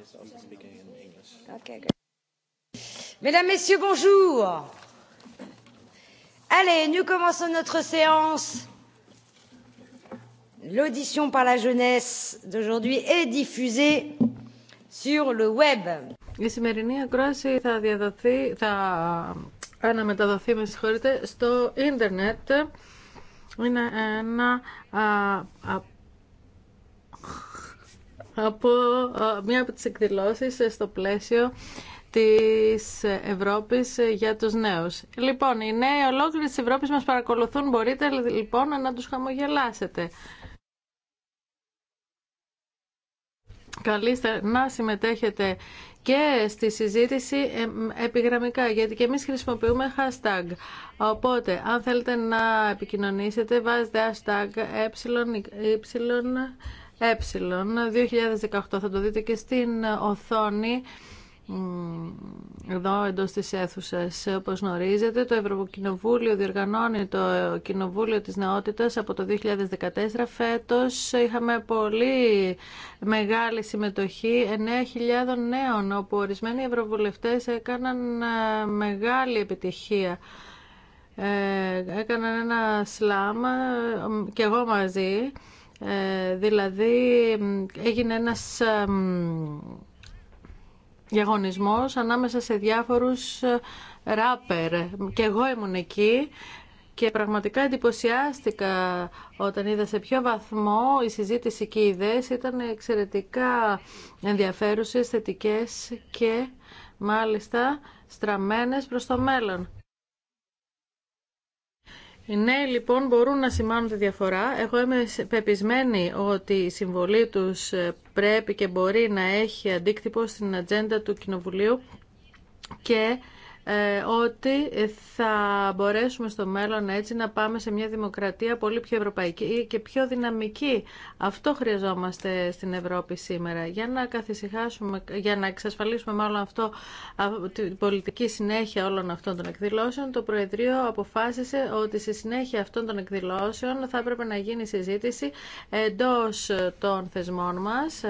yes, I'll speak in English. Okay, good. Mesdames, Messieurs, bonjour. Allez, nous commençons notre séance. L'audition par la jeunesse d'aujourd'hui est diffusée sur le web. Η σημερινή ακρόαση θα διαδοθεί, θα αναμεταδοθεί, με συγχωρείτε, στο ίντερνετ. Είναι ένα α, α, από μία από τις εκδηλώσεις στο πλαίσιο της Ευρώπης για τους νέους. Λοιπόν, οι νέοι ολόκληροι της Ευρώπης μας παρακολουθούν. Μπορείτε λοιπόν να τους χαμογελάσετε. Καλείστε να συμμετέχετε και στη συζήτηση επιγραμμικά, γιατί και εμείς χρησιμοποιούμε hashtag. Οπότε, αν θέλετε να επικοινωνήσετε, βάζετε hashtag ε, ε, ε ε, 2018 θα το δείτε και στην οθόνη εδώ εντό τη αίθουσα. Όπω γνωρίζετε, το Ευρωκοινοβούλιο διοργανώνει το Κοινοβούλιο τη Νεότητα από το 2014. Φέτο είχαμε πολύ μεγάλη συμμετοχή 9.000 νέων, όπου ορισμένοι ευρωβουλευτέ έκαναν ε, μεγάλη επιτυχία. Ε, έκαναν ένα σλάμ ε, και εγώ μαζί ε, δηλαδή έγινε ένας διαγωνισμός ανάμεσα σε διάφορους ε, ράπερ και εγώ ήμουν εκεί και πραγματικά εντυπωσιάστηκα όταν είδα σε ποιο βαθμό η συζήτηση και οι ιδέες ήταν εξαιρετικά ενδιαφέρουσες, θετικές και μάλιστα στραμμένες προς το μέλλον. Οι ε, ναι, νέοι λοιπόν μπορούν να σημάνουν τη διαφορά. Εγώ είμαι πεπισμένη ότι η συμβολή τους ε, πρέπει και μπορεί να έχει αντίκτυπο στην ατζέντα του Κοινοβουλίου και ε, ότι θα μπορέσουμε στο μέλλον έτσι να πάμε σε μια δημοκρατία πολύ πιο ευρωπαϊκή και πιο δυναμική. Αυτό χρειαζόμαστε στην Ευρώπη σήμερα. Για να καθησυχάσουμε, για να εξασφαλίσουμε μάλλον αυτό, την πολιτική συνέχεια όλων αυτών των εκδηλώσεων, το Προεδρείο αποφάσισε ότι στη συνέχεια αυτών των εκδηλώσεων θα έπρεπε να γίνει συζήτηση εντός των θεσμών μας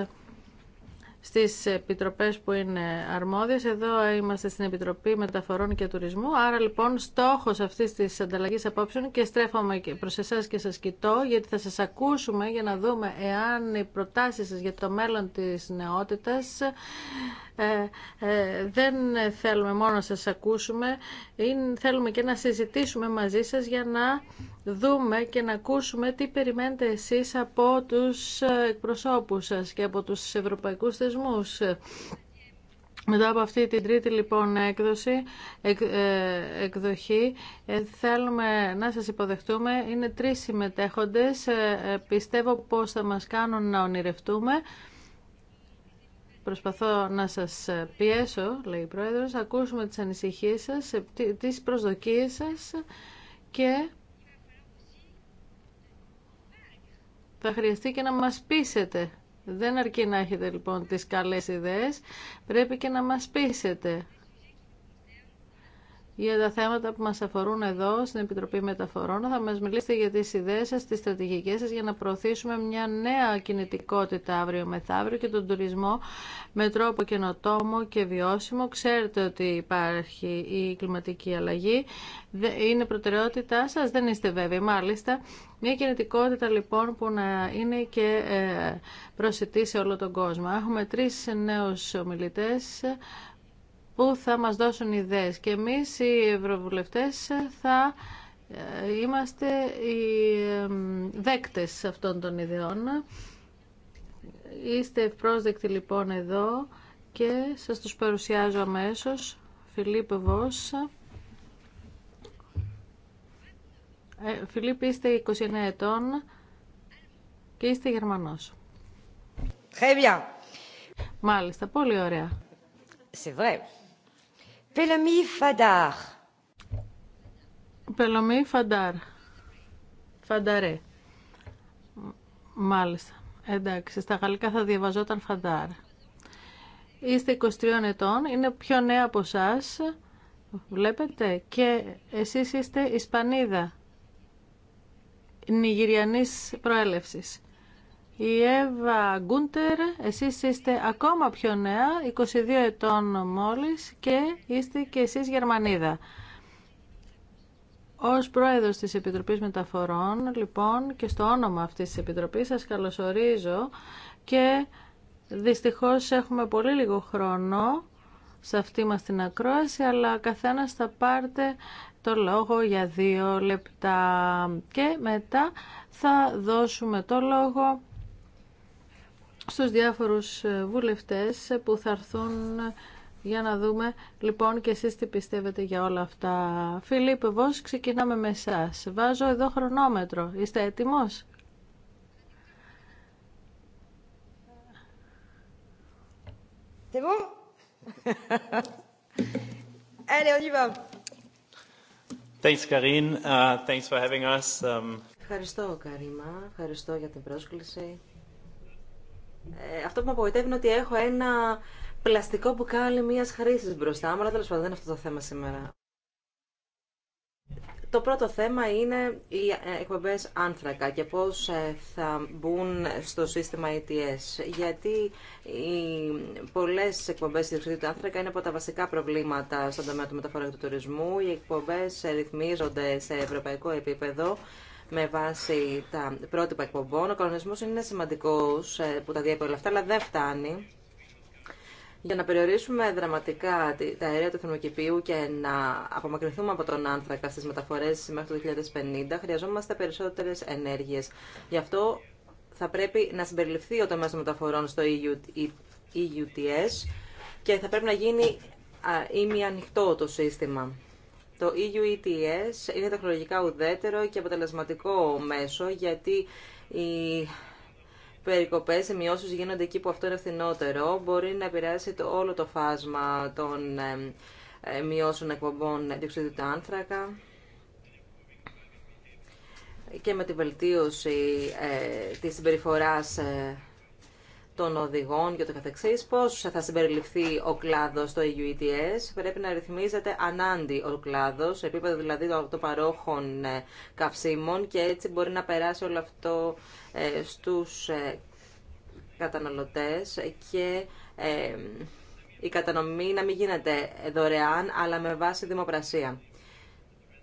στις επιτροπές που είναι αρμόδιες. Εδώ είμαστε στην Επιτροπή Μεταφορών και Τουρισμού. Άρα λοιπόν στόχος αυτής της ανταλλαγής απόψεων και στρέφομαι και προς εσάς και σας κοιτώ γιατί θα σας ακούσουμε για να δούμε εάν οι προτάσεις σας για το μέλλον της νεότητας ε, ε, δεν θέλουμε μόνο να σας ακούσουμε, θέλουμε και να συζητήσουμε μαζί σας για να δούμε και να ακούσουμε τι περιμένετε εσείς από τους ε, εκπροσώπους σας και από τους ευρωπαϊκούς θεσμούς. Μετά από αυτή την τρίτη λοιπόν έκδοση, εκδοχή, θέλουμε να σας υποδεχτούμε. Είναι τρεις συμμετέχοντες, πιστεύω πως θα μας κάνουν να ονειρευτούμε. Προσπαθώ να σας πιέσω, λέει η Πρόεδρος, να ακούσουμε τις ανησυχίες σας, τις προσδοκίες σας και θα χρειαστεί και να μας πείσετε. Δεν αρκεί να έχετε λοιπόν τις καλές ιδέες, πρέπει και να μας πείσετε για τα θέματα που μας αφορούν εδώ στην Επιτροπή Μεταφορών. Θα μας μιλήσετε για τις ιδέες σας, τις στρατηγικές σας για να προωθήσουμε μια νέα κινητικότητα αύριο μεθαύριο και τον τουρισμό με τρόπο καινοτόμο και βιώσιμο. Ξέρετε ότι υπάρχει η κλιματική αλλαγή. Είναι προτεραιότητά σας, δεν είστε βέβαιοι μάλιστα. Μια κινητικότητα λοιπόν που να είναι και ε, προσιτή σε όλο τον κόσμο. Έχουμε τρεις νέους ομιλητές που θα μας δώσουν ιδέες και εμείς οι ευρωβουλευτές θα ε, είμαστε οι δέκτες αυτών των ιδεών. Είστε ευπρόσδεκτοι λοιπόν εδώ και σας τους παρουσιάζω αμέσως. Φιλίπ Βος. Ε, είστε 29 ετών και είστε Γερμανός. Μάλιστα, πολύ ωραία. C'est vrai. Πελομή Φαντάρ. Πελομή Φαντάρ. Φανταρέ. Μάλιστα. Εντάξει, στα γαλλικά θα διαβαζόταν Φαντάρ. Είστε 23 ετών, είναι πιο νέα από εσά. Βλέπετε και εσείς είστε Ισπανίδα, Νιγηριανής προέλευσης. Η Εύα Γκούντερ, εσείς είστε ακόμα πιο νέα, 22 ετών μόλις και είστε και εσείς Γερμανίδα. Ως πρόεδρος της Επιτροπής Μεταφορών, λοιπόν, και στο όνομα αυτής της Επιτροπής σας καλωσορίζω και δυστυχώς έχουμε πολύ λίγο χρόνο σε αυτή μας την ακρόαση, αλλά καθένας θα πάρτε το λόγο για δύο λεπτά και μετά θα δώσουμε το λόγο στους διάφορους ε, βουλευτές που θα έρθουν ε, για να δούμε λοιπόν και εσείς τι πιστεύετε για όλα αυτά. Φιλίπ, εγώ ξεκινάμε με εσά. Βάζω εδώ χρονόμετρο. Είστε έτοιμος? C'est bon Allez, on y va. Thanks, Karine. Uh, thanks for having us. Um, Ευχαριστώ, Καρίμα. Ευχαριστώ για την πρόσκληση. Ε, αυτό που με απογοητεύει είναι ότι έχω ένα πλαστικό μπουκάλι μια χρήση μπροστά μου, αλλά τέλο πάντων δεν είναι αυτό το θέμα σήμερα. Το πρώτο θέμα είναι οι ε, εκπομπέ άνθρακα και πώ ε, θα μπουν στο σύστημα ETS. Γιατί οι πολλέ εκπομπέ του άνθρακα είναι από τα βασικά προβλήματα στον τομέα του μεταφορά και του τουρισμού. Οι εκπομπέ ρυθμίζονται σε ευρωπαϊκό επίπεδο με βάση τα πρότυπα εκπομπών. Ο κανονισμό είναι σημαντικός ε, που τα διέπει όλα αυτά, αλλά δεν φτάνει. Για να περιορίσουμε δραματικά τα αέρια του θερμοκηπίου και να απομακρυνθούμε από τον άνθρακα στις μεταφορέ μέχρι το 2050, χρειαζόμαστε περισσότερες ενέργειες. Γι' αυτό θα πρέπει να συμπεριληφθεί ο τομέα των μεταφορών στο EUTS e και θα πρέπει να γίνει ήμια ανοιχτό το σύστημα. Το EU ETS είναι τεχνολογικά ουδέτερο και αποτελεσματικό μέσο γιατί οι περικοπές, οι μειώσει γίνονται εκεί που αυτό είναι φθηνότερο. Μπορεί να επηρεάσει το, όλο το φάσμα των ε, ε, μειώσεων εκπομπών διοξιδίου του άνθρακα και με τη βελτίωση ε, της συμπεριφοράς ε, των οδηγών και το καθεξής, πώς θα συμπεριληφθεί ο κλάδος στο EU ETS. Πρέπει να ρυθμίζεται ανάντι ο κλάδος, σε επίπεδο δηλαδή των παρόχων ε, καυσίμων και έτσι μπορεί να περάσει όλο αυτό ε, στους ε, καταναλωτές και η κατανομή να μην γίνεται δωρεάν, αλλά με βάση δημοπρασία.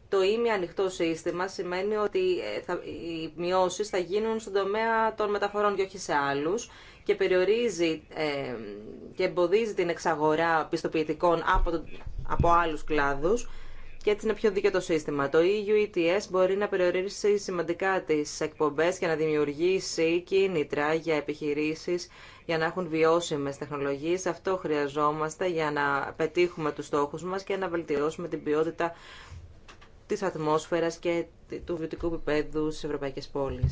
Το ίμιο ανοιχτό σύστημα σημαίνει ότι θα, οι μειώσει θα γίνουν στον τομέα των μεταφορών και όχι σε άλλους και περιορίζει ε, και εμποδίζει την εξαγορά πιστοποιητικών από, από άλλους κλάδους και έτσι είναι πιο δίκαιο το σύστημα. Το EU ETS μπορεί να περιορίσει σημαντικά τις εκπομπές και να δημιουργήσει κίνητρα για επιχειρήσεις για να έχουν βιώσιμες τεχνολογίες. Αυτό χρειαζόμαστε για να πετύχουμε τους στόχους μας και να βελτιώσουμε την ποιότητα της ατμόσφαιρας και του βιωτικού επίπεδου στις ευρωπαϊκές πόλεις.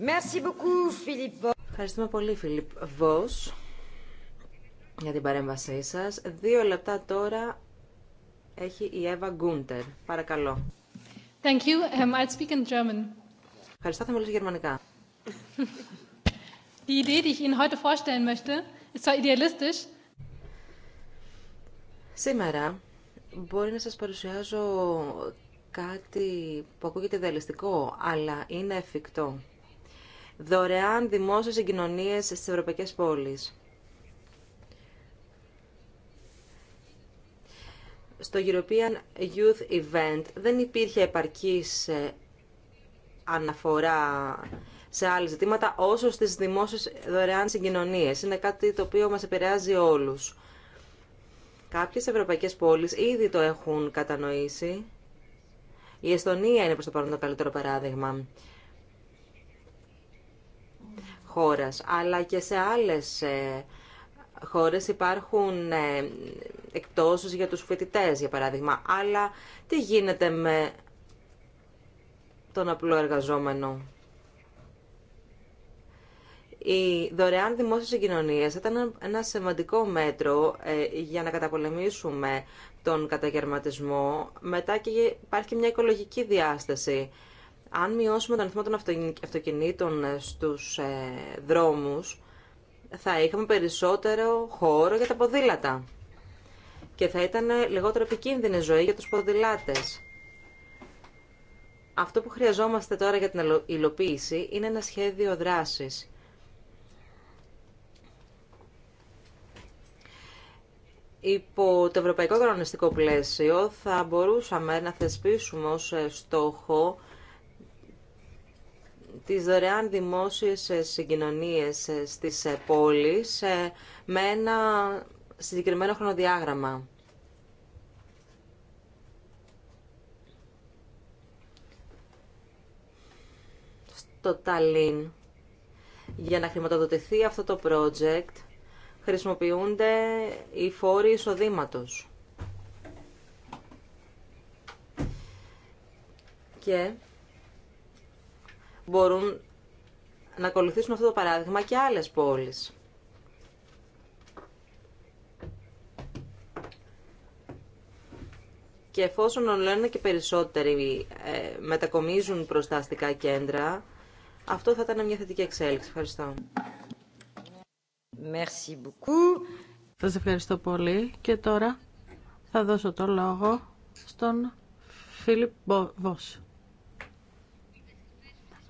Merci beaucoup, Philippe. Ευχαριστούμε πολύ, Φίλιπ Βος, για την παρέμβασή σας. Δύο λεπτά τώρα έχει η Εύα Γκούντερ. Παρακαλώ. Thank you. Um, I'll speak in German. Ευχαριστώ, θα μιλήσω γερμανικά. Die Idee, die ich Ihnen heute vorstellen möchte, ist zwar idealistisch. Σήμερα μπορεί να σας παρουσιάζω κάτι που ακούγεται ιδεαλιστικό, αλλά είναι εφικτό δωρεάν δημόσιες συγκοινωνίες στις ευρωπαϊκές πόλεις. Στο European Youth Event δεν υπήρχε επαρκής ε, αναφορά σε άλλες ζητήματα όσο στις δημόσιες δωρεάν συγκοινωνίες. Είναι κάτι το οποίο μας επηρεάζει όλους. Κάποιες ευρωπαϊκές πόλεις ήδη το έχουν κατανοήσει. Η Εστονία είναι προς το παρόν το καλύτερο παράδειγμα αλλά και σε άλλες ε, χώρες υπάρχουν ε, εκπτώσεις για τους φοιτητές, για παράδειγμα. Αλλά τι γίνεται με τον απλό εργαζόμενο. Οι δωρεάν δημόσιες συγκοινωνίες ήταν ένα σημαντικό μέτρο ε, για να καταπολεμήσουμε τον καταγερματισμό. Μετά και υπάρχει μια οικολογική διάσταση αν μειώσουμε τον αριθμό των αυτοκινήτων ε, στους ε, δρόμους, θα είχαμε περισσότερο χώρο για τα ποδήλατα και θα ήταν ε, λιγότερο επικίνδυνη ζωή για τους ποδηλάτες. Αυτό που χρειαζόμαστε τώρα για την υλοποίηση είναι ένα σχέδιο δράσης. Υπό το ευρωπαϊκό κανονιστικό πλαίσιο θα μπορούσαμε να θεσπίσουμε ως στόχο τις δωρεάν δημόσιες ε, συγκοινωνίες ε, στις ε, πόλεις με ένα συγκεκριμένο χρονοδιάγραμμα. Στο Ταλίν, για να χρηματοδοτηθεί αυτό το project, χρησιμοποιούνται οι φόροι εισοδήματος. Και μπορούν να ακολουθήσουν αυτό το παράδειγμα και άλλες πόλεις. Και εφόσον λένε και περισσότεροι ε, μετακομίζουν προς τα αστικά κέντρα, αυτό θα ήταν μια θετική εξέλιξη. Ευχαριστώ. Merci beaucoup. Σας ευχαριστώ πολύ και τώρα θα δώσω το λόγο στον Φίλιπ Βος.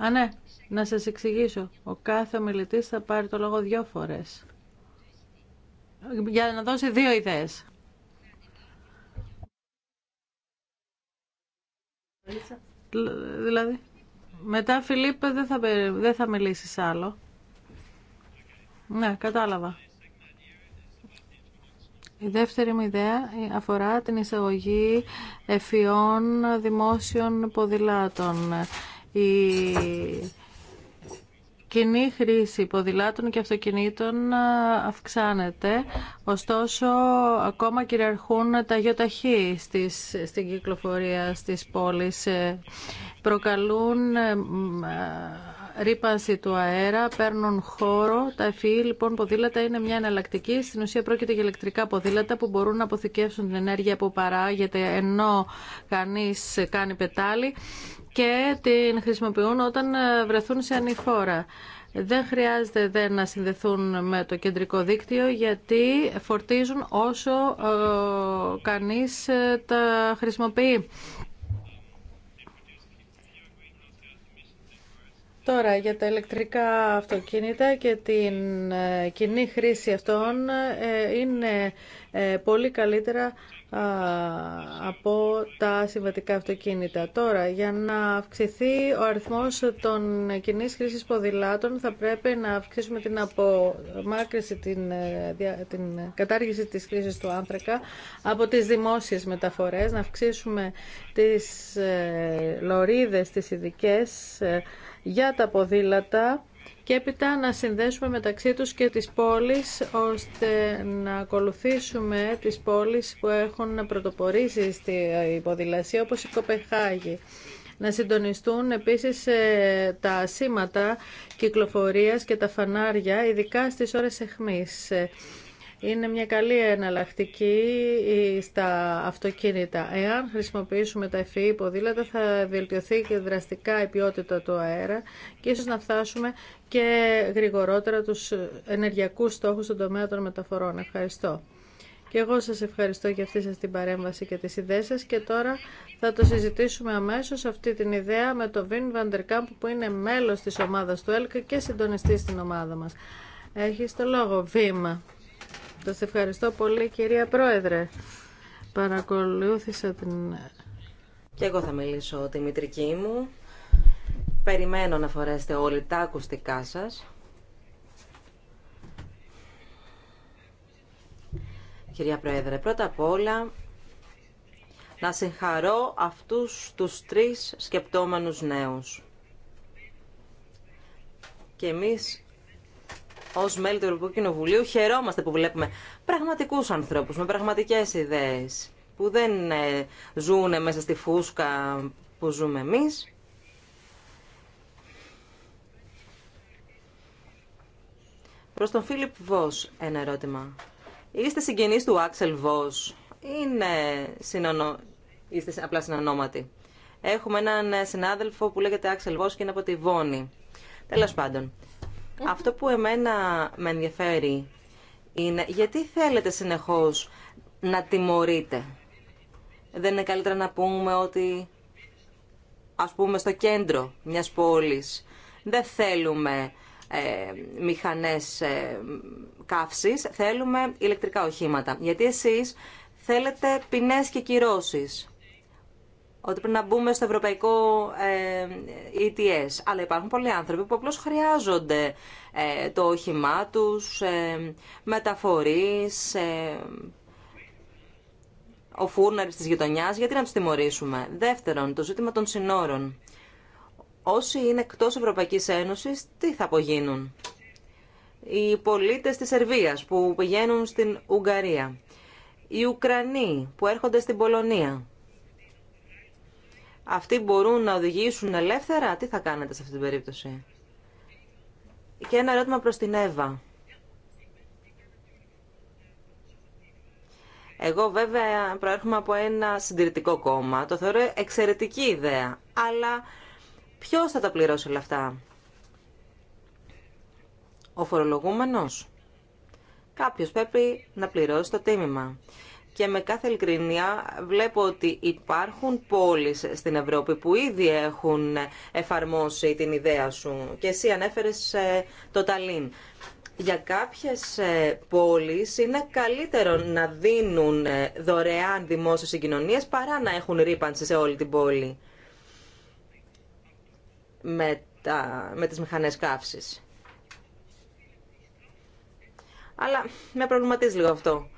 Α, ναι, να σας εξηγήσω. Ο κάθε ομιλητής θα πάρει το λόγο δύο φορές. Για να δώσει δύο ιδέες. Δηλαδή, μετά Φιλίππε, δεν θα, δεν θα μιλήσεις άλλο. Ναι, κατάλαβα. Η δεύτερη μου ιδέα αφορά την εισαγωγή εφιών δημόσιων ποδηλάτων η κοινή χρήση ποδηλάτων και αυτοκινήτων αυξάνεται, ωστόσο ακόμα κυριαρχούν τα γεωταχή στις, στην κυκλοφορία στις πόλεις. Ε, προκαλούν ε, ρήπανση του αέρα, παίρνουν χώρο. Τα ευφυή λοιπόν ποδήλατα είναι μια εναλλακτική. Στην ουσία πρόκειται για ηλεκτρικά ποδήλατα που μπορούν να αποθηκεύσουν την ενέργεια που παράγεται ενώ κανείς κάνει πετάλι και την χρησιμοποιούν όταν ε, βρεθούν σε ανηφόρα. Δεν χρειάζεται δε, να συνδεθούν με το κεντρικό δίκτυο γιατί φορτίζουν όσο ε, κανείς ε, τα χρησιμοποιεί. Τώρα για τα ηλεκτρικά αυτοκίνητα και την ε, κοινή χρήση αυτών είναι πολύ καλύτερα από τα συμβατικά αυτοκίνητα. Τώρα, για να αυξηθεί ο αριθμός των κοινή χρήσης ποδηλάτων θα πρέπει να αυξήσουμε την απομάκρυση, την, ε, την κατάργηση της χρήσης του άνθρακα από τις δημόσιες μεταφορές, να αυξήσουμε τις ε, λωρίδες, τις ειδικέ ε, για τα ποδήλατα και έπειτα να συνδέσουμε μεταξύ τους και τις πόλεις ώστε να ακολουθήσουμε τις πόλεις που έχουν πρωτοπορήσει στη υποδηλασία όπως η Κοπεχάγη. Να συντονιστούν επίσης ε, τα σήματα κυκλοφορίας και τα φανάρια, ειδικά στις ώρες εχμής είναι μια καλή εναλλακτική στα αυτοκίνητα. Εάν χρησιμοποιήσουμε τα FEE ποδήλατα θα βελτιωθεί και δραστικά η ποιότητα του αέρα και ίσως να φτάσουμε και γρηγορότερα τους ενεργειακούς στόχους στον τομέα των μεταφορών. Ευχαριστώ. Και εγώ σας ευχαριστώ για αυτή σας την παρέμβαση και τις ιδέες σας και τώρα θα το συζητήσουμε αμέσως αυτή την ιδέα με τον Βιν Βαντερκάμπ που είναι μέλος της ομάδας του ΕΛΚ και συντονιστής στην ομάδα μας. Έχεις το λόγο, Βήμα σε ευχαριστώ πολύ κυρία Πρόεδρε. Παρακολούθησα την... Και εγώ θα μιλήσω τη μητρική μου. Περιμένω να φορέσετε όλοι τα ακουστικά σας. Κυρία Πρόεδρε, πρώτα απ' όλα να συγχαρώ αυτούς τους τρεις σκεπτόμενους νέους. Και εμείς Ω μέλη του Ευρωπαϊκού Κοινοβουλίου χαιρόμαστε που βλέπουμε πραγματικού ανθρώπους με πραγματικέ ιδέες που δεν ε, ζουν μέσα στη φούσκα που ζούμε εμεί. Προς τον Φίλιπ Βό, ένα ερώτημα. Είστε συγγενείς του Άξελ ή Είναι συνονο... Είστε απλά συνανόματοι. Έχουμε έναν συνάδελφο που λέγεται Άξελ Βό και είναι από τη Βόνη. Τέλο πάντων. Αυτό που εμένα με ενδιαφέρει είναι γιατί θέλετε συνεχώς να τιμωρείτε. Δεν είναι καλύτερα να πούμε ότι ας πούμε στο κέντρο μιας πόλης δεν θέλουμε ε, μηχανές ε, θέλουμε ηλεκτρικά οχήματα. Γιατί εσείς θέλετε ποινές και κυρώσεις ότι πρέπει να μπούμε στο ευρωπαϊκό ETS. Ε, ε Αλλά υπάρχουν πολλοί άνθρωποι που απλώς χρειάζονται ε, το όχημά τους, μεταφορείς, ο φούρναρης της γειτονιάς. Γιατί να τους τιμωρήσουμε. Δεύτερον, το ζήτημα των συνόρων. Όσοι είναι εκτός Ευρωπαϊκής Ένωσης, τι θα απογίνουν. Οι πολίτες της Σερβίας που πηγαίνουν στην Ουγγαρία. Οι Ουκρανοί που έρχονται στην Πολωνία αυτοί μπορούν να οδηγήσουν ελεύθερα. Τι θα κάνετε σε αυτή την περίπτωση. Και ένα ερώτημα προς την Εύα. Εγώ βέβαια προέρχομαι από ένα συντηρητικό κόμμα. Το θεωρώ εξαιρετική ιδέα. Αλλά ποιος θα τα πληρώσει όλα αυτά. Ο φορολογούμενος. Κάποιος πρέπει να πληρώσει το τίμημα και με κάθε ειλικρινία βλέπω ότι υπάρχουν πόλεις στην Ευρώπη που ήδη έχουν εφαρμόσει την ιδέα σου και εσύ ανέφερες ε, το Ταλίν. Για κάποιες ε, πόλεις είναι καλύτερο να δίνουν ε, δωρεάν δημόσιες συγκοινωνίες παρά να έχουν ρήπανση σε όλη την πόλη με, τα, με τις μηχανές καύσης. Αλλά με προβληματίζει λίγο αυτό.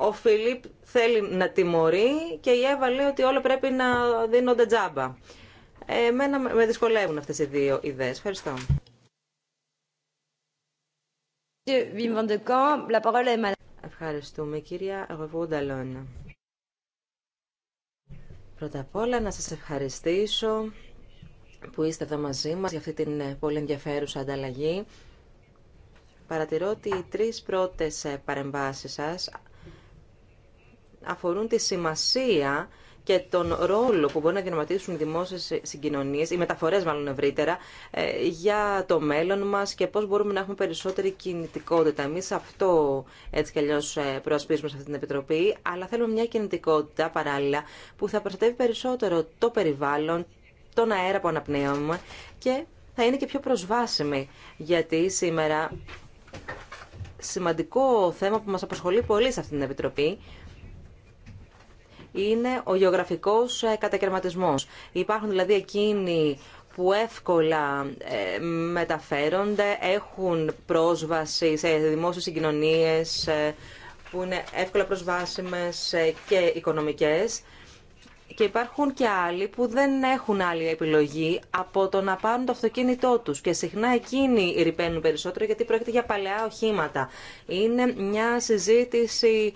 Ο Φιλίπ θέλει να τιμωρεί και η Εύα λέει ότι όλα πρέπει να δίνονται τζάμπα. Εμένα με δυσκολεύουν αυτές οι δύο ιδέες. Ευχαριστώ. Ευχαριστούμε κυρία Αγωγούνταλόν. Πρώτα απ' όλα να σας ευχαριστήσω που είστε εδώ μαζί μας για αυτή την ε, πολύ ενδιαφέρουσα ανταλλαγή. Παρατηρώ ότι οι τρεις πρώτες ε, παρεμβάσεις σας αφορούν τη σημασία και τον ρόλο που μπορεί να διαδραματίσουν οι δημόσιε συγκοινωνίε, οι μεταφορέ μάλλον ευρύτερα, ε, για το μέλλον μα και πώ μπορούμε να έχουμε περισσότερη κινητικότητα. Εμεί αυτό έτσι κι αλλιώ ε, προασπίζουμε σε αυτή την Επιτροπή, αλλά θέλουμε μια κινητικότητα παράλληλα που θα προστατεύει περισσότερο το περιβάλλον, τον αέρα που αναπνέουμε και θα είναι και πιο προσβάσιμη, γιατί σήμερα σημαντικό θέμα που μας απασχολεί πολύ σε αυτή την Επιτροπή είναι ο γεωγραφικός ε, κατακαιρματισμός. Υπάρχουν δηλαδή εκείνοι που εύκολα ε, μεταφέρονται, έχουν πρόσβαση σε δημόσιες συγκοινωνίες ε, που είναι εύκολα προσβάσιμες και οικονομικές και υπάρχουν και άλλοι που δεν έχουν άλλη επιλογή από το να πάρουν το αυτοκίνητό τους. Και συχνά εκείνοι ρηπαίνουν περισσότερο γιατί πρόκειται για παλαιά οχήματα. Είναι μια συζήτηση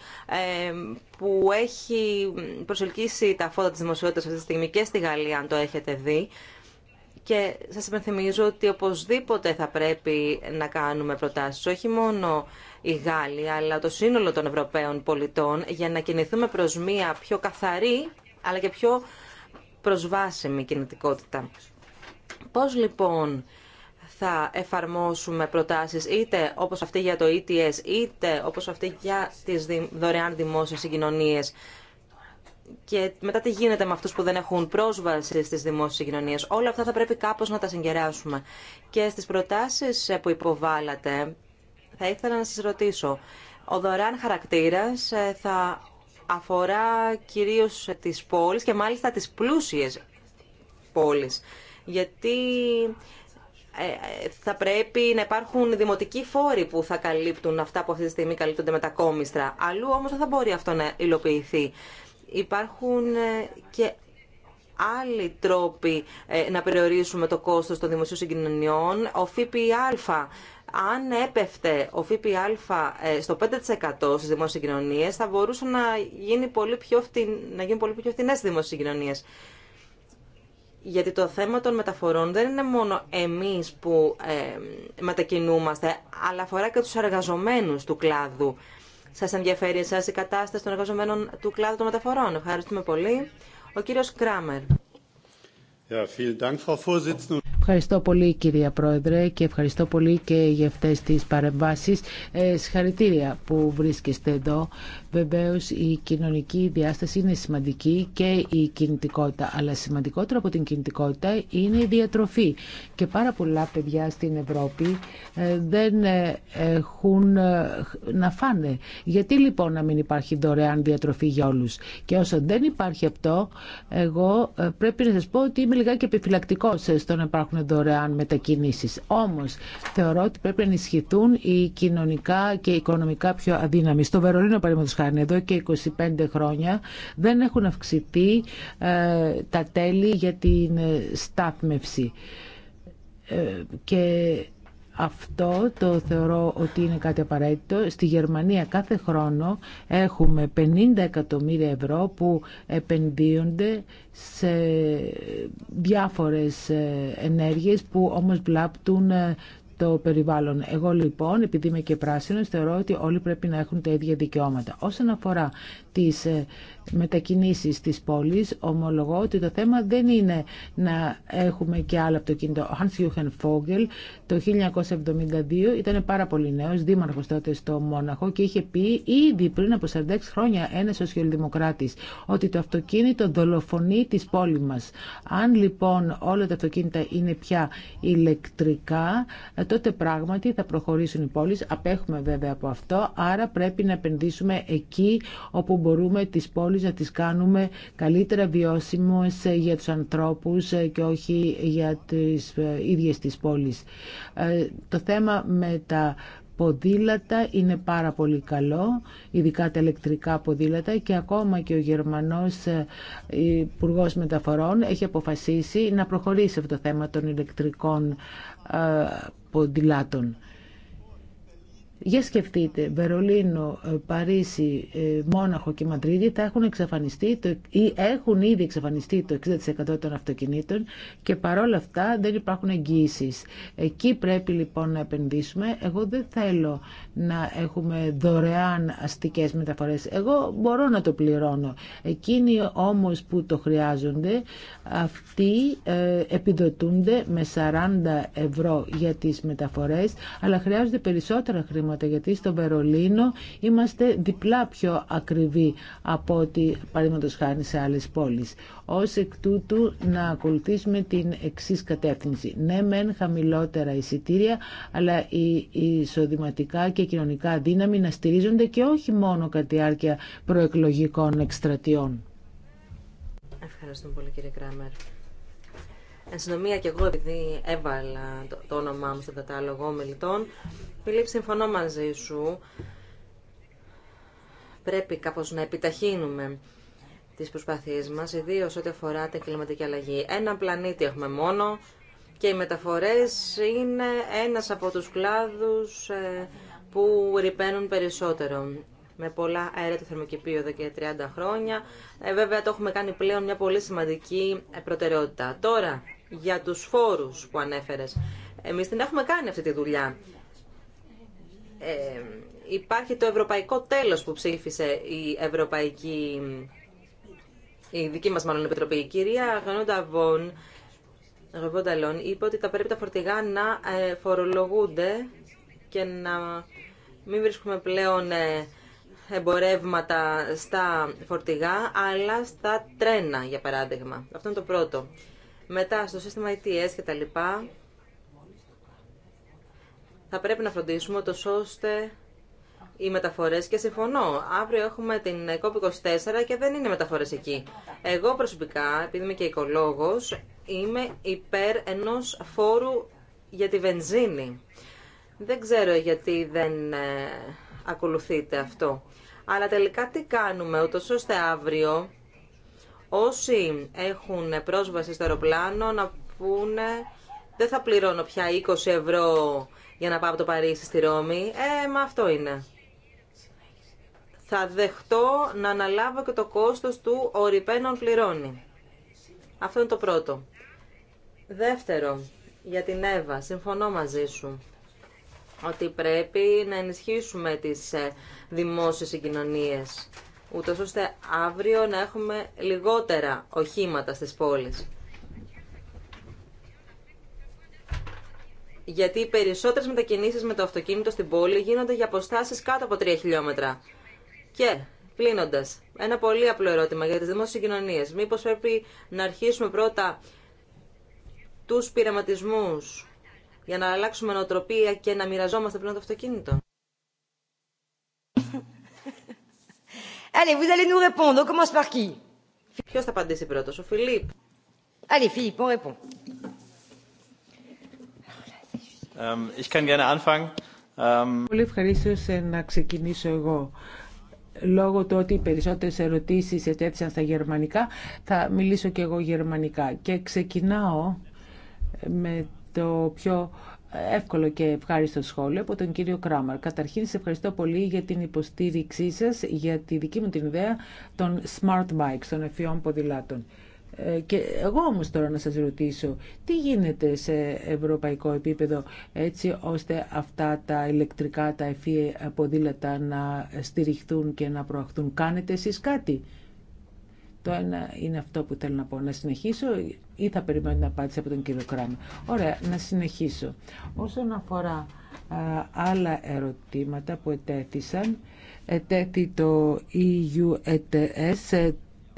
που έχει προσελκύσει τα φώτα της δημοσιότητας αυτή τη στιγμή και στη Γαλλία, αν το έχετε δει. Και σας υπενθυμίζω ότι οπωσδήποτε θα πρέπει να κάνουμε προτάσεις, όχι μόνο η Γάλλοι, αλλά το σύνολο των Ευρωπαίων πολιτών, για να κινηθούμε προς μία πιο καθαρή, αλλά και πιο προσβάσιμη κινητικότητα. Πώς λοιπόν θα εφαρμόσουμε προτάσεις είτε όπως αυτή για το ETS είτε όπως αυτή για τις δωρεάν δημόσιες συγκοινωνίες και μετά τι γίνεται με αυτούς που δεν έχουν πρόσβαση στις δημόσιες συγκοινωνίες. Όλα αυτά θα πρέπει κάπως να τα συγκεράσουμε. Και στις προτάσεις ε, που υποβάλλατε θα ήθελα να σας ρωτήσω. Ο δωρεάν χαρακτήρας ε, θα αφορά κυρίως τις πόλεις και μάλιστα τις πλούσιες πόλεις. Γιατί ε, ε, θα πρέπει να υπάρχουν δημοτικοί φόροι που θα καλύπτουν αυτά που αυτή τη στιγμή καλύπτονται με τα κόμιστρα. Αλλού όμως δεν θα μπορεί αυτό να υλοποιηθεί. Υπάρχουν ε, και άλλοι τρόποι να περιορίσουμε το κόστος των δημοσίων συγκοινωνιών. Ο ΦΠΑ, αν έπεφτε ο ΦΠΑ στο 5% στις δημόσιες συγκοινωνίες, θα μπορούσε να γίνει πολύ πιο, φθην... να δημόσιες συγκοινωνίες. Γιατί το θέμα των μεταφορών δεν είναι μόνο εμείς που ε, μετακινούμαστε, αλλά αφορά και τους εργαζομένους του κλάδου. Σας ενδιαφέρει εσάς η κατάσταση των εργαζομένων του κλάδου των μεταφορών. Ευχαριστούμε πολύ. Ο κύριος Κράμερ. Ευχαριστώ πολύ κυρία Πρόεδρε και ευχαριστώ πολύ και για αυτές τις παρεμβάσεις. Ε, συγχαρητήρια που βρίσκεστε εδώ. Βεβαίω η κοινωνική διάσταση είναι σημαντική και η κινητικότητα, αλλά σημαντικότερο από την κινητικότητα είναι η διατροφή. Και πάρα πολλά παιδιά στην Ευρώπη ε, δεν ε, έχουν ε, να φάνε. Γιατί λοιπόν να μην υπάρχει δωρεάν διατροφή για όλου. Και όσο δεν υπάρχει αυτό, εγώ πρέπει να σα πω ότι είμαι λιγάκι επιφυλακτικό στο να υπάρχουν δωρεάν μετακίνησει. Όμω θεωρώ ότι πρέπει να ενισχυθούν οι κοινωνικά και οικονομικά πιο αδύναμοι. Στο Βερολίνο, παραδείγματο εδώ και 25 χρόνια δεν έχουν αυξηθεί ε, τα τέλη για την ε, στάθμευση. Ε, και αυτό το θεωρώ ότι είναι κάτι απαραίτητο. Στη Γερμανία κάθε χρόνο έχουμε 50 εκατομμύρια ευρώ που επενδύονται σε διάφορες ενέργειες που όμως βλάπτουν το περιβάλλον. Εγώ λοιπόν, επειδή είμαι και πράσινο, θεωρώ ότι όλοι πρέπει να έχουν τα ίδια δικαιώματα. Όσον αφορά τις ε, μετακινήσεις της πόλης, ομολογώ ότι το θέμα δεν είναι να έχουμε και άλλο αυτοκίνητο. Ο Hans jurgen Vogel το 1972 ήταν πάρα πολύ νέος, δήμαρχος τότε στο Μόναχο και είχε πει ήδη πριν από 46 χρόνια ένας σοσιαλδημοκράτης ότι το αυτοκίνητο δολοφονεί της πόλη μας. Αν λοιπόν όλα τα αυτοκίνητα είναι πια ηλεκτρικά, ε, τότε πράγματι θα προχωρήσουν οι πόλεις. Απέχουμε βέβαια από αυτό, άρα πρέπει να επενδύσουμε εκεί όπου μπορούμε τις πόλεις να τις κάνουμε καλύτερα βιώσιμες για τους ανθρώπους και όχι για τις ε, ίδιες τις πόλεις. Ε, το θέμα με τα ποδήλατα είναι πάρα πολύ καλό, ειδικά τα ηλεκτρικά ποδήλατα και ακόμα και ο Γερμανός ε, υπουργό Μεταφορών έχει αποφασίσει να προχωρήσει αυτό το θέμα των ηλεκτρικών ποδηλάτων. Για σκεφτείτε, Βερολίνο, ε, Παρίσι, ε, Μόναχο και Μαντρίδη θα έχουν εξαφανιστεί ή έχουν ήδη εξαφανιστεί το 60% των αυτοκινήτων και παρόλα αυτά δεν υπάρχουν εγγύησει. Εκεί πρέπει λοιπόν να επενδύσουμε. Εγώ δεν θέλω να έχουμε δωρεάν αστικές μεταφορές. Εγώ μπορώ να το πληρώνω. Εκείνοι όμως που το χρειάζονται, αυτοί ε, επιδοτούνται με 40 ευρώ για τις μεταφορές, αλλά χρειάζονται περισσότερα χρήματα πράγματα, γιατί στο Βερολίνο είμαστε διπλά πιο ακριβοί από ό,τι παραδείγματο χάνει σε άλλες πόλεις. Ως εκ τούτου να ακολουθήσουμε την εξή κατεύθυνση. Ναι, μεν χαμηλότερα εισιτήρια, αλλά οι εισοδηματικά και κοινωνικά δύναμη να στηρίζονται και όχι μόνο κατά τη διάρκεια προεκλογικών εκστρατιών. Ευχαριστούμε πολύ κύριε Κράμερ. Εν συντομία και εγώ επειδή έβαλα το, όνομά μου στον κατάλογο μελητών, Φιλίπ, συμφωνώ μαζί σου. Πρέπει κάπως να επιταχύνουμε τις προσπάθειές μας, ιδίω ό,τι αφορά την κλιματική αλλαγή. Ένα πλανήτη έχουμε μόνο και οι μεταφορές είναι ένας από τους κλάδους ε, που ρηπαίνουν περισσότερο με πολλά αέρα του θερμοκηπίου εδώ και 30 χρόνια. Ε, βέβαια το έχουμε κάνει πλέον μια πολύ σημαντική ε, προτεραιότητα. Τώρα, για τους φόρους που ανέφερες. Εμείς την έχουμε κάνει αυτή τη δουλειά. Ε, υπάρχει το ευρωπαϊκό τέλος που ψήφισε η Ευρωπαϊκή, η δική μας μάλλον Επιτροπή. Η κυρία Γανόντα Βον, είπε ότι τα πρέπει τα φορτηγά να ε, φορολογούνται και να μην βρίσκουμε πλέον ε, εμπορεύματα στα φορτηγά, αλλά στα τρένα, για παράδειγμα. Αυτό είναι το πρώτο. Μετά στο σύστημα ETS και τα λοιπά, θα πρέπει να φροντίσουμε το ώστε οι μεταφορές και συμφωνώ. Αύριο έχουμε την COP24 και δεν είναι μεταφορές εκεί. Εγώ προσωπικά, επειδή είμαι και οικολόγος, είμαι υπέρ ενός φόρου για τη βενζίνη. Δεν ξέρω γιατί δεν ε, ακολουθείτε αυτό. Αλλά τελικά τι κάνουμε, ούτως ώστε αύριο όσοι έχουν πρόσβαση στο αεροπλάνο να πούνε δεν θα πληρώνω πια 20 ευρώ για να πάω από το Παρίσι στη Ρώμη. Ε, μα αυτό είναι. Θα δεχτώ να αναλάβω και το κόστος του οριπένων πληρώνει. Αυτό είναι το πρώτο. Δεύτερο, για την Εύα, συμφωνώ μαζί σου ότι πρέπει να ενισχύσουμε τις ε, δημόσιες συγκοινωνίες ούτως ώστε αύριο να έχουμε λιγότερα οχήματα στις πόλεις. Γιατί οι περισσότερες μετακινήσεις με το αυτοκίνητο στην πόλη γίνονται για αποστάσεις κάτω από 3 χιλιόμετρα. Και, κλείνοντας, ένα πολύ απλό ερώτημα για τις δημόσιες συγκοινωνίες. Μήπως πρέπει να αρχίσουμε πρώτα τους πειραματισμούς για να αλλάξουμε νοοτροπία και να μοιραζόμαστε πλέον το αυτοκίνητο. Allez, vous allez nous répondre. On commence par qui Ποιο θα απαντήσει πρώτο, ο Φιλίπ. Allez, Philippe, on répond. Ähm, ich kann gerne anfangen. Ähm, Πολύ ευχαρίστω ε, να ξεκινήσω εγώ λόγω του ότι οι περισσότερες ερωτήσεις ετέθησαν στα γερμανικά, θα μιλήσω και εγώ γερμανικά. Και ξεκινάω ε, με το πιο εύκολο και ευχάριστο σχόλιο από τον κύριο Κράμαρ. Καταρχήν, σε ευχαριστώ πολύ για την υποστήριξή σας για τη δική μου την ιδέα των smart bikes, των εφιών ποδηλάτων. Ε, και εγώ όμως τώρα να σας ρωτήσω, τι γίνεται σε ευρωπαϊκό επίπεδο έτσι ώστε αυτά τα ηλεκτρικά, τα εφή ποδήλατα να στηριχθούν και να προαχθούν. Κάνετε εσείς κάτι. Το ένα είναι αυτό που θέλω να πω. Να συνεχίσω ή θα περιμένω την απάντηση από τον κύριο Κράμερ. Ωραία, να συνεχίσω. Όσον αφορά άλλα ερωτήματα που ετέθησαν, ετέθη το EU ETS, ε,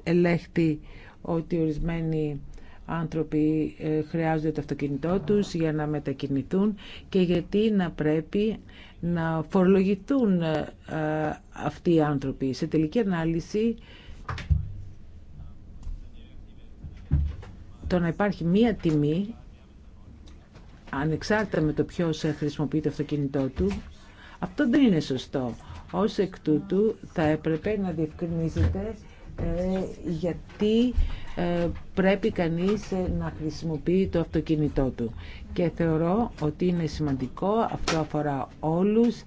ελέγχθη ότι ορισμένοι άνθρωποι ε, χρειάζονται το αυτοκίνητό τους για να μετακινηθούν και γιατί να πρέπει να φορολογηθούν ε, αυτοί οι άνθρωποι. Σε τελική ανάλυση το να υπάρχει μία τιμή, ανεξάρτητα με το ποιος χρησιμοποιεί το αυτοκίνητό του, αυτό δεν είναι σωστό. Ως εκ τούτου θα έπρεπε να διευκρινίζεται ε, γιατί ε, πρέπει κανείς ε, να χρησιμοποιεί το αυτοκίνητό του. Και θεωρώ ότι είναι σημαντικό, αυτό αφορά όλους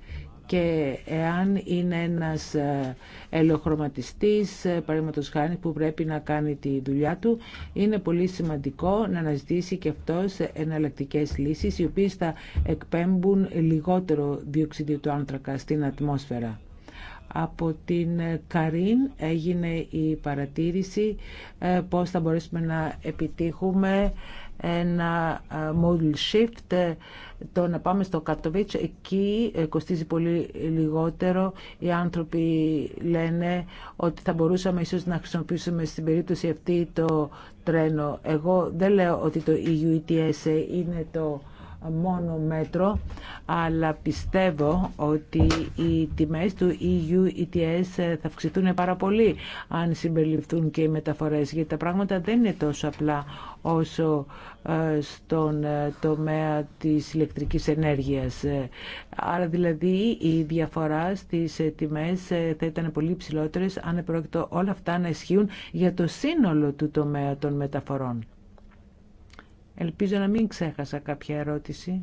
και εάν είναι ένας ε, ελοχρωματιστής, ε, παραδείγματος που πρέπει να κάνει τη δουλειά του, είναι πολύ σημαντικό να αναζητήσει και αυτός εναλλακτικέ λύσεις, οι οποίες θα εκπέμπουν λιγότερο διοξιδίου του άνθρακα στην ατμόσφαιρα. Από την ε, Καρίν έγινε η παρατήρηση πώς θα μπορέσουμε να επιτύχουμε ένα model shift, ε, το να πάμε στο Κατοβίτς, εκεί ε, κοστίζει πολύ λιγότερο. Οι άνθρωποι λένε ότι θα μπορούσαμε ίσως να χρησιμοποιήσουμε στην περίπτωση αυτή το τρένο. Εγώ δεν λέω ότι το EU e είναι το μόνο μέτρο, αλλά πιστεύω ότι οι τιμές του EU ETS θα αυξηθούν πάρα πολύ αν συμπεριληφθούν και οι μεταφορές, γιατί τα πράγματα δεν είναι τόσο απλά όσο ε, στον ε, τομέα της ηλεκτρικής ενέργειας. Ε, άρα δηλαδή η διαφορά στις τιμές θα ήταν πολύ ψηλότερες αν επρόκειτο όλα αυτά να ισχύουν για το σύνολο του τομέα των μεταφορών. Ελπίζω να μην ξέχασα κάποια ερώτηση.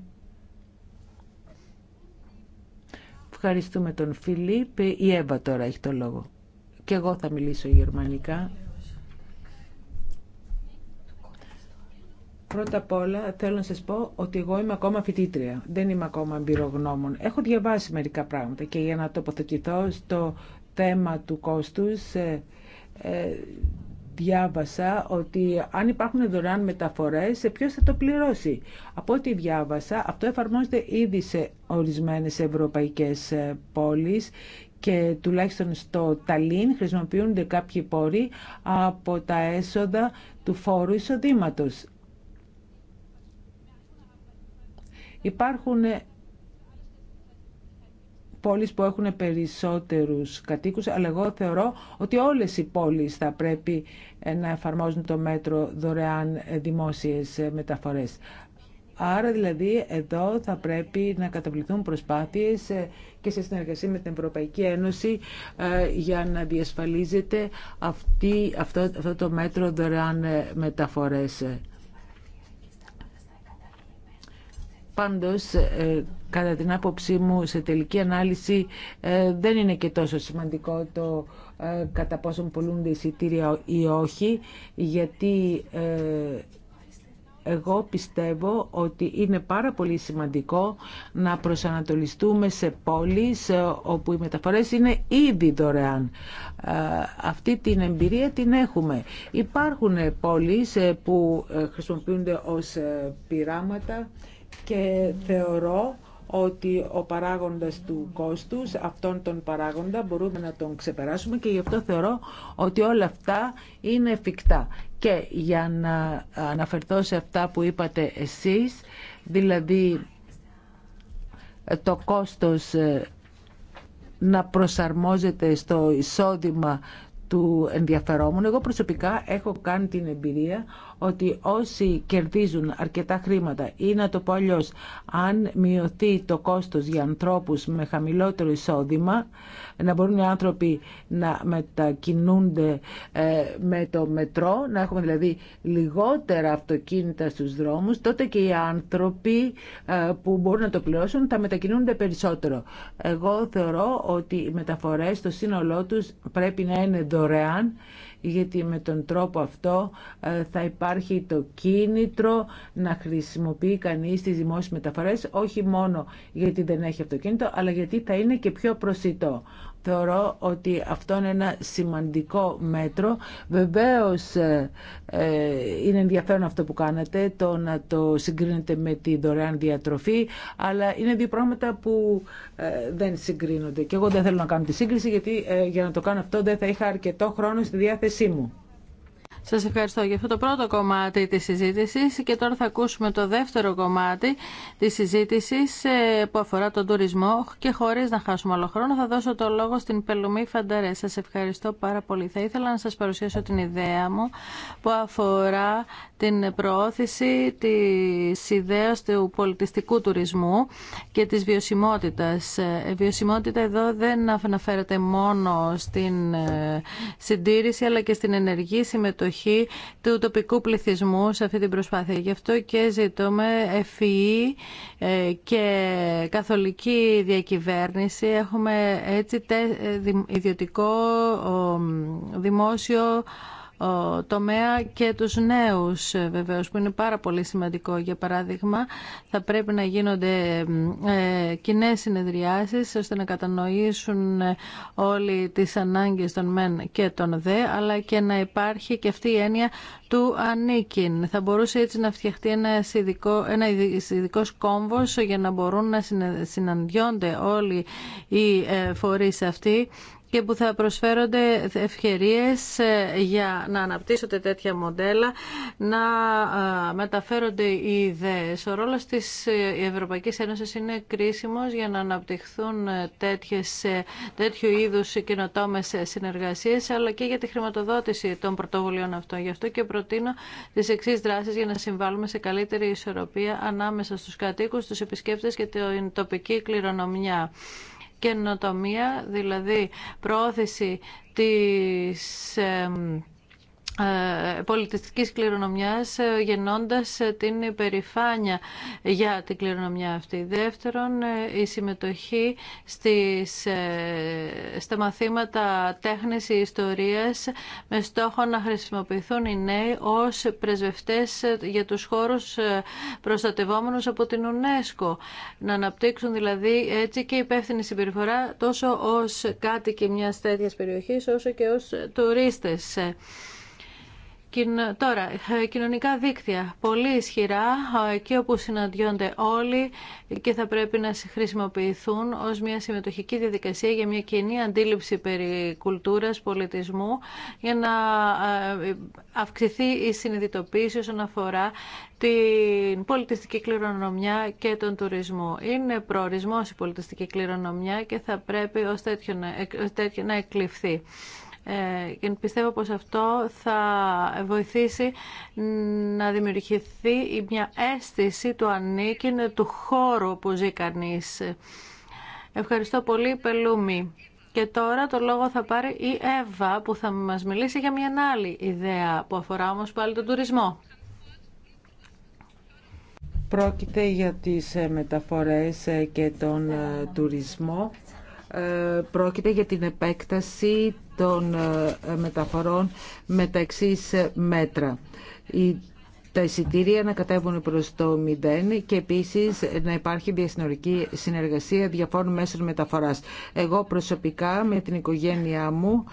Ευχαριστούμε τον Φιλίπ. Η Εύα τώρα έχει το λόγο. Και εγώ θα μιλήσω γερμανικά. Πρώτα απ' όλα θέλω να σας πω ότι εγώ είμαι ακόμα φοιτήτρια, δεν είμαι ακόμα εμπειρογνώμων. Έχω διαβάσει μερικά πράγματα και για να τοποθετηθώ στο θέμα του κόστους ε, ε, διάβασα ότι αν υπάρχουν δωρεάν μεταφορές, σε ποιος θα το πληρώσει. Από ό,τι διάβασα, αυτό εφαρμόζεται ήδη σε ορισμένες ευρωπαϊκές ε, πόλεις και τουλάχιστον στο Ταλίν χρησιμοποιούνται κάποιοι πόροι από τα έσοδα του φόρου εισοδήματος. Υπάρχουν πόλεις που έχουν περισσότερους κατοίκους, αλλά εγώ θεωρώ ότι όλες οι πόλεις θα πρέπει ε, να εφαρμόζουν το μέτρο δωρεάν ε, δημόσιες ε, μεταφορές. Άρα δηλαδή εδώ θα πρέπει να καταβληθούν προσπάθειες και σε συνεργασία με την Ευρωπαϊκή Ένωση για να διασφαλίζεται αυτή, αυτό, αυτό το μέτρο δωρεάν μεταφορές. Πάντως, ε, κατά την άποψή μου, σε τελική ανάλυση ε, δεν είναι και τόσο σημαντικό το ε, κατά πόσον πολλούνται εισιτήρια ή όχι, γιατί εγώ πιστεύω ότι είναι πάρα πολύ σημαντικό να προσανατολιστούμε σε πόλεις όπου οι μεταφορές είναι ήδη δωρεάν. Αυτή την εμπειρία την έχουμε. Υπάρχουν πόλεις που χρησιμοποιούνται ως πειράματα και θεωρώ ότι ο παράγοντας του κόστους, αυτόν τον παράγοντα μπορούμε να τον ξεπεράσουμε και γι' αυτό θεωρώ ότι όλα αυτά είναι εφικτά. Και για να αναφερθώ σε αυτά που είπατε εσείς, δηλαδή το κόστος ε, να προσαρμόζεται στο εισόδημα του ενδιαφερόμενου. Εγώ προσωπικά έχω κάνει την εμπειρία ότι όσοι κερδίζουν αρκετά χρήματα ή να το πω αλλιώ, αν μειωθεί το κόστος για ανθρώπους με χαμηλότερο εισόδημα, να μπορούν οι άνθρωποι να μετακινούνται ε, με το μετρό, να έχουμε δηλαδή λιγότερα αυτοκίνητα στους δρόμους, τότε και οι άνθρωποι ε, που μπορούν να το πληρώσουν θα μετακινούνται περισσότερο. Εγώ θεωρώ ότι οι μεταφορές στο σύνολό τους πρέπει να είναι δωρεάν γιατί με τον τρόπο αυτό ε, θα υπάρχει το κίνητρο να χρησιμοποιεί κανείς τις δημόσιες μεταφορές όχι μόνο γιατί δεν έχει αυτοκίνητο αλλά γιατί θα είναι και πιο προσιτό. Θεωρώ ότι αυτό είναι ένα σημαντικό μέτρο. Βεβαίως ε, ε είναι ενδιαφέρον αυτό που κάνατε, το να το συγκρίνετε με τη δωρεάν διατροφή, αλλά είναι δύο πράγματα που ε, δεν συγκρίνονται. Και εγώ δεν θέλω να κάνω τη σύγκριση, γιατί ε, για να το κάνω αυτό δεν θα είχα αρκετό χρόνο στη διάθεσή μου. Σας ευχαριστώ για αυτό το πρώτο κομμάτι της συζήτησης και τώρα θα ακούσουμε το δεύτερο κομμάτι της συζήτησης ε, που αφορά τον τουρισμό και χωρίς να χάσουμε άλλο χρόνο θα δώσω το λόγο στην Πελουμή Φανταρέ. Σας ευχαριστώ πάρα πολύ. Θα ήθελα να σας παρουσιάσω την ιδέα μου που αφορά την προώθηση της ιδέας του πολιτιστικού τουρισμού και της βιωσιμότητας. Η ε, βιωσιμότητα εδώ δεν αναφέρεται μόνο στην ε, συντήρηση αλλά και στην ενεργή συμμετοχή του τοπικού πληθυσμού σε αυτή την προσπάθεια. Γι' αυτό και ζητούμε e e, ευφυή και καθολική διακυβέρνηση. Έχουμε έτσι ε, ιδιωτικό δημόσιο τομέα και τους νέους ε, βεβαίως που είναι πάρα πολύ σημαντικό. Για παράδειγμα θα πρέπει να γίνονται ε, κοινέ συνεδριάσεις ώστε να κατανοήσουν ε, όλοι τις ανάγκες των μεν και των δε αλλά και να υπάρχει και αυτή η έννοια του ανήκειν. Θα μπορούσε έτσι να φτιαχτεί ένα ειδικό, ένα κόμβος για να μπορούν να συναντιόνται όλοι οι φορείς αυτοί και που θα προσφέρονται ευκαιρίες ε, για να αναπτύσσονται τέτοια μοντέλα, να ε, μεταφέρονται οι ιδέες. Ο ρόλος της ε, Ευρωπαϊκής Ένωσης είναι κρίσιμος για να αναπτυχθούν τέτοιες, τέτοιου είδους καινοτόμες συνεργασίες, αλλά και για τη χρηματοδότηση των πρωτοβουλίων αυτών. Γι' αυτό και προτείνω τις εξή δράσεις για να συμβάλλουμε σε καλύτερη ισορροπία ανάμεσα στους κατοίκους, τους επισκέπτες και την τοπική κληρονομιά καινοτομία, δηλαδή πρόθεση της ε, πολιτιστικής κληρονομιάς ε, γεννώντας ε, την υπερηφάνεια για την κληρονομιά αυτή. Δεύτερον, η συμμετοχή στις, στα μαθήματα τέχνης ή ιστορίας με στόχο να χρησιμοποιηθούν οι νέοι ως πρεσβευτές για τους χώρους προστατευόμενους από την UNESCO. Να αναπτύξουν δηλαδή έτσι και υπεύθυνη συμπεριφορά τόσο ως κάτοικοι μιας τέτοιας περιοχής όσο και ως τουρίστες. Τώρα, ε, κοινωνικά δίκτυα. Πολύ ισχυρά, ε, εκεί όπου συναντιόνται όλοι και θα πρέπει να χρησιμοποιηθούν ως μια συμμετοχική διαδικασία για μια κοινή αντίληψη περί κουλτούρας, πολιτισμού, για να ε, αυξηθεί η συνειδητοποίηση όσον αφορά την πολιτιστική κληρονομιά και τον τουρισμό. Είναι προορισμός η πολιτιστική κληρονομιά και θα πρέπει ως τέτοιο να εκλειφθεί. Ε, και πιστεύω πως αυτό θα βοηθήσει να δημιουργηθεί μια αίσθηση του ανήκειν του χώρου που ζει κανείς. Ευχαριστώ πολύ, Πελούμη. Και τώρα το λόγο θα πάρει η Εύα που θα μας μιλήσει για μια άλλη ιδέα που αφορά όμως πάλι τον τουρισμό. Πρόκειται για τις ε, μεταφορές ε, και τον τουρισμό ε, πρόκειται για την επέκταση των ε, μεταφορών με μεταξύ μέτρα. Η τα εισιτήρια να κατέβουν προς το μηδέν και επίσης να υπάρχει διασυνορική συνεργασία διαφόρων μέσων μεταφοράς. Εγώ προσωπικά με την οικογένειά μου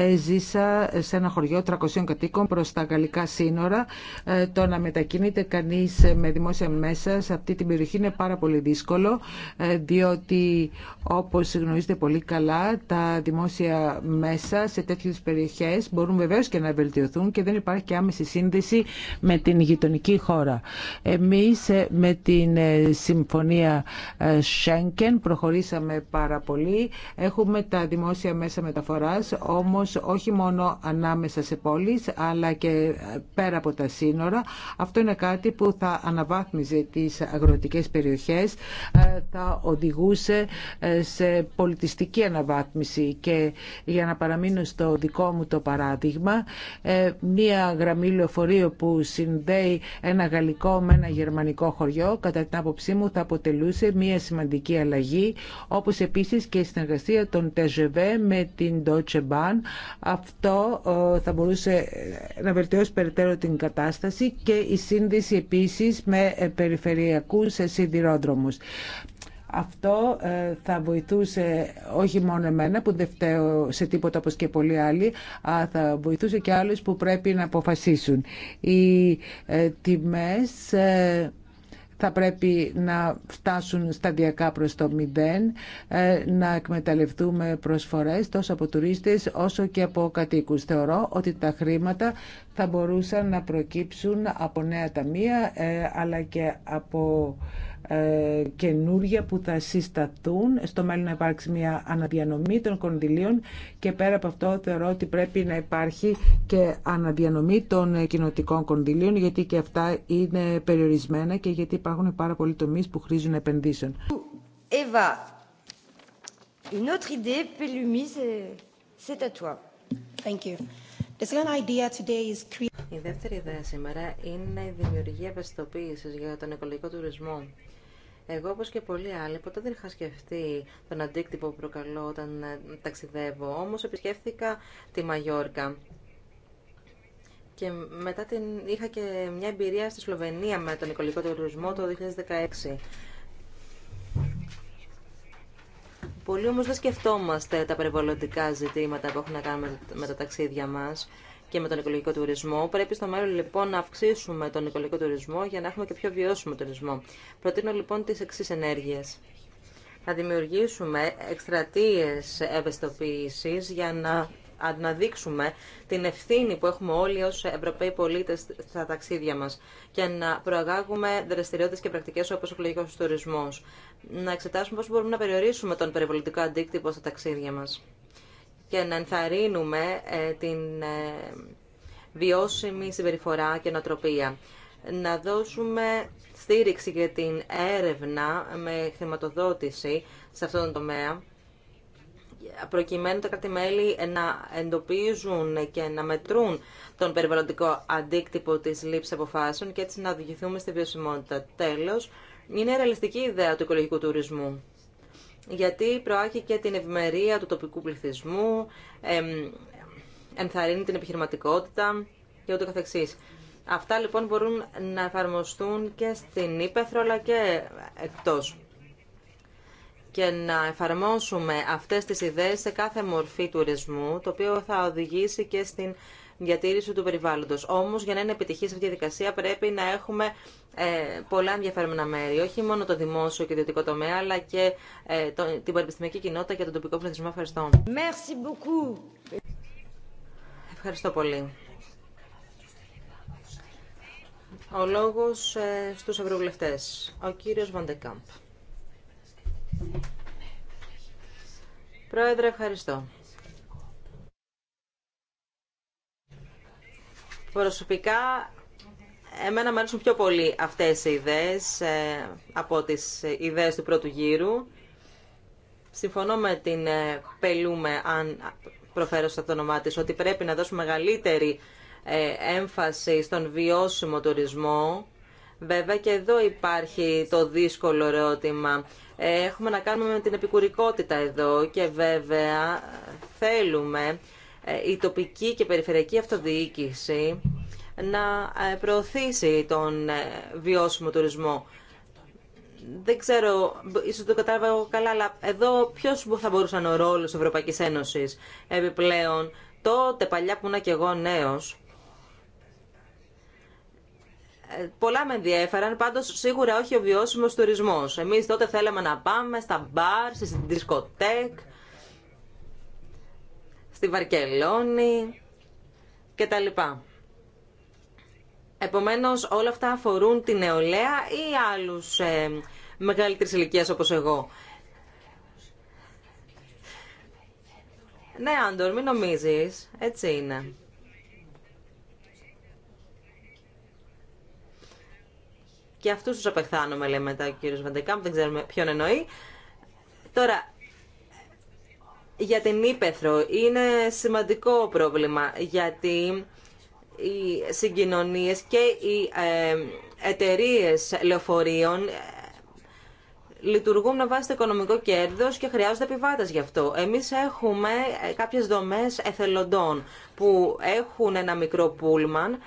ε, ζήσα σε ένα χωριό 300 κατοίκων προς τα γαλλικά σύνορα. Ε, το να μετακινείται κανείς με δημόσια μέσα σε αυτή την περιοχή είναι πάρα πολύ δύσκολο ε, διότι όπως γνωρίζετε πολύ καλά τα δημόσια μέσα σε τέτοιες περιοχές μπορούν βεβαίως και να βελτιωθούν και δεν υπάρχει και άμεση σύνδεση με την γειτονική χώρα. Εμείς ε, με την ε, συμφωνία ε, Schengen προχωρήσαμε πάρα πολύ. Έχουμε τα δημόσια μέσα μεταφοράς, όμως όχι μόνο ανάμεσα σε πόλεις, αλλά και πέρα από τα σύνορα. Αυτό είναι κάτι που θα αναβάθμιζε τις αγροτικές περιοχές, θα οδηγούσε σε πολιτιστική αναβάθμιση και για να παραμείνω στο δικό μου το παράδειγμα, μία γραμμή που συνδέει ένα γαλλικό με ένα γερμανικό χωριό, κατά την άποψή μου θα αποτελούσε μια σημαντική αλλαγή, όπως επίσης και η συνεργασία των ΤΕΖΕΒΕ με την Deutsche Bahn. Αυτό ε, θα μπορούσε ε, να βελτιώσει περαιτέρω την κατάσταση και η σύνδεση επίσης με ε, περιφερειακούς σιδηρόδρομους. Αυτό ε, θα βοηθούσε όχι μόνο εμένα που δεν φταίω σε τίποτα όπως και πολλοί άλλοι, αλλά θα βοηθούσε και άλλους που πρέπει να αποφασίσουν. Οι ε, τιμές ε, θα πρέπει να φτάσουν σταδιακά προς το μηδέν, να εκμεταλλευτούμε προσφορές τόσο από τουρίστες όσο και από κατοίκους. Θεωρώ ότι τα χρήματα θα μπορούσαν να προκύψουν από νέα ταμεία αλλά και από ε, καινούργια που θα συσταθούν. Στο μέλλον να υπάρξει μια αναδιανομή των κονδυλίων και πέρα από αυτό θεωρώ ότι πρέπει να υπάρχει και αναδιανομή των ε, κοινοτικών κονδυλίων γιατί και αυτά είναι περιορισμένα και γιατί υπάρχουν πάρα πολλοί τομεί που χρήζουν επενδύσεων. Eva, une autre idée, Pelumi, c'est à toi. Thank you. The idea today is Η δεύτερη ιδέα σήμερα είναι η δημιουργία ευαισθητοποίηση για τον οικολογικό τουρισμό εγώ, όπως και πολλοί άλλοι, ποτέ δεν είχα σκεφτεί τον αντίκτυπο που προκαλώ όταν ε, ταξιδεύω. Όμως επισκέφθηκα τη Μαγιόρκα. Και μετά την είχα και μια εμπειρία στη Σλοβενία με τον οικολογικό τουρισμό το 2016. Πολλοί όμως δεν σκεφτόμαστε τα περιβαλλοντικά ζητήματα που έχουν να κάνουν με τα ταξίδια μας και με τον οικολογικό τουρισμό. Πρέπει στο μέλλον λοιπόν να αυξήσουμε τον οικολογικό τουρισμό για να έχουμε και πιο βιώσιμο τουρισμό. Προτείνω λοιπόν τι εξή ενέργειες. Να δημιουργήσουμε εκστρατείε ευαισθητοποίηση για να αναδείξουμε την ευθύνη που έχουμε όλοι ως Ευρωπαίοι πολίτες στα ταξίδια μας και να προαγάγουμε δραστηριότητες και πρακτικές όπως ο εκλογικό τουρισμός. Να εξετάσουμε πώς μπορούμε να περιορίσουμε τον περιβαλλοντικό αντίκτυπο στα ταξίδια μας και να ενθαρρύνουμε ε, την ε, βιώσιμη συμπεριφορά και νοοτροπία. Να δώσουμε στήριξη για την έρευνα με χρηματοδότηση σε αυτόν τον τομέα προκειμένου τα κρατη να εντοπίζουν και να μετρούν τον περιβαλλοντικό αντίκτυπο της λήψη αποφάσεων και έτσι να οδηγηθούμε στη βιωσιμότητα. Τέλος, είναι ρεαλιστική ιδέα του οικολογικού τουρισμού γιατί προάχει και την ευημερία του τοπικού πληθυσμού, ενθαρρύνει την επιχειρηματικότητα και ούτω καθεξής. Αυτά λοιπόν μπορούν να εφαρμοστούν και στην Ήπεθρο αλλά και εκτός και να εφαρμόσουμε αυτές τις ιδέες σε κάθε μορφή τουρισμού, το οποίο θα οδηγήσει και στην διατήρηση του περιβάλλοντος. Όμως για να είναι επιτυχής αυτή η διαδικασία πρέπει να έχουμε ε, πολλά ενδιαφέροντα μέρη, όχι μόνο το δημόσιο και ιδιωτικό τομέα, αλλά και ε, την πανεπιστημιακή κοινότητα και τον τοπικό πληθυσμό. Ευχαριστώ. Merci Ευχαριστώ πολύ. Ο λόγος ε, στους ευρωβουλευτές. Ο κύριος Βαντεκάμπ. Πρόεδρε, ευχαριστώ. Προσωπικά, εμένα μου αρέσουν πιο πολύ αυτές οι ιδέες ε, από τις ιδέες του πρώτου γύρου. Συμφωνώ με την ε, Πελούμε, αν προφέρω στα το όνομά της, ότι πρέπει να δώσουμε μεγαλύτερη ε, έμφαση στον βιώσιμο τουρισμό. Βέβαια και εδώ υπάρχει το δύσκολο ερώτημα. Έχουμε να κάνουμε με την επικουρικότητα εδώ και βέβαια θέλουμε ε, η τοπική και περιφερειακή αυτοδιοίκηση να ε, προωθήσει τον ε, βιώσιμο τουρισμό. Δεν ξέρω, ίσως το κατάλαβα καλά, αλλά εδώ ποιος θα μπορούσε να ο ρόλος της Ευρωπαϊκής Ένωσης επιπλέον. Τότε, παλιά που ήμουν και εγώ νέος, πολλά με ενδιέφεραν, πάντως σίγουρα όχι ο βιώσιμο τουρισμό. Εμείς τότε θέλαμε να πάμε στα μπαρ, στι δισκοτέκ, στη Βαρκελόνη λοιπά. Επομένως όλα αυτά αφορούν την νεολαία ή άλλους ε, μεγαλύτερης ηλικίας όπως εγώ. Ναι, Άντορ, μην νομίζεις. Έτσι είναι. Και αυτούς τους απεχθάνομαι, λέει μετά ο κύριος Βαντεκάμπ, δεν ξέρουμε ποιον εννοεί. Τώρα, για την Ήπεθρο είναι σημαντικό πρόβλημα γιατί οι συγκοινωνίες και οι ε, εταιρείε λεωφορείων ε, λειτουργούν με βάση το οικονομικό κέρδος και χρειάζονται επιβάτες γι' αυτό. Εμείς έχουμε ε, κάποιες δομές εθελοντών που έχουν ένα μικρό πούλμαν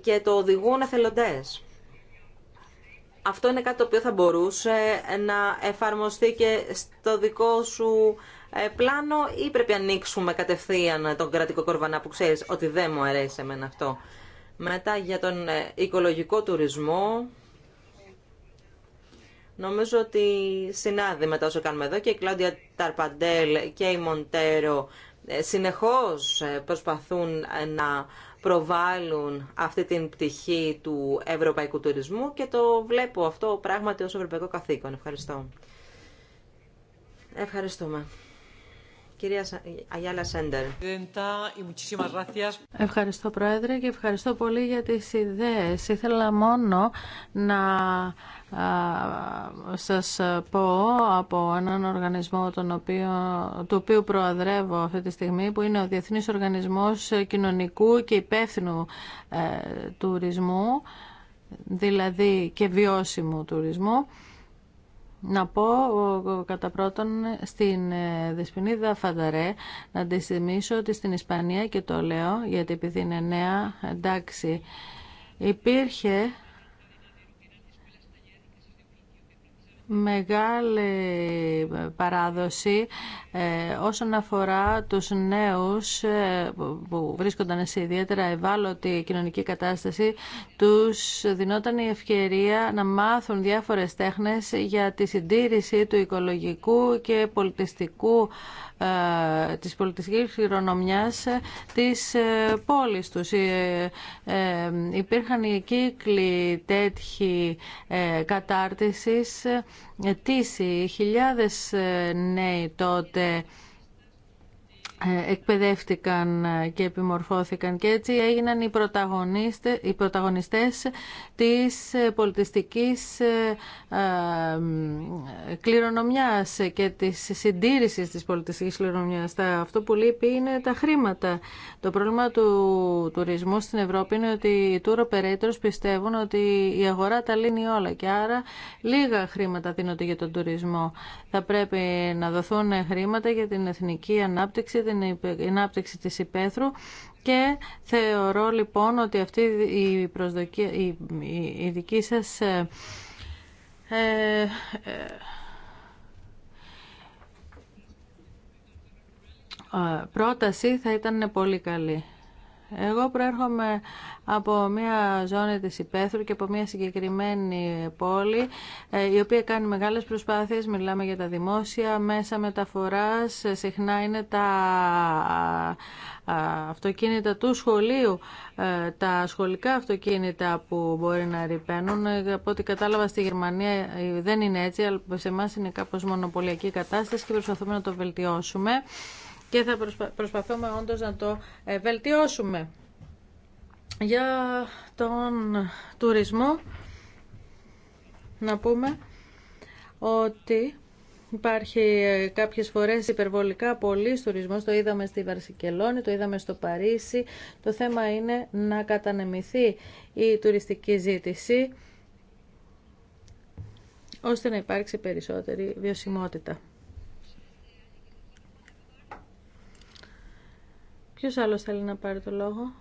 και το οδηγούν εθελοντές αυτό είναι κάτι το οποίο θα μπορούσε να εφαρμοστεί και στο δικό σου ε, πλάνο ή πρέπει να ανοίξουμε κατευθείαν τον κρατικό κορβανά που ξέρεις ότι δεν μου αρέσει εμένα αυτό. Μετά για τον ε, οικολογικό τουρισμό, νομίζω ότι συνάδει μετά όσο κάνουμε εδώ και η Κλάντια Ταρπαντέλ και η Μοντέρο ε, συνεχώς προσπαθούν να προβάλλουν αυτή την πτυχή του ευρωπαϊκού τουρισμού και το βλέπω αυτό πράγματι ως ευρωπαϊκό καθήκον. Ευχαριστώ. Ευχαριστούμε. Κυρία Αγιάλα Σέντερ. Ευχαριστώ Πρόεδρε και ευχαριστώ πολύ για τις ιδέες. Ήθελα μόνο να σας πω από έναν οργανισμό τον οποίο, του οποίου προαδρεύω αυτή τη στιγμή που είναι ο Διεθνής Οργανισμός Κοινωνικού και Υπεύθυνου ε, Τουρισμού δηλαδή και βιώσιμου τουρισμού να πω κατά πρώτον στην ε, Δεσποινίδα Φανταρέ να τη ότι στην Ισπανία και το λέω γιατί επειδή είναι νέα εντάξει υπήρχε μεγάλη ε, παράδοση ε, όσον αφορά τους νέους ε, που βρίσκονταν σε ιδιαίτερα ευάλωτη κοινωνική κατάσταση τους δινόταν η ευκαιρία να μάθουν διάφορες τέχνες για τη συντήρηση του οικολογικού και πολιτιστικού ε, της πολιτιστικής χειρονομιάς της ε, πόλης τους. Ε, υπήρχαν οι κύκλοι τέτοιοι κατάρτισης, τύση, χιλιάδες νέοι τότε ε, εκπαιδεύτηκαν ε, και επιμορφώθηκαν και έτσι έγιναν οι πρωταγωνιστές, οι πρωταγωνιστές της ε, πολιτιστικής κληρονομιάς και της συντήρησης της πολιτιστικής κληρονομιάς. Αυτό που λείπει είναι τα χρήματα. Το πρόβλημα του τουρισμού στην Ευρώπη είναι ότι οι tour operators πιστεύουν ότι η αγορά τα λύνει όλα και άρα λίγα χρήματα δίνονται για τον τουρισμό. Θα πρέπει να δοθούν χρήματα για την εθνική ανάπτυξη την ανάπτυξη της υπαίθρου και θεωρώ λοιπόν ότι αυτή η, προσδοκία, η, δική σας ε ε, ε, ε, πρόταση θα ήταν πολύ καλή. Εγώ προέρχομαι από μια ζώνη της Υπέθρου και από μια συγκεκριμένη πόλη ε, η οποία κάνει μεγάλες προσπάθειες, μιλάμε για τα δημόσια, μέσα μεταφοράς, ε, συχνά είναι τα ε, αυτοκίνητα του σχολείου, τα σχολικά αυτοκίνητα που μπορεί να ρηπαίνουν. Από ό,τι κατάλαβα στη Γερμανία δεν είναι έτσι, αλλά σε εμά είναι κάπως μονοπωλιακή κατάσταση και προσπαθούμε να το βελτιώσουμε και θα προσπαθούμε όντως να το ε, βελτιώσουμε. Για τον τουρισμό να πούμε ότι υπάρχει ε, κάποιες φορές υπερβολικά πολύ τουρισμός, το είδαμε στη Βαρσικελόνη, το είδαμε στο Παρίσι. Το θέμα είναι να κατανεμηθεί η τουριστική ζήτηση ώστε να υπάρξει περισσότερη βιωσιμότητα. Ποιο άλλο θέλει να πάρει το λόγο,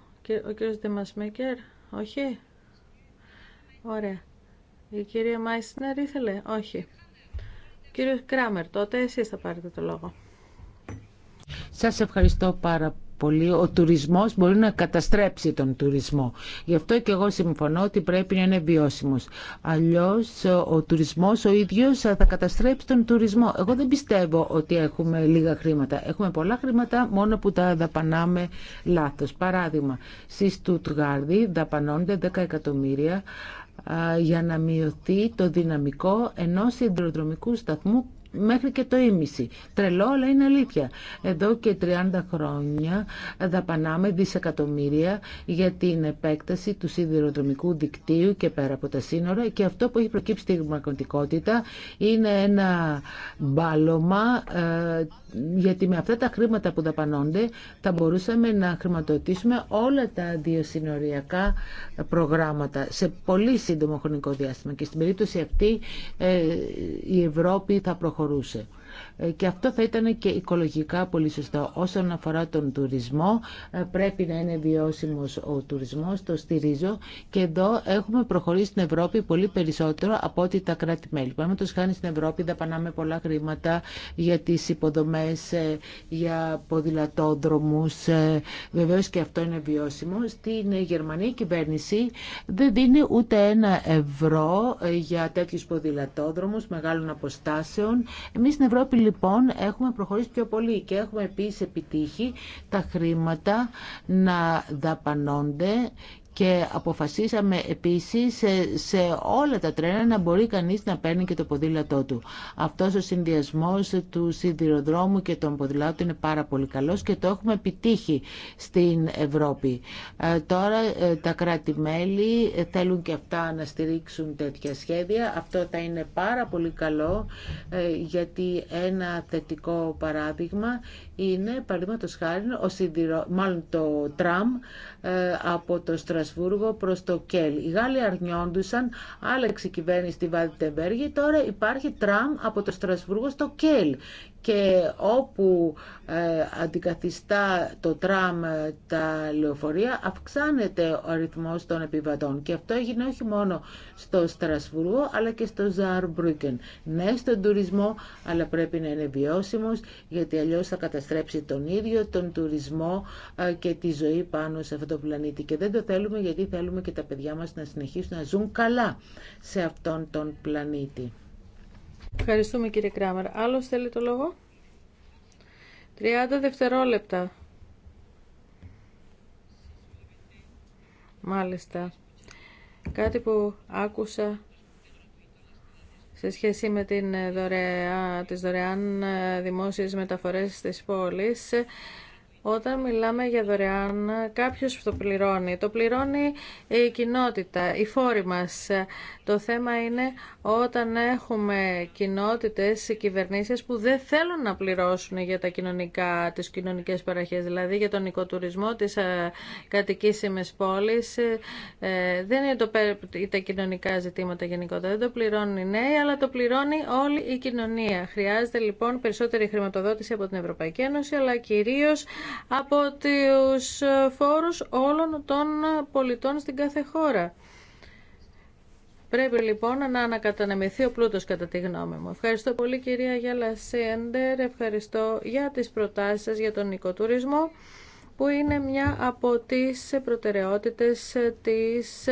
ο κύριο Δημασμέκερ, όχι. Ωραία. Η κυρία Μάισνερ ήθελε, όχι. κύριο Κράμερ, τότε εσεί θα πάρετε το λόγο. Σα ευχαριστώ πάρα πολύ πολύ ο τουρισμός μπορεί να καταστρέψει τον τουρισμό. Γι' αυτό και εγώ συμφωνώ ότι πρέπει να είναι βιώσιμος. Αλλιώς ο τουρισμός ο ίδιος θα καταστρέψει τον τουρισμό. Εγώ δεν πιστεύω ότι έχουμε λίγα χρήματα. Έχουμε πολλά χρήματα μόνο που τα δαπανάμε λάθος. Παράδειγμα, στη Στουτγάρδη δαπανώνται 10 εκατομμύρια για να μειωθεί το δυναμικό ενός συντροδρομικού σταθμού μέχρι και το ίμιση. Τρελό, αλλά είναι αλήθεια. Εδώ και 30 χρόνια δαπανάμε δισεκατομμύρια για την επέκταση του σιδηροδρομικού δικτύου και πέρα από τα σύνορα και αυτό που έχει προκύψει στη πραγματικότητα είναι ένα μπάλωμα ε, γιατί με αυτά τα χρήματα που δαπανώνται θα μπορούσαμε να χρηματοδοτήσουμε όλα τα διοσυνοριακά προγράμματα σε πολύ σύντομο χρονικό διάστημα και στην περίπτωση αυτή ε, η Ευρώπη θα προχωρήσει προχωρούσε. Ε, και αυτό θα ήταν και οικολογικά πολύ σωστό. Όσον αφορά τον τουρισμό, ε, πρέπει να είναι βιώσιμος ο τουρισμός, το στηρίζω και εδώ έχουμε προχωρήσει στην Ευρώπη πολύ περισσότερο από ό,τι τα κράτη-μέλη. Πάμε το χάνει στην Ευρώπη, δαπανάμε πολλά χρήματα για τις υποδομές, ε, για ποδηλατόδρομους, βεβαίως και αυτό είναι βιώσιμο. Στην Γερμανία η κυβέρνηση δεν δίνει ούτε ένα ευρώ για τέτοιους ποδηλατόδρομους μεγάλων αποστάσεων. Εμείς στην Ευρώπη λοιπόν έχουμε προχωρήσει πιο πολύ και έχουμε επίσης επιτύχει τα χρήματα να δαπανώνται και αποφασίσαμε επίσης ε, σε, όλα τα τρένα να μπορεί κανείς να παίρνει και το ποδήλατό του. Αυτός ο συνδυασμός του σιδηροδρόμου και των ποδηλάτων είναι πάρα πολύ καλός και το έχουμε επιτύχει στην Ευρώπη. Ε, τώρα ε, τα κράτη-μέλη θέλουν και αυτά να στηρίξουν τέτοια σχέδια. Αυτό θα είναι πάρα πολύ καλό γιατί ένα θετικό παράδειγμα είναι παραδείγματος χάρη ο σιδηρο... μάλλον το τραμ ε, από το Στρασβούργο προς το Κέλ. Οι Γάλλοι αρνιόντουσαν, άλλαξε η κυβέρνηση στη Βάδη τώρα υπάρχει τραμ από το Στρασβούργο στο Κέλ και όπου ε, αντικαθιστά το τραμ ε, τα λεωφορεία αυξάνεται ο αριθμός των επιβατών και αυτό έγινε όχι μόνο στο Στρασβούργο αλλά και στο Ζαρμπρούκεν. Ναι στον τουρισμό αλλά πρέπει να είναι βιώσιμος γιατί αλλιώς θα καταστρέψει τον ίδιο τον τουρισμό ε, και τη ζωή πάνω σε αυτό το πλανήτη και δεν το θέλουμε γιατί θέλουμε και τα παιδιά μας να συνεχίσουν να ζουν καλά σε αυτόν τον πλανήτη. Ευχαριστούμε κύριε Κράμερ. Άλλο θέλει το λόγο. 30 δευτερόλεπτα. Μάλιστα. Κάτι που άκουσα σε σχέση με την δωρεά, τις δωρεάν ε, δημόσιες μεταφορές της πόλης όταν μιλάμε για δωρεάν, κάποιος το πληρώνει. Το πληρώνει η κοινότητα, οι φόροι μας. Το θέμα είναι όταν έχουμε κοινότητες, κυβερνήσεις που δεν θέλουν να πληρώσουν για τα κοινωνικά, τις κοινωνικές παραχές, δηλαδή για τον οικοτουρισμό της ε, κατοικήσιμες πόλης. Ε, δεν είναι το, τα κοινωνικά ζητήματα γενικότερα, δεν το πληρώνουν οι νέοι, αλλά το πληρώνει όλη η κοινωνία. Χρειάζεται λοιπόν περισσότερη χρηματοδότηση από την Ευρωπαϊκή Ένωση, αλλά κυρίως από τους φόρους όλων των πολιτών στην κάθε χώρα. Πρέπει λοιπόν να ανακατανεμηθεί ο πλούτος κατά τη γνώμη μου. Ευχαριστώ πολύ κυρία Γιάλα Σέντερ, ευχαριστώ για τις προτάσεις σας για τον οικοτουρισμό που είναι μια από τις προτεραιότητες της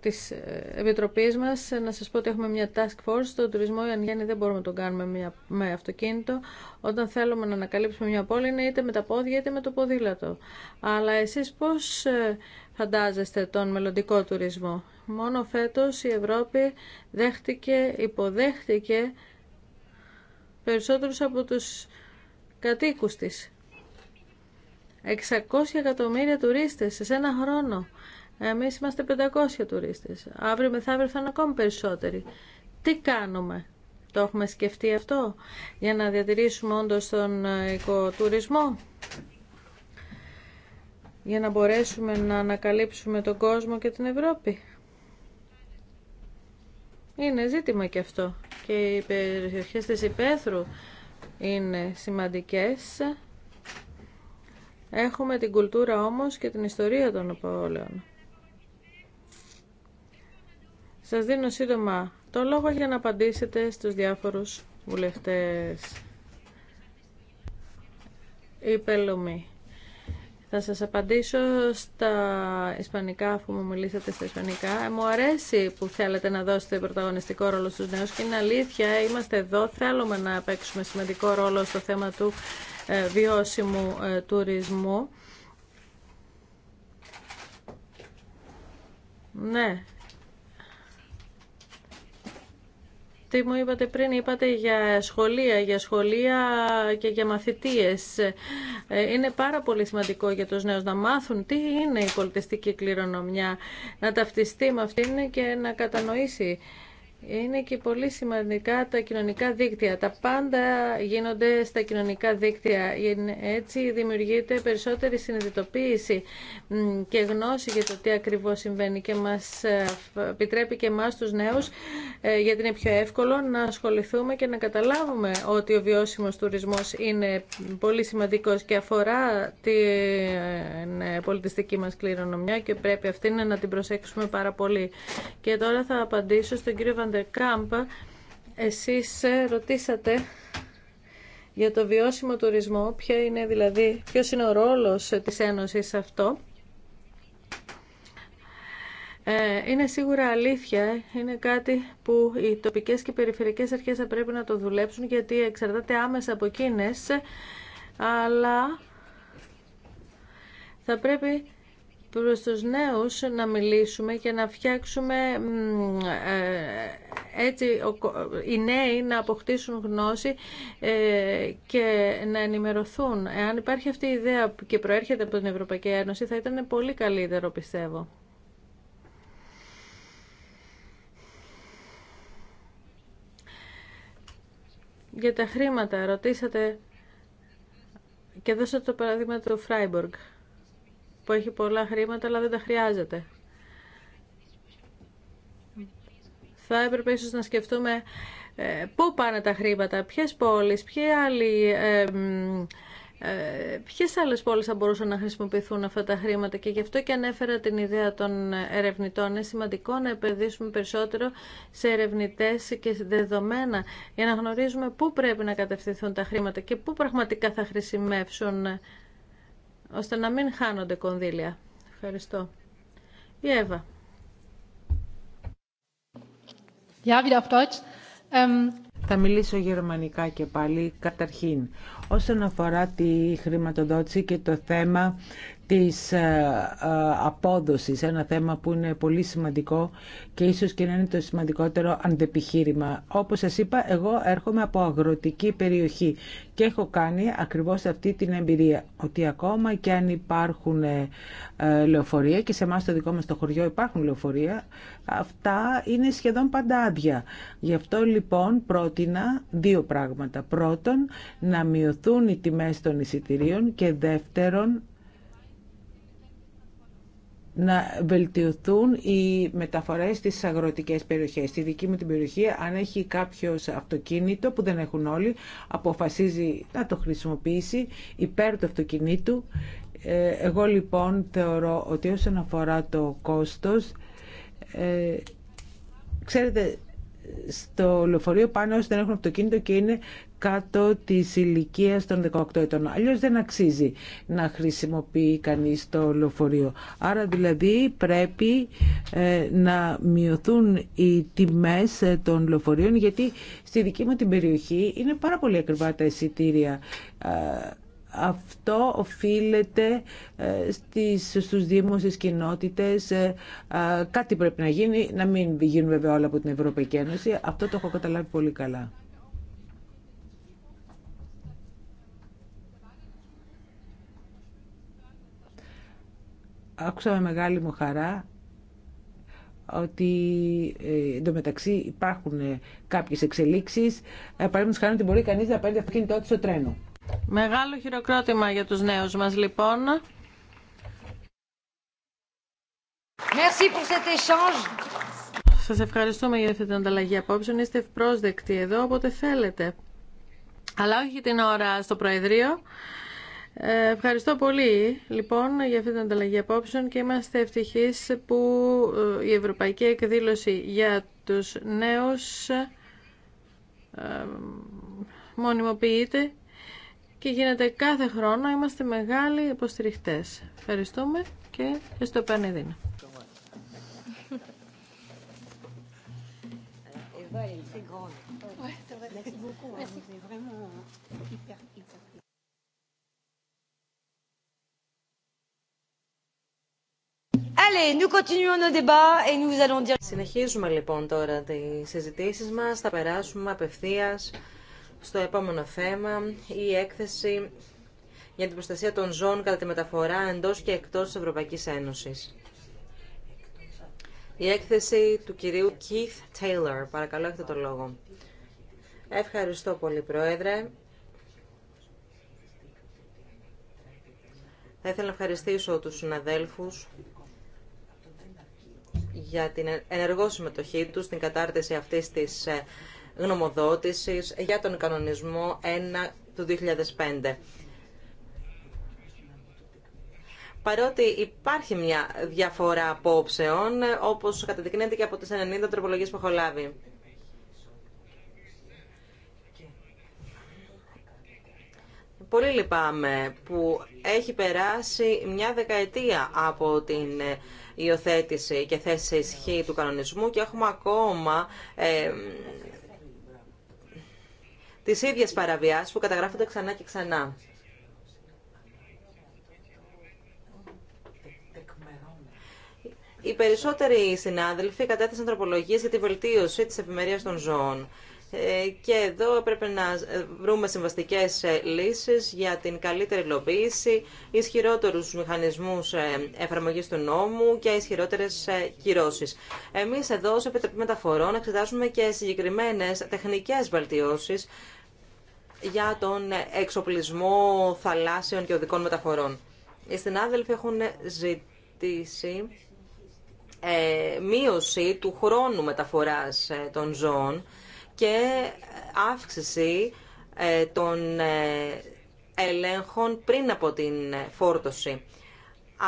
της ε, Επιτροπής μας ε, να σας πω ότι έχουμε μια task force στον τουρισμό αν γίνει δεν μπορούμε να τον κάνουμε με αυτοκίνητο όταν θέλουμε να ανακαλύψουμε μια πόλη είναι είτε με τα πόδια είτε με το ποδήλατο αλλά εσείς πώς ε, φαντάζεστε τον μελλοντικό τουρισμό μόνο φέτος η Ευρώπη δέχτηκε, υποδέχτηκε περισσότερους από τους κατοίκους της 600 εκατομμύρια τουρίστες σε ένα χρόνο εμείς είμαστε 500 τουρίστες. Αύριο μεθαύριο θα είναι ακόμη περισσότεροι. Τι κάνουμε. Το έχουμε σκεφτεί αυτό για να διατηρήσουμε όντως τον οικοτουρισμό. Για να μπορέσουμε να ανακαλύψουμε τον κόσμο και την Ευρώπη. Είναι ζήτημα και αυτό. Και οι περιοχές της Υπέθρου είναι σημαντικές. Έχουμε την κουλτούρα όμως και την ιστορία των απολύων. Σας δίνω σύντομα το λόγο για να απαντήσετε στους διάφορους βουλευτές. Η Θα σας απαντήσω στα ισπανικά, αφού μου μιλήσατε στα ισπανικά. Μου αρέσει που θέλετε να δώσετε πρωταγωνιστικό ρόλο στους νέους και είναι αλήθεια, είμαστε εδώ, θέλουμε να παίξουμε σημαντικό ρόλο στο θέμα του ε, βιώσιμου ε, τουρισμού. Ναι, Τι μου είπατε πριν, είπατε για σχολεία, για σχολεία και για μαθητείες. Ε, είναι πάρα πολύ σημαντικό για τους νέους να μάθουν τι είναι η πολιτιστική κληρονομιά, να ταυτιστεί με αυτήν και να κατανοήσει είναι και πολύ σημαντικά τα κοινωνικά δίκτυα. Τα πάντα γίνονται στα κοινωνικά δίκτυα. Έτσι δημιουργείται περισσότερη συνειδητοποίηση και γνώση για το τι ακριβώς συμβαίνει και μας ε, επιτρέπει και εμάς τους νέους, ε, γιατί είναι πιο εύκολο να ασχοληθούμε και να καταλάβουμε ότι ο βιώσιμος τουρισμός είναι πολύ σημαντικός και αφορά την ε, πολιτιστική μας κληρονομιά και πρέπει αυτή να την προσέξουμε πάρα πολύ. Και τώρα θα απαντήσω στον κύριο Κράμπ, εσείς ε, ρωτήσατε για το βιώσιμο τουρισμό, ποιο είναι δηλαδή, ποιος είναι ο ρόλος ε, της Ένωσης σε αυτό. Ε, είναι σίγουρα αλήθεια, είναι κάτι που οι τοπικές και οι περιφερειακές αρχές θα πρέπει να το δουλέψουν γιατί εξαρτάται άμεσα από εκείνες, αλλά θα πρέπει προς τους νέους να μιλήσουμε και να φτιάξουμε ε, έτσι οι νέοι να αποκτήσουν γνώση ε, και να ενημερωθούν. Εάν υπάρχει αυτή η ιδέα και προέρχεται από την Ευρωπαϊκή Ένωση θα ήταν πολύ καλύτερο πιστεύω. Για τα χρήματα ρωτήσατε και δώσατε το παράδειγμα του Φράιμποργκ που έχει πολλά χρήματα αλλά δεν τα χρειάζεται. Θα έπρεπε ίσως να σκεφτούμε ε, πού πάνε τα χρήματα, ποιες πόλεις, άλλοι... Ε, ε Ποιε άλλε πόλει θα μπορούσαν να χρησιμοποιηθούν αυτά τα χρήματα και γι' αυτό και ανέφερα την ιδέα των ερευνητών. Είναι σημαντικό να επενδύσουμε περισσότερο σε ερευνητέ και δεδομένα για να γνωρίζουμε πού πρέπει να κατευθυνθούν τα χρήματα και πού πραγματικά θα χρησιμεύσουν ώστε να μην χάνονται κονδύλια. Ευχαριστώ. Η Εύα. Ja, wieder auf Deutsch. Ähm, Θα μιλήσω γερμανικά και πάλι. Καταρχήν, όσον αφορά τη χρηματοδότηση και το θέμα της ε, ε, απόδοσης, ένα θέμα που είναι πολύ σημαντικό και ίσως και να είναι το σημαντικότερο αντεπιχείρημα. Όπως σας είπα, εγώ έρχομαι από αγροτική περιοχή και έχω κάνει ακριβώς αυτή την εμπειρία, ότι ακόμα και αν υπάρχουν ε, λεωφορεία και σε εμά το δικό μας το χωριό υπάρχουν λεωφορεία, αυτά είναι σχεδόν πάντα άδεια. Γι' αυτό λοιπόν πρότεινα δύο πράγματα. Πρώτον, να μειωθούν οι τιμές των εισιτηρίων και δεύτερον, να βελτιωθούν οι μεταφορές στις αγροτικές περιοχές. Στη δική μου την περιοχή, αν έχει κάποιος αυτοκίνητο που δεν έχουν όλοι, αποφασίζει να το χρησιμοποιήσει υπέρ του αυτοκινήτου. Ε, εγώ λοιπόν θεωρώ ότι όσον αφορά το κόστος, ε, ξέρετε, στο λεωφορείο πάνε όσοι δεν έχουν αυτοκίνητο και είναι κάτω τη ηλικία των 18 ετών. Αλλιώ δεν αξίζει να χρησιμοποιεί κανείς το λεωφορείο. Άρα δηλαδή πρέπει ε, να μειωθούν οι τιμές ε, των λεωφορείων γιατί στη δική μου την περιοχή είναι πάρα πολύ ακριβά τα εισιτήρια. Αυτό οφείλεται ε, στις, στους δήμους, στις κοινότητες. Κάτι πρέπει να γίνει, να μην γίνουν βέβαια όλα από την Ευρωπαϊκή Ένωση. Αυτό το έχω καταλάβει πολύ καλά. άκουσα με μεγάλη μου χαρά ότι ε, εντωμεταξύ υπάρχουν ε, κάποιες εξελίξεις. Ε, παραδείγματος χάρη ότι μπορεί κανείς να παίρνει αυτοκίνητό του στο τρένο. Μεγάλο χειροκρότημα για τους νέους μας λοιπόν. Merci pour cet échange. Σας ευχαριστούμε για αυτή την ανταλλαγή απόψεων. Είστε ευπρόσδεκτοι εδώ όποτε θέλετε. Αλλά όχι την ώρα στο Προεδρείο. Ευχαριστώ πολύ λοιπόν για αυτή την ανταλλαγή απόψεων και είμαστε ευτυχείς που η Ευρωπαϊκή Εκδήλωση για τους νέους μονιμοποιείται και γίνεται κάθε χρόνο. Είμαστε μεγάλοι υποστηριχτές. Ευχαριστούμε και στο Πανεδίνα. Allez, nous continuons nos débats et nous allons dire... Συνεχίζουμε λοιπόν τώρα τι συζητήσει μα Θα περάσουμε απευθεία στο επόμενο θέμα, η έκθεση για την προστασία των ζώων κατά τη μεταφορά εντό και εκτό τη Ευρωπαϊκής Ένωσης. Η έκθεση του κυρίου Keith Taylor. Παρακαλώ, έχετε το λόγο. Ευχαριστώ πολύ, Πρόεδρε. Θα ήθελα να ευχαριστήσω τους συναδέλφους για την ενεργό συμμετοχή του στην κατάρτιση αυτή της ε, γνωμοδότησης για τον κανονισμό 1 του 2005. Παρότι υπάρχει μια διαφορά απόψεων, ε, όπως καταδεικνύεται και από τις 90 τροπολογίες που έχω λάβει. Πολύ λυπάμαι που έχει περάσει μια δεκαετία από την ε, υιοθέτηση και θέση ισχύ του κανονισμού και έχουμε ακόμα ε, τις ίδιες παραβιάσεις που καταγράφονται ξανά και ξανά. Οι περισσότεροι συνάδελφοι κατέθεσαν τροπολογίες για τη βελτίωση της ευημερίας των ζώων. Ε, και εδώ πρέπει να βρούμε συμβαστικές ε, λύσεις για την καλύτερη υλοποίηση, ισχυρότερους μηχανισμούς ε, εφαρμογής του νόμου και ισχυρότερες κυρώσεις. Εμείς εδώ σε Επιτροπή Μεταφορών εξετάζουμε και συγκεκριμένες τεχνικές βελτιώσεις για τον εξοπλισμό θαλάσσιων και οδικών μεταφορών. Οι συνάδελφοι έχουν ζητήσει μείωση του χρόνου μεταφοράς των ζώων και αύξηση ε, των ε, ελέγχων πριν από την φόρτωση.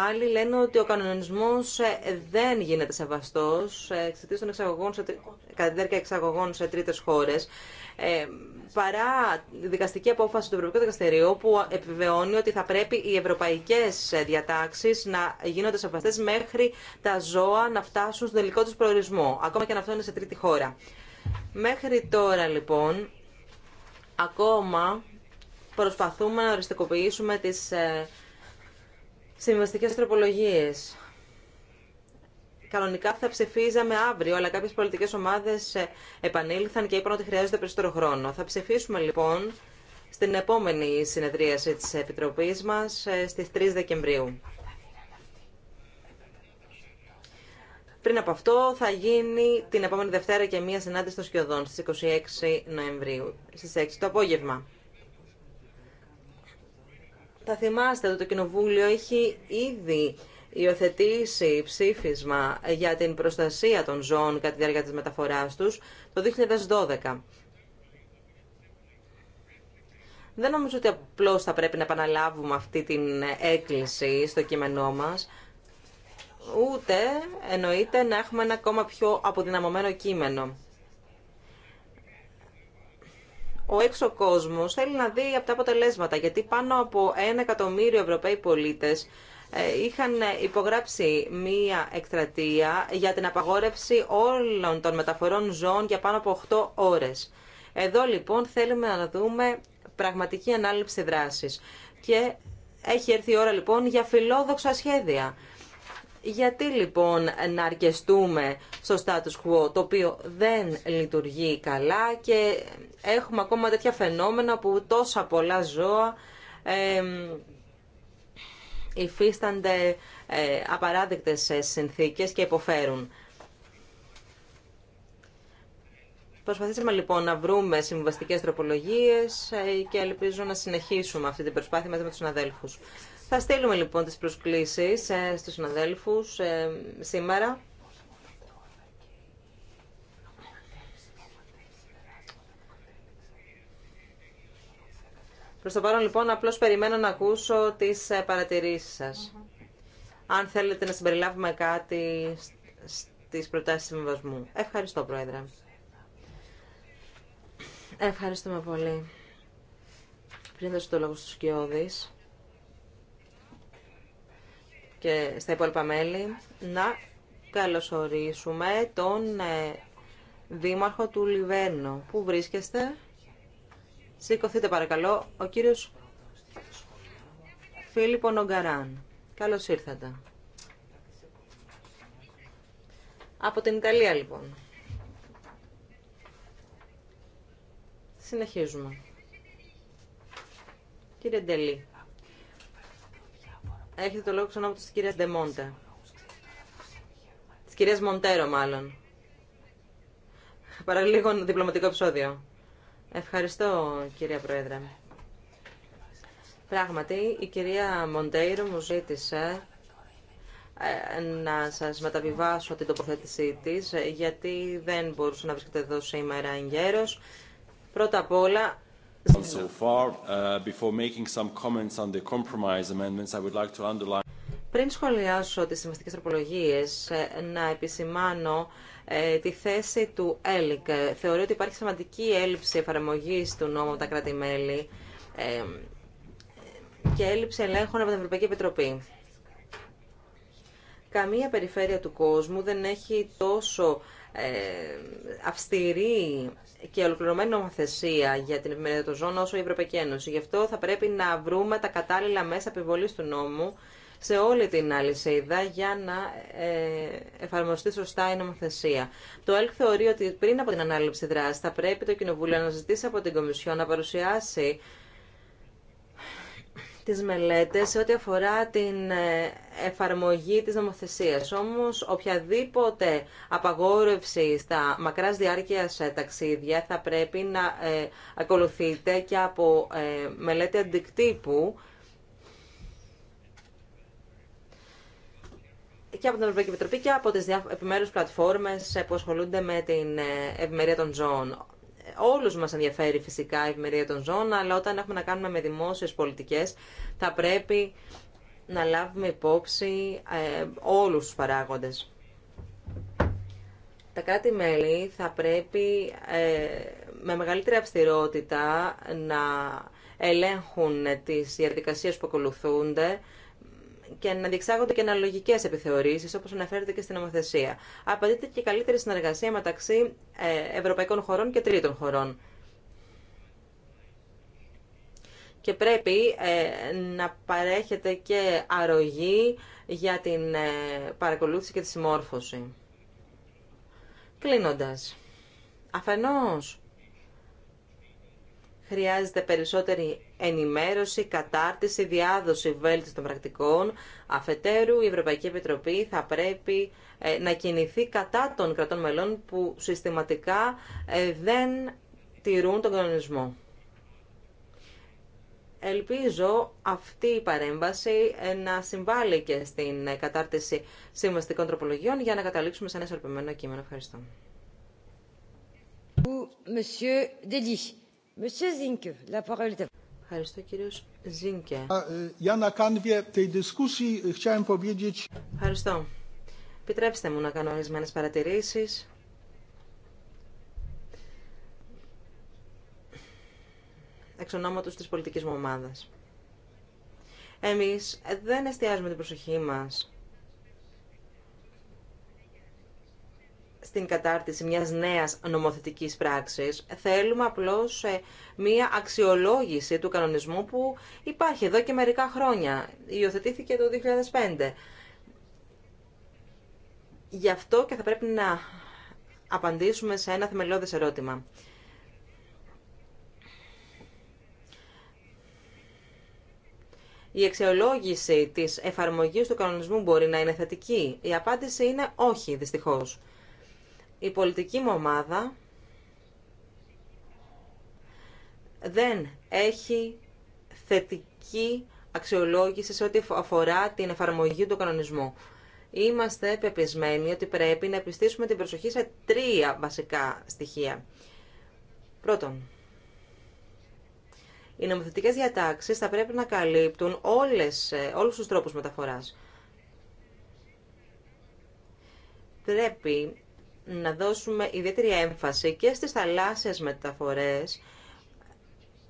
Άλλοι λένε ότι ο κανονισμός ε, δεν γίνεται σεβαστός εξαιτίας των εξαγωγών σε, κατά τη διάρκεια εξαγωγών σε τρίτες χώρες παρά τη δικαστική απόφαση του Ευρωπαϊκού Δικαστηρίου που επιβεβαιώνει ότι θα πρέπει οι ευρωπαϊκές διατάξεις να γίνονται σεβαστές μέχρι τα ζώα να φτάσουν στον τελικό τους προορισμό, ακόμα και αν αυτό είναι σε τρίτη χώρα. Μέχρι τώρα λοιπόν, ακόμα προσπαθούμε να οριστικοποιήσουμε τις ε, συμβαστικές τροπολογίες. Κανονικά θα ψηφίζαμε αύριο, αλλά κάποιες πολιτικές ομάδες ε, επανήλθαν και είπαν ότι χρειάζεται περισσότερο χρόνο. Θα ψηφίσουμε λοιπόν στην επόμενη συνεδρίαση της Επιτροπής μας ε, στις 3 Δεκεμβρίου. Πριν από αυτό θα γίνει την επόμενη Δευτέρα και μία συνάντηση των Σκιωδών στις 26 Νοεμβρίου, στις 6 το απόγευμα. Θα θυμάστε ότι το Κοινοβούλιο έχει ήδη υιοθετήσει ψήφισμα για την προστασία των ζώων κατά τη διάρκεια της μεταφοράς τους το 2012. Δεν νομίζω ότι απλώς θα πρέπει να επαναλάβουμε αυτή την έκκληση στο κείμενό μας ούτε εννοείται να έχουμε ένα ακόμα πιο αποδυναμωμένο κείμενο. Ο έξω κόσμος θέλει να δει από τα αποτελέσματα, γιατί πάνω από ένα εκατομμύριο Ευρωπαίοι πολίτες ε, είχαν υπογράψει μία εκτρατεία για την απαγόρευση όλων των μεταφορών ζώων για πάνω από 8 ώρες. Εδώ λοιπόν θέλουμε να δούμε πραγματική ανάληψη δράσης. Και έχει έρθει η ώρα λοιπόν για φιλόδοξα σχέδια. Γιατί λοιπόν να αρκεστούμε στο status quo, το οποίο δεν λειτουργεί καλά και έχουμε ακόμα τέτοια φαινόμενα που τόσα πολλά ζώα ε, υφίστανται ε, απαράδεκτες ε, συνθήκες και υποφέρουν. Προσπαθήσαμε λοιπόν να βρούμε συμβαστικές τροπολογίες ε, και ελπίζω να συνεχίσουμε αυτή την προσπάθεια μαζί με τους συναδέλφους. Θα στείλουμε λοιπόν τις προσκλήσεις ε, στους συναδέλφους ε, σήμερα. Προς το παρόν λοιπόν απλώς περιμένω να ακούσω τις ε, παρατηρήσεις σας. Αν θέλετε να συμπεριλάβουμε κάτι στις προτάσεις συμβασμού. Ευχαριστώ Πρόεδρε. Ευχαριστούμε πολύ. Πριν δώσω το λόγο στους Κιώδης και στα υπόλοιπα μέλη να καλωσορίσουμε τον ε, Δήμαρχο του Λιβέρνου. Πού βρίσκεστε? Σηκωθείτε παρακαλώ. Ο κύριος Φίλιππο Νογκαράν. Καλώς ήρθατε. Από την Ιταλία λοιπόν. Συνεχίζουμε. Κύριε Ντελή. Έχετε το λόγο ξανά από της κυρίας Ντεμόντε. Της κυρίας Μοντέρο μάλλον. Παραλίγο διπλωματικό επεισόδιο. Ευχαριστώ κυρία Πρόεδρε. Πράγματι, η κυρία Μοντέιρο μου ζήτησε ε, να σας μεταβιβάσω την τοποθέτησή της, γιατί δεν μπορούσε να βρίσκεται εδώ σήμερα εν γέρος. Πρώτα απ' όλα, So far, uh, before making some comments on the compromise amendments, I would like to underline... Πριν σχολιάσω τις συμβαστικές τροπολογίες, ε, να επισημάνω ε, τη θέση του ΕΛΚ. Θεωρώ ότι υπάρχει σημαντική έλλειψη εφαρμογής του νόμου από τα κράτη-μέλη ε, και έλλειψη ελέγχων από την Ευρωπαϊκή Επιτροπή. Καμία περιφέρεια του κόσμου δεν έχει τόσο ε, αυστηρή και ολοκληρωμένη νομοθεσία για την επιμερία των όσο η Ευρωπαϊκή Ένωση. Γι' αυτό θα πρέπει να βρούμε τα κατάλληλα μέσα επιβολής του νόμου σε όλη την αλυσίδα για να ε, εφαρμοστεί σωστά η νομοθεσία. Το ΕΛΚ θεωρεί ότι πριν από την ανάληψη δράση θα πρέπει το Κοινοβούλιο να ζητήσει από την Κομισιό να παρουσιάσει τις μελέτες σε ό,τι αφορά την ε, εφαρμογή της νομοθεσίας. Όμως, οποιαδήποτε απαγόρευση στα μακράς διάρκειας ε, ταξίδια θα πρέπει να ε, ακολουθείται και από ε, μελέτη αντικτύπου και από την Ευρωπαϊκή Επιτροπή και από τις επιμέρους πλατφόρμες ε, που ασχολούνται με την ευημερία των ζώων όλους μας ενδιαφέρει φυσικά η ευημερία των ζώων, αλλά όταν έχουμε να κάνουμε με δημόσιες πολιτικές θα πρέπει να λάβουμε υπόψη ε, όλους τους παράγοντες. Τα κράτη-μέλη θα πρέπει ε, με μεγαλύτερη αυστηρότητα να ελέγχουν τις διαδικασίες που ακολουθούνται και να διεξάγονται και αναλογικέ επιθεωρήσει, όπω αναφέρεται και στην νομοθεσία. Απαιτείται και καλύτερη συνεργασία μεταξύ ε, ευρωπαϊκών χωρών και τρίτων χωρών. Και πρέπει ε, να παρέχεται και αρρωγή για την ε, παρακολούθηση και τη συμμόρφωση. Κλείνοντας, αφενός χρειάζεται περισσότερη ενημέρωση, κατάρτιση, διάδοση βέλτιση των πρακτικών. Αφετέρου, η Ευρωπαϊκή Επιτροπή θα πρέπει ε, να κινηθεί κατά των κρατών μελών που συστηματικά ε, δεν τηρούν τον κανονισμό. Ελπίζω αυτή η παρέμβαση ε, να συμβάλλει και στην κατάρτιση συμβαστικών τροπολογιών για να καταλήξουμε σε ένα ισορροπημένο κείμενο. Ευχαριστώ. Monsieur Ευχαριστώ κύριος Ζίνκε. Ε, ε, Ευχαριστώ. Επιτρέψτε μου να κάνω ορισμένε παρατηρήσει. Εξ ονόματο της πολιτικής μου ομάδα. Εμείς δεν εστιάζουμε την προσοχή μας την κατάρτιση μιας νέας νομοθετικής πράξης. Θέλουμε απλώς ε, μια αξιολόγηση του κανονισμού που υπάρχει εδώ και μερικά χρόνια. Υιοθετήθηκε το 2005. Γι' αυτό και θα πρέπει να απαντήσουμε σε ένα θεμελιώδες ερώτημα. Η αξιολόγηση της εφαρμογής του κανονισμού μπορεί να είναι θετική. Η απάντηση είναι όχι, δυστυχώς η πολιτική μου ομάδα δεν έχει θετική αξιολόγηση σε ό,τι αφορά την εφαρμογή του κανονισμού. Είμαστε πεπισμένοι ότι πρέπει να επιστήσουμε την προσοχή σε τρία βασικά στοιχεία. Πρώτον, οι νομοθετικές διατάξεις θα πρέπει να καλύπτουν όλες, όλους τους τρόπους μεταφοράς. Πρέπει να δώσουμε ιδιαίτερη έμφαση και στις θαλάσσιες μεταφορές,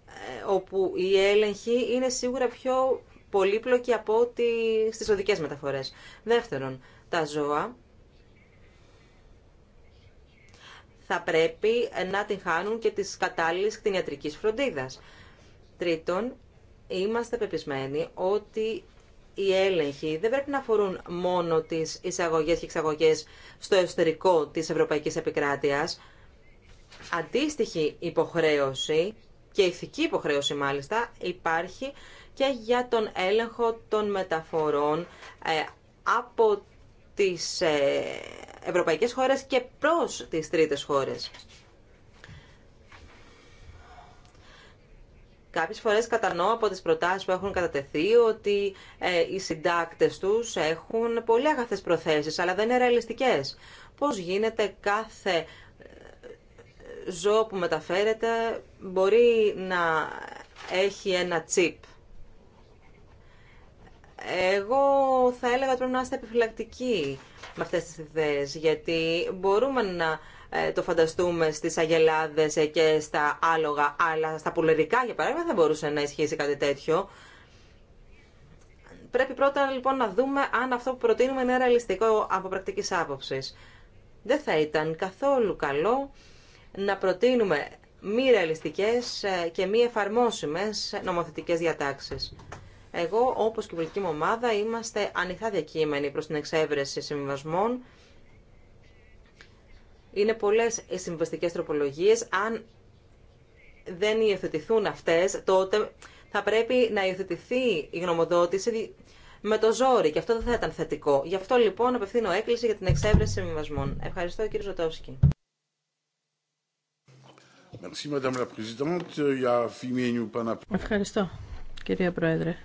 ε, όπου η έλεγχη είναι σίγουρα πιο πολύπλοκη από ότι στις οδικές μεταφορές. Δεύτερον, τα ζώα θα πρέπει να την χάνουν και της κατάλληλης κτηνιατρικής φροντίδας. Τρίτον, είμαστε πεπισμένοι ότι οι έλεγχοι δεν πρέπει να αφορούν μόνο τις εισαγωγέ και εξαγωγέ στο εσωτερικό της ευρωπαϊκής επικράτειας. Αντίστοιχη υποχρέωση και ηθική υποχρέωση μάλιστα υπάρχει και για τον έλεγχο των μεταφορών ε, από τις ε, ευρωπαϊκές χώρες και προς τις τρίτες χώρες. Κάποιες φορές κατανοώ από τις προτάσεις που έχουν κατατεθεί ότι ε, οι συντάκτες τους έχουν πολύ αγαθές προθέσεις, αλλά δεν είναι ρεαλιστικές. Πώς γίνεται κάθε ε, ζώο που μεταφέρεται μπορεί να έχει ένα τσίπ. Εγώ θα έλεγα ότι πρέπει να είστε επιφυλακτικοί με αυτές τις ιδέες, γιατί μπορούμε να ε, το φανταστούμε στις αγελάδες ε, και στα άλογα, αλλά στα πουλερικά, για παράδειγμα, δεν μπορούσε να ισχύσει κάτι τέτοιο. Πρέπει πρώτα λοιπόν να δούμε αν αυτό που προτείνουμε είναι ρεαλιστικό από πρακτική άποψη. Δεν θα ήταν καθόλου καλό να προτείνουμε μη ρεαλιστικέ ε, και μη εφαρμόσιμε νομοθετικές διατάξεις. Εγώ, όπω και η πολιτική μου ομάδα, είμαστε ανοιχτά διακείμενοι προ την εξέβρεση συμβιβασμών είναι πολλές οι συμβαστικέ τροπολογίες. Αν δεν υιοθετηθούν αυτές, τότε θα πρέπει να υιοθετηθεί η γνωμοδότηση με το ζόρι και αυτό δεν θα ήταν θετικό. Γι' αυτό λοιπόν απευθύνω έκκληση για την εξέβρεση συμβιβασμών. Ευχαριστώ κύριε Ζωτόφσκι. Ευχαριστώ κυρία Πρόεδρε.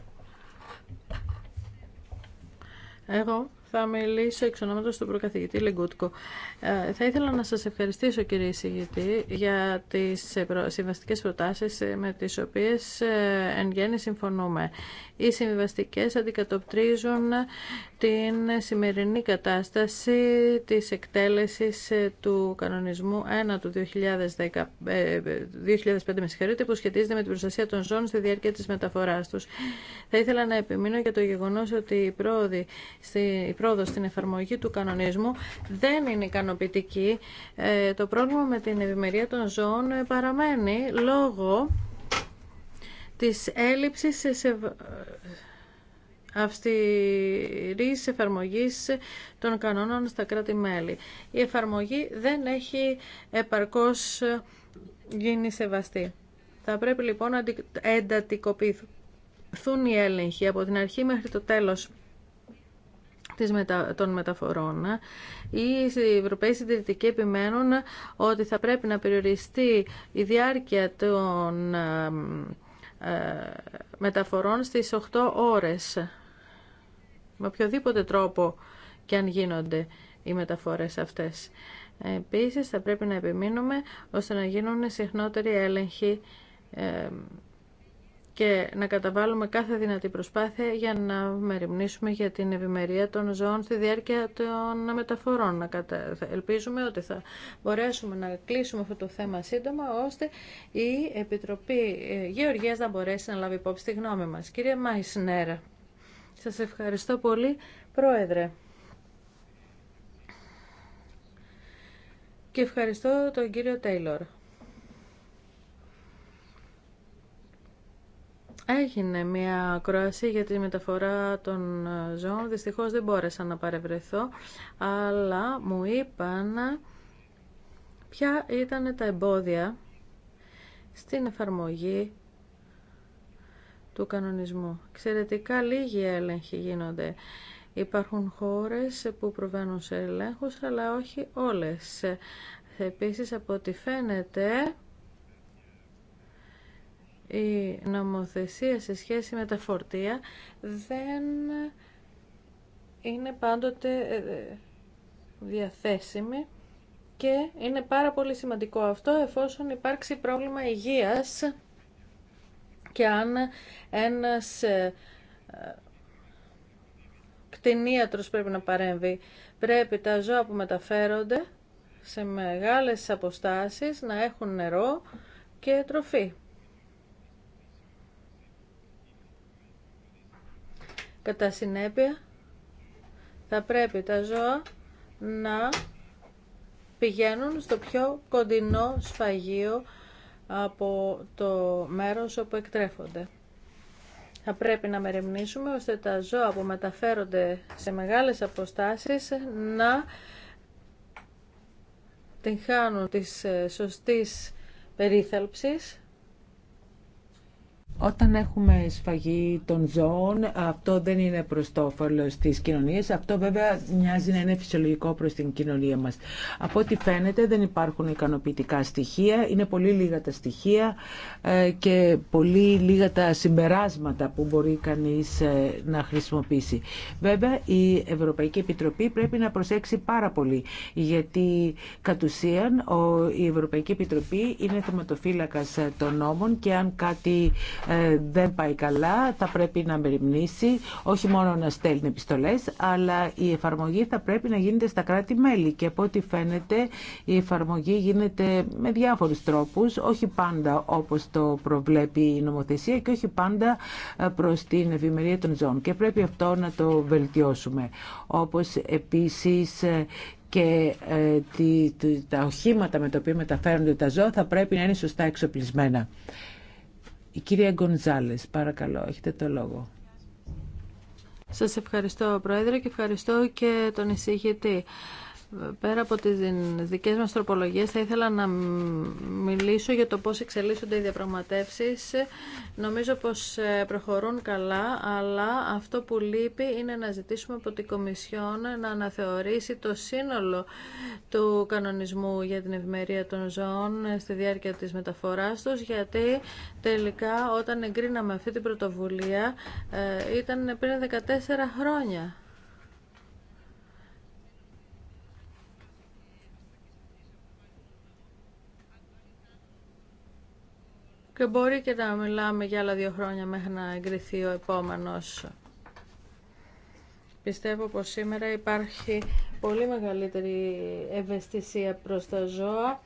Εγώ θα μιλήσω εξ ονόματος του προκαθηγητή Λεγκούτκο. Ε, θα ήθελα να σας ευχαριστήσω κύριε εισηγητή για τις ε, συμβαστικές προτάσεις ε, με τις οποίες εν γέννη συμφωνούμε. Οι συμβαστικές αντικατοπτρίζουν την σημερινή κατάσταση της εκτέλεσης ε, του κανονισμού 1 του 2010, 2005 ε, με συγχαρείτε, που σχετίζεται με την προστασία των ζώων στη διάρκεια της μεταφοράς τους. Θα ήθελα να επιμείνω για το γεγονός ότι η, πρόοδη, η πρόοδος στην εφαρμογή του κανονισμού δεν είναι ικανοποιητική. Ε, το πρόβλημα με την ευημερία των ζώων παραμένει λόγω της έλλειψης σε αυστηρή εφαρμογή των κανόνων στα κράτη-μέλη. Η εφαρμογή δεν έχει επαρκώς γίνει σεβαστή. Θα πρέπει λοιπόν να εντατικοποιηθούν οι έλεγχοι από την αρχή μέχρι το τέλος των μεταφορών. Οι Ευρωπαίοι Συντηρητικοί επιμένουν ότι θα πρέπει να περιοριστεί η διάρκεια των ε, ε, μεταφορών στις 8 ώρες με οποιοδήποτε τρόπο και αν γίνονται οι μεταφορές αυτές. Επίσης θα πρέπει να επιμείνουμε ώστε να γίνουν συχνότεροι έλεγχοι ε, και να καταβάλουμε κάθε δυνατή προσπάθεια για να μεριμνήσουμε για την ευημερία των ζώων στη διάρκεια των μεταφορών. Ελπίζουμε ότι θα μπορέσουμε να κλείσουμε αυτό το θέμα σύντομα, ώστε η Επιτροπή ε, Γεωργίας να μπορέσει να λάβει υπόψη τη γνώμη μας. Κύριε Μάισνέρα. Σας ευχαριστώ πολύ, Πρόεδρε. Και ευχαριστώ τον κύριο Τέιλορ. Έγινε μια ακρόαση για τη μεταφορά των ζώων. Δυστυχώς δεν μπόρεσα να παρευρεθώ, αλλά μου είπαν ποια ήταν τα εμπόδια στην εφαρμογή του κανονισμού. Εξαιρετικά λίγοι έλεγχοι γίνονται. Υπάρχουν χώρες που προβαίνουν σε ελέγχους, αλλά όχι όλες. Επίσης, από ό,τι φαίνεται, η νομοθεσία σε σχέση με τα φορτία δεν είναι πάντοτε ε, ε, διαθέσιμη και είναι πάρα πολύ σημαντικό αυτό εφόσον υπάρξει πρόβλημα υγείας και αν ένας ε, ε, κτηνίατρος πρέπει να παρέμβει. Πρέπει τα ζώα που μεταφέρονται σε μεγάλες αποστάσεις να έχουν νερό και τροφή. Κατά συνέπεια, θα πρέπει τα ζώα να πηγαίνουν στο πιο κοντινό σφαγείο από το μέρος όπου εκτρέφονται. Θα πρέπει να μερεμνήσουμε ώστε τα ζώα που μεταφέρονται σε μεγάλες αποστάσεις να την χάνουν της ε, σωστής περίθαλψης όταν έχουμε σφαγή των ζώων, αυτό δεν είναι προ το όφελο τη κοινωνία. Αυτό βέβαια μοιάζει να είναι φυσιολογικό προ την κοινωνία μα. Από ό,τι φαίνεται, δεν υπάρχουν ικανοποιητικά στοιχεία. Είναι πολύ λίγα τα στοιχεία ε, και πολύ λίγα τα συμπεράσματα που μπορεί κανεί ε, να χρησιμοποιήσει. Βέβαια, η Ευρωπαϊκή Επιτροπή πρέπει να προσέξει πάρα πολύ, γιατί κατ' ουσίαν η Ευρωπαϊκή Επιτροπή είναι θεματοφύλακα ε, των νόμων και αν κάτι ε, δεν πάει καλά, θα πρέπει να μεριμνήσει, όχι μόνο να στέλνει επιστολές, αλλά η εφαρμογή θα πρέπει να γίνεται στα κράτη-μέλη και από ό,τι φαίνεται η εφαρμογή γίνεται με διάφορους τρόπους, όχι πάντα όπως το προβλέπει η νομοθεσία και όχι πάντα ε, προς την ευημερία των ζώων και πρέπει αυτό να το βελτιώσουμε. Όπως επίσης ε, και τα οχήματα με τα οποία μεταφέρονται τα ζώα θα πρέπει να είναι σωστά εξοπλισμένα. Η κυρία Γκονζάλες, παρακαλώ, έχετε το λόγο. Σας ευχαριστώ, Πρόεδρε, και ευχαριστώ και τον εισηγητή πέρα από τις δικές μας τροπολογίες θα ήθελα να μιλήσω για το πώς εξελίσσονται οι διαπραγματεύσεις. Νομίζω πως ε, προχωρούν καλά, αλλά αυτό που λείπει είναι να ζητήσουμε από την Κομισιόν να αναθεωρήσει το σύνολο του κανονισμού για την ευημερία των ζώων ε, στη διάρκεια της μεταφοράς τους, γιατί τελικά όταν εγκρίναμε αυτή την πρωτοβουλία ε, ήταν πριν 14 χρόνια. και μπορεί και να μιλάμε για άλλα δύο χρόνια μέχρι να εγκριθεί ο επόμενος. Πιστεύω πως σήμερα υπάρχει πολύ μεγαλύτερη ευαισθησία προς τα ζώα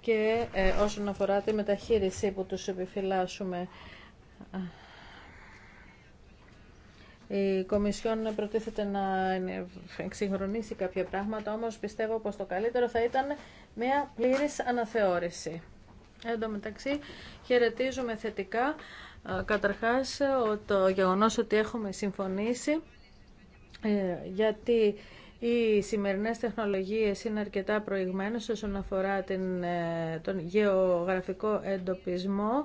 και ε, όσον αφορά τη μεταχείριση που τους επιφυλάσσουμε. Η Κομισιόν προτίθεται να εξυγχρονίσει κάποια πράγματα, όμως πιστεύω πως το καλύτερο θα ήταν μια πλήρης αναθεώρηση. Εν τω μεταξύ χαιρετίζουμε θετικά ε, καταρχάς ε, το γεγονός ότι έχουμε συμφωνήσει ε, γιατί οι σημερινές τεχνολογίες είναι αρκετά προηγμένες όσον αφορά την, τον γεωγραφικό εντοπισμό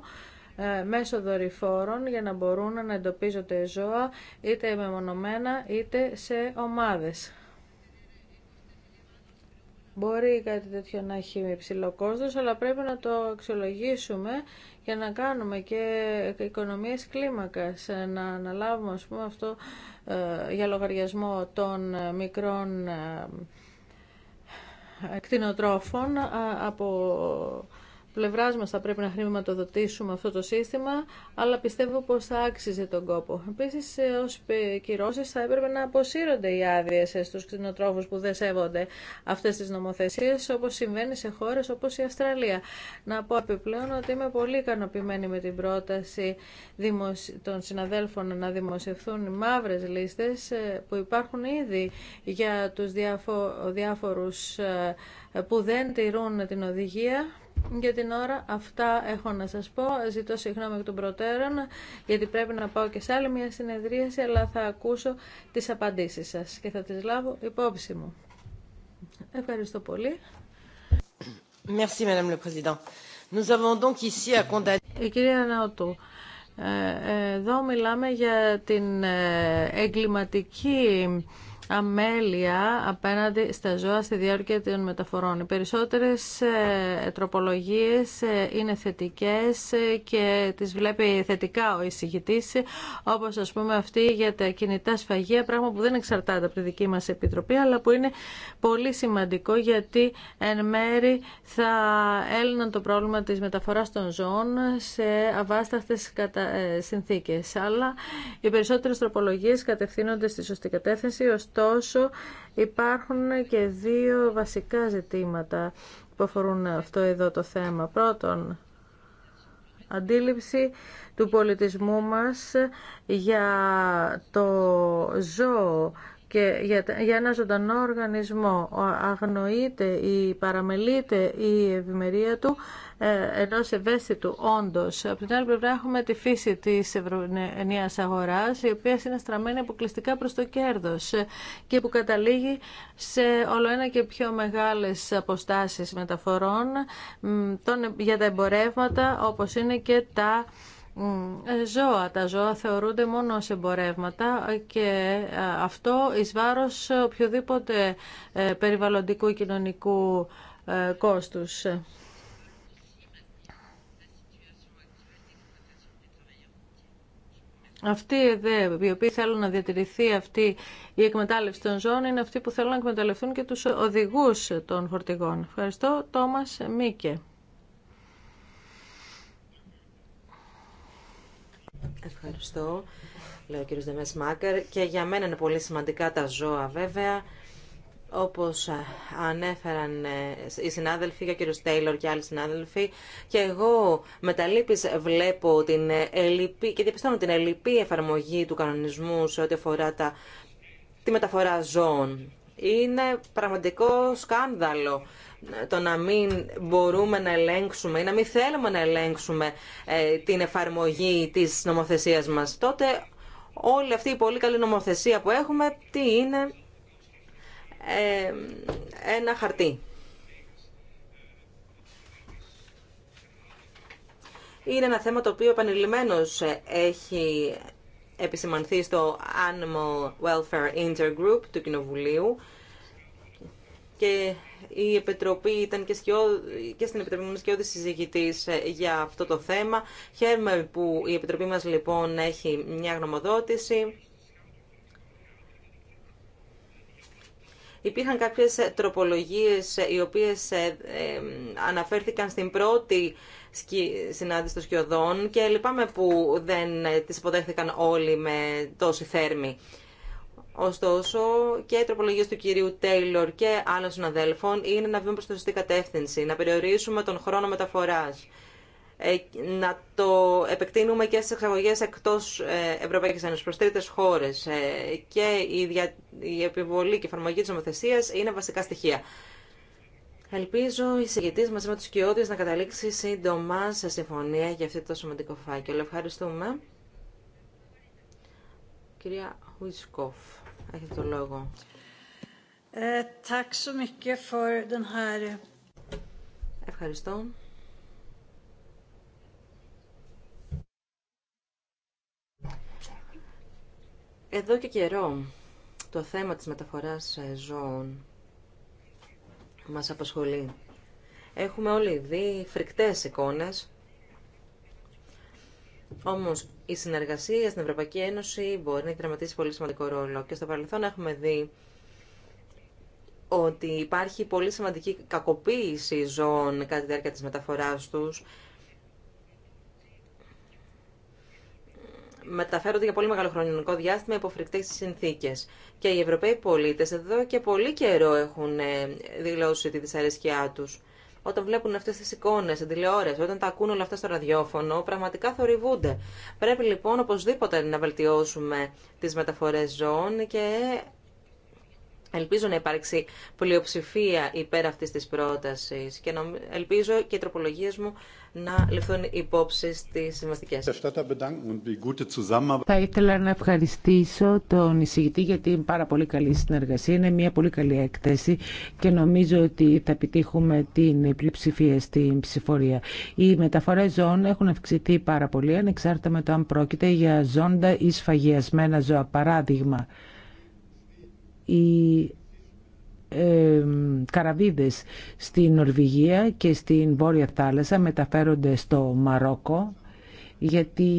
μέσω δορυφόρων για να μπορούν να εντοπίζονται ζώα είτε μεμονωμένα είτε σε ομάδες. Μπορεί κάτι τέτοιο να έχει υψηλό κόστο, αλλά πρέπει να το αξιολογήσουμε για να κάνουμε και οικονομίες κλίμακας, ε, να αναλάβουμε ας πούμε, αυτό ε, για λογαριασμό των ε, μικρών κτηνοτρόφων από πλευρά μα θα πρέπει να χρηματοδοτήσουμε αυτό το σύστημα, αλλά πιστεύω πω θα άξιζε τον κόπο. Επίση, ω κυρώσει θα έπρεπε να αποσύρονται οι άδειε στου κτηνοτρόφου που δεν σέβονται αυτέ τι νομοθεσίε, όπω συμβαίνει σε χώρε όπω η Αυστραλία. Να πω επιπλέον ότι είμαι πολύ ικανοποιημένη με την πρόταση των συναδέλφων να δημοσιευθούν οι μαύρε λίστε ε, που υπάρχουν ήδη για του διάφορου ε, που δεν τηρούν την οδηγία για την ώρα αυτά έχω να σας πω. Ζητώ συγγνώμη εκ των προτέρων, γιατί πρέπει να πάω και σε άλλη μια συνεδρίαση, αλλά θα ακούσω τις απαντήσεις σας και θα τις λάβω υπόψη μου. Ευχαριστώ πολύ. Merci, Madame εδώ μιλάμε για την ε, εγκληματική αμέλεια απέναντι στα ζώα στη διάρκεια των μεταφορών. Οι περισσότερες ε, τροπολογίες ε, είναι θετικές ε, και τις βλέπει θετικά ο εισηγητής, όπως ας πούμε αυτή για τα κινητά σφαγεία, πράγμα που δεν εξαρτάται από τη δική μας Επιτροπή, αλλά που είναι πολύ σημαντικό γιατί εν μέρη θα έλυναν το πρόβλημα της μεταφοράς των ζώων σε αβάσταχτες συνθήκες. Αλλά οι περισσότερες τροπολογίες κατευθύνονται στη σωστή κατεύθυνση, Ωστόσο, υπάρχουν και δύο βασικά ζητήματα που αφορούν αυτό εδώ το θέμα. Πρώτον, αντίληψη του πολιτισμού μας για το ζώο, και για, για ένα ζωντανό οργανισμό αγνοείται ή παραμελείται η ευημερία του ε, ενός ευαίσθητου όντως. Από την άλλη πλευρά έχουμε τη φύση της ευρωνίας αγορα η οποία είναι στραμμένη αποκλειστικά προς το κέρδος ε, και που καταλήγει σε όλο ένα και πιο μεγάλες αποστάσεις μεταφορών για τα εμπορεύματα όπως είναι και τα ε, ζώα. Τα ζώα θεωρούνται μόνο σε εμπορεύματα και ε, αυτό εις βάρος οποιοδήποτε ε, περιβαλλοντικού ή κοινωνικού κόστους. Αυτοί οι οποίοι θέλουν να διατηρηθεί αυτή η εκμετάλλευση των ζώων είναι αυτοί που θέλουν να εκμεταλλευτούν και τους οδηγούς των φορτηγών. Ευχαριστώ. Τόμας Μίκε. Ευχαριστώ, λέει ο κύριος Δεμές Μάκερ. Και για μένα είναι πολύ σημαντικά τα ζώα βέβαια. Όπως ε, ανέφεραν ε, οι συνάδελφοι και ο κύριος Τέιλορ και άλλοι συνάδελφοι και εγώ με τα λύπης βλέπω την ε, ελλειπή, και διαπιστώνω την ελλειπή εφαρμογή του κανονισμού σε ό,τι αφορά τη μεταφορά ζώων. Είναι πραγματικό σκάνδαλο το να μην μπορούμε να ελέγξουμε ή να μην θέλουμε να ελέγξουμε ε, την εφαρμογή της νομοθεσίας μας, τότε όλη αυτή η πολύ καλή νομοθεσία που έχουμε, τι είναι ε, ένα χαρτί. Είναι ένα θέμα το οποίο επανειλημμένως ε, έχει επισημανθεί στο Animal Welfare Intergroup του Κοινοβουλίου και η Επιτροπή ήταν και, και στην Επιτροπή μας και συζητητής ε, για αυτό το θέμα. Χαίρομαι που η Επιτροπή μας λοιπόν έχει μια γνωμοδότηση. Υπήρχαν κάποιες τροπολογίες ε, οι οποίες ε, αναφέρθηκαν στην πρώτη συνάντηση των σκιωδών και λυπάμαι που δεν τις υποδέχθηκαν όλοι με τόση θέρμη. Ωστόσο και οι τροπολογίε του κυρίου Τέιλορ και άλλων συναδέλφων είναι να βγούμε προ τη σωστή κατεύθυνση, να περιορίσουμε τον χρόνο μεταφοράς, ε, να το επεκτείνουμε και στι εξαγωγέ εκτός ε, Ευρωπαϊκής Ένωση, προ χώρε χώρες ε, και η, η επιβολή και η εφαρμογή τη νομοθεσία είναι βασικά στοιχεία. Ελπίζω η συγκεκριτή μαζί με του κοιότητε να καταλήξει σύντομα σε συμφωνία για αυτό το σημαντικό φάκελο. Ευχαριστούμε. Κυρία Χουισκόφ. Έχετε το λόγο. Ε, Ευχαριστώ. Εδώ και καιρό το θέμα της μεταφοράς ε, ζώων μας απασχολεί. Έχουμε όλοι δει φρικτές εικόνες Όμω, η συνεργασία στην Ευρωπαϊκή Ένωση μπορεί να εκδραματίσει πολύ σημαντικό ρόλο και στο παρελθόν έχουμε δει ότι υπάρχει πολύ σημαντική κακοποίηση ζώων κατά τη διάρκεια τη μεταφορά του Μεταφέρονται για πολύ μεγάλο χρονικό διάστημα υπό φρικτέ συνθήκες. Και οι Ευρωπαίοι πολίτε εδώ και πολύ καιρό έχουν ε, δηλώσει τη δυσαρέσκειά του όταν βλέπουν αυτές τις εικόνες στην τηλεόραση, όταν τα ακούν όλα αυτά στο ραδιόφωνο, πραγματικά θορυβούνται. Πρέπει λοιπόν οπωσδήποτε να βελτιώσουμε τις μεταφορές ζώων και Ελπίζω να υπάρξει πλειοψηφία υπέρ αυτής της πρότασης και ελπίζω και οι τροπολογίες μου να λεφθούν υπόψη στις συμβαστικές. Θα ήθελα να ευχαριστήσω τον εισηγητή για την πάρα πολύ καλή συνεργασία. Είναι μια πολύ καλή έκθεση και νομίζω ότι θα επιτύχουμε την πλειοψηφία στην ψηφορία. Οι μεταφορές ζώων έχουν αυξηθεί πάρα πολύ ανεξάρτητα με το αν πρόκειται για ζώντα ή σφαγιασμένα ζώα. Παράδειγμα, οι ε, καραβίδες στην Νορβηγία και στην Βόρεια Θάλασσα μεταφέρονται στο Μαρόκο γιατί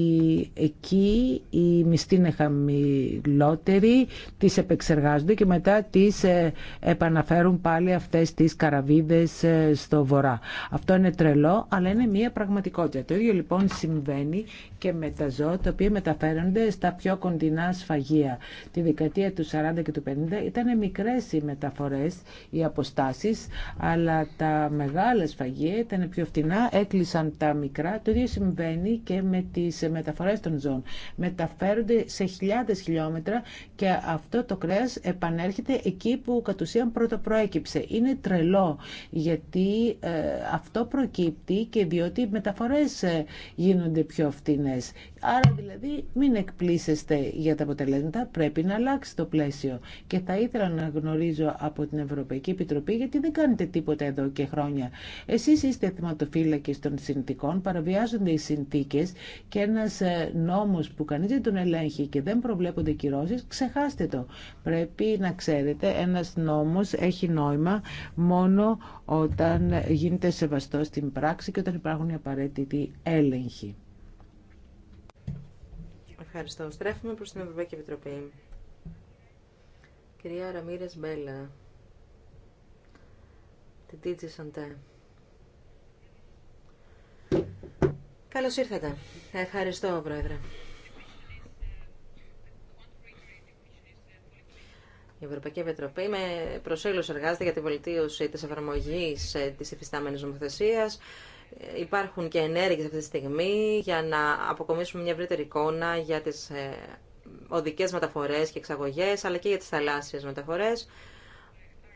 εκεί οι μισθοί είναι χαμηλότεροι, τις επεξεργάζονται και μετά τις ε, επαναφέρουν πάλι αυτές τις καραβίδες ε, στο βορρά. Αυτό είναι τρελό, αλλά είναι μια πραγματικότητα. Το ίδιο λοιπόν συμβαίνει και με τα ζώα, τα οποία μεταφέρονται στα πιο κοντινά σφαγεία. Τη δεκαετία του 40 και του 50 ήταν μικρές οι μεταφορές, οι αποστάσεις, αλλά τα μεγάλα σφαγεία ήταν πιο φτηνά, έκλεισαν τα μικρά. Το ίδιο συμβαίνει και με τις μεταφορές των ζώων. Μεταφέρονται σε χιλιάδες χιλιόμετρα και αυτό το κρέας επανέρχεται εκεί που κατ' ουσίαν πρώτα προέκυψε. Είναι τρελό γιατί ε, αυτό προκύπτει και διότι οι μεταφορές ε, γίνονται πιο φθηνές. Άρα δηλαδή μην εκπλήσεστε για τα αποτελέσματα, πρέπει να αλλάξει το πλαίσιο. Και θα ήθελα να γνωρίζω από την Ευρωπαϊκή Επιτροπή γιατί δεν κάνετε τίποτα εδώ και χρόνια. Εσείς είστε θεματοφύλακες των συνθήκων, παραβιάζονται οι συνθήκες και ένας ε, νόμος που κανείς δεν τον ελέγχει και δεν προβλέπονται κυρώσεις, ξεχάστε το. Πρέπει να ξέρετε, ένας νόμος έχει νόημα μόνο όταν γίνεται σεβαστό στην πράξη και όταν υπάρχουν οι απαραίτητοι έλεγχοι. Ευχαριστώ. Στρέφουμε προς την Ευρωπαϊκή Επιτροπή. Κυρία Ραμίρες Μπέλα. Την Τίτζη Σαντέ. Καλώς ήρθατε. Ευχαριστώ, Πρόεδρε. Η Ευρωπαϊκή Επιτροπή με προσήλωση εργάζεται για τη βελτίωση της εφαρμογής ε, της υφιστάμενης νομοθεσίας Υπάρχουν και ενέργειες αυτή τη στιγμή για να αποκομίσουμε μια ευρύτερη εικόνα για τις ε, οδικές μεταφορές και εξαγωγές, αλλά και για τις θαλάσσιες μεταφορές.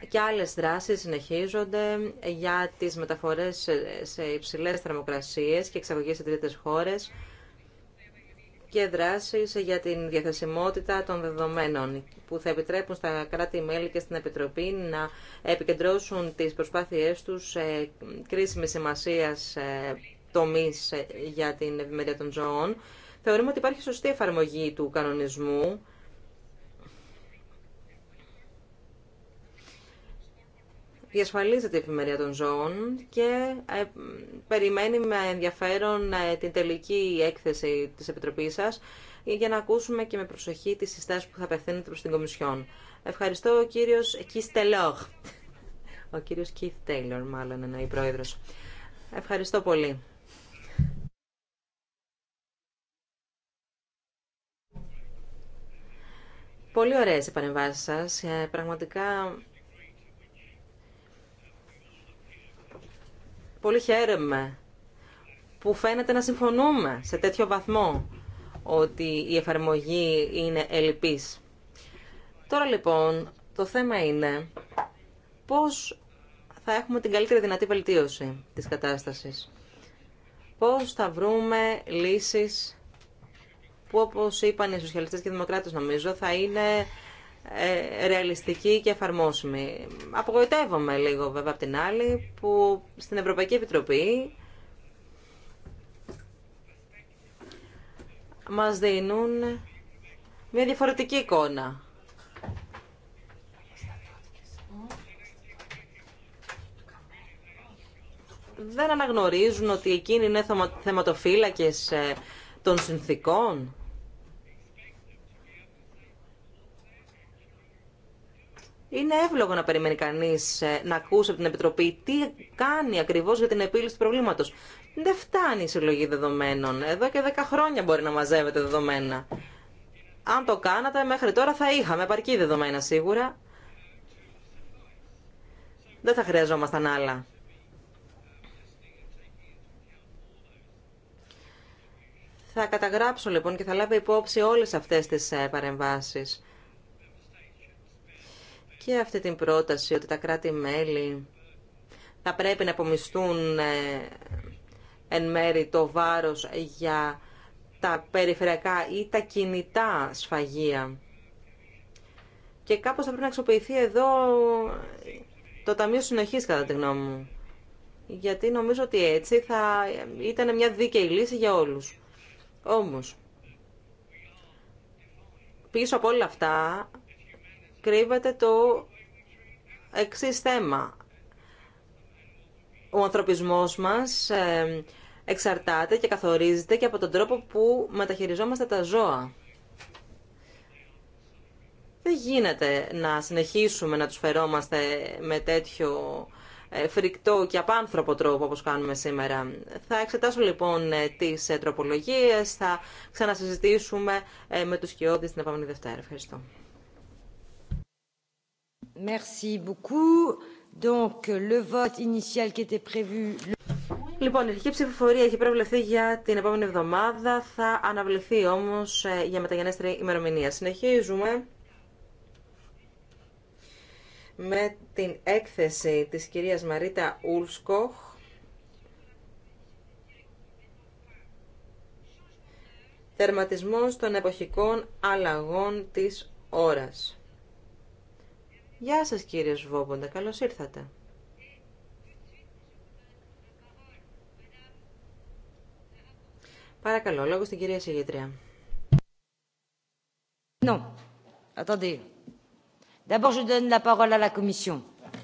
Και άλλες δράσεις συνεχίζονται για τις μεταφορές σε υψηλές θερμοκρασίες και εξαγωγές σε τρίτες χώρες και δράσεις για την διαθεσιμότητα των δεδομένων που θα επιτρέπουν στα κράτη-μέλη και στην Επιτροπή να επικεντρώσουν τις προσπάθειές τους σε κρίσιμη σημασία τομείς για την ευημερία των ζώων. Θεωρούμε ότι υπάρχει σωστή εφαρμογή του κανονισμού διασφαλίζεται η ευημερία των ζώων και ε, περιμένει με ενδιαφέρον ε, την τελική έκθεση της Επιτροπής σας για να ακούσουμε και με προσοχή τις συστάσεις που θα απευθύνεται προς την Κομισιόν. Ευχαριστώ ο κύριος Κίστελοχ. Ο κύριος Keith Taylor, μάλλον, είναι η πρόεδρος. Ευχαριστώ πολύ. Πολύ ωραίες οι παρεμβάσεις σας. Ε, πραγματικά Πολύ χαίρομαι που φαίνεται να συμφωνούμε σε τέτοιο βαθμό ότι η εφαρμογή είναι ελλειπής. Τώρα λοιπόν το θέμα είναι πώς θα έχουμε την καλύτερη δυνατή βελτίωση της κατάστασης. Πώς θα βρούμε λύσεις που όπως είπαν οι σοσιαλιστές και οι δημοκράτες νομίζω θα είναι ε, ρεαλιστική και εφαρμόσιμη. Απογοητεύομαι λίγο βέβαια από την άλλη που στην Ευρωπαϊκή Επιτροπή μας δίνουν μια διαφορετική εικόνα. Δεν αναγνωρίζουν ότι εκείνοι είναι θεματοφύλακες ε, των συνθήκων. Είναι εύλογο να περιμένει κανεί ε, να ακούσει από την Επιτροπή τι κάνει ακριβώ για την επίλυση του προβλήματο. Δεν φτάνει η συλλογή δεδομένων. Εδώ και 10 χρόνια μπορεί να μαζεύεται δεδομένα. Αν το κάνατε μέχρι τώρα θα είχαμε επαρκή δεδομένα σίγουρα. Δεν θα χρειαζόμασταν άλλα. Θα καταγράψω λοιπόν και θα λάβει υπόψη όλες αυτές τις ε, παρεμβάσεις και αυτή την πρόταση ότι τα κράτη-μέλη θα πρέπει να απομιστούν ε, εν μέρη το βάρος για τα περιφερειακά ή τα κινητά σφαγεία. Και κάπως θα πρέπει να αξιοποιηθεί εδώ το Ταμείο Συνοχής, κατά τη γνώμη μου. Γιατί νομίζω ότι έτσι θα ε, ήταν μια δίκαιη λύση για όλους. Όμως, πίσω από όλα αυτά κρύβεται το εξή θέμα. Ο ανθρωπισμός μας ε, εξαρτάται και καθορίζεται και από τον τρόπο που μεταχειριζόμαστε τα ζώα. Δεν γίνεται να συνεχίσουμε να τους φερόμαστε με τέτοιο ε, φρικτό και απάνθρωπο τρόπο όπως κάνουμε σήμερα. Θα εξετάσω λοιπόν ε, τις τροπολογίες, θα ξανασυζητήσουμε με τους κοιόδης την επόμενη Δευτέρα. Ευχαριστώ. Merci beaucoup. Donc, le vote Λοιπόν, η αρχική ψηφοφορία έχει προβλεφθεί για την επόμενη εβδομάδα. Θα αναβληθεί όμω ε, για μεταγενέστερη ημερομηνία. Συνεχίζουμε με την έκθεση της κυρίας Μαρίτα Ούλσκοχ Θερματισμός των εποχικών αλλαγών της ώρας». Γεια σας κύριε Σβόμποντα, καλώς ήρθατε. Παρακαλώ, λόγο στην κυρία Συγγετρία.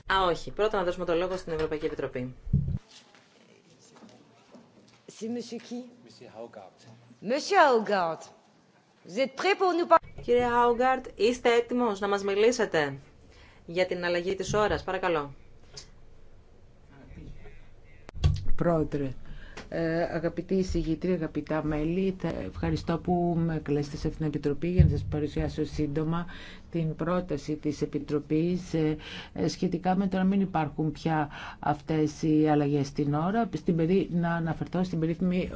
Α, όχι. Πρώτα να δώσουμε το λόγο στην Ευρωπαϊκή Επιτροπή. Κύριε Χαουγκάρτ, είστε έτοιμος να μας μιλήσετε για την αλλαγή της ώρας. Παρακαλώ. Πρόεδρε, ε, Αγαπητοί συγγητροί, αγαπητά μέλη, ευχαριστώ που με καλέσατε σε αυτήν την Επιτροπή για να σας παρουσιάσω σύντομα την πρόταση της Επιτροπής ε, ε, σχετικά με το να μην υπάρχουν πια αυτές οι αλλαγές στην ώρα, στην περί... να αναφερθώ στην περίφημη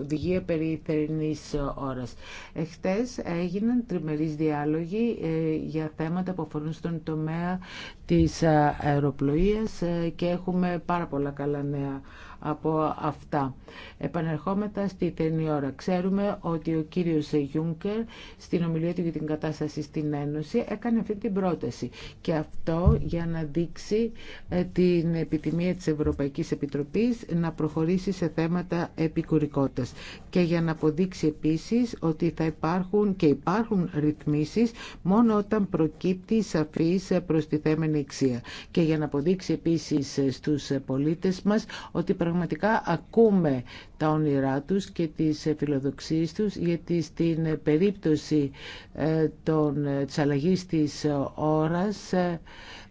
οδηγία περί θερινής ώρας. Εχθές έγιναν τριμερείς διάλογοι για θέματα που αφορούν στον τομέα της αεροπλοείας και έχουμε πάρα πολλά καλά νέα από αυτά. Επανερχόμεθα στη τέννη ώρα. Ξέρουμε ότι ο κύριος Γιούγκερ στην ομιλία του για την κατάσταση στην Ένωση έκανε αυτή την πρόταση και αυτό για να δείξει ε, την επιθυμία της Ευρωπαϊκής Επιτροπής να προχωρήσει σε θέματα επικουρικότητας και για να αποδείξει επίσης ότι θα υπάρχουν και υπάρχουν ρυθμίσεις μόνο όταν προκύπτει σαφής προστιθέμενη αξία και για να αποδείξει επίσης ε, στους πολίτες μας ότι πραγματικά ακούμε τα όνειρά τους και τις φιλοδοξίες τους γιατί στην περίπτωση ε, των, ε, της αλλαγής της ώρας ε,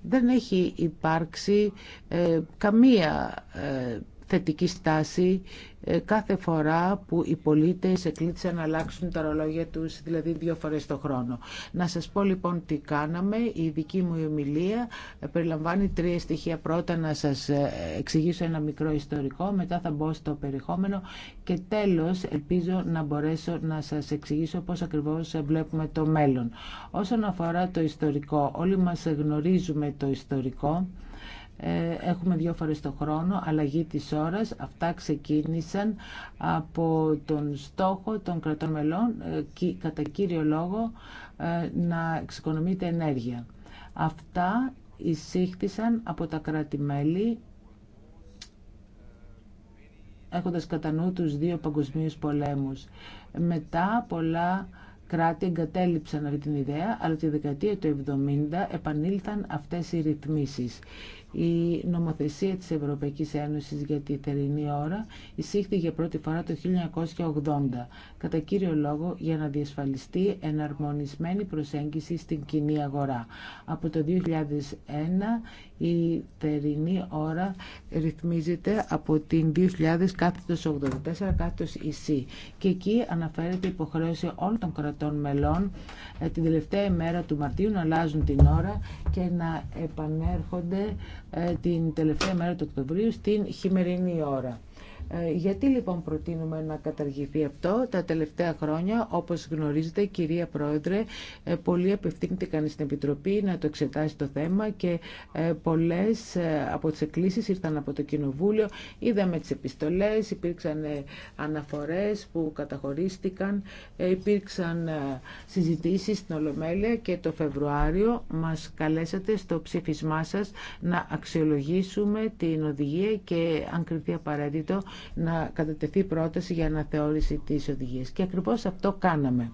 δεν έχει υπάρξει καμία θετική στάση ε, κάθε φορά που οι πολίτες εκλήτησαν να αλλάξουν τα ρολόγια τους, δηλαδή δύο φορές το χρόνο. Να σας πω λοιπόν τι κάναμε. Η δική μου ομιλία ε, περιλαμβάνει τρία στοιχεία. Πρώτα να σας ε, εξηγήσω ένα μικρό ιστορικό, μετά θα μπω στο περιεχόμενο και τέλος ελπίζω να μπορέσω να σας εξηγήσω πώς ακριβώς βλέπουμε το μέλλον. Όσον αφορά το ιστορικό, όλοι μας γνωρίζουμε το ιστορικό ε, έχουμε δύο φορές το χρόνο, αλλαγή της ώρας. Αυτά ξεκίνησαν από τον στόχο των κρατών μελών, ε, κατά κύριο λόγο, ε, να εξοικονομείται ενέργεια. Αυτά εισήχθησαν από τα κράτη-μέλη έχοντας κατά νου τους δύο παγκοσμίους πολέμους. Μετά πολλά κράτη εγκατέλειψαν αυτή την ιδέα, αλλά τη δεκαετία του 70 επανήλθαν αυτές οι ρυθμίσεις. Η νομοθεσία της Ευρωπαϊκής Ένωσης για τη θερινή ώρα εισήχθη για πρώτη φορά το 1980, κατά κύριο λόγο για να διασφαλιστεί εναρμονισμένη προσέγγιση στην κοινή αγορά. Από το 2001 η τερινή ώρα ρυθμίζεται από την 2000 κάθετος 84 κάθετος EC και εκεί αναφέρεται η υποχρέωση όλων των κρατών μελών ε, την τελευταία ημέρα του Μαρτίου να αλλάζουν την ώρα και να επανέρχονται ε, την τελευταία ημέρα του Οκτωβρίου στην χειμερινή ώρα. Ε, γιατί λοιπόν προτείνουμε να καταργηθεί αυτό τα τελευταία χρόνια, όπως γνωρίζετε κυρία Πρόεδρε, ε, πολύ απευθύνθηκαν στην Επιτροπή να το εξετάσει το θέμα και ε, πολλές από τις εκκλήσεις ήρθαν από το Κοινοβούλιο, είδαμε τις επιστολές, υπήρξαν αναφορές που καταχωρίστηκαν, υπήρξαν συζητήσεις στην Ολομέλεια και το Φεβρουάριο μας καλέσατε στο ψήφισμά σας να αξιολογήσουμε την οδηγία και αν κρυφτεί απαραίτητο να κατατεθεί πρόταση για αναθεώρηση της οδηγίας. Και ακριβώς αυτό κάναμε.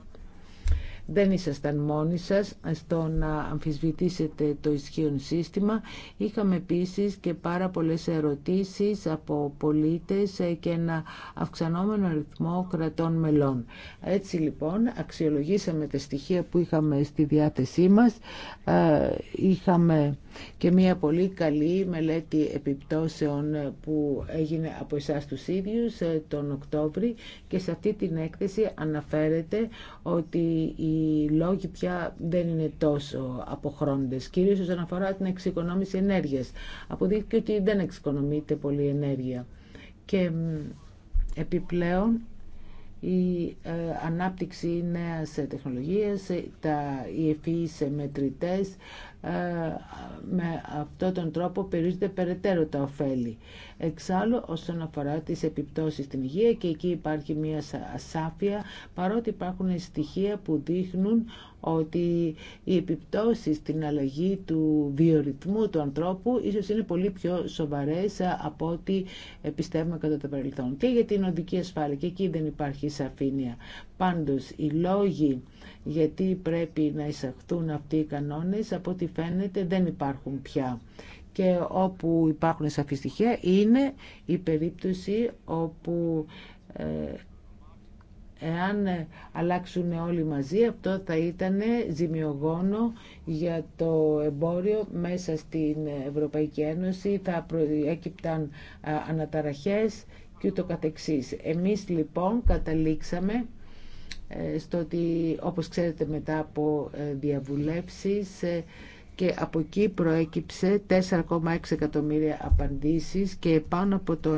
Δεν ήσασταν μόνοι σας στο να αμφισβητήσετε το ισχύον σύστημα. Είχαμε επίσης και πάρα πολλές ερωτήσεις από πολίτες και ένα αυξανόμενο αριθμό κρατών μελών. Έτσι λοιπόν αξιολογήσαμε τα στοιχεία που είχαμε στη διάθεσή μας. Ε, είχαμε και μια πολύ καλή μελέτη επιπτώσεων που έγινε από εσάς τους ίδιους ε, τον Οκτώβρη και σε αυτή την έκθεση αναφέρεται ότι η οι λόγοι πια δεν είναι τόσο αποχρόντες, κυρίως όσον αφορά την εξοικονόμηση ενέργειας. Αποδείχθηκε ότι δεν εξοικονομείται πολύ ενέργεια. Και επιπλέον η ε, ανάπτυξη νέας τεχνολογίας, ε, τα, οι σε μετρητές, ε, με αυτόν τον τρόπο περιορίζονται περαιτέρω τα ωφέλη. Εξάλλου, όσον αφορά τις επιπτώσεις στην υγεία και εκεί υπάρχει μια ασάφεια, παρότι υπάρχουν στοιχεία που δείχνουν ότι οι επιπτώσεις στην αλλαγή του βιορυθμού του ανθρώπου ίσως είναι πολύ πιο σοβαρές από ό,τι πιστεύουμε κατά το παρελθόν. Και για την οδική ασφάλεια, και εκεί δεν υπάρχει σαφήνεια. Πάντως, οι λόγοι γιατί πρέπει να εισαχθούν αυτοί οι κανόνες, από ό,τι φαίνεται δεν υπάρχουν πια. Και όπου υπάρχουν σαφή στοιχεία είναι η περίπτωση όπου ε, εάν αλλάξουν όλοι μαζί αυτό θα ήταν ζημιογόνο για το εμπόριο μέσα στην Ευρωπαϊκή Ένωση θα προέκυπταν ε, αναταραχές και το καθεξής. Εμείς λοιπόν καταλήξαμε ε, στο ότι όπως ξέρετε μετά από ε, διαβουλεύσεις ε, και από εκεί προέκυψε 4,6 εκατομμύρια απαντήσεις και πάνω από το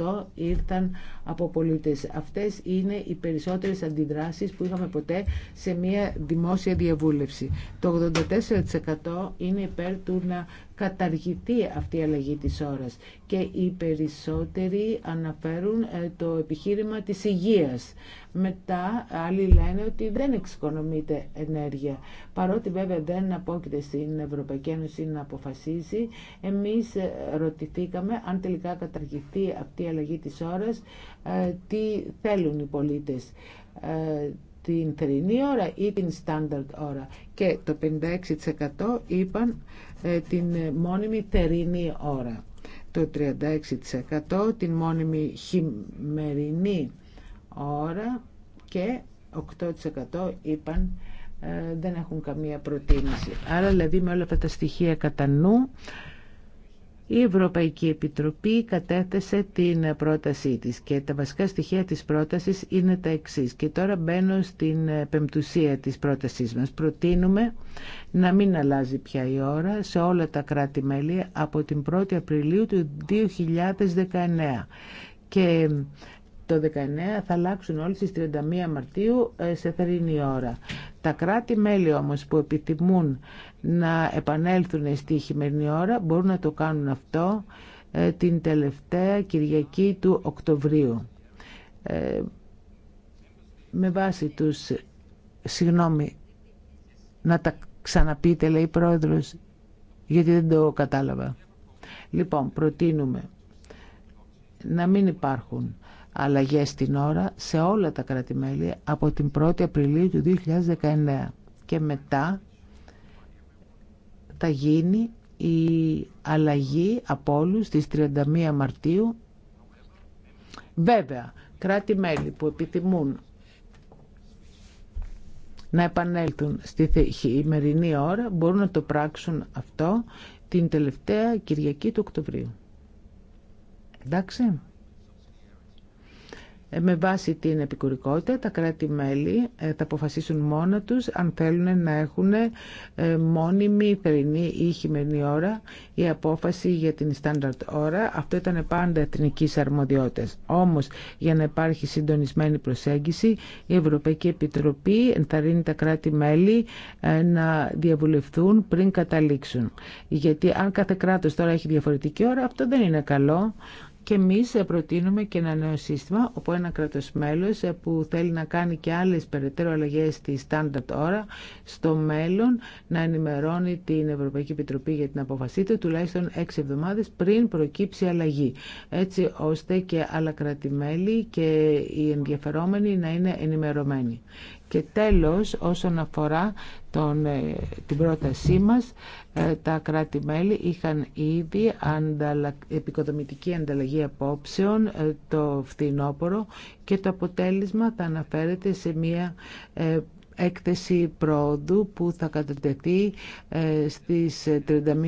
99% ήρθαν από πολίτες. Αυτές είναι οι περισσότερες αντιδράσεις που είχαμε ποτέ σε μια δημόσια διαβούλευση. Το 84% είναι υπέρ του να καταργηθεί αυτή η αλλαγή της ώρας και οι περισσότεροι αναφέρουν ε, το επιχείρημα της υγείας. Μετά άλλοι λένε ότι δεν εξοικονομείται ενέργεια. Παρότι βέβαια δεν απόκειται στην Ευρωπαϊκή Ένωση να αποφασίζει, εμείς ε, ρωτηθήκαμε αν τελικά καταργηθεί αυτή η αλλαγή της ώρας ε, τι θέλουν οι πολίτες ε, την θερινή ώρα ή την standard ώρα και το 56% είπαν ε, την μόνιμη θερινή ώρα το 36% την μόνιμη χειμερινή ώρα και 8% είπαν δεν έχουν καμία προτίμηση. Άρα δηλαδή με όλα αυτά τα στοιχεία κατά νου η Ευρωπαϊκή Επιτροπή κατέθεσε την πρότασή της και τα βασικά στοιχεία της πρότασης είναι τα εξής. Και τώρα μπαίνω στην πεμπτουσία της πρότασής μας. Προτείνουμε να μην αλλάζει πια η ώρα σε όλα τα κράτη-μέλη από την 1η Απριλίου του 2019. Και το 19 θα αλλάξουν όλοι στις 31 Μαρτίου ε, σε θερινή ώρα. Τα κράτη-μέλη όμως που επιθυμούν να επανέλθουν στη χειμερινή ώρα μπορούν να το κάνουν αυτό ε, την τελευταία Κυριακή του Οκτωβρίου. Ε, με βάση τους... Συγγνώμη, να τα ξαναπείτε, λέει η Πρόεδρος, γιατί δεν το κατάλαβα. Λοιπόν, προτείνουμε να μην υπάρχουν αλλαγές στην ώρα σε όλα τα κρατη από την 1η Απριλίου του 2019 και μετά θα γίνει η αλλαγή από όλους στις 31 Μαρτίου. Βέβαια, κράτη-μέλη που επιθυμούν να επανέλθουν στη ημερινή ώρα μπορούν να το πράξουν αυτό την τελευταία Κυριακή του Οκτωβρίου. Εντάξει. Ε, με βάση την επικουρικότητα τα κράτη-μέλη ε, θα αποφασίσουν μόνα τους αν θέλουν να έχουν ε, μόνιμη θερινή ή χειμερινή ώρα η απόφαση για την στάνταρτ ώρα. Αυτό ήταν πάντα εθνική αρμοδιότητα. Όμως για να υπάρχει συντονισμένη προσέγγιση η Ευρωπαϊκή Επιτροπή ενθαρρύνει τα κράτη-μέλη να διαβουλευτούν πριν καταλήξουν. Γιατί αν κάθε κράτος τώρα έχει διαφορετική ώρα αυτό δεν είναι καλό. Και εμείς προτείνουμε και ένα νέο σύστημα όπου ένα κράτος μέλος που θέλει να κάνει και άλλες περαιτέρω αλλαγές στη standard ώρα στο μέλλον να ενημερώνει την Ευρωπαϊκή Επιτροπή για την αποφασή του τουλάχιστον έξι εβδομάδες πριν προκύψει αλλαγή. Έτσι ώστε και άλλα κρατη κράτη-μέλη και οι ενδιαφερόμενοι να είναι ενημερωμένοι. Και τέλος, όσον αφορά τον, ε, την πρότασή μας, ε, τα κράτη-μέλη είχαν ήδη επικοδομητική ανταλλαγή απόψεων ε, το φθινόπωρο και το αποτέλεσμα θα αναφέρεται σε μια έκθεση πρόοδου που θα κατατεθεί ε, στις 31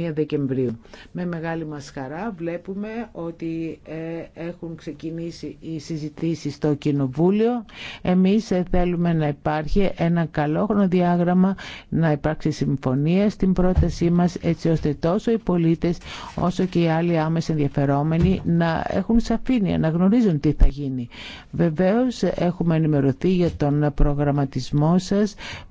ε, Δεκεμβρίου. Με μεγάλη μας χαρά βλέπουμε ότι ε, έχουν ξεκινήσει οι συζητήσεις στο Κοινοβούλιο. Εμείς θέλουμε να υπάρχει ένα καλό χρονοδιάγραμμα, να υπάρξει συμφωνία στην πρότασή μας έτσι ώστε τόσο οι πολίτες όσο και οι άλλοι άμεσα ενδιαφερόμενοι να έχουν σαφήνεια, να γνωρίζουν τι θα γίνει. Βεβαίως έχουμε ενημερωθεί για τον προγραμματισμό σας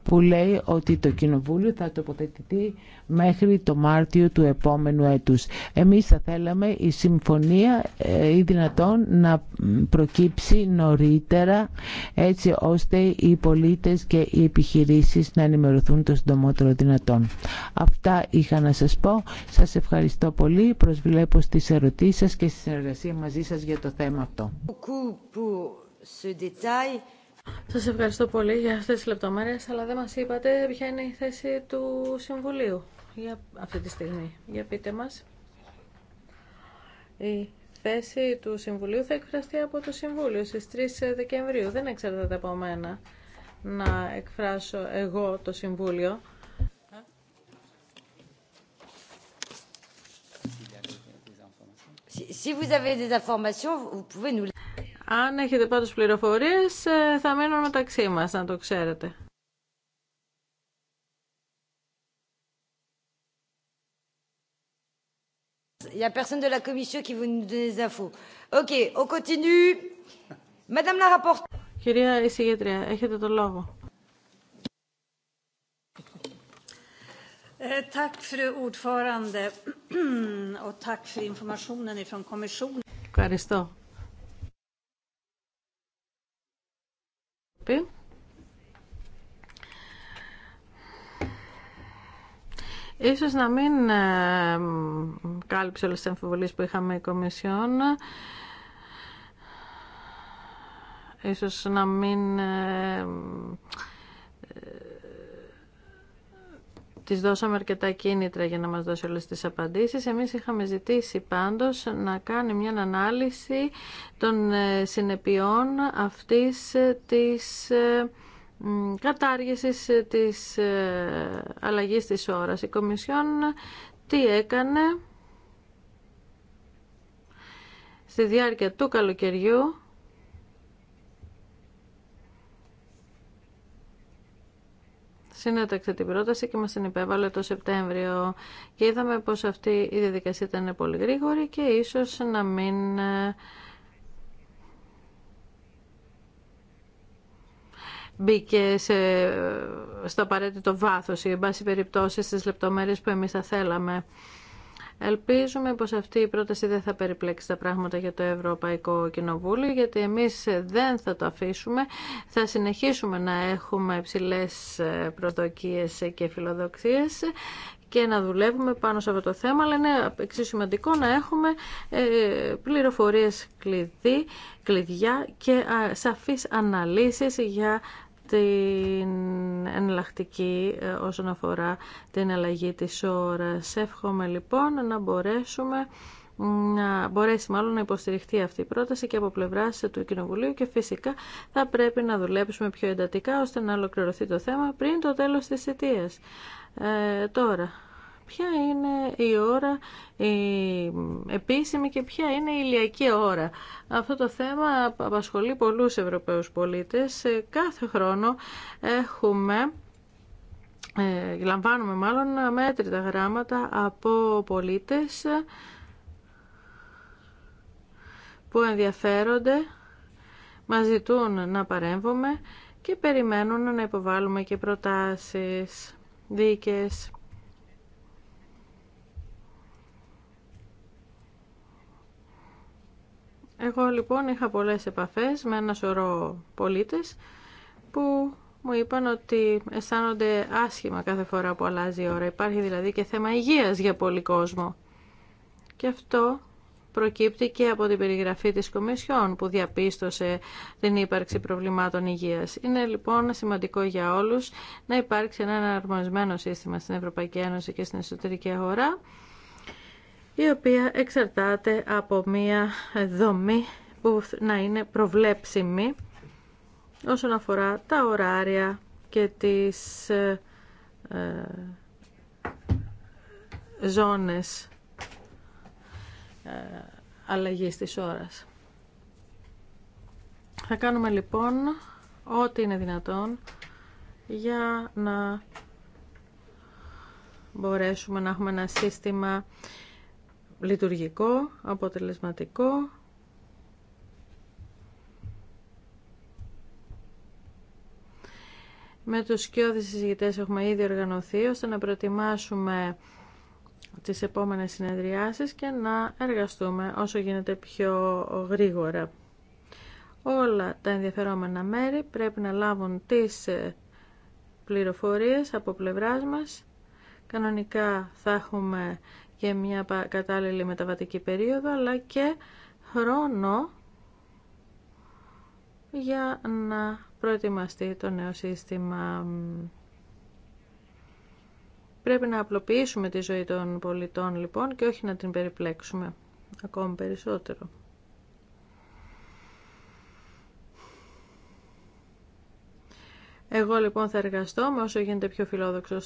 που λέει ότι το Κοινοβούλιο θα τοποθετηθεί μέχρι το Μάρτιο του επόμενου έτους. Εμείς θα θέλαμε η συμφωνία ή ε, δυνατόν να προκύψει νωρίτερα έτσι ώστε οι πολίτες και οι επιχειρήσεις να ενημερωθούν το συντομότερο δυνατόν. Αυτά είχα να σας πω. Σας ευχαριστώ πολύ. Προσβλέπω στις ερωτήσεις σας και στη συνεργασία μαζί σας για το θέμα αυτό. Σας ευχαριστώ πολύ για αυτές τις λεπτομέρειες, αλλά δεν μας είπατε ποια είναι η θέση του Συμβουλίου για αυτή τη στιγμή. Για πείτε μας. Η θέση του Συμβουλίου θα εκφραστεί από το Συμβούλιο στις 3 Δεκεμβρίου. Δεν εξαρτάται από μένα να εκφράσω εγώ το Συμβούλιο. Si vous avez des informations, vous pouvez nous αν έχετε πάντως πληροφορίες, θα μείνω μεταξύ μας, να το ξέρετε. Il y a personne de la commission qui veut nous donner des infos. Ok, on continue. Madame la rapporteure. Kiria, ici, Kiria. Est-ce que Tack för ordförande och tack för informationen från kommissionen. Karisto, Ίσως να μην ε, κάλυψε όλες τις αμφιβολίες που είχαμε η Κομισιόν. Ίσως να μην ε, Τη δώσαμε αρκετά κίνητρα για να μας δώσει όλες τις απαντήσεις. Εμείς είχαμε ζητήσει πάντως να κάνει μια ανάλυση των ε, συνεπειών αυτής ε, της ε, κατάργησης της αλλαγής της ώρας. Η Κομισιόν τι έκανε στη διάρκεια του καλοκαιριού συνέταξε την πρόταση και μας την υπέβαλε το Σεπτέμβριο και είδαμε πως αυτή η διαδικασία ήταν πολύ γρήγορη και ίσως να μην ε, μπήκε σε, ε, στο απαραίτητο βάθος ή εν πάση περιπτώσει στις λεπτομέρειες που εμείς θα θέλαμε. Ελπίζουμε πως αυτή η πρόταση δεν θα περιπλέξει τα πράγματα για το Ευρωπαϊκό Κοινοβούλιο, γιατί εμείς δεν θα το αφήσουμε. Θα συνεχίσουμε να έχουμε υψηλές ε, προδοκίες και φιλοδοξίες και να δουλεύουμε πάνω σε αυτό το θέμα, αλλά είναι εξίσου σημαντικό να έχουμε ε, πληροφορίες κλειδί, κλειδιά και σαφείς αναλύσεις για την εναλλακτική ε, όσον αφορά την αλλαγή της ώρας. Εύχομαι λοιπόν να μπορέσουμε να μπορέσει μάλλον να υποστηριχτεί αυτή η πρόταση και από πλευρά του Κοινοβουλίου και φυσικά θα πρέπει να δουλέψουμε πιο εντατικά ώστε να ολοκληρωθεί το θέμα πριν το τέλος της θητείας. Ε, τώρα, ποια είναι η ώρα η επίσημη και ποια είναι η ηλιακή ώρα. Αυτό το θέμα απασχολεί πολλούς Ευρωπαίους πολίτες. Ε, κάθε χρόνο έχουμε ε, λαμβάνουμε μάλλον μέτρητα γράμματα από πολίτες που ενδιαφέρονται, μας ζητούν να παρέμβουμε και περιμένουν να υποβάλουμε και προτάσεις δίκες. Εγώ λοιπόν είχα πολλές επαφές με ένα σωρό πολίτες που μου είπαν ότι αισθάνονται άσχημα κάθε φορά που αλλάζει η ώρα. Υπάρχει δηλαδή και θέμα υγείας για πολύ κόσμο. Και αυτό προκύπτει και από την περιγραφή της Κομισιόν που διαπίστωσε την ύπαρξη προβλημάτων υγείας. Είναι λοιπόν σημαντικό για όλους να υπάρξει ένα εναρμονισμένο σύστημα στην Ευρωπαϊκή Ένωση και στην εσωτερική αγορά η οποία εξαρτάται από μία δομή που να είναι προβλέψιμη όσον αφορά τα ωράρια και τις ε, ε, ζώνες ε, αλλαγής της ώρας. Θα κάνουμε λοιπόν ό,τι είναι δυνατόν για να μπορέσουμε να έχουμε ένα σύστημα λειτουργικό, αποτελεσματικό. Με τους σκιώδεις συζητητές έχουμε ήδη οργανωθεί ώστε να προετοιμάσουμε τις επόμενες συνεδριάσεις και να εργαστούμε όσο γίνεται πιο γρήγορα. Όλα τα ενδιαφερόμενα μέρη πρέπει να λάβουν τις ε, πληροφορίες από πλευράς μας. Κανονικά θα έχουμε και μια κατάλληλη μεταβατική περίοδο, αλλά και χρόνο για να προετοιμαστεί το νέο σύστημα. Πρέπει να απλοποιήσουμε τη ζωή των πολιτών λοιπόν και όχι να την περιπλέξουμε ακόμη περισσότερο. Εγώ λοιπόν θα εργαστώ με όσο γίνεται πιο φιλόδοξο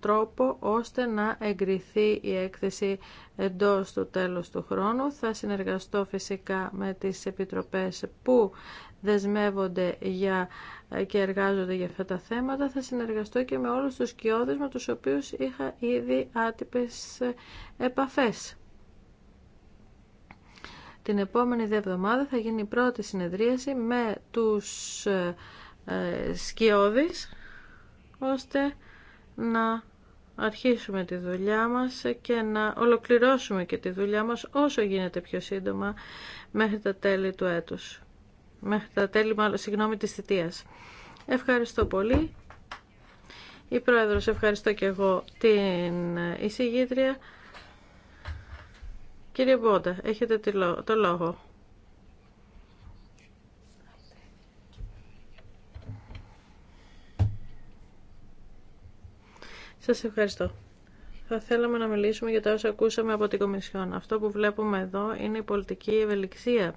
τρόπο ώστε να εγκριθεί η έκθεση εντός του τέλους του χρόνου. Θα συνεργαστώ φυσικά με τις επιτροπές που δεσμεύονται για, ε, και εργάζονται για αυτά τα θέματα. Θα συνεργαστώ και με όλους τους κοιόδες με τους οποίους είχα ήδη άτυπες ε, επαφές. Την επόμενη εβδομάδα θα γίνει η πρώτη συνεδρίαση με τους ε, ε, σκιώδης ώστε να αρχίσουμε τη δουλειά μας και να ολοκληρώσουμε και τη δουλειά μας όσο γίνεται πιο σύντομα μέχρι τα τέλη του έτους. Μέχρι τα τέλη, μάλλον, συγγνώμη, της θητείας. Ευχαριστώ πολύ. Η Πρόεδρος, ευχαριστώ και εγώ την εισηγήτρια. Κύριε Μπόντα, έχετε το λόγο. Σας ευχαριστώ. Θα θέλαμε να μιλήσουμε για τα όσα ακούσαμε από την Κομισιόν. Αυτό που βλέπουμε εδώ είναι η πολιτική ευελιξία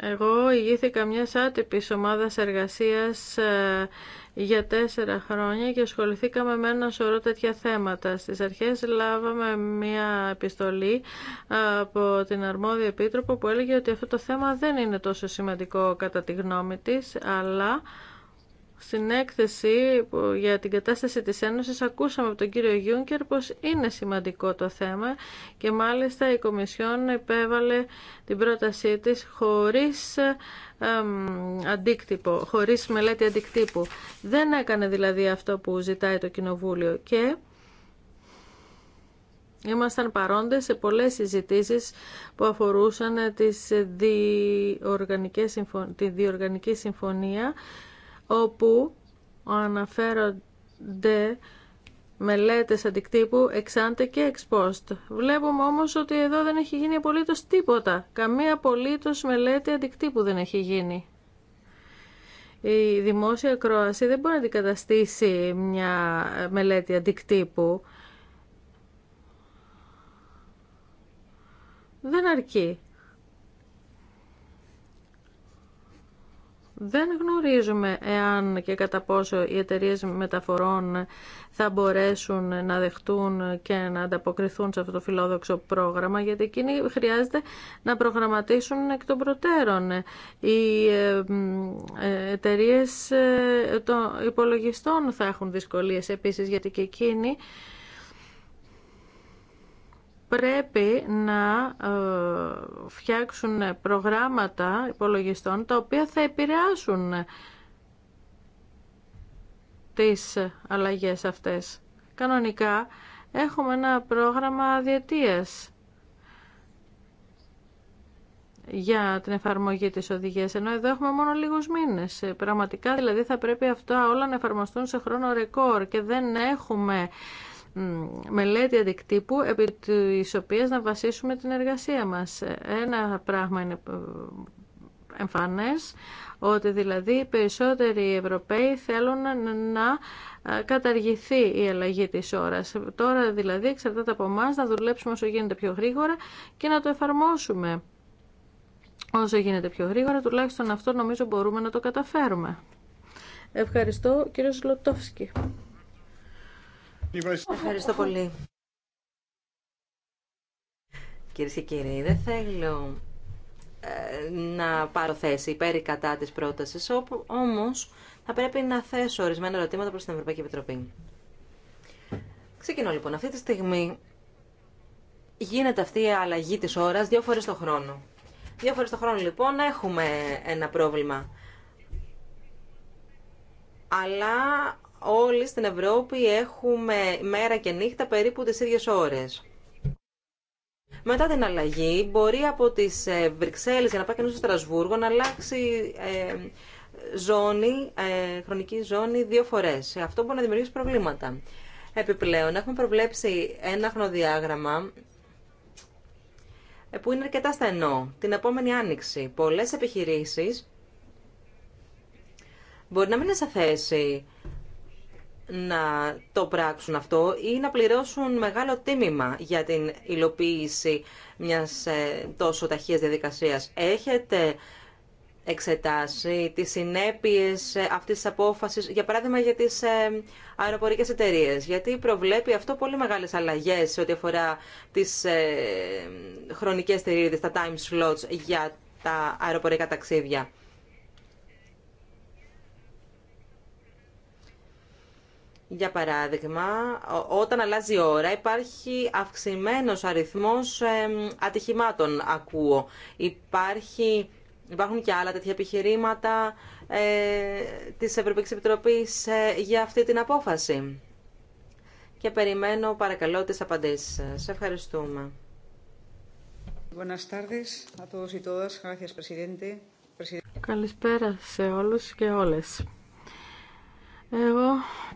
εγώ ηγήθηκα μιας άτυπη ομάδα εργασίας ε, για τέσσερα χρόνια και ασχοληθήκαμε με ένα σωρό τέτοια θέματα. Στι αρχές λάβαμε μια επιστολή ε, από την αρμόδια επίτροπο που έλεγε ότι αυτό το θέμα δεν είναι τόσο σημαντικό κατά τη γνώμη τη, αλλά στην έκθεση για την κατάσταση της Ένωσης ακούσαμε από τον κύριο Γιούνκερ πως είναι σημαντικό το θέμα και μάλιστα η Κομισιόν επέβαλε την πρότασή της χωρίς αντίκτυπο, χωρίς μελέτη αντικτύπου. Δεν έκανε δηλαδή αυτό που ζητάει το Κοινοβούλιο και ήμασταν παρόντες σε πολλές συζητήσεις που αφορούσαν τις τη διοργανική συμφωνία όπου αναφέρονται μελέτες αντικτύπου εξάντε και εξπόστ. Βλέπουμε όμως ότι εδώ δεν έχει γίνει απολύτως τίποτα. Καμία απολύτως μελέτη αντικτύπου δεν έχει γίνει. Η δημόσια κρόαση δεν μπορεί να αντικαταστήσει μια μελέτη αντικτύπου. Δεν αρκεί. δεν γνωρίζουμε εάν και κατά πόσο οι εταιρείε μεταφορών θα μπορέσουν να δεχτούν και να ανταποκριθούν σε αυτό το φιλόδοξο πρόγραμμα, γιατί εκείνοι χρειάζεται να προγραμματίσουν εκ των προτέρων. Οι ε, ε, εταιρείε ε, των υπολογιστών θα έχουν δυσκολίες επίσης, γιατί και εκείνοι πρέπει να ε, φτιάξουν προγράμματα υπολογιστών τα οποία θα επηρεάσουν τις αλλαγές αυτές. Κανονικά έχουμε ένα πρόγραμμα διετίας για την εφαρμογή της οδηγίας, ενώ εδώ έχουμε μόνο λίγους μήνες. Ε, πραγματικά δηλαδή θα πρέπει αυτά όλα να εφαρμοστούν σε χρόνο ρεκόρ και δεν έχουμε μελέτη αντικτύπου επί της οποίας να βασίσουμε την εργασία μας. Ένα πράγμα είναι ε, εμφανές, ότι δηλαδή οι περισσότεροι Ευρωπαίοι θέλουν να ε, καταργηθεί η αλλαγή της ώρας. Τώρα δηλαδή εξαρτάται από εμά να δουλέψουμε όσο γίνεται πιο γρήγορα και να το εφαρμόσουμε. Όσο γίνεται πιο γρήγορα, τουλάχιστον αυτό νομίζω μπορούμε να το καταφέρουμε. Ευχαριστώ κύριο Λοτόφσκι. Ευχαριστώ πολύ. Κυρίε και κύριοι, δεν θέλω ε, να πάρω θέση υπέρ ή κατά τη πρόταση. όπου όμως θα πρέπει να θέσω ορισμένα ερωτήματα προς την Ευρωπαϊκή Επιτροπή. Ξεκινώ λοιπόν. Αυτή τη στιγμή γίνεται αυτή η αλλαγή της ώρας δύο φορές το χρόνο. Δύο φορέ το χρόνο λοιπόν έχουμε ένα πρόβλημα. Αλλά όλοι στην Ευρώπη έχουμε μέρα και νύχτα περίπου τις ίδιες ώρες. Μετά την αλλαγή μπορεί από τις ε, Βρυξέλλες για να πάει κανείς στο Στρασβούργο να αλλάξει ε, ζώνη, ε, χρονική ζώνη δύο φορές. Αυτό μπορεί να δημιουργήσει προβλήματα. Επιπλέον έχουμε προβλέψει ένα χρονοδιάγραμμα που είναι αρκετά στενό. Την επόμενη άνοιξη πολλές επιχειρήσεις μπορεί να μην είναι σε θέση να το πράξουν αυτό ή να πληρώσουν μεγάλο τίμημα για την υλοποίηση μιας ε, τόσο ταχείας διαδικασίας. Έχετε εξετάσει τις συνέπειες ε, αυτής της απόφασης, για παράδειγμα για τις ε, αεροπορικές εταιρείες, γιατί προβλέπει αυτό πολύ μεγάλες αλλαγές σε ό,τι αφορά τις χρονικές θηρίδες, τα time slots για τα αεροπορικά ταξίδια. Για παράδειγμα, όταν αλλάζει η ώρα υπάρχει αυξημένος αριθμός ατυχημάτων, ακούω. Υπάρχει, υπάρχουν και άλλα τέτοια επιχειρήματα ε, της Ευρωπαϊκής Επιτροπής ε, για αυτή την απόφαση. Και περιμένω, παρακαλώ, τις απαντήσεις σας. ευχαριστούμε. Καλησπέρα σε όλους και όλες. Εγώ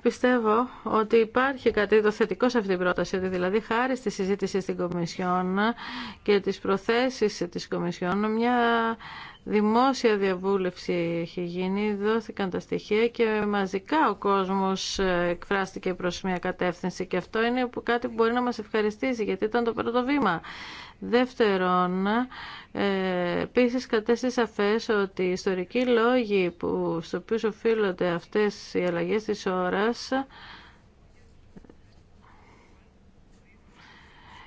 πιστεύω ότι υπάρχει κάτι το θετικό σε αυτή την πρόταση, ότι δηλαδή χάρη στη συζήτηση στην Κομισιόν και τις προθέσεις της Κομισιόν, μια δημόσια διαβούλευση έχει γίνει, δόθηκαν τα στοιχεία και μαζικά ο κόσμος ε, εκφράστηκε προς μια κατεύθυνση και αυτό είναι κάτι που μπορεί να μας ευχαριστήσει γιατί ήταν το πρώτο βήμα. Δεύτερον, ε, επίση κατέστη σαφέ ότι οι ιστορικοί λόγοι που, στο οποίο οφείλονται αυτές οι αλλαγές της ώρας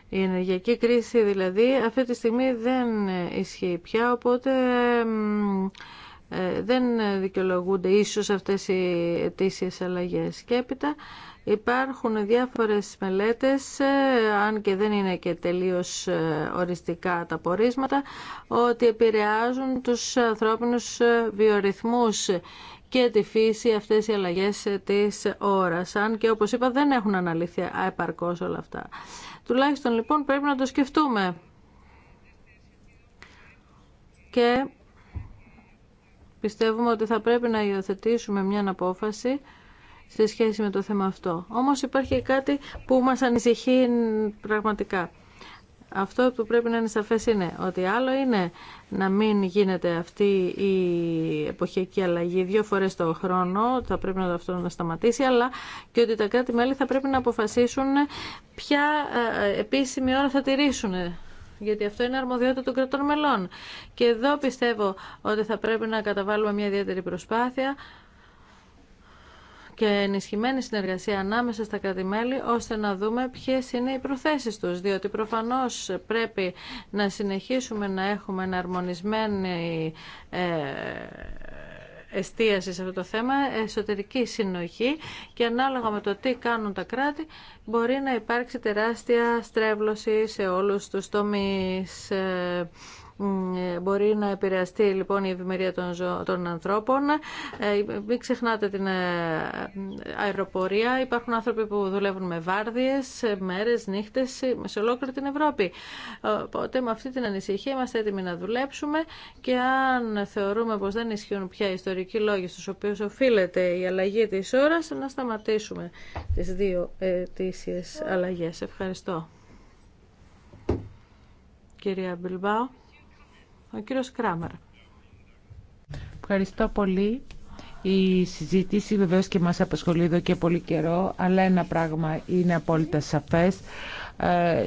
Η ενεργειακή κρίση δηλαδή αυτή τη στιγμή δεν ισχύει πια, οπότε ε, δεν δικαιολογούνται ίσως αυτές οι αιτήσιες αλλαγές. Και έπειτα υπάρχουν διάφορες μελέτες, ε, αν και δεν είναι και τελείως ε, οριστικά τα πορίσματα, ότι επηρεάζουν τους ανθρώπινους βιορυθμούς και τη φύση αυτές οι αλλαγές της ώρας. Αν και όπως είπα δεν έχουν αναλυθεί επαρκώς όλα αυτά. Τουλάχιστον λοιπόν πρέπει να το σκεφτούμε. Και πιστεύουμε ότι θα πρέπει να υιοθετήσουμε μια απόφαση σε σχέση με το θέμα αυτό. Όμως υπάρχει κάτι που μας ανησυχεί πραγματικά. Αυτό που πρέπει να είναι σαφές είναι ότι άλλο είναι να μην γίνεται αυτή η εποχική αλλαγή δύο φορές το χρόνο, θα πρέπει να αυτό να σταματήσει, αλλά και ότι τα κράτη-μέλη θα πρέπει να αποφασίσουν ποια ε, ε, επίσημη ώρα θα τηρήσουν γιατί αυτό είναι αρμοδιότητα των κρατών μελών. Και εδώ πιστεύω ότι θα πρέπει να καταβάλουμε μια ιδιαίτερη προσπάθεια και ενισχυμένη συνεργασία ανάμεσα στα κρατημέλη ώστε να δούμε ποιες είναι οι προθέσεις τους διότι προφανώς πρέπει να συνεχίσουμε να έχουμε εναρμονισμένη ε, εστίαση σε αυτό το θέμα, εσωτερική συνοχή και ανάλογα με το τι κάνουν τα κράτη μπορεί να υπάρξει τεράστια στρέβλωση σε όλους τους τομείς ε, μπορεί να επηρεαστεί λοιπόν η ευημερία των, ανθρώπων. Ε, μην ξεχνάτε την ε, αεροπορία. Υπάρχουν άνθρωποι που δουλεύουν με βάρδιες, μέρες, νύχτες σε ολόκληρη την Ευρώπη. Οπότε με αυτή την ανησυχία είμαστε έτοιμοι να δουλέψουμε και αν θεωρούμε πως δεν ισχύουν πια ιστορικοί λόγοι στους οποίους οφείλεται η αλλαγή της ώρας, να σταματήσουμε τις δύο ετήσιες αλλαγές. Ευχαριστώ. Κυρία Μπιλμπάου. Ο κύριος Κράμερ. Ευχαριστώ πολύ. Η συζήτηση βεβαίω και μας απασχολεί εδώ και πολύ καιρό, αλλά ένα πράγμα είναι απόλυτα σαφές. Ε,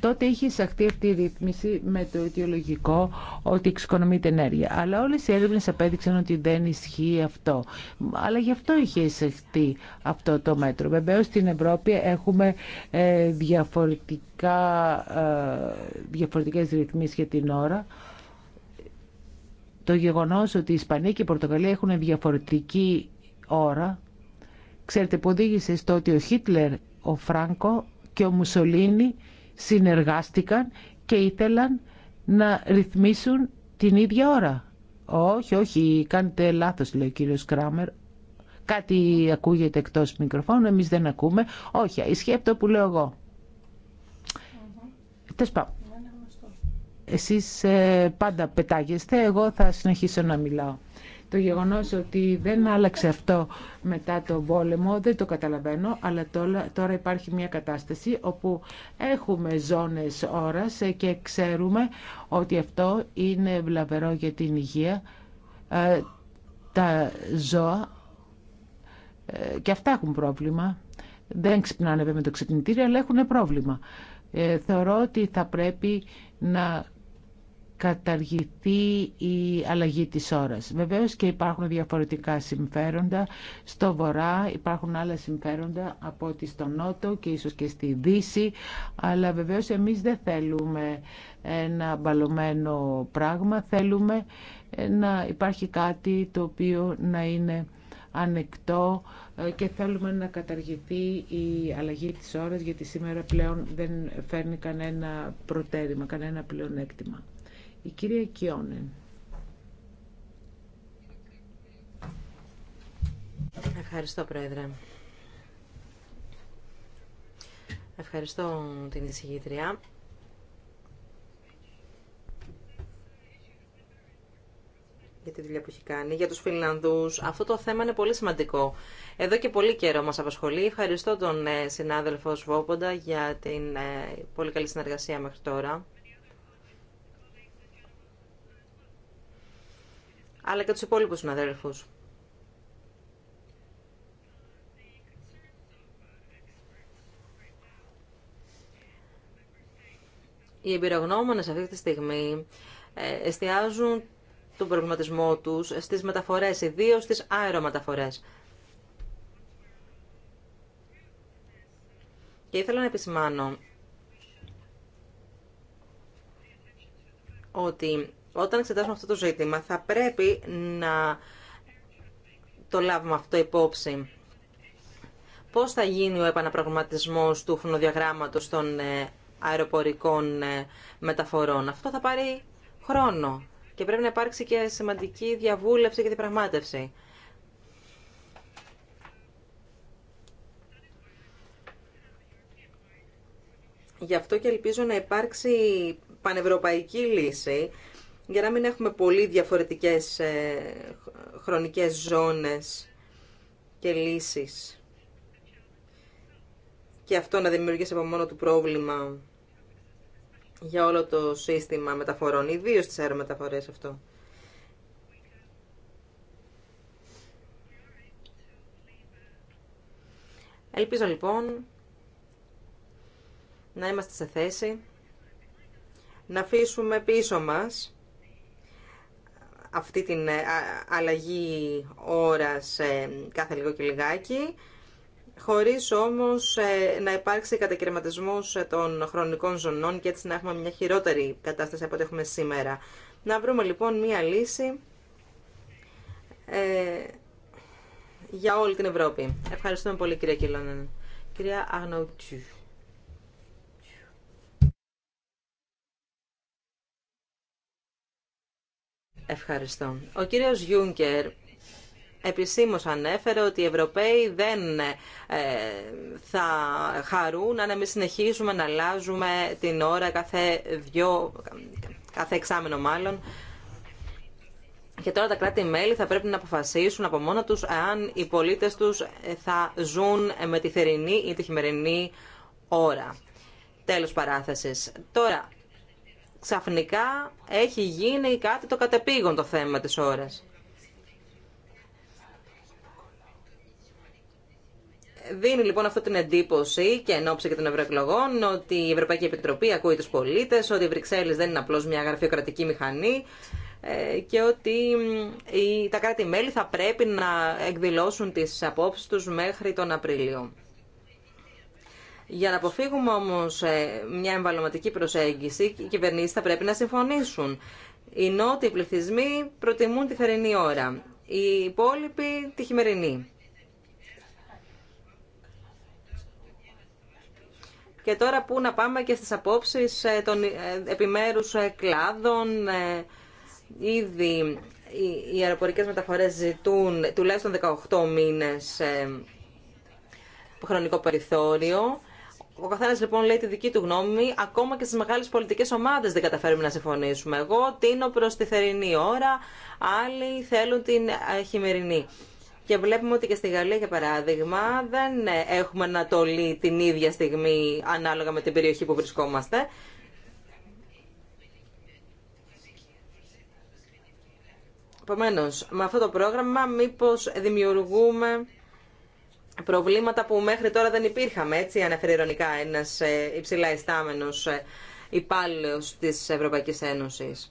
τότε είχε εισαχθεί αυτή η ρύθμιση με το αιτιολογικό ότι εξοικονομείται ενέργεια. Αλλά όλε οι έρευνε απέδειξαν ότι δεν ισχύει αυτό. Αλλά γι' αυτό είχε εισαχθεί αυτό το μέτρο. Βεβαίω στην Ευρώπη έχουμε ε, διαφορετικά, ε, διαφορετικές ρυθμίσεις για την ώρα το γεγονός ότι η Ισπανία και η Πορτογαλία έχουν διαφορετική ώρα, ξέρετε που οδήγησε στο ότι ο Χίτλερ, ο Φράνκο και ο Μουσολίνη συνεργάστηκαν και ήθελαν να ρυθμίσουν την ίδια ώρα. Όχι, όχι, κάνετε λάθος, λέει ο κύριος Κράμερ. Κάτι ακούγεται εκτός μικροφώνου, εμείς δεν ακούμε. Όχι, ισχύει αυτό που λέω εγώ. Mm εσείς ε, πάντα πετάγεστε, εγώ θα συνεχίσω να μιλάω. Το γεγονός ότι δεν άλλαξε αυτό μετά το πόλεμο δεν το καταλαβαίνω, αλλά τώρα υπάρχει μια κατάσταση όπου έχουμε ζώνες ώρας και ξέρουμε ότι αυτό είναι βλαβερό για την υγεία. Ε, τα ζώα ε, και αυτά έχουν πρόβλημα. Δεν ξυπνάνε με το ξυπνητήρι, αλλά έχουν πρόβλημα. Θεωρώ ότι θα πρέπει να καταργηθεί η αλλαγή της ώρας. Βεβαίως και υπάρχουν διαφορετικά συμφέροντα. Στο βορρά υπάρχουν άλλα συμφέροντα από ότι στο νότο και ίσως και στη δύση. Αλλά βεβαίως εμείς δεν θέλουμε ένα μπαλωμένο πράγμα. Θέλουμε να υπάρχει κάτι το οποίο να είναι ανεκτό ε, και θέλουμε να καταργηθεί η αλλαγή της ώρας γιατί σήμερα πλέον δεν φέρνει κανένα προτέρημα, κανένα πλεονέκτημα. Η κυρία Κιόνεν. Ευχαριστώ, Πρόεδρε. Ευχαριστώ την εισηγήτρια. για τη δουλειά που έχει κάνει, για τους Φινλανδούς. Αυτό το θέμα είναι πολύ σημαντικό. Εδώ και πολύ καιρό μας απασχολεί. Ευχαριστώ τον ε, συνάδελφο Σβόποντα για την ε, πολύ καλή συνεργασία μέχρι τώρα. αλλά και τους υπόλοιπους συναδέλφους. Οι εμπειρογνώμονες αυτή τη στιγμή ε, εστιάζουν τον προβληματισμό τους στις μεταφορές, ιδίως στις αερομεταφορές. Και ήθελα να επισημάνω ότι όταν εξετάσουμε αυτό το ζήτημα θα πρέπει να το λάβουμε αυτό υπόψη. Πώς θα γίνει ο επαναπραγματισμός του χρονοδιαγράμματος των ε, αεροπορικών ε, μεταφορών. Αυτό θα πάρει χρόνο και πρέπει να υπάρξει και σημαντική διαβούλευση και διαπραγμάτευση. Γι' αυτό και ελπίζω να υπάρξει πανευρωπαϊκή λύση για να μην έχουμε πολύ διαφορετικές ε, χρονικές ζώνες και λύσεις. Και αυτό να δημιουργήσει από μόνο του πρόβλημα για όλο το σύστημα μεταφορών, ιδίως τις αερομεταφορές αυτό. Ελπίζω λοιπόν να είμαστε σε θέση να αφήσουμε πίσω μας αυτή την ε, αλλαγή ώρας ε, κάθε λίγο και λιγάκι, χωρίς όμως ε, να υπάρξει κατακαιρματισμός των χρονικών ζωνών και έτσι να έχουμε μια χειρότερη κατάσταση από ό,τι έχουμε σήμερα. Να βρούμε λοιπόν μια λύση για όλη την Ευρώπη. Ευχαριστούμε πολύ κυρία Κιλόνεν. Κυρία Αγναουτσού. Ευχαριστώ. Ο κύριος Γιούγκερ επισήμως ανέφερε ότι οι Ευρωπαίοι δεν ε, θα χαρούν αν εμείς συνεχίσουμε να αλλάζουμε την ώρα κάθε δυο, κάθε εξάμενο μάλλον. Και τώρα τα κράτη-μέλη θα πρέπει να αποφασίσουν από μόνο τους αν οι πολίτες τους ε, θα ζουν ε, με τη θερινή ή τη χειμερινή ώρα. Τέλος παράθεσης. Τώρα, ξαφνικά έχει γίνει κάτι το κατεπήγον το θέμα της ώρας. Δίνει λοιπόν αυτό την εντύπωση και εν ώψη και των ευρωεκλογών ότι η Ευρωπαϊκή Επιτροπή ακούει τους πολίτες, ότι η Βρυξέλλες δεν είναι απλώς μια γραφειοκρατική μηχανή ε, και ότι τα κράτη-μέλη θα πρέπει να εκδηλώσουν τις απόψεις τους μέχρι τον Απρίλιο. Για να αποφύγουμε όμως ε, μια εμβαλωματική προσέγγιση, οι κυβερνήσει θα πρέπει να συμφωνήσουν. Οι νότιοι πληθυσμοί προτιμούν τη θερινή ώρα, οι υπόλοιποι τη χειμερινή. Και τώρα πού να πάμε και στις απόψεις ε, των ε, επιμέρους κλάδων. Ήδη οι αεροπορικές μεταφορές ζητούν τουλάχιστον 18 μήνες χρονικό περιθώριο. Ο καθένα λοιπόν λέει τη δική του γνώμη, ακόμα και στι μεγάλε πολιτικέ ομάδε δεν καταφέρουμε να συμφωνήσουμε. Εγώ τίνω προ τη θερινή ώρα, άλλοι θέλουν την ε, χειμερινή. Και βλέπουμε ότι και στη Γαλλία, για παράδειγμα, δεν έχουμε ανατολή την ίδια στιγμή ανάλογα με την περιοχή που βρισκόμαστε. Επομένω, με αυτό το πρόγραμμα μήπω δημιουργούμε προβλήματα που μέχρι τώρα δεν υπήρχαμε, έτσι αναφέρει ειρωνικά ένας ε, υψηλά ειστάμενο ε, υπάλληλο της Ευρωπαϊκής Ένωσης.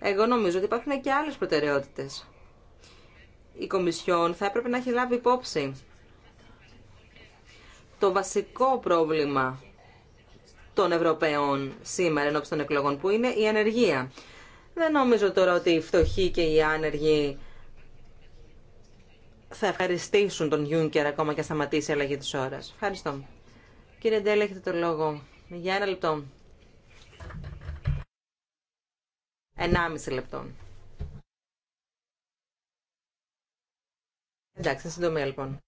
Εγώ νομίζω ότι υπάρχουν και άλλες προτεραιότητες. Η Κομισιόν θα έπρεπε να έχει λάβει υπόψη το βασικό πρόβλημα των Ευρωπαίων σήμερα ενώπιση των εκλογών που είναι η ανεργία. Δεν νομίζω τώρα ότι οι φτωχοί και οι άνεργοι θα ευχαριστήσουν τον Γιούνκερ ακόμα και σταματήσει η αλλαγή τη ώρα. Ευχαριστώ. Κύριε Ντέλε, έχετε το λόγο. Για ένα λεπτό. Ενάμιση λεπτό. Εντάξει, συντομία λοιπόν.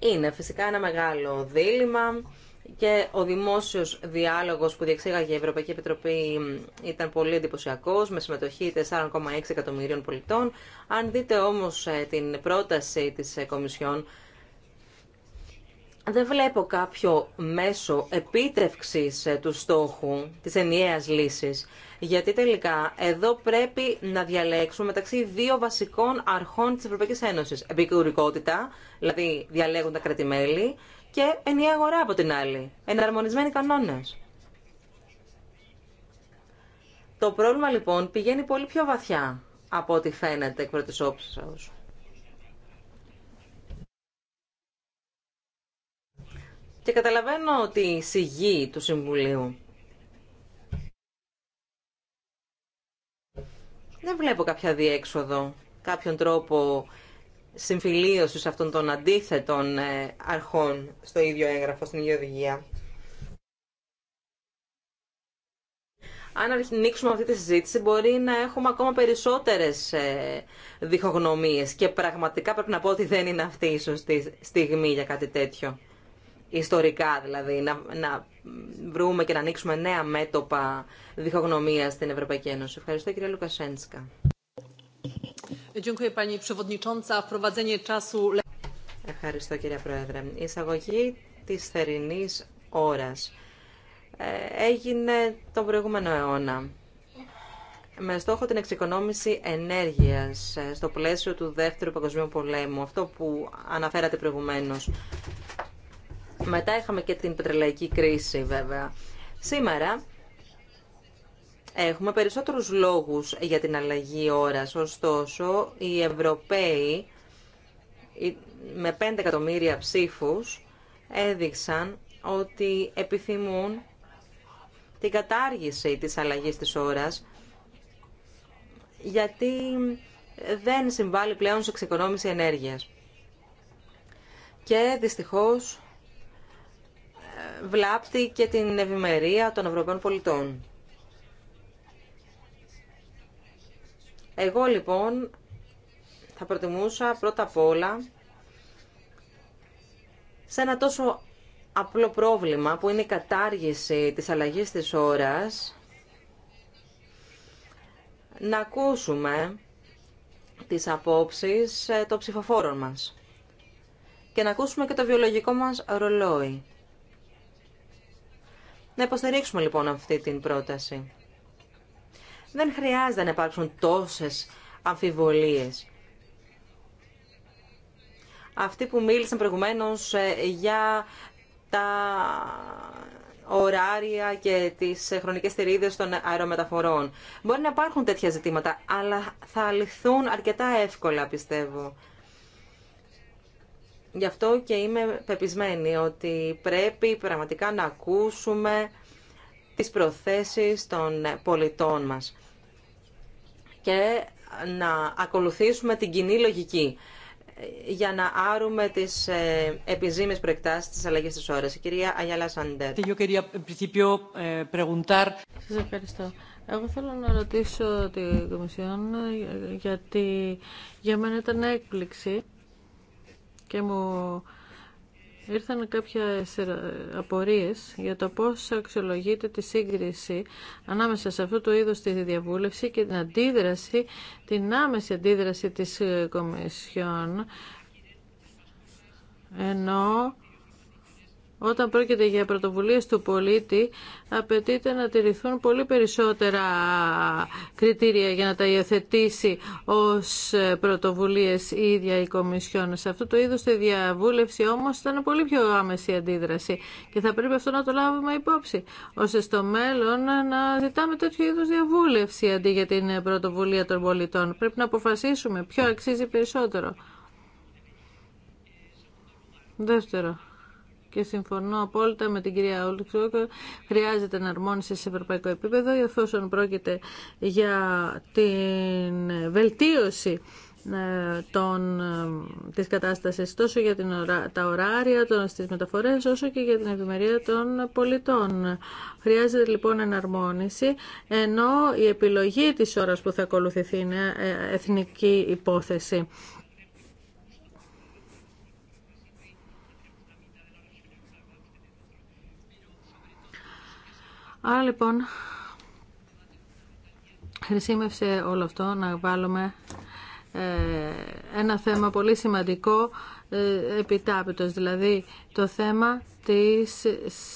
Είναι φυσικά ένα μεγάλο δίλημα και ο δημόσιος διάλογος που διεξήγαγε η Ευρωπαϊκή Επιτροπή ήταν πολύ εντυπωσιακό, με συμμετοχή 4,6 εκατομμυρίων πολιτών. Αν δείτε όμως ε, την πρόταση της ε, Κομισιόν, δεν βλέπω κάποιο μέσο επίτευξης ε, του στόχου της ενιαίας λύσης. Γιατί τελικά εδώ πρέπει να διαλέξουμε μεταξύ δύο βασικών αρχών της Ευρωπαϊκής Ένωσης. Επικουρικότητα, δηλαδή διαλέγουν τα κρατημέλη, και ενιαία αγορά από την άλλη. Εναρμονισμένοι κανόνες. Το πρόβλημα λοιπόν πηγαίνει πολύ πιο βαθιά από ό,τι φαίνεται εκ πρώτη όψης. Και καταλαβαίνω ότι σιγή του Συμβουλίου. Δεν βλέπω κάποια διέξοδο, κάποιον τρόπο συμφιλίωσης αυτών των αντίθετων ε, αρχών στο ίδιο έγγραφο, στην ίδια οδηγία. Αν ανοίξουμε αυτή τη συζήτηση μπορεί να έχουμε ακόμα περισσότερες ε, διχογνωμίες και πραγματικά πρέπει να πω ότι δεν είναι αυτή η σωστή στιγμή για κάτι τέτοιο. Ιστορικά δηλαδή, να, να βρούμε και να ανοίξουμε νέα μέτωπα διχογνωμία στην Ευρωπαϊκή Ένωση. Ευχαριστώ κύριε Λουκασέντσκα. Ευχαριστώ κύριε Πρόεδρε. Η εισαγωγή της θερινής ώρας ε, έγινε τον προηγούμενο αιώνα με στόχο την εξοικονόμηση ενέργειας ε, στο πλαίσιο του Δεύτερου Παγκοσμίου Πολέμου, αυτό που αναφέρατε προηγουμένως. Μετά είχαμε και την πετρελαϊκή κρίση βέβαια. Σήμερα Έχουμε περισσότερους λόγους για την αλλαγή ώρας, ωστόσο οι Ευρωπαίοι με 5 εκατομμύρια ψήφους έδειξαν ότι επιθυμούν την κατάργηση της αλλαγής της ώρας γιατί δεν συμβάλλει πλέον σε εξοικονόμηση ενέργειας. Και δυστυχώς ε, βλάπτει και την ευημερία των Ευρωπαίων πολιτών. Εγώ λοιπόν θα προτιμούσα πρώτα απ' όλα σε ένα τόσο απλό πρόβλημα που είναι η κατάργηση της αλλαγής της ώρας να ακούσουμε τις απόψεις ε, των ψηφοφόρων μας και να ακούσουμε και το βιολογικό μας ρολόι. Να υποστηρίξουμε λοιπόν αυτή την πρόταση δεν χρειάζεται να υπάρξουν τόσες αμφιβολίες. Αυτοί που μίλησαν προηγουμένως ε, για τα ωράρια και τις χρονικές θηρίδες των αερομεταφορών. Μπορεί να υπάρχουν τέτοια ζητήματα, αλλά θα λυθούν αρκετά εύκολα, πιστεύω. Γι' αυτό και είμαι πεπισμένη ότι πρέπει πραγματικά να ακούσουμε τις προθέσεις των πολιτών μας και να ακολουθήσουμε την κοινή λογική για να άρουμε τις ε, επιζήμιες προεκτάσεις της αλλαγής της ώρας. Η κυρία Αγιάλα Σαντέρ. Eh, Σας ευχαριστώ. Εγώ θέλω να ρωτήσω την Κομισιόν ε, γιατί για μένα ήταν έκπληξη και μου Ήρθαν κάποια απορίες για το πώς αξιολογείται τη σύγκριση ανάμεσα σε αυτό το είδος τη διαβούλευση και την αντίδραση, την άμεση αντίδραση της Κομισιόν, ενώ όταν πρόκειται για πρωτοβουλίες του πολίτη, απαιτείται να τηρηθούν πολύ περισσότερα κριτήρια για να τα υιοθετήσει ως πρωτοβουλίες η ίδια η Κομισιόν. Σε αυτό το είδος τη διαβούλευση όμως ήταν πολύ πιο άμεση αντίδραση και θα πρέπει αυτό να το λάβουμε υπόψη, ώστε στο μέλλον να ζητάμε τέτοιου είδους διαβούλευση αντί για την πρωτοβουλία των πολιτών. Πρέπει να αποφασίσουμε ποιο αξίζει περισσότερο. Δεύτερο και συμφωνώ απόλυτα με την κυρία Όλξοκ, χρειάζεται εναρμόνιση σε ευρωπαϊκό επίπεδο, εφόσον πρόκειται για την βελτίωση ε, τον, ε, της κατάστασης τόσο για την, τα ωράρια των, στις μεταφορές όσο και για την ευημερία των πολιτών. Χρειάζεται λοιπόν εναρμόνιση ενώ η επιλογή της ώρας που θα ακολουθηθεί είναι ε, εθνική υπόθεση. Άρα λοιπόν χρησιμεύσε όλο αυτό να βάλουμε ε, ένα θέμα πολύ σημαντικό ε, επιτάπητος, δηλαδή το θέμα της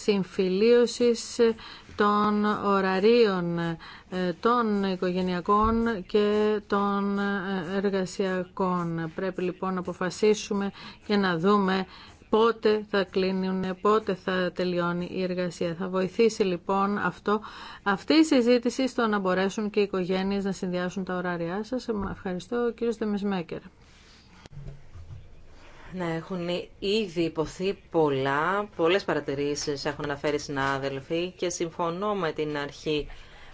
συμφιλίωσης των ωραρίων ε, των οικογενειακών και των εργασιακών. Πρέπει λοιπόν να αποφασίσουμε και να δούμε πότε θα κλείνουν, πότε θα τελειώνει η εργασία. Θα βοηθήσει λοιπόν αυτό, αυτή η συζήτηση στο να μπορέσουν και οι οικογένειες να συνδυάσουν τα ωράριά σας. Ευχαριστώ κύριο Στεμισμέκερ. Ναι, έχουν ήδη υποθεί πολλά, πολλές παρατηρήσεις έχουν αναφέρει συνάδελφοι και συμφωνώ με την αρχή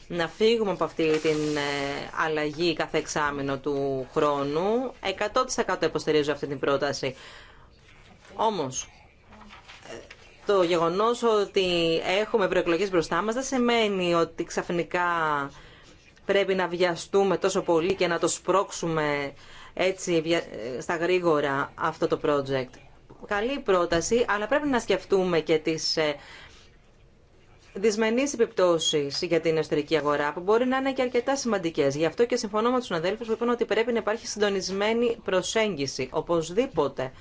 να φύγουμε από αυτή την ε, αλλαγή κάθε εξάμεινο του χρόνου. 100% υποστηρίζω αυτή την πρόταση. Όμως, το γεγονός ότι έχουμε προεκλογέ μπροστά μας δεν σημαίνει ότι ξαφνικά πρέπει να βιαστούμε τόσο πολύ και να το σπρώξουμε έτσι στα γρήγορα αυτό το project. Καλή πρόταση, αλλά πρέπει να σκεφτούμε και τις ε, δυσμενείς επιπτώσεις για την εσωτερική αγορά που μπορεί να είναι και αρκετά σημαντικές. Γι' αυτό και συμφωνώ με τους αδέλφους που είπαν ότι πρέπει να υπάρχει συντονισμένη προσέγγιση, οπωσδήποτε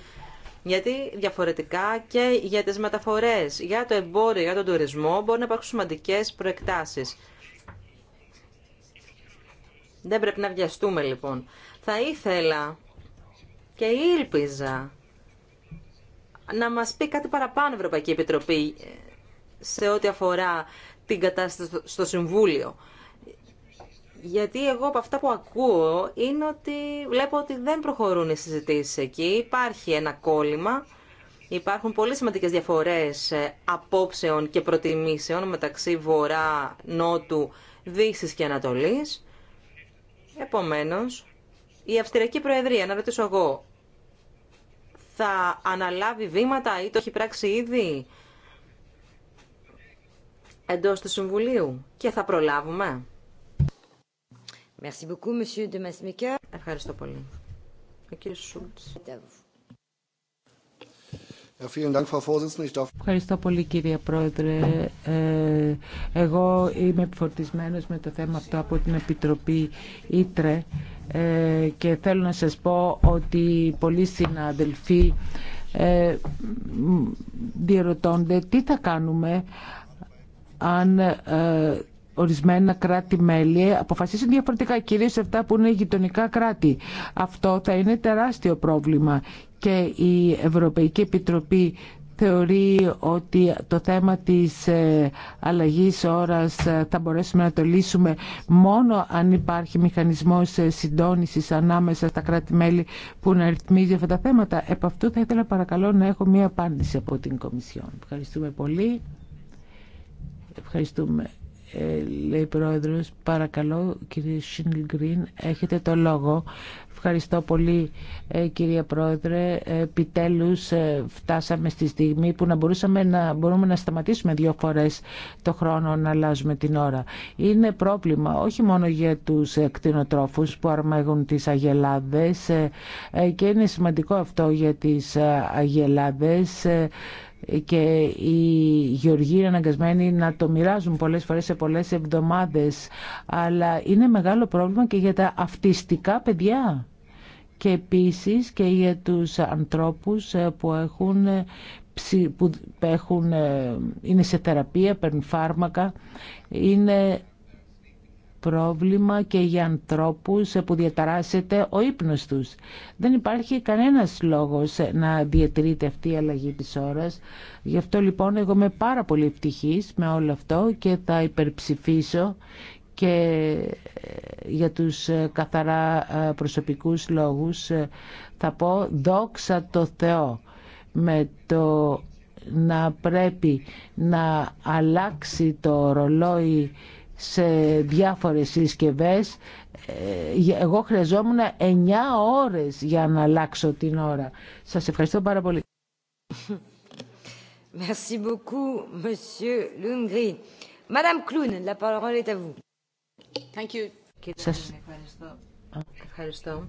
γιατί διαφορετικά και για τις μεταφορές, για το εμπόριο, για τον τουρισμό μπορεί να υπάρχουν σημαντικέ προεκτάσεις. Δεν πρέπει να βιαστούμε λοιπόν. Θα ήθελα και ήλπιζα να μας πει κάτι παραπάνω Ευρωπαϊκή Επιτροπή ε, σε ό,τι αφορά την κατάσταση στο Συμβούλιο. Γιατί εγώ από αυτά που ακούω είναι ότι βλέπω ότι δεν προχωρούν οι συζητήσεις εκεί. Υπάρχει ένα κόλλημα. Υπάρχουν πολύ σημαντικέ διαφορές ε, απόψεων και προτιμήσεων μεταξύ Βορρά, Νότου, Δύσης και Ανατολής. Επομένως, η Αυστριακή Προεδρία, να ρωτήσω εγώ, θα αναλάβει βήματα ή το έχει πράξει ήδη εντός του Συμβουλίου και θα προλάβουμε. Merci beaucoup, Monsieur de Ευχαριστώ πολύ. Ευχαριστώ πολύ κύριε Πρόεδρε. Ε, εγώ είμαι επιφορτισμένος με το θέμα αυτό από την Επιτροπή Ήτρε ε, και θέλω να σας πω ότι πολλοί συναδελφοί ε, διερωτώνται τι θα κάνουμε αν ε, ορισμένα κράτη-μέλη αποφασίσουν διαφορετικά, κυρίως σε αυτά που είναι γειτονικά κράτη. Αυτό θα είναι τεράστιο πρόβλημα και η Ευρωπαϊκή Επιτροπή θεωρεί ότι το θέμα της ε, αλλαγής ώρας ε, θα μπορέσουμε να το λύσουμε μόνο αν υπάρχει μηχανισμός ε, συντόνισης ανάμεσα στα κράτη-μέλη που να ρυθμίζει αυτά τα θέματα. Επ' αυτού θα ήθελα παρακαλώ να έχω μία απάντηση από την Κομισιόν. Ευχαριστούμε πολύ. Ευχαριστούμε ε, λέει η Πρόεδρος. Παρακαλώ, κύριε Σινγκριν, έχετε το λόγο. Ευχαριστώ πολύ, ε, κυρία Πρόεδρε. Επιτέλους ε, φτάσαμε στη στιγμή που να, μπορούσαμε να μπορούμε να σταματήσουμε δύο φορές το χρόνο να αλλάζουμε την ώρα. Είναι πρόβλημα όχι μόνο για τους κτηνοτρόφους που αρμέγουν τις αγελάδες και είναι σημαντικό αυτό για τις αγελάδες και οι γεωργοί είναι αναγκασμένοι να το μοιράζουν πολλές φορές σε πολλές εβδομάδες αλλά είναι μεγάλο πρόβλημα και για τα αυτιστικά παιδιά και επίσης και για τους ανθρώπους ε, που έχουν ε, που ε, είναι σε θεραπεία, παίρνουν φάρμακα. Είναι πρόβλημα και για ανθρώπους που διαταράσσεται ο ύπνος τους. Δεν υπάρχει κανένας λόγος να διατηρείται αυτή η αλλαγή της ώρας. Γι' αυτό λοιπόν εγώ είμαι πάρα πολύ ευτυχής με όλο αυτό και θα υπερψηφίσω και ε, για τους ε, καθαρά ε, προσωπικούς λόγους θα πω «Δόξα το Θεό» με το να πρέπει να αλλάξει το ρολόι σε διάφορες συσκευές. Ε, εγώ χρειαζόμουν 9 ώρες για να αλλάξω την ώρα. Σας ευχαριστώ πάρα πολύ. Merci beaucoup, Monsieur Lundgren. Madame Clune, la parole est à vous. Thank you. Σας... Ευχαριστώ. Ευχαριστώ.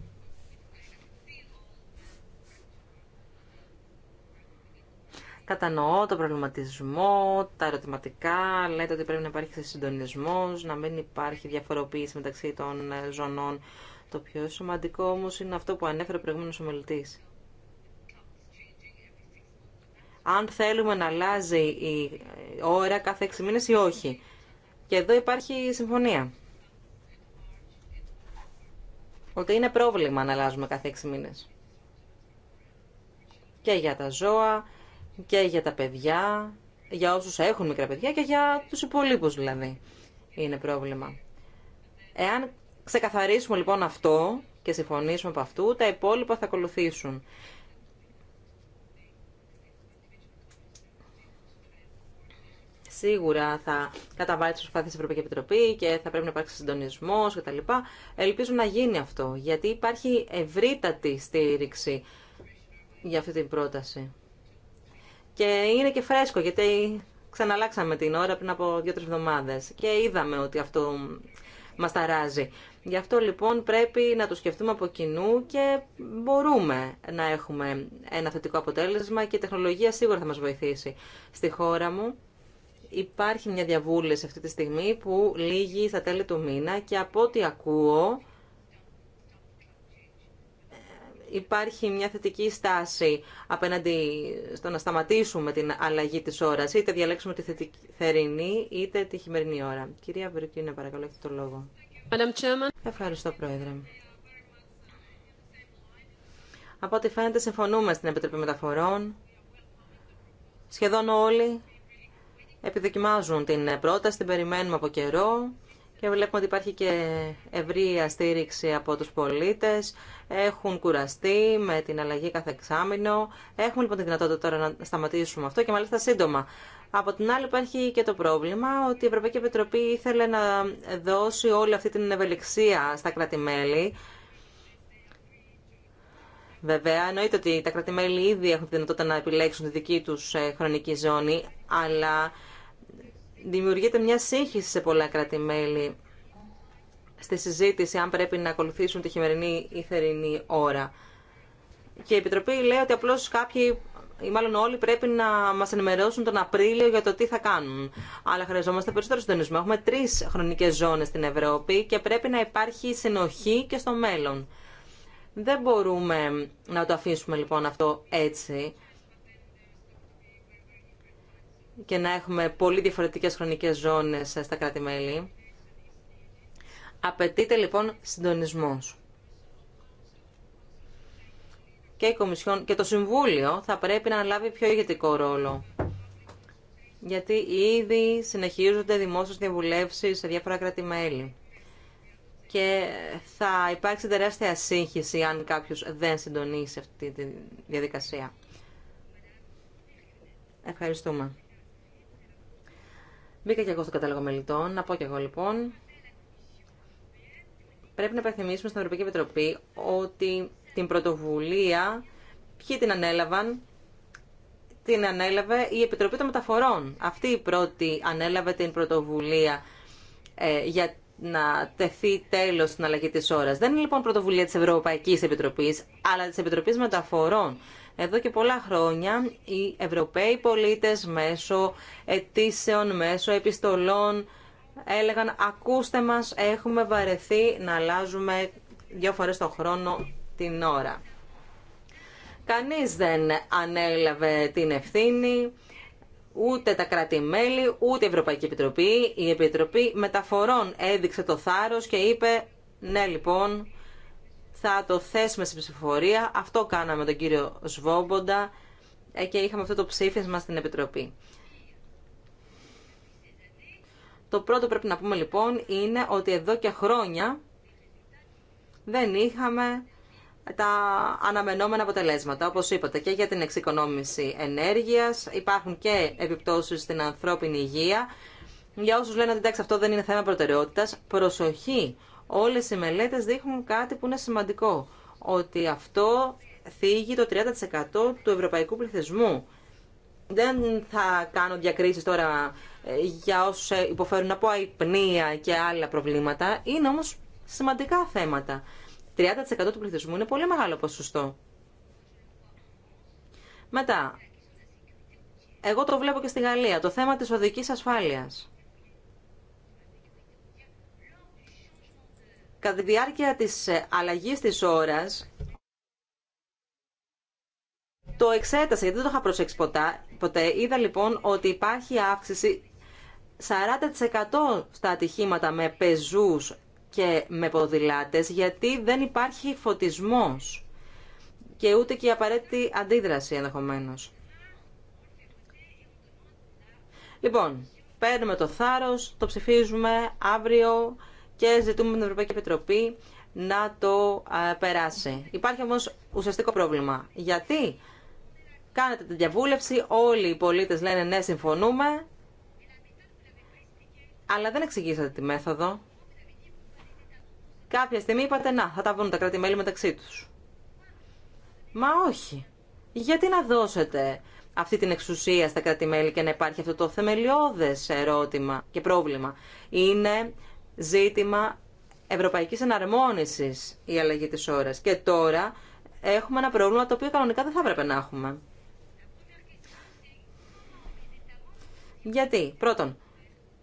Κατανοώ τον προβληματισμό, τα ερωτηματικά, λέτε ότι πρέπει να υπάρχει συντονισμό, να μην υπάρχει διαφοροποίηση μεταξύ των ε, ζωνών. Το πιο σημαντικό όμω είναι αυτό που ανέφερε ο προηγούμενο ομιλητή. Αν θέλουμε να αλλάζει η ε, ώρα κάθε έξι μήνες ή όχι. Και εδώ υπάρχει συμφωνία. Ότι είναι πρόβλημα να αλλάζουμε κάθε έξι μήνε. Και για τα ζώα, και για τα παιδιά, για όσους έχουν μικρά παιδιά και για τους υπολείπους δηλαδή είναι πρόβλημα. Εάν ξεκαθαρίσουμε λοιπόν αυτό και συμφωνήσουμε από αυτού, τα υπόλοιπα θα ακολουθήσουν. Σίγουρα θα καταβάλει τι προσπάθειε τη Ευρωπαϊκή Επιτροπή και θα πρέπει να υπάρξει συντονισμό κτλ. Ελπίζω να γίνει αυτό, γιατί υπάρχει ευρύτατη στήριξη για αυτή την πρόταση. Και είναι και φρέσκο γιατί ξαναλάξαμε την ώρα πριν από δυο-τρει εβδομάδες και είδαμε ότι αυτό μας ταράζει. Γι' αυτό λοιπόν πρέπει να το σκεφτούμε από κοινού και μπορούμε να έχουμε ένα θετικό αποτέλεσμα και η τεχνολογία σίγουρα θα μας βοηθήσει. Στη χώρα μου υπάρχει μια διαβούλευση αυτή τη στιγμή που λύγει στα τέλη του μήνα και από ό,τι ακούω υπάρχει μια θετική στάση απέναντι στο να σταματήσουμε την αλλαγή της ώρας. Είτε διαλέξουμε τη θετική, θερινή είτε τη χειμερινή ώρα. Κυρία Βερουκίνα, παρακαλώ, έχετε το λόγο. Ευχαριστώ, Πρόεδρε. Από ό,τι φαίνεται, συμφωνούμε στην Επιτροπή Μεταφορών. Σχεδόν όλοι επιδοκιμάζουν την πρόταση, την περιμένουμε από καιρό και βλέπουμε ότι υπάρχει και ευρία στήριξη από τους πολίτες έχουν κουραστεί με την αλλαγή κάθε εξάμεινο. Έχουμε λοιπόν τη δυνατότητα τώρα να σταματήσουμε αυτό και μάλιστα σύντομα. Από την άλλη υπάρχει και το πρόβλημα ότι η Ευρωπαϊκή Επιτροπή ήθελε να δώσει όλη αυτή την ευελιξία στα κράτη-μέλη. Βέβαια, εννοείται ότι τα κράτη-μέλη ήδη έχουν τη δυνατότητα να επιλέξουν τη δική τους ε, χρονική ζώνη, αλλά δημιουργείται μια σύγχυση σε πολλά κράτη-μέλη στη συζήτηση αν πρέπει να ακολουθήσουν τη χειμερινή ή θερινή ώρα. Και η Επιτροπή λέει ότι απλώς κάποιοι ή μάλλον όλοι πρέπει να μα ενημερώσουν τον Απρίλιο για το τι θα κάνουν. Αλλά χρειαζόμαστε περισσότερο συντονισμό. Έχουμε τρει χρονικέ ζώνε στην Ευρώπη και πρέπει να υπάρχει συνοχή και στο μέλλον. Δεν μπορούμε να το αφήσουμε λοιπόν αυτό έτσι και να έχουμε πολύ διαφορετικές χρονικές ζώνες στα κράτη-μέλη. Απαιτείται λοιπόν συντονισμός. Και η και το Συμβούλιο θα πρέπει να λάβει πιο ηγετικό ρόλο. Γιατί ήδη συνεχίζονται δημόσιες διαβουλεύσεις σε διάφορα κράτη-μέλη. Και θα υπάρξει τεράστια σύγχυση αν κάποιος δεν συντονίσει αυτή τη διαδικασία. Ευχαριστούμε. Μπήκα και εγώ στο κατάλογο μελητών. Να πω και εγώ λοιπόν. Πρέπει να υπενθυμίσουμε στην Ευρωπαϊκή Επιτροπή ότι την πρωτοβουλία, ποιοι την ανέλαβαν, την ανέλαβε η Επιτροπή των Μεταφορών. Αυτή η πρώτη ανέλαβε την πρωτοβουλία ε, για να τεθεί τέλο στην αλλαγή τη ώρα. Δεν είναι λοιπόν πρωτοβουλία τη Ευρωπαϊκή Επιτροπή, αλλά τη Επιτροπή Μεταφορών. Εδώ και πολλά χρόνια οι Ευρωπαίοι πολίτε μέσω αιτήσεων, μέσω επιστολών έλεγαν ακούστε μας, έχουμε βαρεθεί να αλλάζουμε δύο φορές το χρόνο την ώρα. Κανείς δεν ανέλαβε την ευθύνη, ούτε τα κρατη ούτε η Ευρωπαϊκή Επιτροπή. Η Επιτροπή Μεταφορών έδειξε το θάρρος και είπε ναι λοιπόν θα το θέσουμε σε ψηφοφορία. Αυτό κάναμε τον κύριο Σβόμποντα ε, και είχαμε αυτό το ψήφισμα στην Επιτροπή. Το πρώτο πρέπει να πούμε λοιπόν είναι ότι εδώ και χρόνια δεν είχαμε τα αναμενόμενα αποτελέσματα. Όπως είπατε και για την εξοικονόμηση ενέργειας υπάρχουν και επιπτώσεις στην ανθρώπινη υγεία. Για όσους λένε ότι εντάξει αυτό δεν είναι θέμα προτεραιότητας, προσοχή. Όλες οι μελέτες δείχνουν κάτι που είναι σημαντικό, ότι αυτό θίγει το 30% του ευρωπαϊκού πληθυσμού. Δεν θα κάνω διακρίσεις τώρα ε, για όσου υποφέρουν από αϊπνία και άλλα προβλήματα. Είναι όμως σημαντικά θέματα. 30% του πληθυσμού είναι πολύ μεγάλο ποσοστό. Μετά, εγώ το βλέπω και στη Γαλλία, το θέμα της οδικής ασφάλειας. Κατά τη διάρκεια της ε, αλλαγής της ώρας, το εξέτασα, γιατί δεν το είχα προσέξει ποτέ. Είδα λοιπόν ότι υπάρχει αύξηση 40% στα ατυχήματα με πεζούς και με ποδηλάτες γιατί δεν υπάρχει φωτισμός και ούτε και η απαραίτητη αντίδραση ενδεχομένως. Λοιπόν, παίρνουμε το θάρρος, το ψηφίζουμε αύριο και ζητούμε την Ευρωπαϊκή Επιτροπή να το περάσει. Υπάρχει όμως ουσιαστικό πρόβλημα. Γιατί κάνετε τη διαβούλευση, όλοι οι πολίτες λένε ναι συμφωνούμε, αλλά δεν εξηγήσατε τη μέθοδο. Κάποια στιγμή είπατε να, θα τα βρουν τα κράτη-μέλη μεταξύ τους. Μα όχι. Γιατί να δώσετε αυτή την εξουσία στα κράτη-μέλη και να υπάρχει αυτό το θεμελιώδες ερώτημα και πρόβλημα. Είναι ζήτημα ευρωπαϊκής εναρμόνισης η αλλαγή της ώρας. Και τώρα έχουμε ένα πρόβλημα το οποίο κανονικά δεν θα έπρεπε να έχουμε. Γιατί, πρώτον,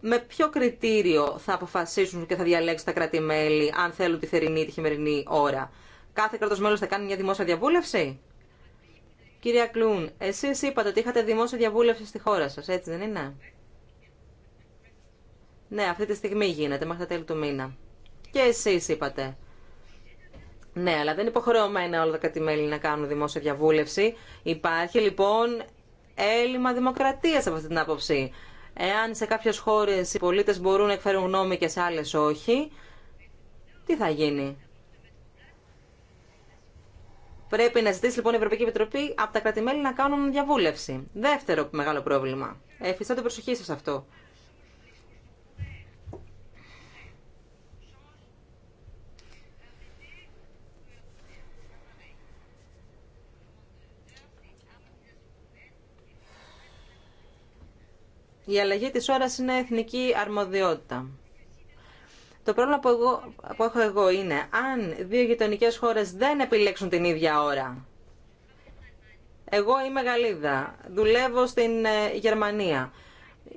με ποιο κριτήριο θα αποφασίσουν και θα διαλέξουν τα κράτη-μέλη αν θέλουν τη θερινή ή τη χειμερινή ώρα. Κάθε κράτος μέλος θα κάνει μια δημόσια διαβούλευση. Κυρία Κλούν, εσείς είπατε ότι είχατε δημόσια διαβούλευση στη χώρα σας, έτσι δεν είναι. Ναι, αυτή τη στιγμή γίνεται, μέχρι τα τέλη του μήνα. Και εσείς είπατε. Ναι, αλλά δεν υποχρεωμένα όλα τα κρατη να κάνουν δημόσια διαβούλευση. Υπάρχει λοιπόν έλλειμμα δημοκρατίας από αυτή την άποψη. Εάν σε κάποιες χώρες οι πολίτες μπορούν να εκφέρουν γνώμη και σε άλλες όχι, τι θα γίνει. Πρέπει να ζητήσει λοιπόν η Ευρωπαϊκή Επιτροπή από τα κράτη-μέλη να κάνουν διαβούλευση. Δεύτερο μεγάλο πρόβλημα. Εφιστάτε την προσοχή σας αυτό. η αλλαγή της ώρας είναι εθνική αρμοδιότητα. Το πρόβλημα που, εγώ, έχω εγώ είναι αν δύο γειτονικέ χώρες δεν επιλέξουν την ίδια ώρα. Εγώ είμαι Γαλλίδα, δουλεύω στην ε, Γερμανία.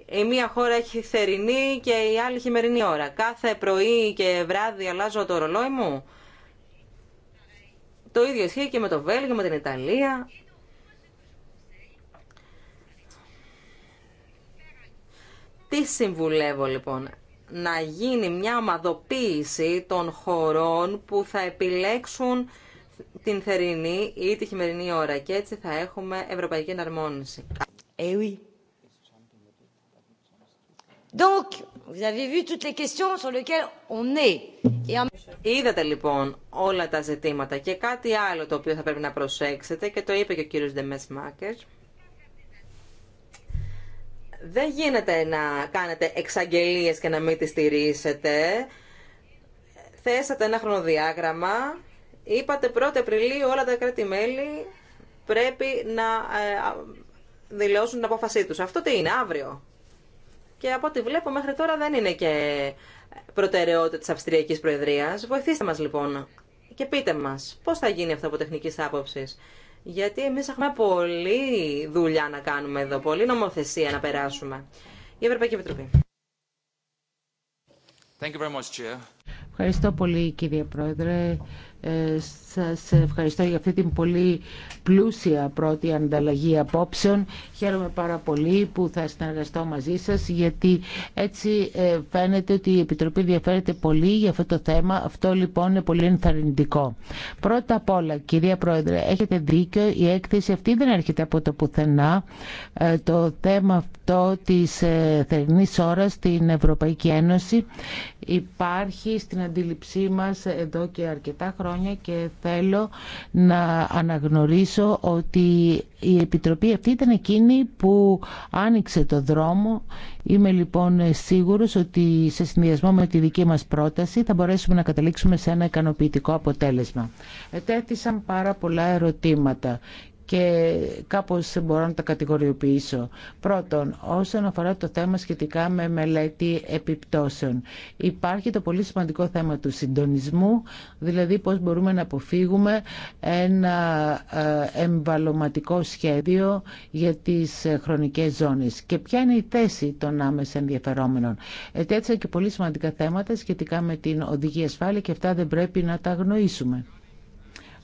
Η μία χώρα έχει θερινή και η άλλη χειμερινή ώρα. Κάθε πρωί και βράδυ αλλάζω το ρολόι μου. Το ίδιο ισχύει και με το Βέλγιο, με την Ιταλία. Τι συμβουλεύω λοιπόν, να γίνει μια ομαδοποίηση των χωρών που θα επιλέξουν την θερινή ή τη χειμερινή ώρα και έτσι θα έχουμε ευρωπαϊκή εναρμόνιση. Ε, Donc, vous avez vu toutes les questions sur lesquelles on est. Είδατε λοιπόν όλα τα ζητήματα και κάτι άλλο το οποίο θα πρέπει να προσέξετε και το είπε και ο κύριος Μάκερ δεν γίνεται να κάνετε εξαγγελίες και να μην τις στηρίσετε. Θέσατε ένα χρονοδιάγραμμα, είπατε 1η Απριλίου όλα τα κράτη-μέλη πρέπει να ε, δηλώσουν την απόφασή τους. Αυτό τι είναι, αύριο. Και από ό,τι βλέπω μέχρι τώρα δεν είναι και προτεραιότητα της Αυστριακής Προεδρίας. Βοηθήστε μας λοιπόν και πείτε μας πώς θα γίνει αυτό από τεχνικής άποψης. Γιατί εμείς έχουμε πολλή δουλειά να κάνουμε εδώ, πολλή νομοθεσία να περάσουμε. Η Ευρωπαϊκή Επιτροπή. Ευχαριστώ πολύ κύριε Πρόεδρε. Ε, σας ευχαριστώ για αυτή την πολύ πλούσια πρώτη ανταλλαγή απόψεων. Χαίρομαι πάρα πολύ που θα συνεργαστώ μαζί σας γιατί έτσι ε, φαίνεται ότι η Επιτροπή ενδιαφέρεται πολύ για αυτό το θέμα. Αυτό λοιπόν είναι πολύ ενθαρρυντικό. Πρώτα απ' όλα, κυρία Πρόεδρε, έχετε δίκιο. Η έκθεση αυτή δεν έρχεται από το πουθενά. Ε, το θέμα αυτό της θερινής ώρας στην Ευρωπαϊκή Ένωση υπάρχει στην αντίληψή μας εδώ και αρκετά χρόνια και θέλω να αναγνωρίσω ότι η Επιτροπή αυτή ήταν εκείνη που άνοιξε το δρόμο. Είμαι λοιπόν σίγουρος ότι σε συνδυασμό με τη δική μας πρόταση θα μπορέσουμε να καταλήξουμε σε ένα ικανοποιητικό αποτέλεσμα. Ετέθησαν πάρα πολλά ερωτήματα και κάπως μπορώ να τα κατηγοριοποιήσω. Πρώτον, όσον αφορά το θέμα σχετικά με μελέτη επιπτώσεων, υπάρχει το πολύ σημαντικό θέμα του συντονισμού, δηλαδή πώς μπορούμε να αποφύγουμε ένα ε, εμβαλωματικό σχέδιο για τις ε, χρονικές ζώνες και ποια είναι η θέση των άμεσα ενδιαφερόμενων. Έτσι, και πολύ σημαντικά θέματα σχετικά με την οδηγία ασφάλεια και αυτά δεν πρέπει να τα αγνοήσουμε.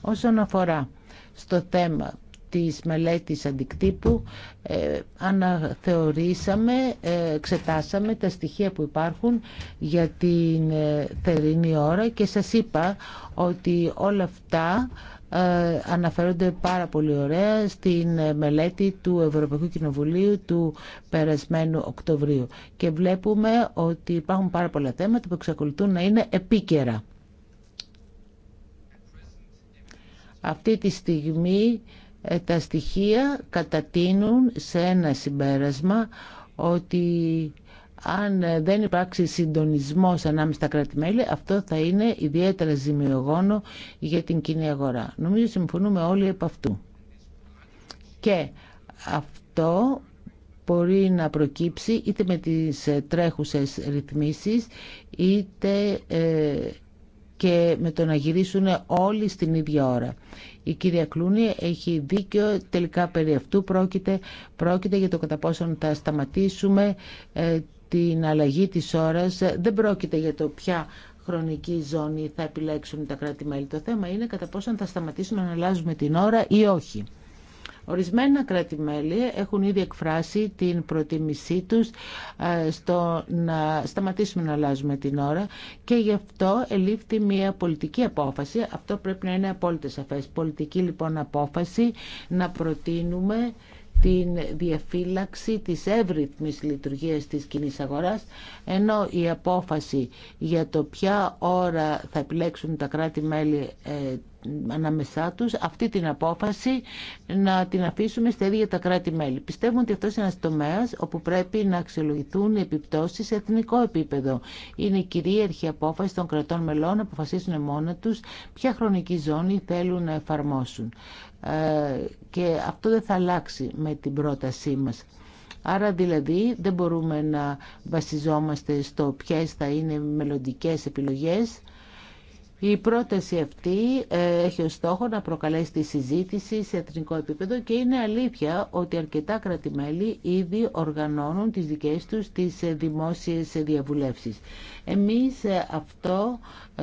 Όσον αφορά στο θέμα της μελέτης αντικτύπου ε, αναθεωρήσαμε, ε, εξετάσαμε τα στοιχεία που υπάρχουν για την ε, θερινή ώρα και σας είπα ότι όλα αυτά ε, αναφέρονται πάρα πολύ ωραία στην μελέτη του Ευρωπαϊκού Κοινοβουλίου του περασμένου Οκτωβρίου και βλέπουμε ότι υπάρχουν πάρα πολλά θέματα που εξακολουθούν να είναι επίκαιρα. Αυτή τη στιγμή ε, τα στοιχεία κατατείνουν σε ένα συμπέρασμα ότι αν δεν υπάρξει συντονισμός ανάμεσα στα κράτη-μέλη, αυτό θα είναι ιδιαίτερα ζημιογόνο για την κοινή αγορά. Νομίζω συμφωνούμε όλοι από αυτού. Και αυτό μπορεί να προκύψει είτε με τις ε, τρέχουσες ρυθμίσεις, είτε ε, και με το να γυρίσουν όλοι στην ίδια ώρα. Η κυρία Κλούνη έχει δίκιο, τελικά περί αυτού πρόκειται, πρόκειται για το κατά πόσον θα σταματήσουμε ε, την αλλαγή της ώρας. Δεν πρόκειται για το ποια χρονική ζώνη θα επιλέξουν τα κράτη-μέλη. Το θέμα είναι κατά πόσο θα σταματήσουμε να αλλάζουμε την ώρα ή όχι. Ορισμένα κράτη-μέλη έχουν ήδη εκφράσει την προτίμησή τους ε, στο να σταματήσουμε να αλλάζουμε την ώρα και γι' αυτό ελήφθη μια πολιτική απόφαση. Αυτό πρέπει να είναι απόλυτα σαφές. Πολιτική λοιπόν απόφαση να προτείνουμε την διαφύλαξη της εύρυθμης λειτουργίας της κοινή αγοράς, ενώ η απόφαση για το ποια ώρα θα επιλέξουν τα κράτη-μέλη ε, ανάμεσά τους αυτή την απόφαση να την αφήσουμε στα ίδια τα κράτη-μέλη. Πιστεύουμε ότι αυτός είναι ένας τομέας όπου πρέπει να αξιολογηθούν οι επιπτώσεις σε εθνικό επίπεδο. Είναι η κυρίαρχη απόφαση των κρατών μελών να αποφασίσουν μόνα τους ποια χρονική ζώνη θέλουν να εφαρμόσουν. Ε, και αυτό δεν θα αλλάξει με την πρότασή μας. Άρα δηλαδή δεν μπορούμε να βασιζόμαστε στο ποιες θα είναι μελλοντικέ επιλογές η πρόταση αυτή ε, έχει ως στόχο να προκαλέσει τη συζήτηση σε εθνικό επίπεδο και είναι αλήθεια ότι αρκετά κρατημέλη ήδη οργανώνουν τις δικές τους τις ε, δημόσιες διαβουλεύσεις. Εμείς ε, αυτό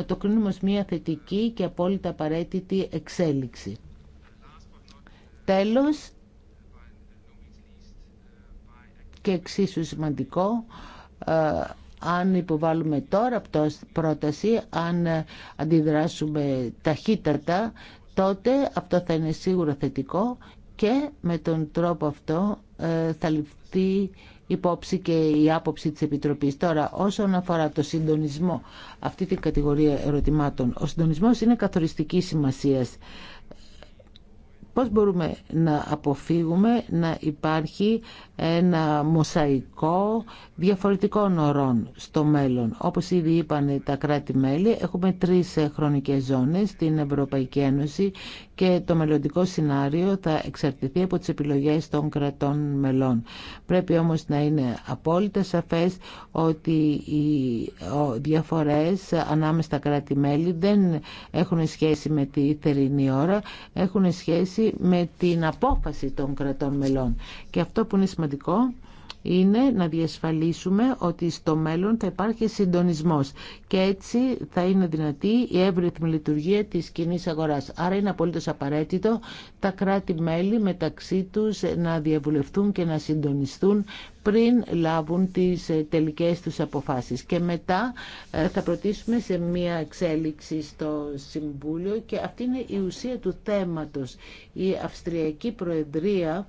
το κρίνουμε ως μια θετική και απόλυτα απαραίτητη εξέλιξη. Τέλος, και εξίσου σημαντικό, αν υποβάλουμε τώρα πρόταση, αν ε, αντιδράσουμε ταχύτατα, τότε αυτό θα είναι σίγουρα θετικό και με τον τρόπο αυτό ε, θα ληφθεί υπόψη και η άποψη της Επιτροπής. Τώρα, όσον αφορά το συντονισμό, αυτή την κατηγορία ερωτημάτων, ο συντονισμός είναι καθοριστική σημασίας. Πώς μπορούμε να αποφύγουμε να υπάρχει ένα μοσαϊκό διαφορετικών ορών στο μέλλον. Όπως ήδη είπαν τα κράτη-μέλη, έχουμε τρεις χρονικές ζώνες στην Ευρωπαϊκή Ένωση και το μελλοντικό σενάριο θα εξαρτηθεί από τις επιλογές των κρατών μελών. Πρέπει όμως να είναι απόλυτα σαφές ότι οι διαφορές ανάμεσα στα κράτη-μέλη δεν έχουν σχέση με τη θερινή ώρα, έχουν σχέση με την απόφαση των κρατών μελών. Και αυτό που είναι σημαντικό είναι να διασφαλίσουμε ότι στο μέλλον θα υπάρχει συντονισμός και έτσι θα είναι δυνατή η εύρυθμη λειτουργία της κοινή αγοράς. Άρα είναι απολύτως απαραίτητο τα κράτη-μέλη μεταξύ τους να διαβουλευτούν και να συντονιστούν πριν λάβουν τις ε, τελικές τους αποφάσεις. Και μετά ε, θα προτίσουμε σε μία εξέλιξη στο Συμβούλιο και αυτή είναι η ουσία του θέματος. Η Αυστριακή Προεδρία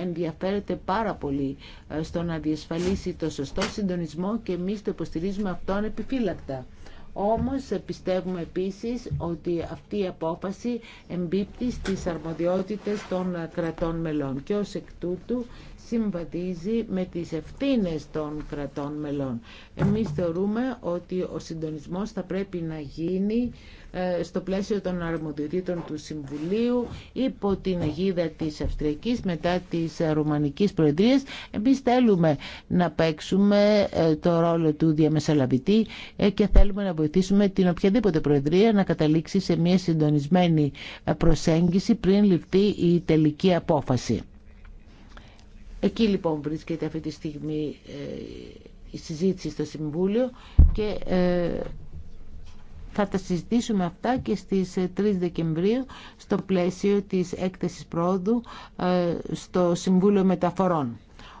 ενδιαφέρεται πάρα πολύ ε, στο να διασφαλίσει το σωστό συντονισμό και εμείς το υποστηρίζουμε αυτόν επιφύλακτα. Όμως ε, πιστεύουμε επίσης ότι αυτή η απόφαση εμπίπτει στις αρμοδιότητες των ε, κρατών μελών και ως εκ τούτου συμβαδίζει με τις ευθύνες των κρατών μελών. Εμείς θεωρούμε ότι ο συντονισμός θα πρέπει να γίνει ε, στο πλαίσιο των αρμοδιοτήτων του Συμβουλίου υπό την αγίδα της Αυστριακής μετά της ε, Ρουμανικής Προεδρίας. Εμείς θέλουμε να παίξουμε ε, το ρόλο του διαμεσαλαβητή και θέλουμε να βοηθήσουμε την οποιαδήποτε Προεδρία να καταλήξει σε μια συντονισμένη προσέγγιση πριν ληφθεί η τελική απόφαση. Εκεί λοιπόν βρίσκεται αυτή τη στιγμή η συζήτηση στο Συμβούλιο και θα τα συζητήσουμε αυτά και στις 3 ε, Δεκεμβρίου στο πλαίσιο της έκθεσης πρόοδου ε, στο Συμβούλιο Μεταφορών.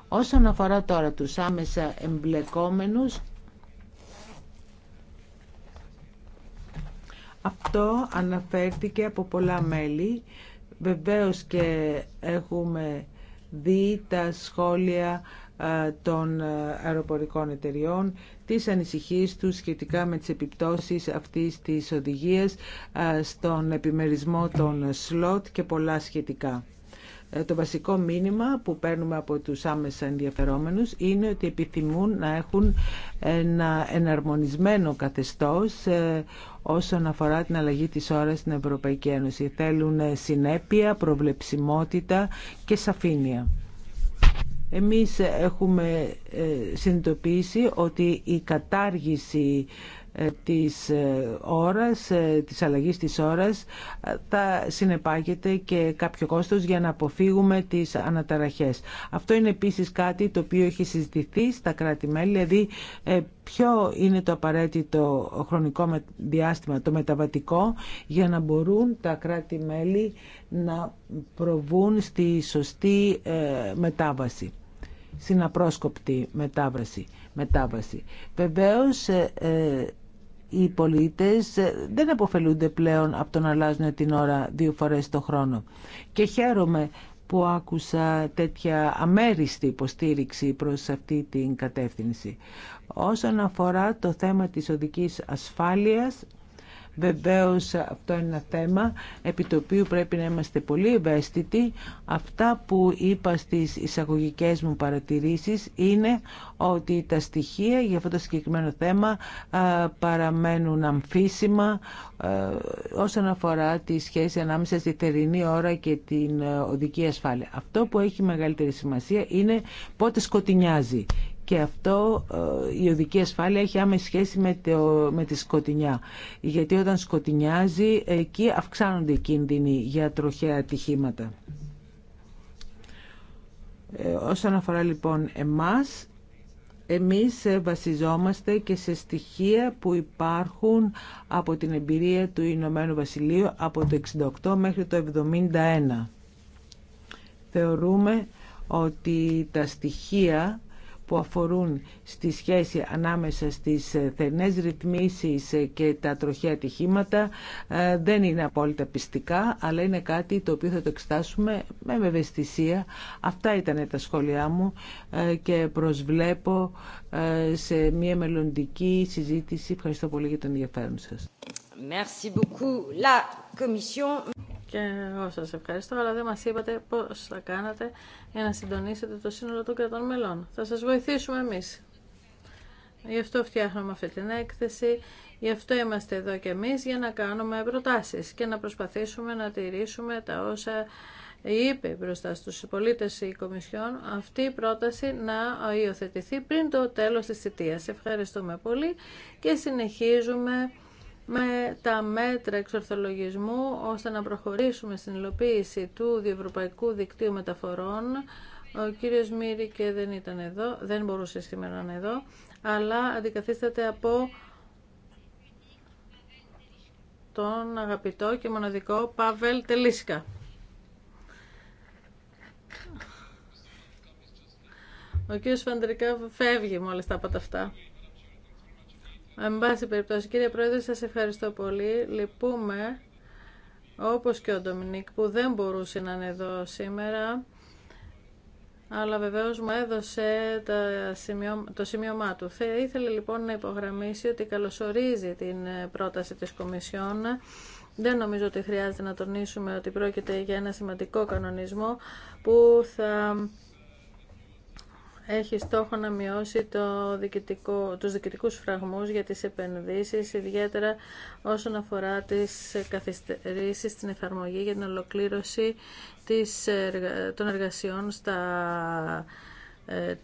Όσον αφορά τώρα τους άμεσα εμπλεκόμενους, αυτό αναφέρθηκε από πολλά μέλη. Βεβαίως και έχουμε δει τα σχόλια ε, των ε, αεροπορικών εταιριών, τις ανησυχίες τους σχετικά με τις επιπτώσεις αυτής της οδηγίας ε, στον επιμερισμό των σλότ και πολλά σχετικά. Το βασικό μήνυμα που παίρνουμε από τους άμεσα ενδιαφερόμενους είναι ότι επιθυμούν να έχουν ένα εναρμονισμένο καθεστώς όσον αφορά την αλλαγή της ώρας στην Ευρωπαϊκή Ένωση. Θέλουν συνέπεια, προβλεψιμότητα και σαφήνεια. Εμείς έχουμε ε, συνειδητοποιήσει ότι η κατάργηση ε, της ε, ώρας, της αλλαγής της ώρας θα συνεπάγεται και κάποιο κόστος για να αποφύγουμε τις αναταραχές. Αυτό είναι επίσης κάτι το οποίο έχει συζητηθεί στα κράτη-μέλη, δηλαδή ποιο είναι το απαραίτητο χρονικό διάστημα, το μεταβατικό, για να μπορούν τα κράτη-μέλη να προβούν στη σωστή μετάβαση στην απρόσκοπτη μετάβαση. μετάβαση. Βεβαίως, ε, ε, οι πολίτες ε, δεν αποφελούνται πλέον από το να αλλάζουν την ώρα δύο φορές το χρόνο. Και χαίρομαι που άκουσα τέτοια αμέριστη υποστήριξη προς αυτή την κατεύθυνση. Όσον αφορά το θέμα της οδικής ασφάλειας, Βεβαίως αυτό είναι ένα θέμα επί το οποίο πρέπει να είμαστε πολύ ευαίσθητοι. Αυτά που είπα στις εισαγωγικές μου παρατηρήσεις είναι ότι τα στοιχεία για αυτό το συγκεκριμένο θέμα παραμένουν αμφίσιμα όσον αφορά τη σχέση ανάμεσα στη θερινή ώρα και την ε, οδική ασφάλεια. Αυτό που έχει μεγαλύτερη σημασία είναι πότε σκοτεινιάζει και αυτό ε, η οδική ασφάλεια έχει άμεση σχέση με, το, με τη σκοτεινιά. Γιατί όταν σκοτεινιάζει εκεί αυξάνονται οι κίνδυνοι για τροχαία ατυχήματα. Ε, όσον αφορά λοιπόν εμάς, εμείς ε, βασιζόμαστε και σε στοιχεία που υπάρχουν από την εμπειρία του Ηνωμένου Βασιλείου από το 68 μέχρι το 71. Θεωρούμε ότι τα στοιχεία που αφορούν στη σχέση ανάμεσα στις θερνές ρυθμίσεις και τα τροχαία ατυχήματα ε, δεν είναι απόλυτα πιστικά, αλλά είναι κάτι το οποίο θα το εξετάσουμε με ευαισθησία. Αυτά ήταν τα σχόλιά μου ε, και προσβλέπω ε, σε μια μελλοντική συζήτηση. Ευχαριστώ πολύ για τον ενδιαφέρον σας. Merci beaucoup. La Commission... Και εγώ σα ευχαριστώ, αλλά δεν μα είπατε πώ θα κάνατε για να συντονίσετε το σύνολο των κρατών μελών. Θα σα βοηθήσουμε εμεί. Γι' αυτό φτιάχνουμε αυτή την έκθεση, γι' αυτό είμαστε εδώ και εμεί για να κάνουμε προτάσει και να προσπαθήσουμε να τηρήσουμε τα όσα είπε μπροστά στου πολίτε η Κομισιόν αυτή η πρόταση να υιοθετηθεί πριν το τέλο της θητείας. Ευχαριστούμε πολύ και συνεχίζουμε με τα μέτρα εξορθολογισμού ώστε να προχωρήσουμε στην υλοποίηση του Διευρωπαϊκού Δικτύου Μεταφορών. Ο κύριος και δεν ήταν εδώ, δεν μπορούσε σήμερα να είναι εδώ, αλλά αντικαθίσταται από τον αγαπητό και μοναδικό Παβέλ Τελίσκα. Ο κύριος Φαντρικά φεύγει μόλις τα από τα αυτά. Εν πάση περιπτώσει, κύριε Πρόεδρε, σας ευχαριστώ πολύ. Λυπούμε, όπως και ο Ντομινίκ, που δεν μπορούσε να είναι εδώ σήμερα, αλλά βεβαίως μου έδωσε το σημείωμά του. Θα ήθελε λοιπόν να υπογραμμίσει ότι καλωσορίζει την πρόταση της Κομισιόν δεν νομίζω ότι χρειάζεται να τονίσουμε ότι πρόκειται για ένα σημαντικό κανονισμό που θα έχει στόχο να μειώσει το διοικητικό, τους διοικητικούς φραγμούς για τις επενδύσεις, ιδιαίτερα όσον αφορά τις καθυστερήσεις στην εφαρμογή για την ολοκλήρωση της, των εργασιών στα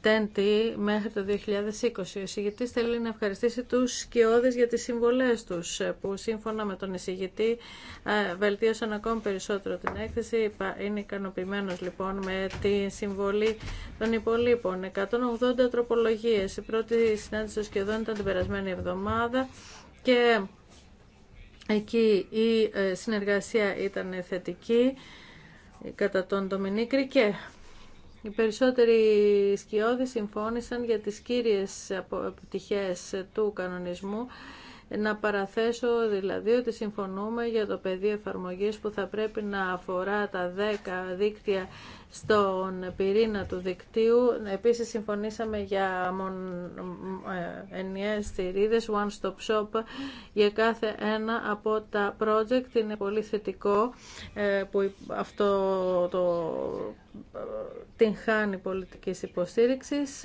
TNT μέχρι το 2020. Ο εισηγητής θέλει να ευχαριστήσει τους σκιώδες για τις συμβολές τους που σύμφωνα με τον εισηγητή ε, βελτίωσαν ακόμη περισσότερο την έκθεση. Είναι ικανοποιημένο λοιπόν με τη συμβολή των υπολείπων. 180 τροπολογίες. Η πρώτη συνάντηση των σκιωδών ήταν την περασμένη εβδομάδα και εκεί η ε, συνεργασία ήταν θετική κατά τον Ντομινίκρη και οι περισσότεροι σκιώδεις συμφώνησαν για τις κύριες επιτυχίες του κανονισμού να παραθέσω δηλαδή ότι συμφωνούμε για το πεδίο εφαρμογής που θα πρέπει να αφορά τα 10 δίκτυα στον πυρήνα του δικτύου. Επίσης συμφωνήσαμε για μον... Ε, ενιαίες θηρίδες, one-stop shop για κάθε ένα από τα project. Είναι πολύ θετικό ε, που αυτό το ε, την χάνει πολιτικής υποστήριξης.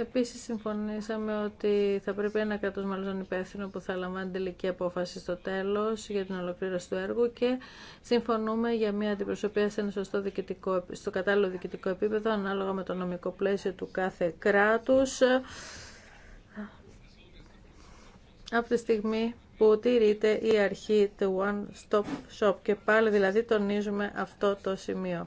Επίση συμφωνήσαμε ότι θα πρέπει ένα κράτο μάλλον υπεύθυνο που θα λαμβάνει τελική απόφαση στο τέλος για την ολοκλήρωση του έργου και συμφωνούμε για μια αντιπροσωπεία σε ένα σωστό στο κατάλληλο διοικητικό επίπεδο ανάλογα με το νομικό πλαίσιο του κάθε κράτους από τη στιγμή που τηρείται η αρχή του One Stop Shop και πάλι δηλαδή τονίζουμε αυτό το σημείο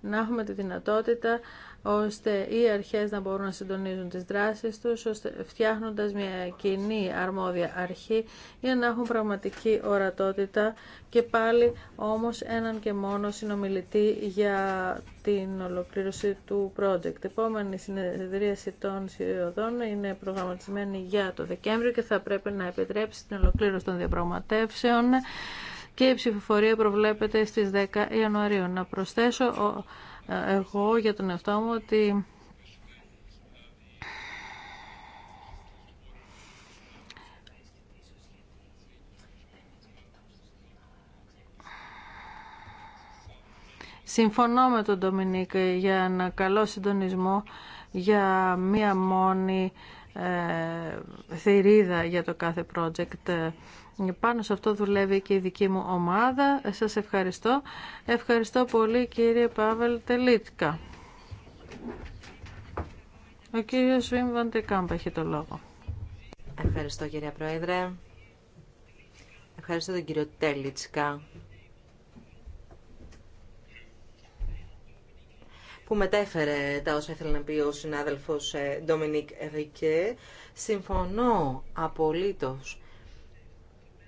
να έχουμε τη δυνατότητα ώστε οι αρχές να μπορούν να συντονίζουν τις δράσεις τους, ώστε φτιάχνοντας μια κοινή αρμόδια αρχή για να έχουν πραγματική ορατότητα και πάλι όμως έναν και μόνο συνομιλητή για την ολοκλήρωση του project. Επόμενη συνεδρίαση των σιωδών είναι προγραμματισμένη για το Δεκέμβριο και θα πρέπει να επιτρέψει την ολοκλήρωση των διαπραγματεύσεων και η ψηφοφορία προβλέπεται στις 10 Ιανουαρίου. Να προσθέσω εγώ για τον εαυτό μου ότι Συμφωνώ με τον Ντομινίκ για ένα καλό συντονισμό για μία μόνη ε, θηρίδα για το κάθε project πάνω σε αυτό δουλεύει και η δική μου ομάδα. Σας ευχαριστώ. Ευχαριστώ πολύ κύριε Πάβελ Τελίτκα. Ο κύριος Βιμ Βαντεκάμπ έχει το λόγο. Ευχαριστώ κύριε Πρόεδρε. Ευχαριστώ τον κύριο Τέλιτσκα που μετέφερε τα όσα ήθελε να πει ο συνάδελφος ε, Ντομινίκ Ρικέ. Συμφωνώ απολύτως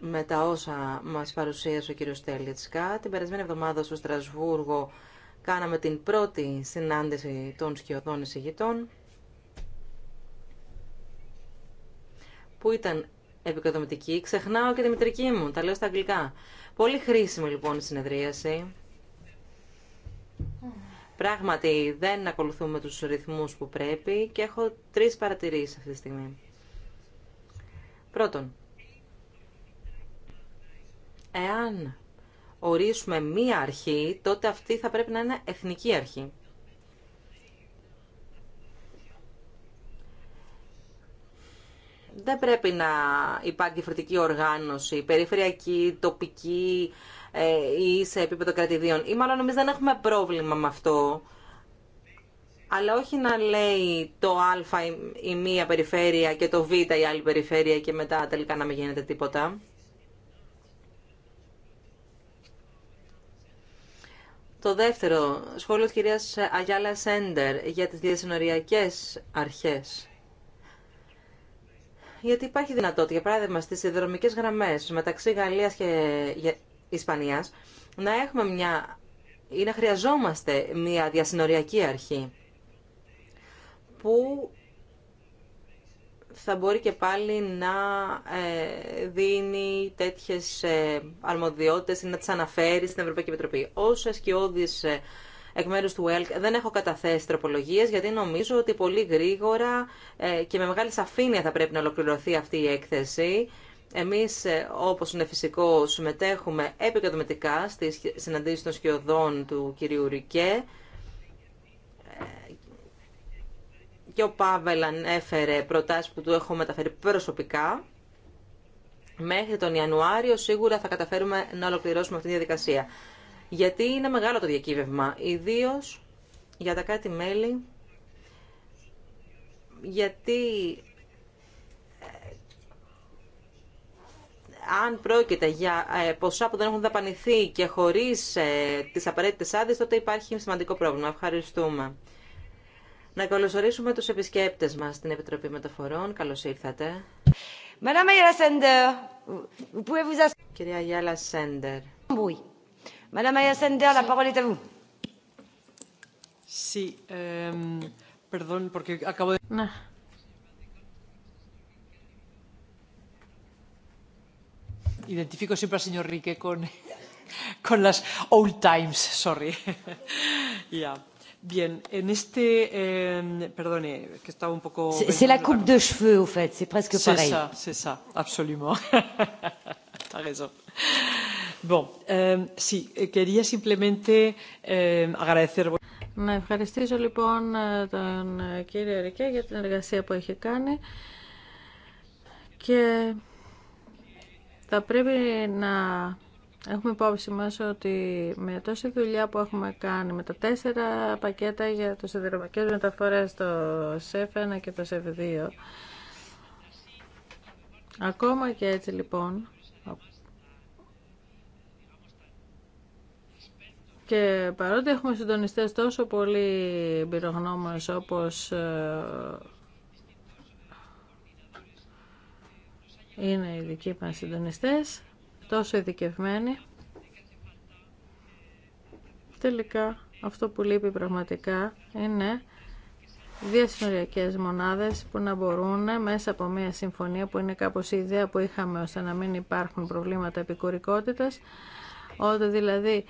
με τα όσα μας παρουσίασε ο κύριος Στέλιτσκα, Την περασμένη εβδομάδα στο Στρασβούργο κάναμε την πρώτη συνάντηση των σκιωδών εισηγητών που ήταν επικοδομητική. Ξεχνάω και τη μητρική μου, τα λέω στα αγγλικά. Πολύ χρήσιμη λοιπόν η συνεδρίαση. Πράγματι δεν ακολουθούμε τους ρυθμούς που πρέπει και έχω τρεις παρατηρήσεις αυτή τη στιγμή. Πρώτον, Εάν ορίσουμε μία αρχή, τότε αυτή θα πρέπει να είναι εθνική αρχή. Δεν πρέπει να υπάρχει διαφορετική οργάνωση, περιφερειακή, τοπική ε, ή σε επίπεδο κρατηδίων. Ή μάλλον νομίζω δεν έχουμε πρόβλημα με αυτό, αλλά όχι να λέει το α η μία περιφέρεια και το β η άλλη περιφέρεια και μετά τελικά να μην γίνεται τίποτα. Το δεύτερο, σχόλιο της κυρίας Αγιάλα Σέντερ για τις διασυνοριακές αρχές. Γιατί υπάρχει δυνατότητα, για παράδειγμα, στις ιδρομικές γραμμές μεταξύ Γαλλίας και Ισπανίας, να έχουμε μια ή να χρειαζόμαστε μια διασυνοριακή αρχή που θα μπορεί και πάλι να ε, δίνει τέτοιες ε, αρμοδιότητες ή να τις αναφέρει στην Ευρωπαϊκή Επιτροπή. Ως ε, εκ μέρους του ΕΛΚ δεν έχω καταθέσει τροπολογίες γιατί νομίζω ότι πολύ γρήγορα ε, και με μεγάλη σαφήνεια θα πρέπει να ολοκληρωθεί αυτή η έκθεση. Εμείς, όπως είναι φυσικό, συμμετέχουμε επικοδομητικά στις συναντήσεις των σκιωδών του κυρίου Ρικέ. και ο Πάβελ ανέφερε προτάσεις που του έχω μεταφέρει προσωπικά. Μέχρι τον Ιανουάριο σίγουρα θα καταφέρουμε να ολοκληρώσουμε αυτή τη διαδικασία. Γιατί είναι μεγάλο το διακύβευμα, ιδίω για τα κάτι μέλη, γιατί ε, αν πρόκειται για ε, ποσά που δεν έχουν δαπανηθεί και χωρίς ε, τις απαραίτητες άδειες, τότε υπάρχει σημαντικό πρόβλημα. Ευχαριστούμε. Να καλωσορίσουμε τους επισκέπτες μας στην Επιτροπή Μεταφορών. Καλώς ήρθατε. Κυρία Γιάλα Σέντερ. Madame Sender, la parole est à vous. Sí, perdón, porque acabo de... Identifico siempre al señor Rique con, con las old times, sorry. yeah. Bien, en este, eh, perdone, que estaba un poco... C'est la coupe de cheveux, au fait, c'est presque pareil. C'est ça, c'est ça, absolument. T'as raison. Bon, eh, sí, quería simplemente eh, agradecer... Να ευχαριστήσω λοιπόν τον κύριο Ερικέ για την εργασία που έχει κάνει και θα πρέπει να Έχουμε υπόψη μας ότι με τόση δουλειά που έχουμε κάνει με τα τέσσερα πακέτα για το σιδηροπακές μεταφορές, το ΣΕΦ1 και το ΣΕΦ2, ακόμα και έτσι λοιπόν, και παρότι έχουμε συντονιστές τόσο πολύ εμπειρογνώμες όπως ε, είναι οι δικοί μας συντονιστές, τόσο ειδικευμένοι. Τελικά αυτό που λείπει πραγματικά είναι διασυνοριακές μονάδες που να μπορούν μέσα από μια συμφωνία που είναι κάπως η ιδέα που είχαμε ώστε να μην υπάρχουν προβλήματα επικουρικότητας ότι δηλαδή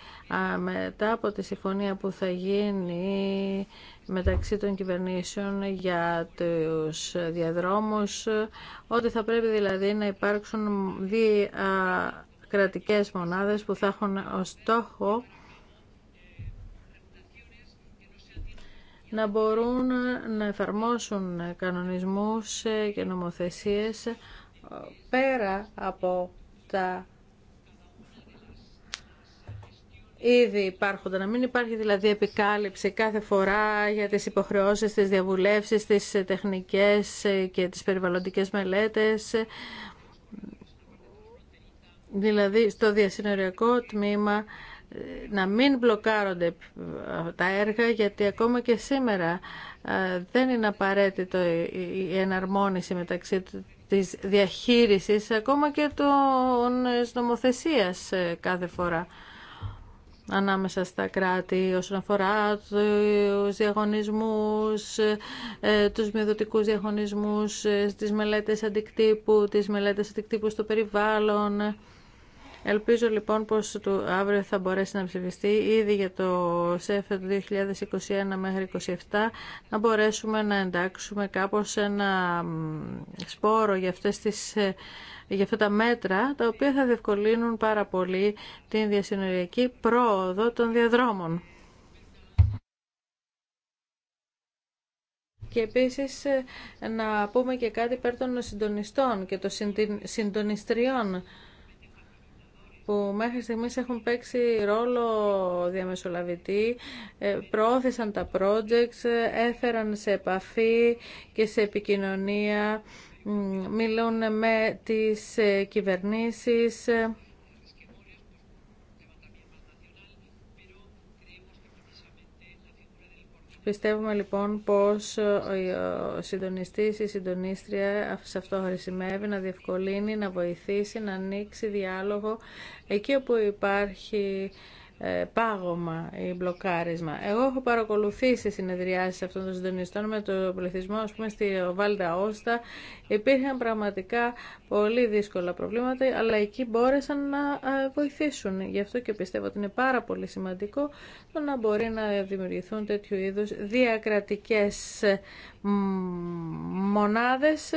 μετά από τη συμφωνία που θα γίνει μεταξύ των κυβερνήσεων για τους διαδρόμους ότι θα πρέπει δηλαδή να υπάρξουν δύο κρατικές μονάδες που θα έχουν ως στόχο να μπορούν να εφαρμόσουν κανονισμούς και νομοθεσίες πέρα από τα ήδη υπάρχοντα. Να μην υπάρχει δηλαδή επικάλυψη κάθε φορά για τις υποχρεώσεις, τις διαβουλεύσεις, τις τεχνικές και τις περιβαλλοντικές μελέτες δηλαδή στο διασυνοριακό τμήμα ε, να μην μπλοκάρονται ε, τα έργα γιατί ακόμα και σήμερα ε, δεν είναι απαραίτητο η εναρμόνιση μεταξύ της διαχείρισης ακόμα και των νομοθεσίας κάθε φορά ανάμεσα στα κράτη όσον αφορά τους διαγωνισμούς, τους μειοδοτικούς διαγωνισμούς, τις μελέτες αντικτύπου, τις μελέτες αντικτύπου στο περιβάλλον. Ελπίζω λοιπόν πως το αύριο θα μπορέσει να ψηφιστεί ήδη για το ΣΕΦ 2021 μέχρι 2027 να μπορέσουμε να εντάξουμε κάπως ένα σπόρο για, αυτές τις, ε, για αυτά τα μέτρα τα οποία θα διευκολύνουν πάρα πολύ την διασυνοριακή πρόοδο των διαδρόμων. Και επίσης ε, να πούμε και κάτι πέρα των συντονιστών και των συντονιστριών που μέχρι στιγμής έχουν παίξει ρόλο διαμεσολαβητή, ε, προώθησαν τα projects, ε, έφεραν σε επαφή και σε επικοινωνία, μιλούν με τις ε, κυβερνήσεις, Πιστεύουμε λοιπόν πως ο συντονιστής ή η συντονίστρια σε αυτό χρησιμεύει να διευκολύνει, να βοηθήσει, να ανοίξει διάλογο εκεί όπου υπάρχει ε, πάγωμα ή μπλοκάρισμα. Εγώ έχω παρακολουθήσει συνεδριάσεις αυτών των συντονιστών με το πληθυσμό, ας πούμε, στη Βάλτα Όστα. Υπήρχαν πραγματικά πολύ δύσκολα προβλήματα, αλλά εκεί μπόρεσαν να ε, βοηθήσουν. Γι' αυτό και πιστεύω ότι είναι πάρα πολύ σημαντικό το να μπορεί να δημιουργηθούν τέτοιου είδους διακρατικές μονάδες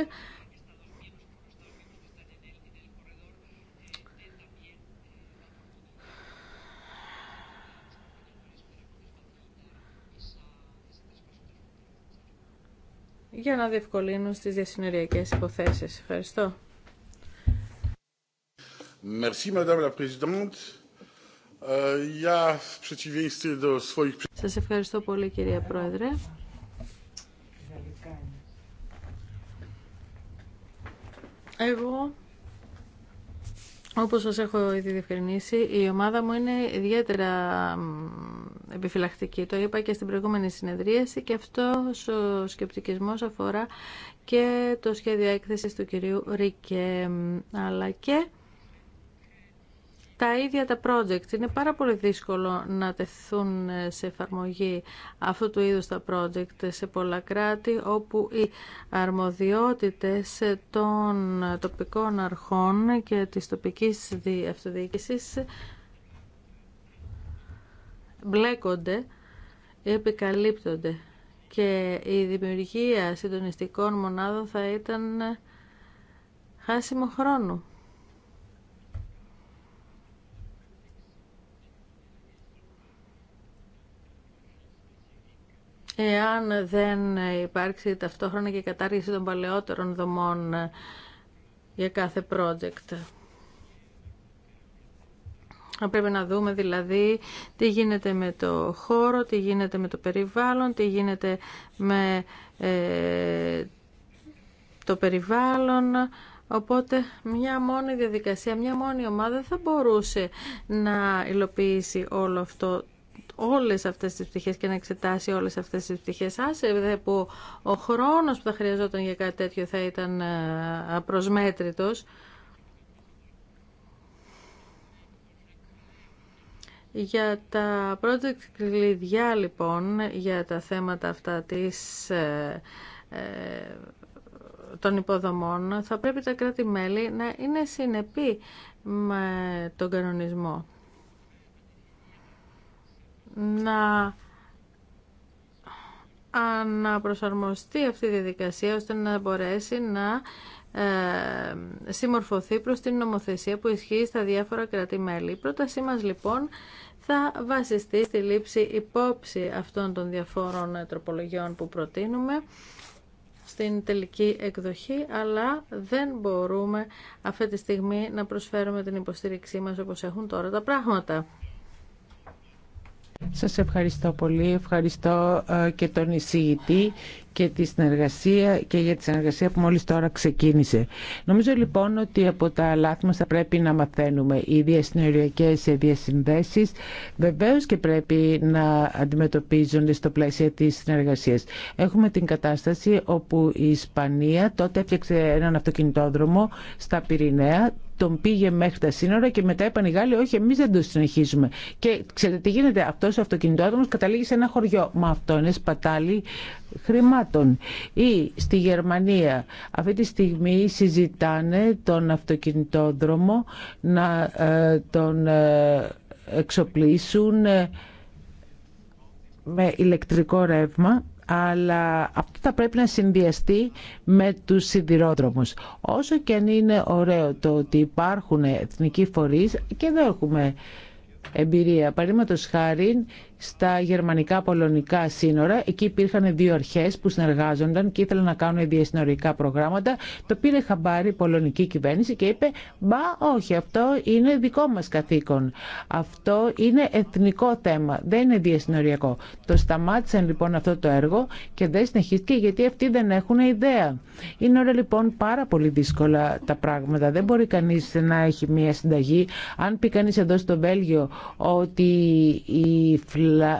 για να διευκολύνουν στις διασυνοριακές υποθέσεις. Ευχαριστώ. Euh, σας ευχαριστώ πολύ κυρία Πρόεδρε. Εγώ, όπως σας έχω ήδη διευκρινίσει, η ομάδα μου είναι ιδιαίτερα επιφυλακτική. Το είπα και στην προηγούμενη συνεδρίαση και αυτός ο σκεπτικισμός αφορά και το σχέδιο έκθεσης του κυρίου Ρίκε, αλλά και τα ίδια τα project. Είναι πάρα πολύ δύσκολο να τεθούν σε εφαρμογή αυτού του είδους τα project σε πολλά κράτη όπου οι αρμοδιότητες των τοπικών αρχών και της τοπικής αυτοδιοίκησης μπλέκονται ή επικαλύπτονται και η δημιουργία συντονιστικών μονάδων θα ήταν χάσιμο χρόνο. Εάν δεν υπάρξει ταυτόχρονα και η κατάργηση των παλαιότερων δομών για κάθε project. Πρέπει να δούμε δηλαδή τι γίνεται με το χώρο, τι γίνεται με το περιβάλλον, τι γίνεται με ε, το περιβάλλον. Οπότε μια μόνη διαδικασία, μια μόνη ομάδα θα μπορούσε να υλοποιήσει όλο αυτό όλες αυτές τις πτυχές και να εξετάσει όλες αυτές τις πτυχές. Άσε δε που ο χρόνος που θα χρειαζόταν για κάτι τέτοιο θα ήταν ε, απροσμέτρητος. Για τα project κλειδιά λοιπόν, για τα θέματα αυτά της, ε, ε, των υποδομών, θα πρέπει τα κράτη-μέλη να είναι συνεπή με τον κανονισμό. Να αναπροσαρμοστεί αυτή η διαδικασία ώστε να μπορέσει να ε, συμμορφωθεί προς την νομοθεσία που ισχύει στα διάφορα κράτη-μέλη. Η πρότασή μας λοιπόν θα βασιστεί στη λήψη υπόψη αυτών των διαφόρων τροπολογιών που προτείνουμε στην τελική εκδοχή, αλλά δεν μπορούμε αυτή τη στιγμή να προσφέρουμε την υποστήριξή μας όπως έχουν τώρα τα πράγματα. Σας ευχαριστώ πολύ. Ευχαριστώ ε, και τον εισηγητή και τη συνεργασία και για τη συνεργασία που μόλις τώρα ξεκίνησε. Νομίζω λοιπόν ότι από τα λάθη μας θα πρέπει να μαθαίνουμε οι διασυνοριακές συνδέσεις Βεβαίω και πρέπει να αντιμετωπίζονται στο πλαίσιο της συνεργασίας. Έχουμε την κατάσταση όπου η Ισπανία τότε έφτιαξε έναν αυτοκινητόδρομο στα Πυρηναία τον πήγε μέχρι τα σύνορα και μετά είπαν οι Γάλλοι, όχι, εμεί δεν το συνεχίζουμε. Και ξέρετε τι γίνεται, αυτό ο αυτοκινητόδρομο καταλήγει σε ένα χωριό. Μα αυτό είναι σπατάλι χρημάτων. Ή στη Γερμανία αυτή τη στιγμή συζητάνε τον αυτοκινητόδρομο να ε, τον ε, εξοπλίσουν ε, με ηλεκτρικό ρεύμα αλλά αυτό θα πρέπει να συνδυαστεί με τους σιδηρόδρομους. Όσο και αν είναι ωραίο το ότι υπάρχουν εθνικοί φορείς και εδώ έχουμε εμπειρία. Παραδείγματο χάρη στα γερμανικά-πολωνικά σύνορα. Εκεί υπήρχαν δύο αρχέ που συνεργάζονταν και ήθελαν να κάνουν διασυνορικά προγράμματα. Το πήρε χαμπάρι η πολωνική κυβέρνηση και είπε Μπα, όχι, αυτό είναι δικό μα καθήκον. Αυτό είναι εθνικό θέμα, δεν είναι διασυνοριακό. Το σταμάτησαν λοιπόν αυτό το έργο και δεν συνεχίστηκε γιατί αυτοί δεν έχουν ιδέα. Είναι ώρα λοιπόν πάρα πολύ δύσκολα τα πράγματα. Δεν μπορεί κανεί να έχει μία συνταγή. Αν πει κανεί εδώ στο Βέλγιο ότι η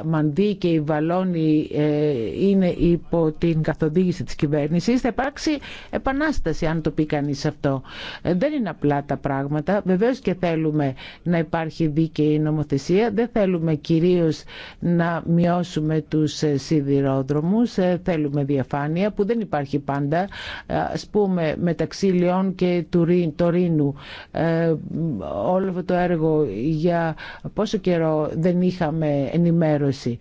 Μαντί και η Βαλόνη ε, είναι υπό την καθοδήγηση της κυβέρνησης, θα υπάρξει επανάσταση αν το πει κανεί αυτό. Ε, δεν είναι απλά τα πράγματα. Βεβαίως και θέλουμε να υπάρχει δίκαιη νομοθεσία. Δεν θέλουμε κυρίως να μειώσουμε τους ε, σιδηρόδρομους. Θέλουμε διαφάνεια που δεν υπάρχει πάντα. Ας πούμε μεταξύ Λιών και του Τωρίνου όλο αυτό το έργο για πόσο καιρό δεν είχαμε ενημερώσει ενημέρωση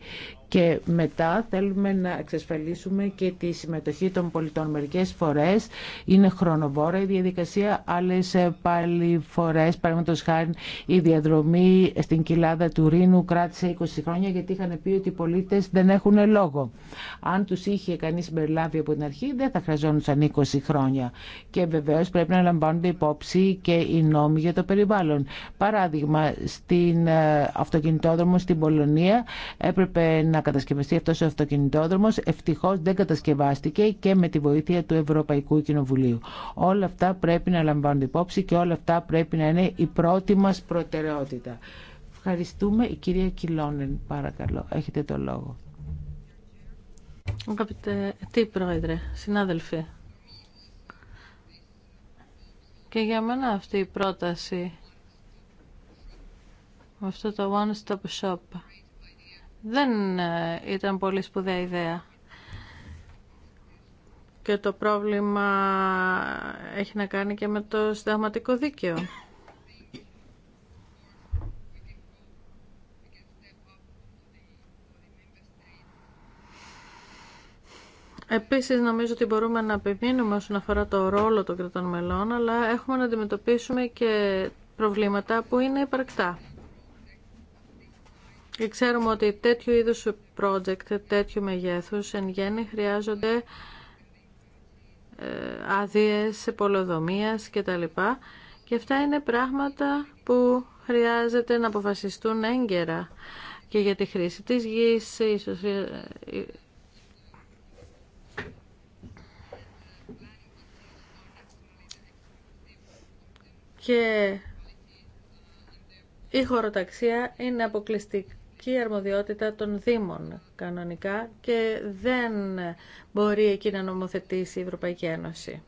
και μετά θέλουμε να εξασφαλίσουμε και τη συμμετοχή των πολιτών. Μερικές φορές είναι χρονοβόρα η διαδικασία, άλλες ε, πάλι φορές, παραδείγματο χάρη η διαδρομή στην κοιλάδα του Ρήνου κράτησε 20 χρόνια γιατί είχαν πει ότι οι πολίτες δεν έχουν λόγο. Αν τους είχε κανείς συμπεριλάβει από την αρχή δεν θα χρειαζόντουσαν 20 χρόνια. Και βεβαίως πρέπει να λαμβάνονται υπόψη και οι νόμοι για το περιβάλλον. Παράδειγμα, στην ε, αυτοκινητόδρομο στην Πολωνία έπρεπε να κατασκευαστεί αυτός ο αυτοκινητόδρομος. Ευτυχώς δεν κατασκευάστηκε και με τη βοήθεια του Ευρωπαϊκού Κοινοβουλίου. Όλα αυτά πρέπει να λαμβάνονται υπόψη και όλα αυτά πρέπει να είναι η πρώτη μας προτεραιότητα. Ευχαριστούμε. Η κυρία Κιλόνεν, παρακαλώ. Έχετε το λόγο. Αγαπητέ, τι πρόεδρε, συνάδελφοι. Και για μένα αυτή η πρόταση με αυτό το one-stop shop δεν ε, ήταν πολύ σπουδαία ιδέα. Και το πρόβλημα έχει να κάνει και με το συνταγματικό δίκαιο. Επίσης νομίζω ότι μπορούμε να επιμείνουμε όσον αφορά το ρόλο των κρατών μελών, αλλά έχουμε να αντιμετωπίσουμε και προβλήματα που είναι υπαρκτά. Και ξέρουμε ότι τέτοιου είδους project, τέτοιου μεγέθους, εν γέννη χρειάζονται και ε, τα κτλ. Και αυτά είναι πράγματα που χρειάζεται να αποφασιστούν έγκαιρα και για τη χρήση της γης, ίσως ε, ε, και η χωροταξία είναι αποκλειστική η αρμοδιότητα των Δήμων κανονικά και δεν μπορεί εκεί να νομοθετήσει η Ευρωπαϊκή Ένωση.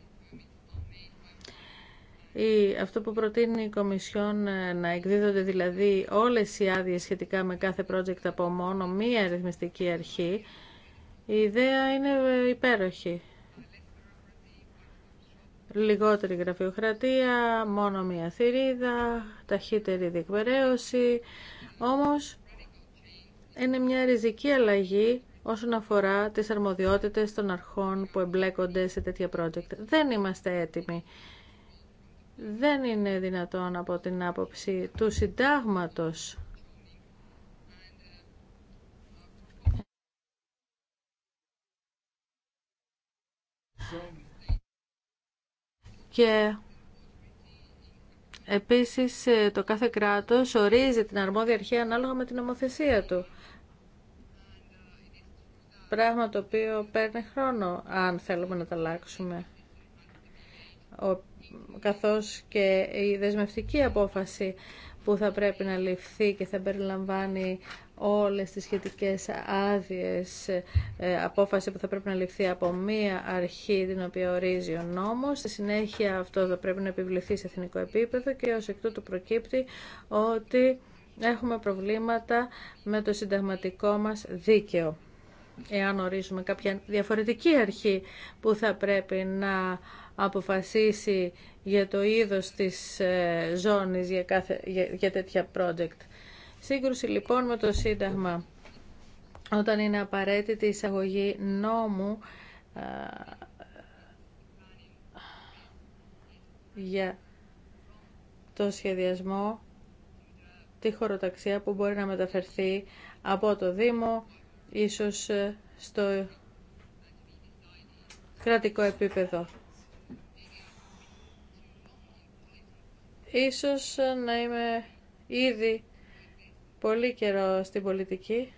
Η, αυτό που προτείνει η Κομισιόν ε, να εκδίδονται δηλαδή όλες οι άδειες σχετικά με κάθε project από μόνο μία ρυθμιστική αρχή, η ιδέα είναι ε, υπέροχη. Λιγότερη γραφειοκρατία, μόνο μία θηρίδα, ταχύτερη διεκπαιρέωση, όμως είναι μια ριζική αλλαγή όσον αφορά τις αρμοδιότητες των αρχών που εμπλέκονται σε τέτοια project. Δεν είμαστε έτοιμοι. Δεν είναι δυνατόν από την άποψη του συντάγματος και επίσης ε, το κάθε κράτος ορίζει την αρμόδια αρχή ανάλογα με την νομοθεσία του πράγμα το οποίο παίρνει χρόνο αν θέλουμε να τα αλλάξουμε. Ο, καθώς και η δεσμευτική απόφαση που θα πρέπει να ληφθεί και θα περιλαμβάνει όλες τις σχετικές άδειες ε, απόφαση που θα πρέπει να ληφθεί από μία αρχή την οποία ορίζει ο νόμος. Στη συνέχεια αυτό θα πρέπει να επιβληθεί σε εθνικό επίπεδο και ως εκ τούτου προκύπτει ότι έχουμε προβλήματα με το συνταγματικό μας δίκαιο εάν ορίζουμε κάποια διαφορετική αρχή που θα πρέπει να αποφασίσει για το είδος της ε, ζώνης για, κάθε, για, τέτοια project. Σύγκρουση λοιπόν με το Σύνταγμα. Όταν είναι απαραίτητη η εισαγωγή νόμου ε, για το σχεδιασμό, τη χωροταξία που μπορεί να μεταφερθεί από το Δήμο ίσως ε, στο κρατικό επίπεδο. Ίσως ε, να είμαι ήδη πολύ καιρό στην πολιτική.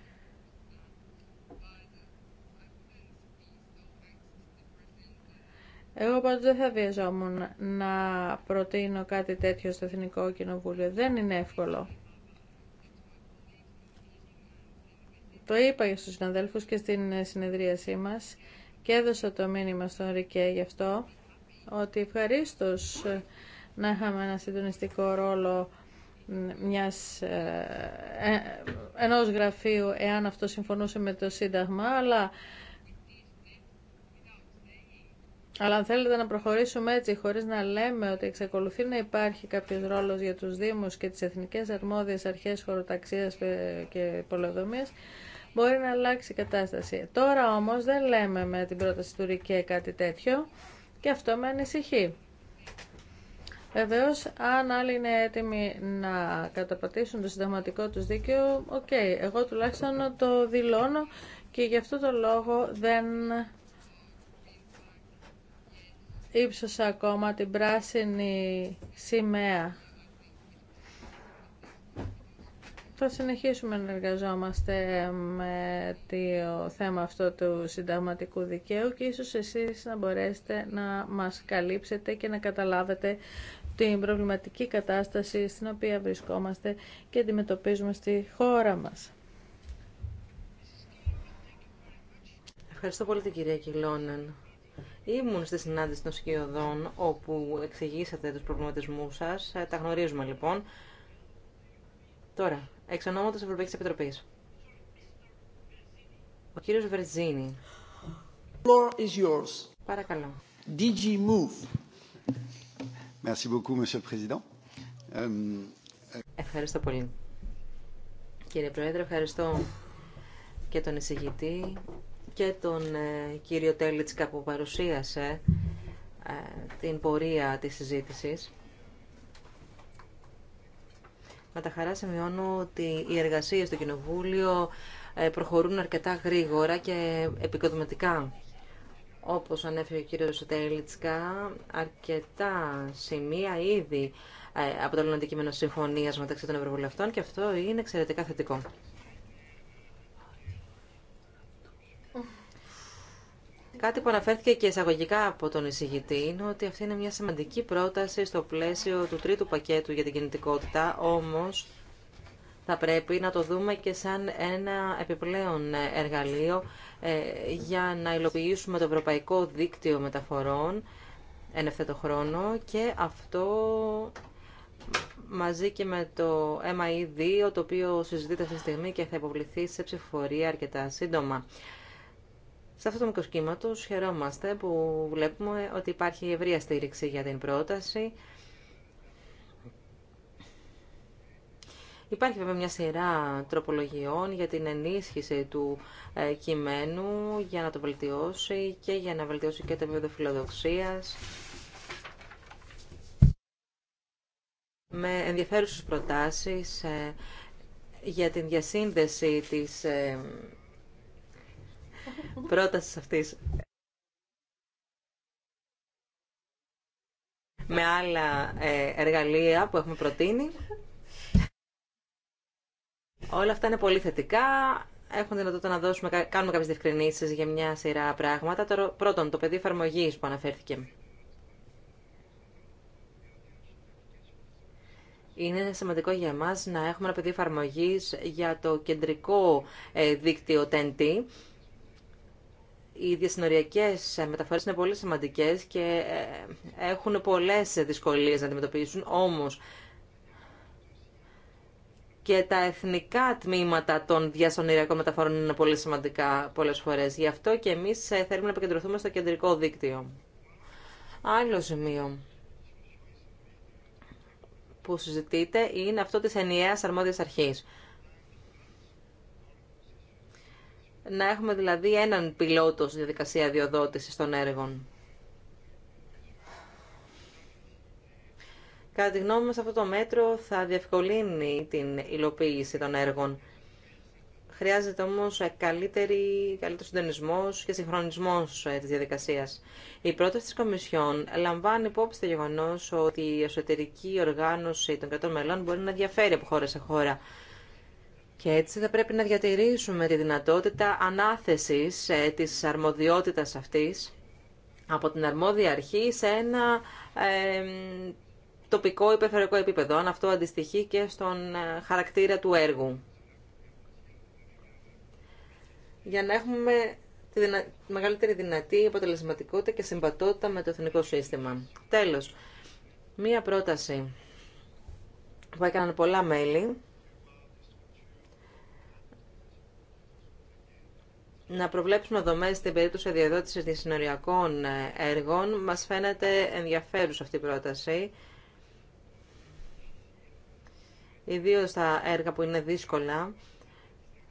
Εγώ πάντως δεν θα βιαζόμουν να προτείνω κάτι τέτοιο στο Εθνικό Κοινοβούλιο. Δεν είναι εύκολο. Το είπα στους συναδέλφους και στην ε, συνεδρίασή μας και έδωσα το μήνυμα στον Ρικέ γι' αυτό ότι ευχαρίστω ε, να είχαμε ένα συντονιστικό ρόλο μιας, ε, ενός γραφείου εάν αυτό συμφωνούσε με το Σύνταγμα αλλά αν θέλετε να προχωρήσουμε έτσι, χωρίς να λέμε ότι εξακολουθεί να υπάρχει κάποιος ρόλος για τους Δήμους και τις Εθνικές Αρμόδιες Αρχές Χωροταξίας και Πολεοδομίας, μπορεί να αλλάξει η κατάσταση. Τώρα όμως δεν λέμε με την πρόταση του ΡΙΚΕ κάτι τέτοιο και αυτό με ανησυχεί. Βεβαίω, αν άλλοι είναι έτοιμοι να καταπατήσουν το συνταγματικό τους δίκαιο, οκ, okay, εγώ τουλάχιστον το δηλώνω και γι' αυτό το λόγο δεν ύψωσα ακόμα την πράσινη σημαία Θα συνεχίσουμε να εργαζόμαστε με το θέμα αυτό του συνταγματικού δικαίου και ίσως εσείς να μπορέσετε να μας καλύψετε και να καταλάβετε την προβληματική κατάσταση στην οποία βρισκόμαστε και αντιμετωπίζουμε στη χώρα μας. Ευχαριστώ πολύ την κυρία Κιλόνεν. Ήμουν στη συνάντηση των σκιωδών όπου εξηγήσατε τους προβληματισμούς σας. Τα γνωρίζουμε λοιπόν. Τώρα, Εξ ονόματος Ευρωπαϊκής Επιτροπής. Ο κύριος Βερζίνη. Παρακαλώ. DG Move. Merci beaucoup, Monsieur le Ευχαριστώ πολύ. Κύριε Πρόεδρε, ευχαριστώ και τον εισηγητή και τον ε, κύριο Τέλιτσκα που παρουσίασε ε, την πορεία της συζήτησης. Με τα χαρά σημειώνω ότι οι εργασίες στο Κοινοβούλιο ε, προχωρούν αρκετά γρήγορα και επικοδομητικά. Όπως ανέφερε ο κύριος Τέλιτσκα, αρκετά σημεία ήδη ε, αποτελούν αντικείμενο συμφωνίας μεταξύ των Ευρωβουλευτών και αυτό είναι εξαιρετικά θετικό. Κάτι που αναφέρθηκε και εισαγωγικά από τον εισηγητή είναι ότι αυτή είναι μια σημαντική πρόταση στο πλαίσιο του τρίτου πακέτου για την κινητικότητα, όμως θα πρέπει να το δούμε και σαν ένα επιπλέον εργαλείο ε, για να υλοποιήσουμε το Ευρωπαϊκό Δίκτυο Μεταφορών εν ευθέτω χρόνο και αυτό μαζί και με το MIE2, το οποίο συζητείται αυτή τη στιγμή και θα υποβληθεί σε ψηφοφορία αρκετά σύντομα. Σε αυτό το μικρό χαιρόμαστε που βλέπουμε ότι υπάρχει ευρία στήριξη για την πρόταση. Υπάρχει βέβαια μια σειρά τροπολογιών για την ενίσχυση του ε, κειμένου, για να το βελτιώσει και για να βελτιώσει και το επίπεδο φιλοδοξίας. Με ενδιαφέρουσες προτάσεις ε, για την διασύνδεση της ε, πρόταση αυτή. με άλλα ε, εργαλεία που έχουμε προτείνει. Όλα αυτά είναι πολύ θετικά. Έχουν δυνατότητα να δώσουμε, κάνουμε κάποιε διευκρινήσει για μια σειρά πράγματα. Τώρα, πρώτον, το πεδίο εφαρμογή που αναφέρθηκε. Είναι σημαντικό για εμάς να έχουμε ένα πεδίο εφαρμογή για το κεντρικό ε, δίκτυο TNT, οι διασυνοριακές ε, μεταφορές είναι πολύ σημαντικές και ε, έχουν πολλές δυσκολίες να αντιμετωπίσουν, όμως και τα εθνικά τμήματα των διασυνοριακών μεταφορών είναι πολύ σημαντικά πολλές φορές. Γι' αυτό και εμείς ε, θέλουμε να επικεντρωθούμε στο κεντρικό δίκτυο. Άλλο σημείο που συζητείτε είναι αυτό της ενιαίας αρμόδιας αρχής. να έχουμε δηλαδή έναν πιλότο στη διαδικασία διοδότησης των έργων. Κατά τη γνώμη μας αυτό το μέτρο θα διευκολύνει την υλοποίηση των έργων. Χρειάζεται όμως καλύτερη, καλύτερο συντονισμός και συγχρονισμός ε, της διαδικασίας. Η πρόταση της Κομισιόν λαμβάνει υπόψη το γεγονός ότι η εσωτερική οργάνωση των κρατών μελών μπορεί να διαφέρει από χώρα σε χώρα. Και έτσι θα πρέπει να διατηρήσουμε τη δυνατότητα ανάθεσης ε, της αρμοδιότητας αυτής από την αρμόδια αρχή σε ένα τοπικό υπερφερειακό επίπεδο, αν αυτό αντιστοιχεί και στον ε, χαρακτήρα του έργου. Για να έχουμε τη μεγαλύτερη δυνατή αποτελεσματικότητα και συμβατότητα με το εθνικό σύστημα. Τέλος, μία πρόταση που έκαναν πολλά μέλη να προβλέψουμε δομέ στην περίπτωση διαδότησης διασυνοριακών ε, έργων. μα φαίνεται ενδιαφέρουσα αυτή η πρόταση. Ιδίω τα έργα που είναι δύσκολα,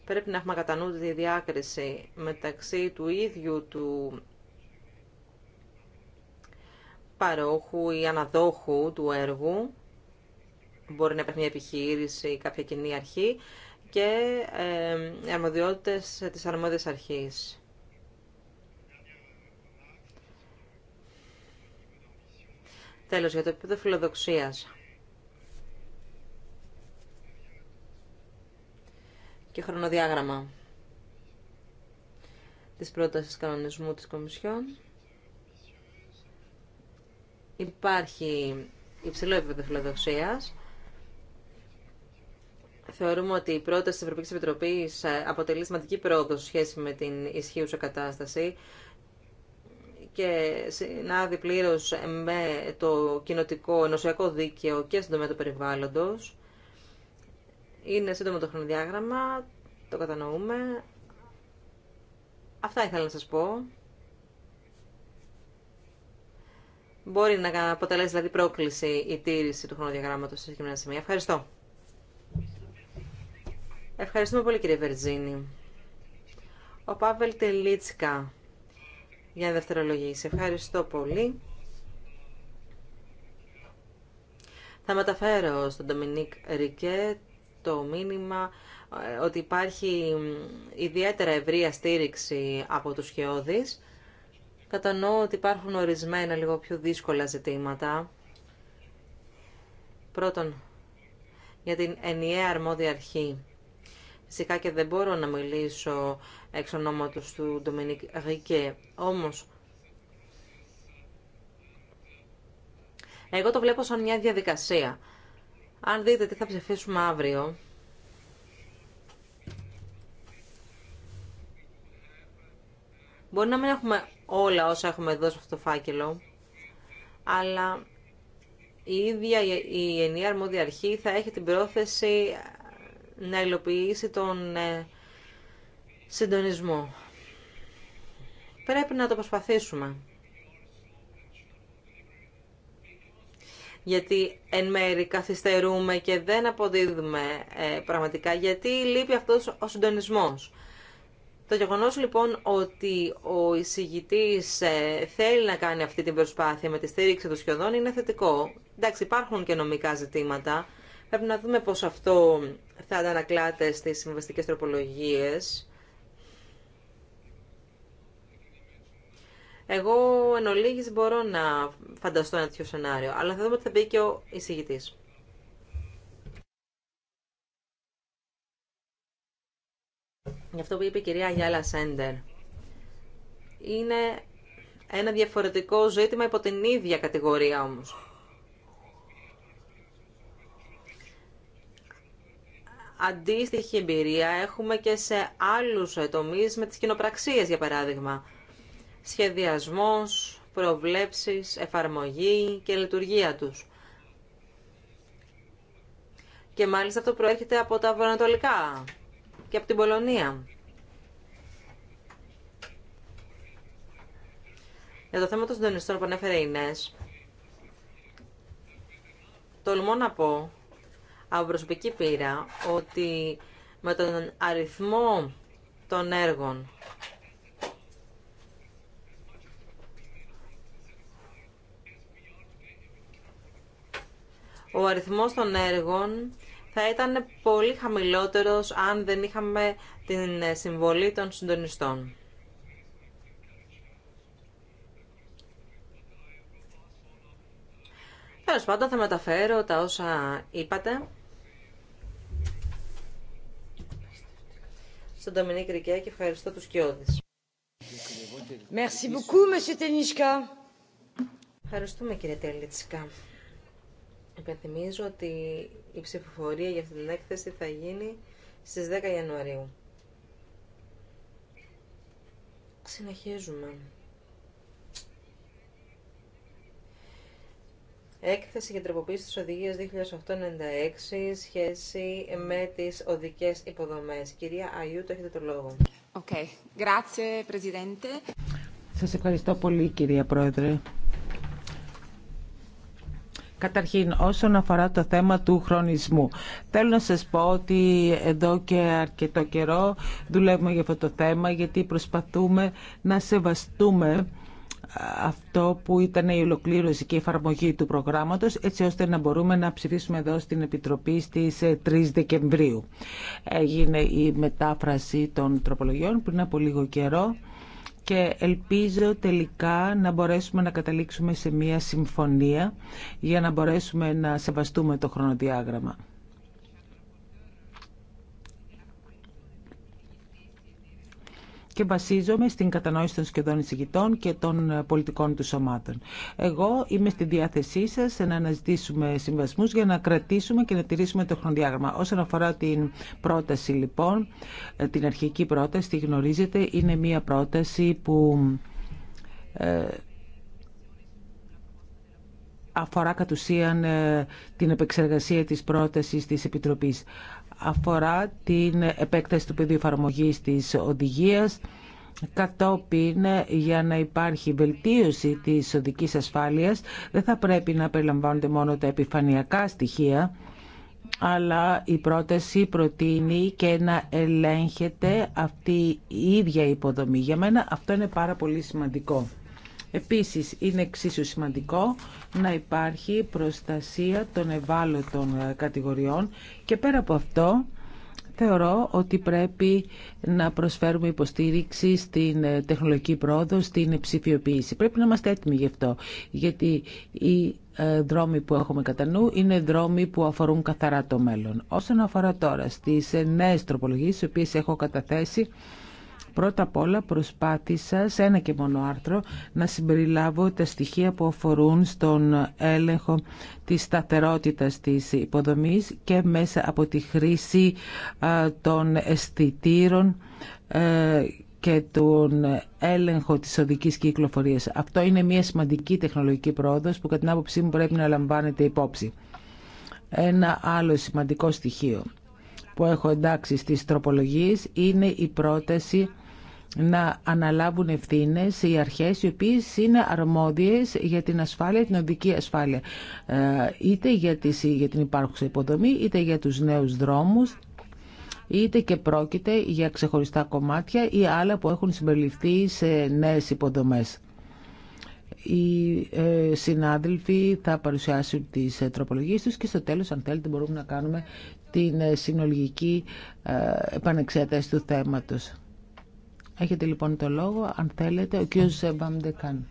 πρέπει να έχουμε κατά νου τη διάκριση μεταξύ του ίδιου του παρόχου ή αναδόχου του έργου, μπορεί να υπάρχει μια επιχείρηση ή κάποια κοινή αρχή, και ε, αρμοδιότητες της αρμόδιας αρχής. Τέλος, για το επίπεδο φιλοδοξίας. Και χρονοδιάγραμμα της πρότασης κανονισμού της Κομισιόν. Υπάρχει υψηλό επίπεδο φιλοδοξίας Θεωρούμε ότι η πρόταση τη Ευρωπαϊκή Επιτροπή ε, αποτελεί σημαντική πρόοδο σε σχέση με την ισχύουσα κατάσταση και συνάδει πλήρω με το κοινοτικό ενωσιακό δίκαιο και στον τομέα του περιβάλλοντο. Είναι σύντομο το χρονοδιάγραμμα, το κατανοούμε. Αυτά ήθελα να σας πω. Μπορεί να αποτελέσει δηλαδή πρόκληση η τήρηση του χρονοδιαγράμματος σε συγκεκριμένα σημεία. Ευχαριστώ. Ευχαριστούμε πολύ κύριε Βερτζίνη. Ο Πάβελ Τελίτσκα για δευτερολογήσει. Ευχαριστώ πολύ. Θα μεταφέρω στον Ντομινίκ Ρικέ το μήνυμα ε, ότι υπάρχει ιδιαίτερα ευρεία στήριξη από τους χεώδεις. Κατανοώ ότι υπάρχουν ορισμένα λίγο πιο δύσκολα ζητήματα. Πρώτον, για την ενιαία αρμόδια αρχή Φυσικά και δεν μπορώ να μιλήσω εξ ονόματος του Ντομινίκ Ρικέ. Όμως, εγώ το βλέπω σαν μια διαδικασία. Αν δείτε τι θα ψηφίσουμε αύριο, Μπορεί να μην έχουμε όλα όσα έχουμε εδώ σε αυτό το φάκελο, αλλά η ίδια η ενιαία αρμόδια αρχή θα έχει την πρόθεση να υλοποιήσει τον ε, συντονισμό. Πρέπει να το προσπαθήσουμε. γιατί εν μέρη καθυστερούμε και δεν αποδίδουμε ε, πραγματικά, γιατί λείπει αυτός ο συντονισμός. Το γεγονός λοιπόν ότι ο εισηγητής ε, θέλει να κάνει αυτή την προσπάθεια με τη στήριξη των σχεδών είναι θετικό. Εντάξει, υπάρχουν και νομικά ζητήματα, Πρέπει να δούμε πώς αυτό θα αντανακλάται στις συμβαστικές τροπολογίες. Εγώ εν ολίγης μπορώ να φανταστώ ένα τέτοιο σενάριο, αλλά θα δούμε τι θα πει και ο εισηγητής. Γι' αυτό που είπε η κυρία Γιάλα Σέντερ. Είναι ένα διαφορετικό ζήτημα υπό την ίδια κατηγορία όμως. αντίστοιχη εμπειρία έχουμε και σε άλλους τομείς με τις κοινοπραξίες, για παράδειγμα. Σχεδιασμός, προβλέψεις, εφαρμογή και λειτουργία τους. Και μάλιστα αυτό προέρχεται από τα βορειοανατολικά και από την Πολωνία. Για το θέμα των συντονιστών που ανέφερε η Νές, τολμώ να πω από προσωπική πείρα ότι με τον αριθμό των έργων ο αριθμός των έργων θα ήταν πολύ χαμηλότερος αν δεν είχαμε την συμβολή των συντονιστών. Τέλο πάντων θα μεταφέρω τα όσα είπατε. Στον Ντομινίκ Ρικέ και ευχαριστώ τους Κιώδη. Merci Ευχαριστούμε κύριε Τελίτσικα. Υπενθυμίζω ότι η ψηφοφορία για αυτή την έκθεση θα γίνει στις 10 Ιανουαρίου. Συνεχίζουμε. Έκθεση για τροποποίηση της οδηγίας 2008-96 σχέση με τις οδικές υποδομές. Κυρία το έχετε το λόγο. Okay. Σας ευχαριστώ πολύ, κυρία Πρόεδρε. Καταρχήν, όσον αφορά το θέμα του χρονισμού, θέλω να σας πω ότι εδώ και αρκετό καιρό δουλεύουμε για αυτό το θέμα, γιατί προσπαθούμε να σεβαστούμε αυτό που ήταν η ολοκλήρωση και η εφαρμογή του προγράμματος έτσι ώστε να μπορούμε να ψηφίσουμε εδώ στην Επιτροπή στις 3 ε, Δεκεμβρίου. Έγινε η μετάφραση των τροπολογιών πριν από λίγο καιρό και ελπίζω τελικά να μπορέσουμε να καταλήξουμε σε μια συμφωνία για να μπορέσουμε να σεβαστούμε το χρονοδιάγραμμα. και βασίζομαι στην κατανόηση των σχεδόν εισηγητών και των πολιτικών του σωμάτων. Εγώ είμαι στη διάθεσή σας να αναζητήσουμε συμβασμού για να κρατήσουμε και να τηρήσουμε το χρονοδιάγραμμα. Όσον αφορά την πρόταση λοιπόν, ε, την αρχική πρόταση, τη γνωρίζετε, είναι μια πρόταση που ε, αφορά κατ' ουσίαν ε, την επεξεργασία της πρότασης της Επιτροπής αφορά την επέκταση του πεδίου εφαρμογή της οδηγίας κατόπιν ε, για να υπάρχει βελτίωση της οδικής ασφάλειας δεν θα πρέπει να περιλαμβάνονται μόνο τα επιφανειακά στοιχεία αλλά η πρόταση προτείνει και να ελέγχεται αυτή η ίδια υποδομή. Για μένα αυτό είναι πάρα πολύ σημαντικό. Επίσης, είναι εξίσου σημαντικό να υπάρχει προστασία των ευάλωτων ε, κατηγοριών και πέρα από αυτό θεωρώ ότι πρέπει να προσφέρουμε υποστήριξη στην ε, τεχνολογική πρόοδο, στην ψηφιοποίηση. Πρέπει να είμαστε έτοιμοι γι' αυτό, γιατί οι ε, δρόμοι που έχουμε κατά νου είναι δρόμοι που αφορούν καθαρά το μέλλον. Όσον αφορά τώρα στις νέες τροπολογίες, τις οποίες έχω καταθέσει, Πρώτα απ' όλα προσπάθησα σε ένα και μόνο άρθρο να συμπεριλάβω τα στοιχεία που αφορούν στον έλεγχο της σταθερότητας της υποδομής και μέσα από τη χρήση των αισθητήρων ε, και τον έλεγχο της οδικής κυκλοφορίας. Αυτό είναι μια σημαντική τεχνολογική πρόοδος που κατά την άποψή μου πρέπει να λαμβάνεται υπόψη. Ένα άλλο σημαντικό στοιχείο που έχω εντάξει στις τροπολογίες είναι η πρόταση να αναλάβουν ευθύνε οι αρχέ, οι οποίε είναι αρμόδιες για την ασφάλεια, την οδική ασφάλεια. Ε, είτε για την υπάρχουσα υποδομή, είτε για τους νέους δρόμους, είτε και πρόκειται για ξεχωριστά κομμάτια ή άλλα που έχουν συμπεριληφθεί σε νέες υποδομές. Οι ε, συνάδελφοι θα παρουσιάσουν τις ε, τροπολογίες τους και στο τέλος, αν θέλετε, μπορούμε να κάνουμε την συνολική επανεξέταση του θέματος. Έχετε λοιπόν το λόγο, αν θέλετε, ο κύριος Δεκάν.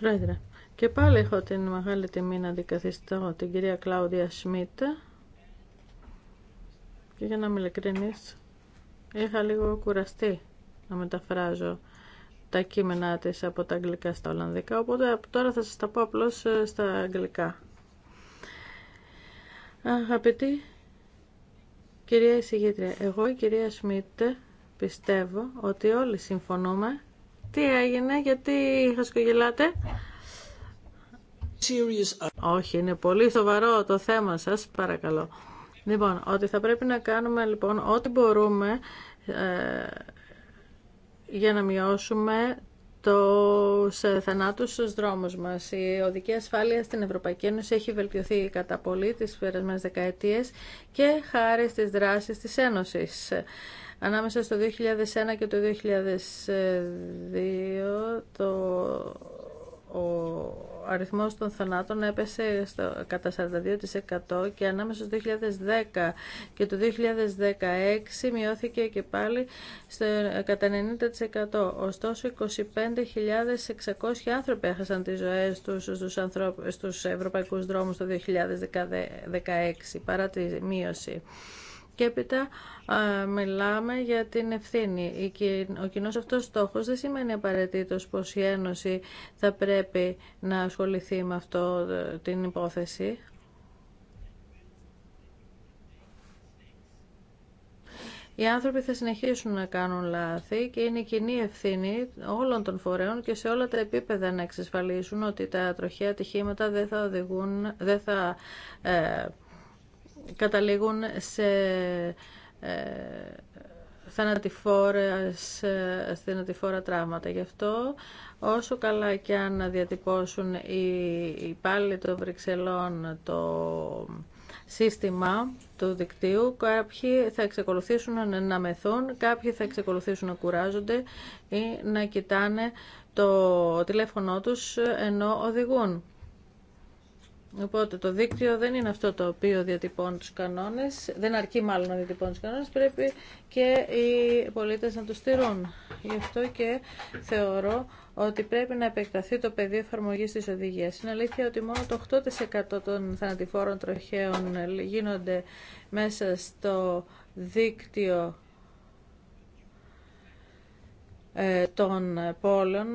Πρόεδρε, και πάλι έχω την μεγάλη τιμή να αντικαθιστώ την κυρία Κλάουδια Σμίτ. Και για να είμαι ειλικρινής, είχα λίγο κουραστεί να μεταφράζω τα κείμενά της από τα αγγλικά στα ολλανδικά, οπότε τώρα θα σας τα πω απλώς ε, στα αγγλικά. Αγαπητοί, κυρία εισηγήτρια, εγώ η κυρία Σμίτ Πιστεύω ότι όλοι συμφωνούμε. Τι έγινε, γιατί χασκογελάτε. Serious. Όχι, είναι πολύ σοβαρό το θέμα σας, παρακαλώ. Λοιπόν, ότι θα πρέπει να κάνουμε λοιπόν ό,τι μπορούμε ε, για να μειώσουμε το θανάτους στους δρόμους μας. Η οδική ασφάλεια στην Ευρωπαϊκή Ένωση έχει βελτιωθεί κατά πολύ τις περασμένες δεκαετίες και χάρη στις δράσεις της Ένωσης. Ανάμεσα στο 2001 και το 2002 το, ο αριθμός των θανάτων έπεσε στο, κατά 42% και ανάμεσα στο 2010 και το 2016 μειώθηκε και πάλι στο, κατά 90%. Ωστόσο 25.600 άνθρωποι έχασαν τις ζωές τους στους, ανθρώπ, στους ευρωπαϊκούς δρόμους το 2016 παρά τη μείωση και έπειτα μιλάμε για την ευθύνη. Ο κοινό αυτό στόχος δεν σημαίνει απαραίτητο πως η Ένωση θα πρέπει να ασχοληθεί με αυτό ε, την υπόθεση. Οι άνθρωποι θα συνεχίσουν να κάνουν λάθη και είναι κοινή ευθύνη όλων των φορέων και σε όλα τα επίπεδα να εξασφαλίσουν ότι τα τροχαία ατυχήματα δεν θα οδηγούν, δεν θα ε, καταλήγουν σε ε, θανατηφόρες, ε, θανατηφόρα τραύματα. Γι' αυτό όσο καλά και αν διατυπώσουν οι υπάλληλοι των Βρυξελών το σύστημα του δικτύου, κάποιοι θα εξακολουθήσουν να μεθούν, κάποιοι θα εξακολουθήσουν να κουράζονται ή να κοιτάνε το τηλέφωνό τους ενώ οδηγούν. Οπότε το δίκτυο δεν είναι αυτό το οποίο διατυπώνει τους κανόνες, δεν αρκεί μάλλον να διατυπώνει τους κανόνες, πρέπει και οι πολίτες να τους στηρούν. Γι' αυτό και θεωρώ ότι πρέπει να επεκταθεί το πεδίο εφαρμογή τη οδηγία. Είναι αλήθεια ότι μόνο το 8% των θανατηφόρων τροχαίων γίνονται μέσα στο δίκτυο ε, των πόλεων,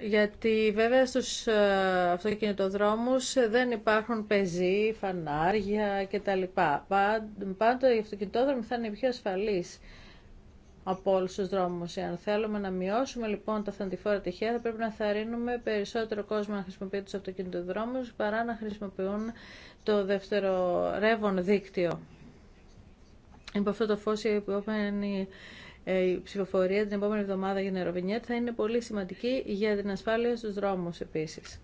γιατί βέβαια στους ε, αυτοκινητοδρόμους δεν υπάρχουν πεζοί, φανάρια κτλ. Πάντοτε οι αυτοκινητόδρομοι θα είναι πιο ασφαλείς από όλου του δρόμου. Εάν θέλουμε να μειώσουμε λοιπόν τα θανατηφόρα τυχαία, θα πρέπει να θαρρύνουμε περισσότερο κόσμο να χρησιμοποιεί του αυτοκινητοδρόμου παρά να χρησιμοποιούν το δεύτερο ρεύον δίκτυο. Υπό αυτό το φως η επόμενη ε, η ψηφοφορία την επόμενη εβδομάδα για την Ευρωβινιέτ θα είναι πολύ σημαντική για την ασφάλεια στους δρόμους επίσης.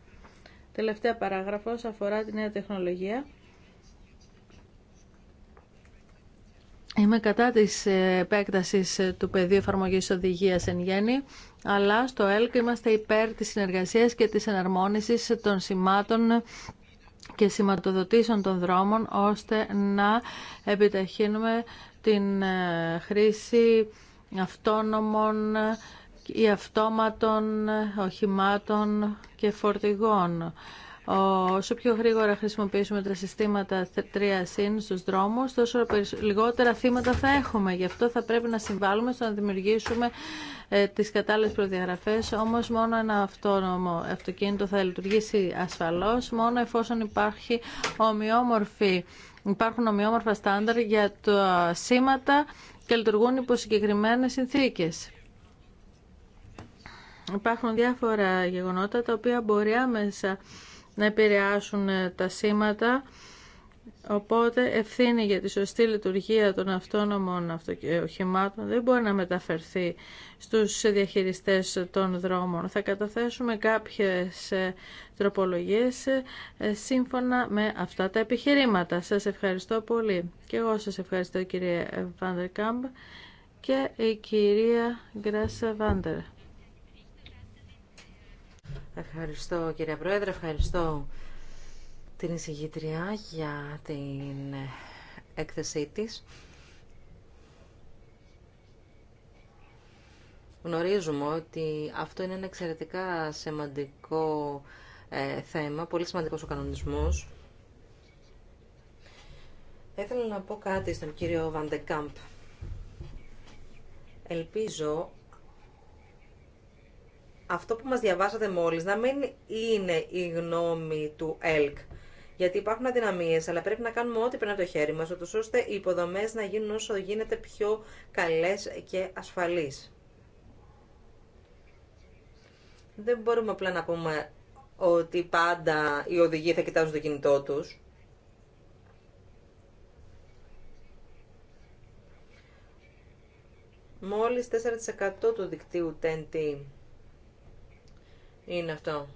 Τελευταία παράγραφος αφορά τη νέα τεχνολογία. Είμαι κατά της επέκτασης του πεδίου εφαρμογής οδηγίας εν γέννη, αλλά στο ΕΛΚ είμαστε υπέρ της συνεργασίας και της εναρμόνισης των σημάτων και σηματοδοτήσεων των δρόμων, ώστε να επιταχύνουμε την ε, χρήση αυτόνομων ή αυτόματων οχημάτων και φορτηγών. Όσο πιο γρήγορα χρησιμοποιήσουμε τα συστήματα 3SIN στους δρόμους, τόσο λιγότερα θύματα θα έχουμε. Γι' αυτό θα πρέπει να συμβάλλουμε στο να δημιουργήσουμε ε, τις κατάλληλες προδιαγραφές. Όμως μόνο ένα αυτόνομο αυτοκίνητο θα λειτουργήσει ασφαλώς, μόνο εφόσον υπάρχει ομοιόμορφη Υπάρχουν ομοιόμορφα στάνταρ για τα σήματα και λειτουργούν υπό συγκεκριμένε συνθήκε. Υπάρχουν διάφορα γεγονότα τα οποία μπορεί άμεσα να επηρεάσουν ε, τα σήματα Οπότε ευθύνη για τη σωστή λειτουργία των αυτόνομων ε, οχημάτων δεν μπορεί να μεταφερθεί στους διαχειριστές των δρόμων. Θα καταθέσουμε κάποιες ε, τροπολογίες ε, σύμφωνα με αυτά τα επιχειρήματα. Σας ευχαριστώ πολύ. Και εγώ σας ευχαριστώ κύριε Κάμπ και η κυρία Γκράσα Βάντερ. Ευχαριστώ κύριε Πρόεδρε, ευχαριστώ την εισηγήτρια για την έκθεσή της. Γνωρίζουμε ότι αυτό είναι ένα εξαιρετικά σημαντικό ε, θέμα, πολύ σημαντικός ο κανονισμός. Θα ήθελα να πω κάτι στον κύριο Βαντεκάμπ. Ελπίζω αυτό που μας διαβάσατε μόλις να μην είναι η γνώμη του ΕΛΚ γιατί υπάρχουν αδυναμίες, αλλά πρέπει να κάνουμε ό,τι περνάει από το χέρι μας, ώστε οι υποδομές να γίνουν όσο γίνεται πιο καλές και ασφαλείς. Δεν μπορούμε απλά να πούμε ότι πάντα οι οδηγοί θα κοιτάζουν το κινητό τους. Μόλις 4% του δικτύου TNT είναι αυτό.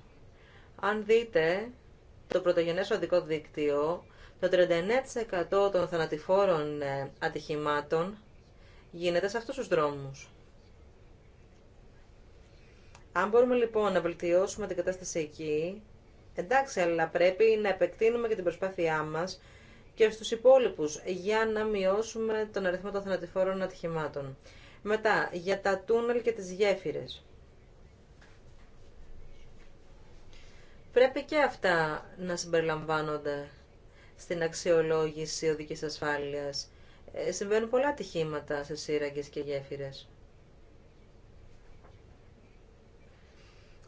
Αν δείτε το πρωτογενές οδικό δίκτυο, το 39% των θανατηφόρων ε, ατυχημάτων γίνεται σε αυτούς τους δρόμους. Αν μπορούμε λοιπόν να βελτιώσουμε την κατάσταση εκεί, εντάξει, αλλά πρέπει να επεκτείνουμε και την προσπάθειά μας και στους υπόλοιπους για να μειώσουμε τον αριθμό των θανατηφόρων ατυχημάτων. Μετά, για τα τούνελ και τις γέφυρες. πρέπει και αυτά να συμπεριλαμβάνονται στην αξιολόγηση οδικής ασφάλειας. Ε, συμβαίνουν πολλά ατυχήματα σε σύραγγες και γέφυρες.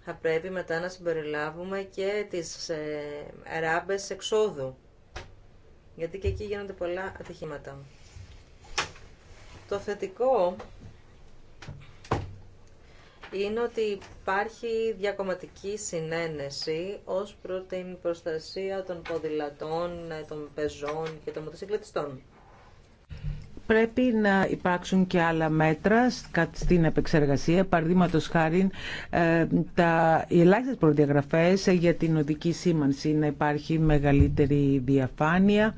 Θα πρέπει μετά να συμπεριλάβουμε και τις ε, εξόδου, γιατί και εκεί γίνονται πολλά ατυχήματα. Το θετικό είναι ότι υπάρχει διακομματική συνένεση ως προς την προστασία των ποδηλατών, ε, των πεζών και των μοτοσυκλετιστών. Πρέπει να υπάρξουν και άλλα μέτρα στην επεξεργασία, παραδείγματο χάρη ε, τα, οι ελάχιστε προδιαγραφές για την οδική σήμανση, να υπάρχει μεγαλύτερη διαφάνεια.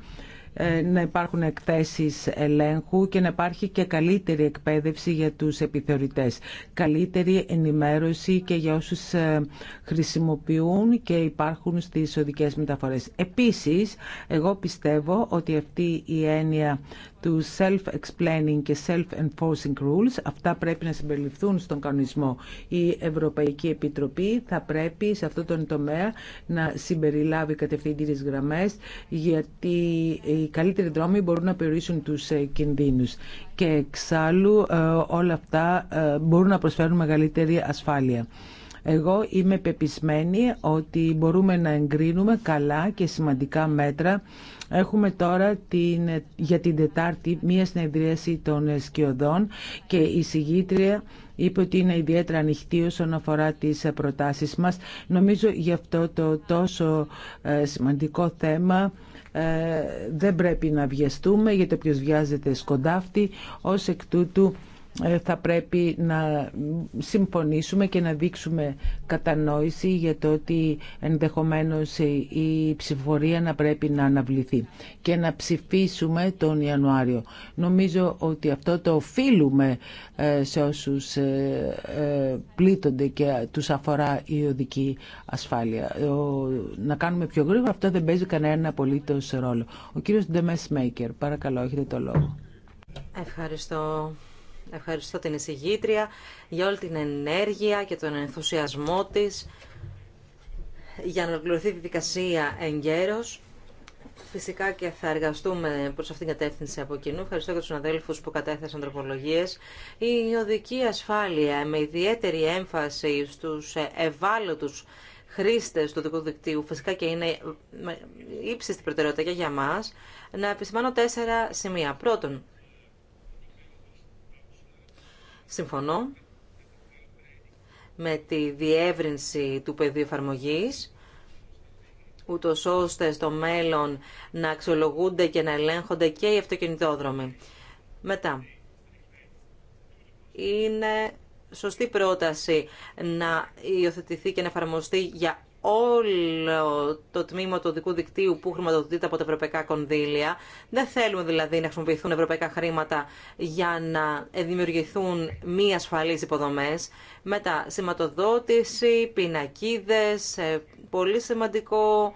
Ε, να υπάρχουν εκθέσεις ελέγχου και να υπάρχει και καλύτερη εκπαίδευση για τους επιθεωρητές. Καλύτερη ενημέρωση και για όσους ε, χρησιμοποιούν και υπάρχουν στις οδικές μεταφορές. Επίσης, εγώ πιστεύω ότι αυτή η έννοια του self-explaining και self-enforcing rules, αυτά πρέπει να συμπεριληφθούν στον κανονισμό. Η Ευρωπαϊκή Επιτροπή θα πρέπει σε αυτόν τον τομέα να συμπεριλάβει κατευθυντήριες γραμμές γιατί οι καλύτεροι δρόμοι μπορούν να περιορίσουν τους ε, κινδύνους. Και εξάλλου ε, όλα αυτά ε, μπορούν να προσφέρουν μεγαλύτερη ασφάλεια. Εγώ είμαι πεπισμένη ότι μπορούμε να εγκρίνουμε καλά και σημαντικά μέτρα. Έχουμε τώρα την, για την Τετάρτη μία συνεδρίαση των σκιωδών και η συγγήτρια είπε ότι είναι ιδιαίτερα ανοιχτή όσον αφορά τις προτάσεις μας. Νομίζω γι' αυτό το τόσο σημαντικό θέμα ε, δεν πρέπει να βιαστούμε γιατί όποιος βιάζεται σκοντάφτει ως εκ τούτου ε, θα πρέπει να συμφωνήσουμε και να δείξουμε κατανόηση για το ότι ενδεχομένως η ψηφορία να πρέπει να αναβληθεί και να ψηφίσουμε τον Ιανουάριο. Νομίζω ότι αυτό το οφείλουμε ε, σε όσους ε, πλήττονται και τους αφορά η οδική ασφάλεια. Να κάνουμε πιο γρήγορα, αυτό δεν παίζει κανένα απολύτως ρόλο. Ο κύριος Ντεμεσ Μέικερ, παρακαλώ, έχετε το λόγο. Ευχαριστώ. Ευχαριστώ την εισηγήτρια για όλη την ενέργεια και τον ενθουσιασμό της για να ολοκληρωθεί η εν εγκαίρως. Φυσικά και θα εργαστούμε προς αυτήν την κατεύθυνση από κοινού. Ευχαριστώ και τους αδέλφους που κατέθεσαν τροπολογίες. Η οδική ασφάλεια με ιδιαίτερη έμφαση στους ευάλωτους χρήστε του δικού δικτύου, φυσικά και είναι ύψιστη προτεραιότητα και για μα. να επισημάνω τέσσερα σημεία. Πρώτον, Συμφωνώ με τη διεύρυνση του πεδίου εφαρμογή, ούτως ώστε στο μέλλον να αξιολογούνται και να ελέγχονται και οι αυτοκινητόδρομοι. Μετά, είναι σωστή πρόταση να υιοθετηθεί και να εφαρμοστεί για όλο το τμήμα του οδικού δικτύου που χρηματοδοτείται από τα ευρωπαϊκά κονδύλια. Δεν θέλουμε δηλαδή να χρησιμοποιηθούν ευρωπαϊκά χρήματα για να δημιουργηθούν μη ασφαλείς υποδομές. Μετά, σηματοδότηση, πινακίδες, ε, πολύ σημαντικό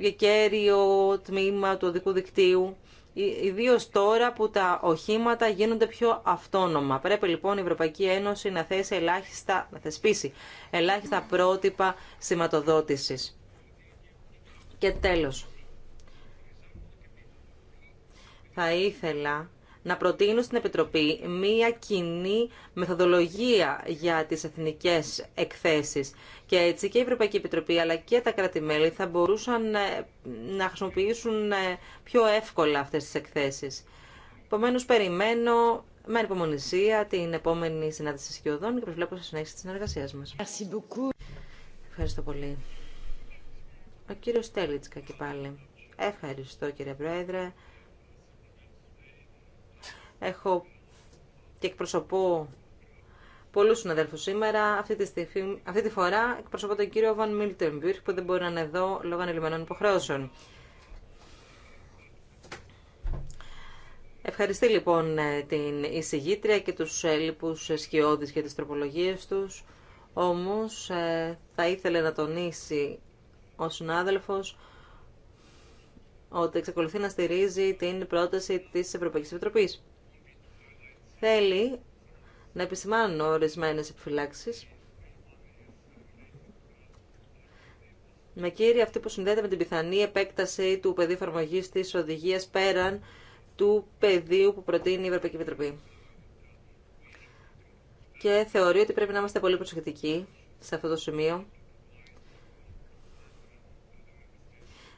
και ε, κέριο τμήμα του οδικού δικτύου. Ε, ιδίω τώρα που τα οχήματα γίνονται πιο αυτόνομα. Πρέπει λοιπόν η Ευρωπαϊκή Ένωση να, θέσει ελάχιστα, να θεσπίσει ελάχιστα πρότυπα σηματοδότησης. Και τέλος, θα ήθελα να προτείνουν στην Επιτροπή μία κοινή μεθοδολογία για τις εθνικές εκθέσεις. Και έτσι και η Ευρωπαϊκή Επιτροπή αλλά και τα κράτη-μέλη θα μπορούσαν ε, να χρησιμοποιήσουν ε, πιο εύκολα αυτές τις εκθέσεις. Επομένω, περιμένω με ανυπομονησία την επόμενη συνάντηση σκιωδών και προσβλέπω σε συνέχιση της συνεργασίας μας. Ευχαριστώ πολύ. Ο κύριος Στέλιτσκα και πάλι. Ευχαριστώ κύριε Πρόεδρε. Έχω και εκπροσωπώ πολλούς συναδέλφους σήμερα. Αυτή τη, στιγμή, αυτή τη φορά εκπροσωπώ τον κύριο Βαν Μίλτεμπιουρ που δεν μπορεί να είναι εδώ λόγω ανελειμμένων υποχρεώσεων. Ευχαριστεί λοιπόν ε, την εισηγήτρια και τους λοιπούς σκιώδεις για τις τροπολογίες τους. Όμως ε, θα ήθελε να τονίσει ο συνάδελφος ότι εξακολουθεί να στηρίζει την πρόταση της Ευρωπαϊκής Επιτροπής θέλει να επισημάνουν ορισμένες επιφυλάξεις. Με κύρια αυτή που συνδέεται με την πιθανή επέκταση του πεδίου εφαρμογή τη οδηγία πέραν του πεδίου που προτείνει η Ευρωπαϊκή Επιτροπή. Και θεωρεί ότι πρέπει να είμαστε πολύ προσεκτικοί σε αυτό το σημείο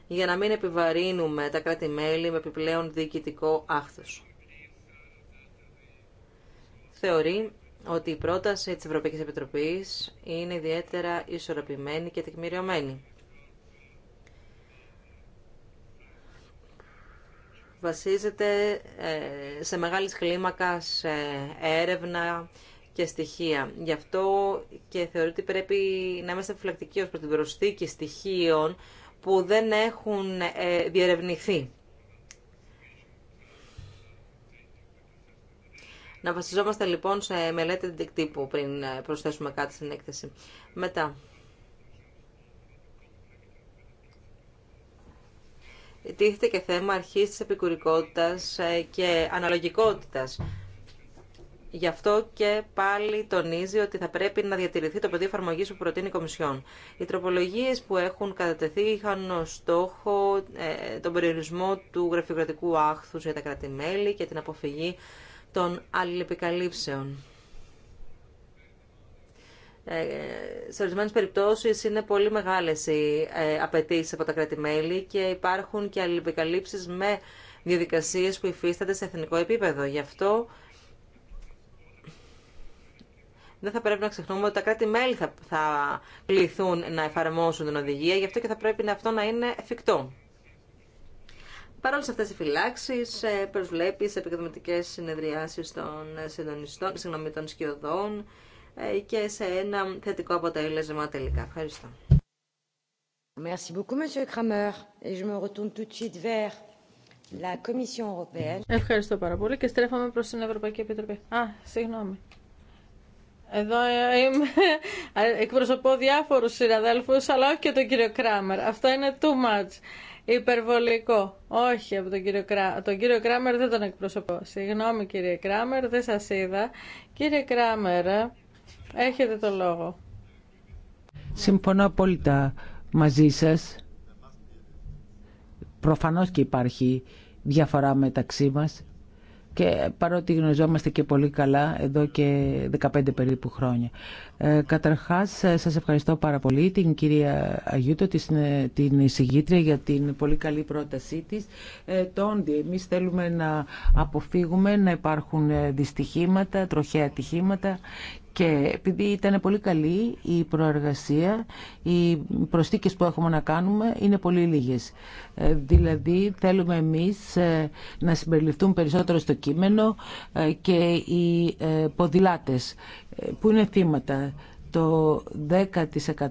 για να μην επιβαρύνουμε τα κράτη-μέλη με επιπλέον διοικητικό άχθος θεωρεί ότι η πρόταση της Ευρωπαϊκής Επιτροπής είναι ιδιαίτερα ισορροπημένη και τεκμηριωμένη. Βασίζεται ε, σε μεγάλης κλίμακα έρευνα και στοιχεία. Γι' αυτό και θεωρεί ότι πρέπει να είμαστε φυλακτικοί ως προς την προσθήκη στοιχείων που δεν έχουν ε, διερευνηθεί. Να βασιζόμαστε λοιπόν σε μελέτη τυπού πριν ε, προσθέσουμε κάτι στην έκθεση. Μετά. Τίθεται και θέμα αρχής της επικουρικότητας ε, και αναλογικότητας. Γι' αυτό και πάλι τονίζει ότι θα πρέπει να διατηρηθεί το πεδίο εφαρμογή που προτείνει η Κομισιόν. Οι τροπολογίε που έχουν κατατεθεί είχαν ως στόχο ε, τον περιορισμό του γραφειοκρατικού άχθου για τα κράτη-μέλη και την αποφυγή των αλληλεπικαλύψεων. Ε, σε ορισμένε περιπτώσει είναι πολύ μεγάλε οι ε, απαιτήσει από τα κράτη-μέλη και υπάρχουν και αλληλεπικαλύψει με διαδικασίε που υφίστανται σε εθνικό επίπεδο. Γι' αυτό δεν θα πρέπει να ξεχνούμε ότι τα κράτη-μέλη θα, θα να εφαρμόσουν την οδηγία, γι' αυτό και θα πρέπει αυτό να είναι εφικτό. Παρόλε αυτέ οι φυλάξει, ε, προσβλέπει σε επικοινωνικέ συνεδριάσει των συντονιστών, συγγνώμη, των σκιωδών ε, και σε ένα θετικό αποτέλεσμα τελικά. Ευχαριστώ. Merci beaucoup, Monsieur Kramer. Et je me retourne tout de suite vers la Commission européenne. Ευχαριστώ πάρα πολύ και στρέφαμε προς την Ευρωπαϊκή Επιτροπή. Α, συγγνώμη. Εδώ ε, είμαι, εκπροσωπώ διάφορους συναδέλφους, αλλά όχι και τον κύριο Κράμερ. Αυτό είναι too much. Υπερβολικό. Όχι, από τον κύριο, τον κύριο Κράμερ δεν τον εκπροσωπώ. Συγγνώμη κύριε Κράμερ, δεν σας είδα. Κύριε Κράμερ, έχετε το λόγο. Συμφωνώ απόλυτα μαζί σας. Προφανώς και υπάρχει διαφορά μεταξύ μας και παρότι γνωριζόμαστε και πολύ καλά εδώ και 15 περίπου χρόνια. Ε, καταρχάς, ε, σας ευχαριστώ πάρα πολύ την κυρία Αγιούτο, ε, την εισηγήτρια για την πολύ καλή πρότασή της. Ε, το εμείς θέλουμε να αποφύγουμε να υπάρχουν ε, δυστυχήματα, τροχαία ατυχήματα και επειδή ήταν πολύ καλή η προεργασία, οι προσθήκες που έχουμε να κάνουμε είναι πολύ λίγες. Ε, δηλαδή θέλουμε εμείς ε, να συμπεριληφθούν περισσότερο στο κείμενο ε, και οι ποδηλάτες που είναι θύματα το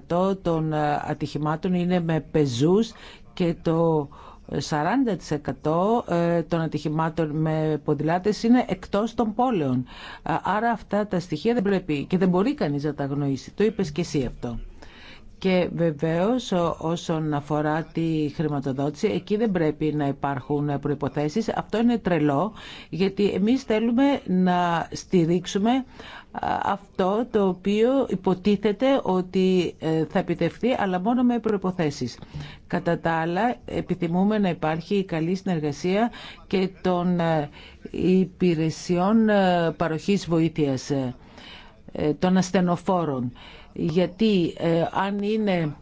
10% των ατυχημάτων είναι με πεζούς και το 40% ε, των ατυχημάτων με ποδηλάτες είναι εκτός των πόλεων. Άρα αυτά τα στοιχεία δεν πρέπει και δεν μπορεί κανείς να τα αγνοήσει. Το είπες και εσύ αυτό. Και βεβαίως όσον αφορά τη χρηματοδότηση, εκεί δεν πρέπει να υπάρχουν προϋποθέσεις. Αυτό είναι τρελό, γιατί εμείς θέλουμε να στηρίξουμε αυτό το οποίο υποτίθεται ότι ε, θα επιτευχθεί, αλλά μόνο με προϋποθέσεις. Κατά τα άλλα, επιθυμούμε να υπάρχει καλή συνεργασία και των ε, υπηρεσιών ε, παροχής βοήθειας των ασθενοφόρων γιατί ε, αν είναι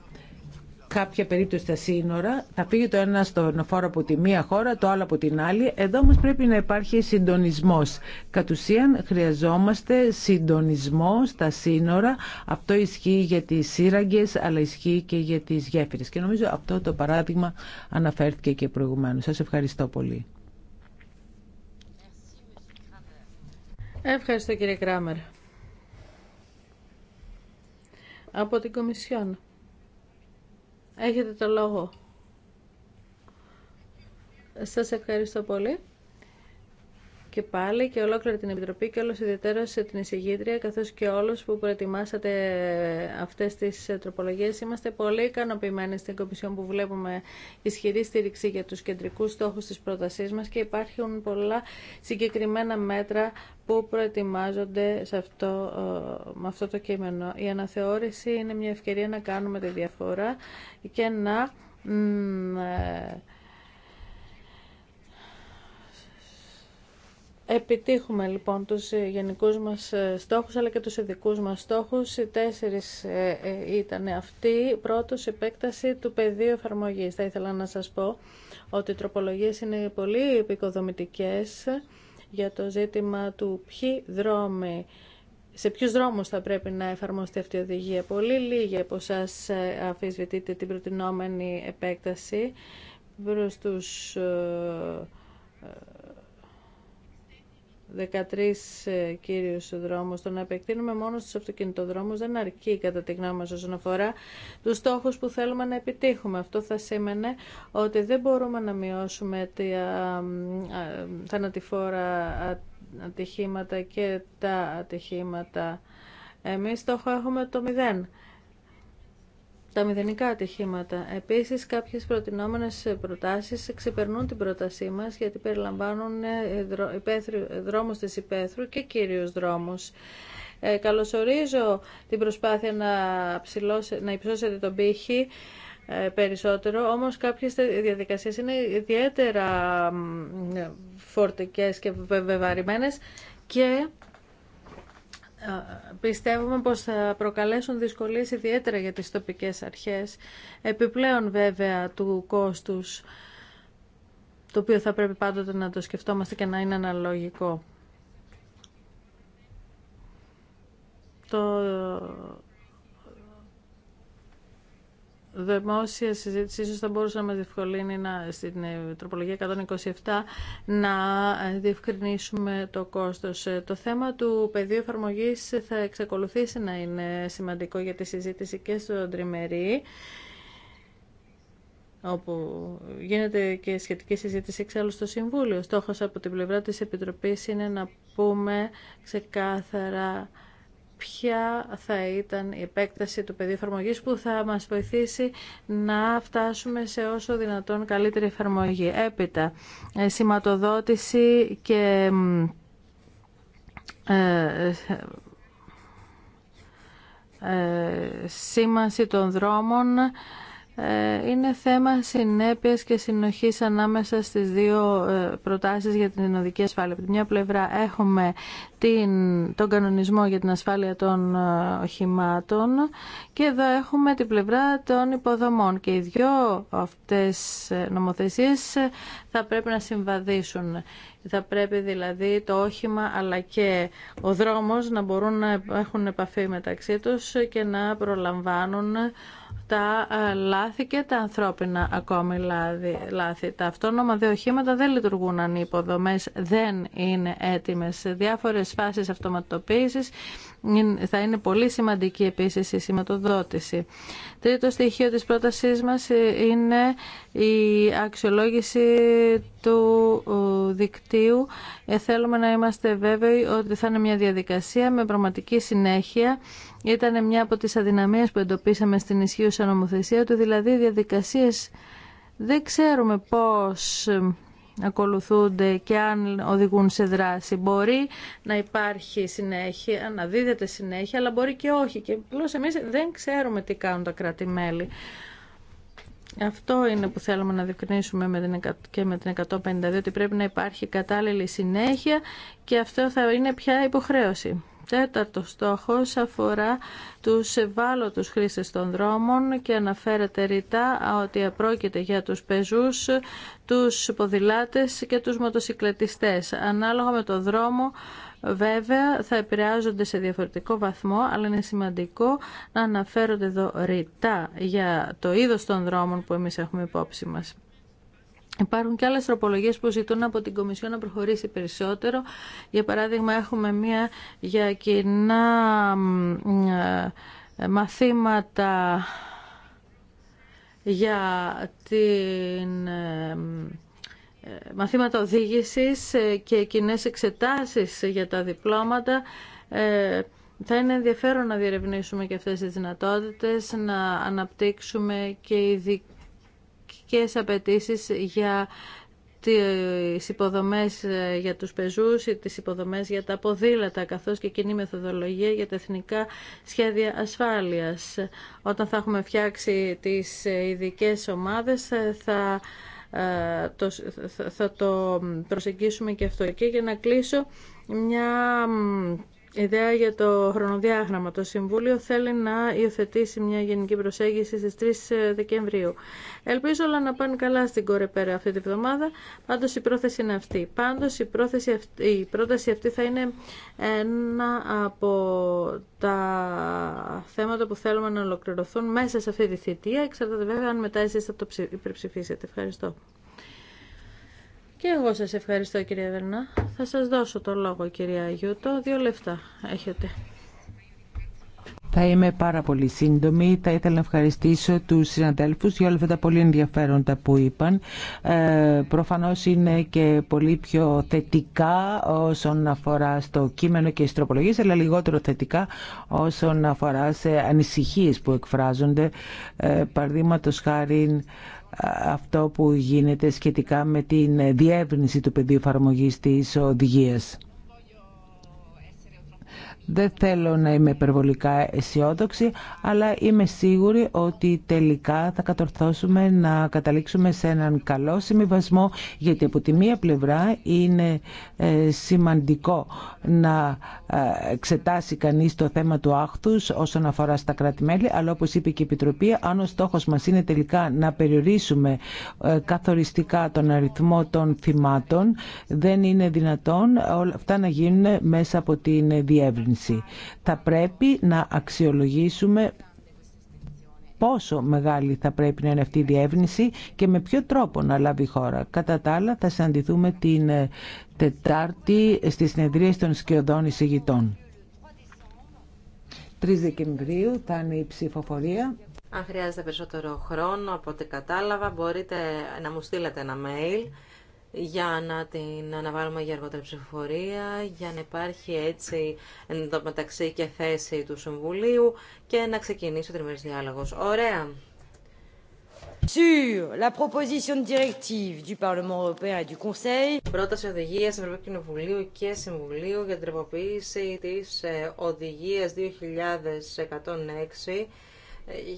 κάποια περίπτωση στα σύνορα, θα φύγει το ένα στον φόρο από τη μία χώρα, το άλλο από την άλλη. Εδώ όμως πρέπει να υπάρχει συντονισμός. Κατ' ουσίαν χρειαζόμαστε συντονισμό στα σύνορα. Αυτό ισχύει για τις σύραγγες, αλλά ισχύει και για τις γέφυρες. Και νομίζω αυτό το παράδειγμα αναφέρθηκε και προηγουμένως. Σας ευχαριστώ πολύ. Ευχαριστώ κύριε Κράμερ από την Κομισιόν. Έχετε το λόγο. Σας ευχαριστώ πολύ και πάλι και ολόκληρη την Επιτροπή και όλος ιδιαίτερα σε την εισηγήτρια καθώς και όλους που προετοιμάσατε αυτές τις τροπολογίες. Είμαστε πολύ ικανοποιημένοι στην Κομισιόν που βλέπουμε ισχυρή στήριξη για τους κεντρικούς στόχους της πρότασής μας και υπάρχουν πολλά συγκεκριμένα μέτρα που προετοιμάζονται σε αυτό, με αυτό το κείμενο. Η αναθεώρηση είναι μια ευκαιρία να κάνουμε τη διαφορά και να ε, επιτύχουμε λοιπόν τους ε, γενικούς μας ε, στόχους αλλά και τους ειδικούς μας στόχους. Οι τέσσερις ε, ήταν αυτοί. Πρώτος, επέκταση του πεδίου εφαρμογής. Θα ήθελα να σας πω ότι οι τροπολογίες είναι πολύ επικοδομητικές για το ζήτημα του ποιοι δρόμοι σε ποιου δρόμου θα πρέπει να εφαρμοστεί αυτή η οδηγία. Πολύ λίγοι από εσά αφισβητείτε την προτινόμενη επέκταση προ του 13 ε, κύριους δρόμους. Το να επεκτείνουμε μόνο στους αυτοκινητοδρόμους δεν αρκεί κατά τη γνώμη μας όσον αφορά τους στόχους που θέλουμε να επιτύχουμε. Αυτό θα σήμαινε ότι δεν μπορούμε να μειώσουμε τα θανατηφόρα ατυχήματα και τα ατυχήματα. Εμείς στόχο έχουμε το μηδέν τα μηδενικά ατυχήματα. Επίσης, κάποιες προτινόμενες προτάσεις ξεπερνούν την πρότασή μας γιατί περιλαμβάνουν ε, δρόμους της υπαίθρου και κύριους δρόμους. Ε, καλωσορίζω την προσπάθεια να, να υψώσετε τον πύχη ε, περισσότερο, όμως κάποιες διαδικασίες είναι ιδιαίτερα φορτικές και βεβαρημένες και πιστεύουμε πως θα προκαλέσουν δυσκολίες ιδιαίτερα για τις τοπικές αρχές, επιπλέον βέβαια του κόστους, το οποίο θα πρέπει πάντοτε να το σκεφτόμαστε και να είναι αναλογικό. Το δημόσια συζήτηση ίσως θα μπορούσε να μας διευκολύνει να, στην ε, τροπολογία 127 να ε, διευκρινίσουμε το κόστος. Ε, το θέμα του πεδίου εφαρμογή θα εξακολουθήσει να είναι σημαντικό για τη συζήτηση και στο τριμερή όπου γίνεται και σχετική συζήτηση εξάλλου στο Συμβούλιο. Στόχος από την πλευρά της Επιτροπής είναι να πούμε ξεκάθαρα ποια θα ήταν η επέκταση του πεδίου εφαρμογής που θα μας βοηθήσει να φτάσουμε σε όσο δυνατόν καλύτερη εφαρμογή. Έπειτα, ε, σηματοδότηση και ε, ε, σήμανση των δρόμων ε, είναι θέμα συνέπειας και συνοχής ανάμεσα στις δύο ε, προτάσεις για την οδική ασφάλεια. Από τη μια πλευρά έχουμε την, τον κανονισμό για την ασφάλεια των ε, οχημάτων και εδώ έχουμε την πλευρά των υποδομών και οι δυο αυτές νομοθεσίες θα πρέπει να συμβαδίσουν. Θα πρέπει δηλαδή το όχημα αλλά και ο δρόμος να μπορούν να έχουν επαφή μεταξύ τους και να προλαμβάνουν τα ε, λάθη και τα ανθρώπινα ακόμη λάθη. Τα αυτόνομα διοχήματα δεν λειτουργούν αν οι υποδομές δεν είναι έτοιμες. Σε διάφορες φάσεις αυτοματοποίησης θα είναι πολύ σημαντική επίσης η σηματοδότηση. Τρίτο στοιχείο της πρότασής μας είναι η αξιολόγηση του ε, δικτύου. Ε, θέλουμε να είμαστε βέβαιοι ότι θα είναι μια διαδικασία με πραγματική συνέχεια ήταν μια από τις αδυναμίες που εντοπίσαμε στην ισχύουσα νομοθεσία του, δηλαδή οι διαδικασίες δεν ξέρουμε πώς ε, ακολουθούνται και αν οδηγούν σε δράση. Μπορεί να υπάρχει συνέχεια, να δίδεται συνέχεια, αλλά μπορεί και όχι. Και απλώ εμείς δεν ξέρουμε τι κάνουν τα κράτη-μέλη. Αυτό είναι που θέλουμε να διευκρινίσουμε με την, και με την 152, ότι πρέπει να υπάρχει κατάλληλη συνέχεια και αυτό θα είναι πια υποχρέωση. Τέταρτος στόχο αφορά τους ευάλωτου χρήστες των δρόμων και αναφέρεται ρητά ότι πρόκειται για τους πεζούς, τους ποδηλάτε και τους μοτοσυκλετιστέ. Ανάλογα με το δρόμο βέβαια θα επηρεάζονται σε διαφορετικό βαθμό, αλλά είναι σημαντικό να αναφέρονται εδώ ρητά για το είδος των δρόμων που εμείς έχουμε υπόψη μα. Υπάρχουν και άλλες τροπολογίες που ζητούν από την Κομισιό να προχωρήσει περισσότερο. Για παράδειγμα, έχουμε μία για κοινά ε, μαθήματα για την ε, ε, μαθήματα οδήγησης και κοινέ εξετάσεις για τα διπλώματα. Θα είναι ενδιαφέρον να διερευνήσουμε και αυτές τις δυνατότητες, να αναπτύξουμε και ειδικά ειδικές απαιτήσει για τις υποδομές ε, για τους πεζούς, τις υποδομές για τα ποδήλατα, καθώς και κοινή μεθοδολογία για τα εθνικά σχέδια ασφάλειας. Όταν θα έχουμε φτιάξει τις ε, ειδικέ ομάδες ε, θα το, θα το προσεγγίσουμε και αυτό. Και για να κλείσω μια Ιδέα για το χρονοδιάγραμμα. Το Συμβούλιο θέλει να υιοθετήσει μια γενική προσέγγιση στις 3 ε, Δεκεμβρίου. Ελπίζω όλα να πάνε καλά στην Κορεπέρα αυτή τη βδομάδα. Πάντως η πρόθεση είναι αυτή. Πάντως η, πρόθεση αυτή, η πρόταση αυτή θα είναι ένα από τα θέματα που θέλουμε να ολοκληρωθούν μέσα σε αυτή τη θητεία. Εξαρτάται βέβαια αν μετά εσείς θα το υπερψηφίσετε. Ευχαριστώ. Και εγώ σας ευχαριστώ κυρία Βερνά. Θα σας δώσω το λόγο κυρία Αγιούτο. Δύο λεφτά έχετε. Θα είμαι πάρα πολύ σύντομη. Θα ήθελα να ευχαριστήσω τους συναδέλφους για όλα αυτά τα πολύ ενδιαφέροντα που είπαν. Ε, προφανώς είναι και πολύ πιο θετικά όσον αφορά στο κείμενο και στις τροπολογίες, αλλά λιγότερο θετικά όσον αφορά σε ανησυχίες που εκφράζονται. Ε, Παραδείγματος χάρη αυτό που γίνεται σχετικά με την διεύρυνση του πεδίου εφαρμογή της οδηγίας. Δεν θέλω να είμαι υπερβολικά αισιόδοξη, αλλά είμαι σίγουρη ότι τελικά θα κατορθώσουμε να καταλήξουμε σε έναν καλό συμβιβασμό, γιατί από τη μία πλευρά είναι ε, σημαντικό να ε, εξετάσει κανείς το θέμα του άχθους όσον αφορά στα κράτη-μέλη, αλλά όπως είπε και η Επιτροπή, αν ο στόχος μας είναι τελικά να περιορίσουμε ε, καθοριστικά τον αριθμό των θυμάτων, δεν είναι δυνατόν όλα αυτά να γίνουν μέσα από την διεύρυνση. Θα πρέπει να αξιολογήσουμε πόσο μεγάλη θα πρέπει να είναι αυτή η διεύνηση και με ποιο τρόπο να λάβει η χώρα. Κατά τα άλλα θα συναντηθούμε την ε, Τετάρτη στη συνεδρία των σκιωδών εισηγητών. 3 Δεκεμβρίου θα είναι η ψηφοφορία. Αν χρειάζεται περισσότερο χρόνο από ό,τι κατάλαβα, μπορείτε να μου στείλετε ένα mail για να την αναβάλουμε για αργότερη ψηφοφορία, για να υπάρχει έτσι μεταξύ και θέση του Συμβουλίου και να ξεκινήσει ο τριμερής διάλογος. Ωραία. Sur la proposition de directive du Parlement européen et du Conseil. Πρόταση οδηγία Ευρωπαϊκού Κοινοβουλίου και Συμβουλίου για την τροποποίηση τη οδηγία 2106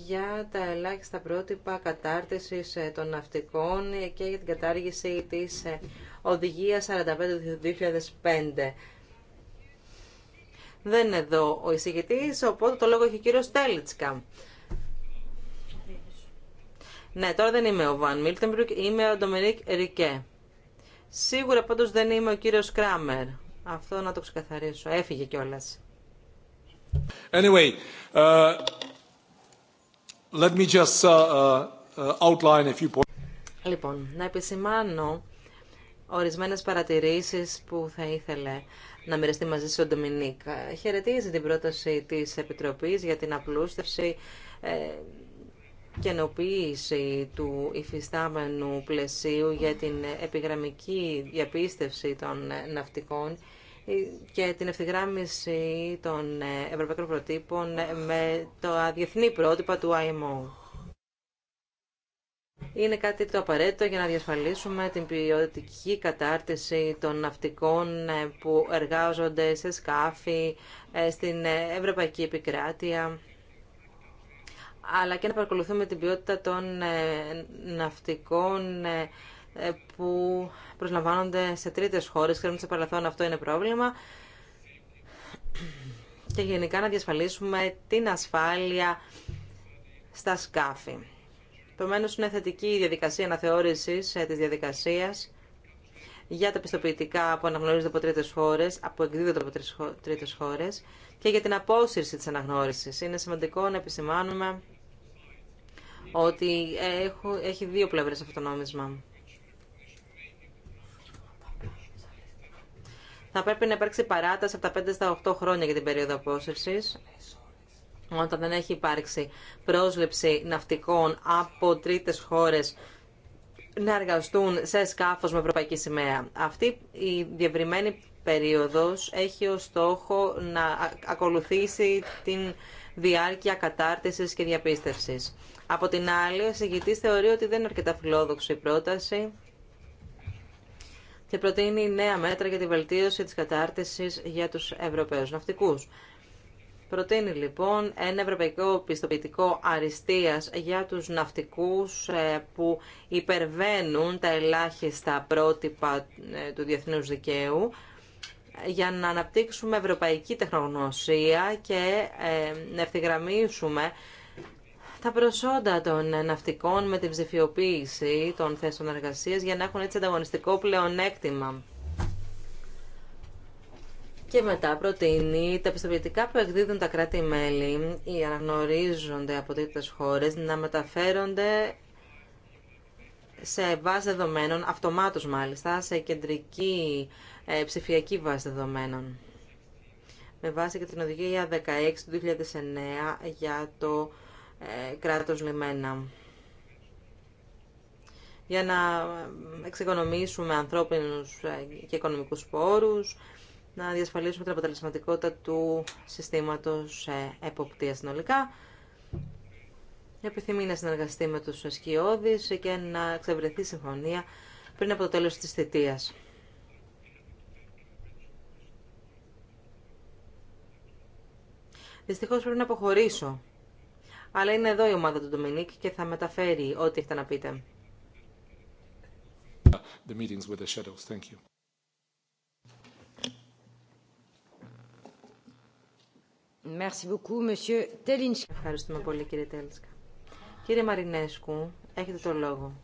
για τα ελάχιστα πρότυπα κατάρτισης ε, των ναυτικών και για την κατάργηση της ε, Οδηγίας 45-2005. Δεν είναι εδώ ο εισηγητής, οπότε το λόγο έχει ο κύριος Τέλιτσκα. Ναι, τώρα δεν είμαι ο Βαν Μίλτεμπρουκ, είμαι ο Ντομερίκ Ρικέ. Σίγουρα πάντως δεν είμαι ο κύριος Κράμερ. Αυτό να το ξεκαθαρίσω. Έφυγε κιόλας. Anyway, uh, Uh, uh, λοιπόν, να επισημάνω ορισμένες παρατηρήσεις που θα ήθελε να μοιραστεί μαζί σου ο Ντομινίκ. Χαιρετίζει την πρόταση της Επιτροπής για την απλούστευση ε, και ενοποίηση του υφιστάμενου πλαισίου για την επιγραμμική διαπίστευση των ε, ναυτικών και την ευθυγράμμιση των ε, ευρωπαϊκών προτύπων ε, με το διεθνή πρότυπα του IMO. Είναι κάτι το απαραίτητο για να διασφαλίσουμε την ποιοτική κατάρτιση των ναυτικών ε, που εργάζονται σε σκάφη, στην ευρωπαϊκή επικράτεια, αλλά και να παρακολουθούμε την ποιότητα των ναυτικών ε, που προσλαμβάνονται σε τρίτες χώρες. και σε παρελθόν αυτό είναι πρόβλημα. Και γενικά να διασφαλίσουμε την ασφάλεια στα σκάφη. Επομένω, είναι θετική η διαδικασία αναθεώρηση ε, τη διαδικασία για τα πιστοποιητικά που αναγνωρίζονται από τρίτε χώρε, από εκδίδονται από τρίτε χώρε και για την απόσυρση τη αναγνώριση. Είναι σημαντικό να επισημάνουμε ότι ε, έχει δύο πλεύρε αυτό το νόμισμα. θα πρέπει να υπάρξει παράταση από τα 5 στα 8 χρόνια για την περίοδο απόσυρσης όταν δεν έχει υπάρξει πρόσληψη ναυτικών από τρίτες χώρε να εργαστούν σε σκάφος με ευρωπαϊκή σημαία. Αυτή η διευρυμένη περίοδος έχει ως στόχο να ακολουθήσει την διάρκεια κατάρτισης και διαπίστευσης. Από την άλλη, ο συγκητής θεωρεί ότι δεν είναι αρκετά φιλόδοξη η πρόταση και προτείνει νέα μέτρα για τη βελτίωση της κατάρτισης για τους Ευρωπαίους ναυτικούς. Προτείνει λοιπόν ένα ευρωπαϊκό πιστοποιητικό αριστείας για τους ναυτικούς ε, που υπερβαίνουν τα ελάχιστα πρότυπα ε, του διεθνούς δικαίου για να αναπτύξουμε ευρωπαϊκή τεχνογνωσία και ε, να ευθυγραμμίσουμε τα προσόντα των ναυτικών με την ψηφιοποίηση των θέσεων εργασίας για να έχουν έτσι ανταγωνιστικό πλεονέκτημα. Και μετά προτείνει τα πιστοποιητικά που εκδίδουν τα κράτη-μέλη ή αναγνωρίζονται από τέτοιες χώρες να μεταφέρονται σε βάση δεδομένων, αυτομάτως μάλιστα, σε κεντρική ε, ψηφιακή βάση δεδομένων. Με βάση και την οδηγία 16 του 2009 για το ε, κράτος λιμένα για να εξοικονομήσουμε ανθρώπινους ε, και οικονομικούς πόρους, να διασφαλίσουμε την αποτελεσματικότητα του συστήματος ε, εποπτείας συνολικά. Επιθυμεί να συνεργαστεί με τους σκιώδεις και να ξεβρεθεί συμφωνία πριν από το τέλος της θητείας. Δυστυχώς πρέπει να αποχωρήσω αλλά είναι εδώ η ομάδα του Ντομινίκ και θα μεταφέρει ό,τι έχετε να πείτε. Ευχαριστούμε πολύ κύριε Τέλσκα. Κύριε Μαρινέσκου, έχετε το λόγο.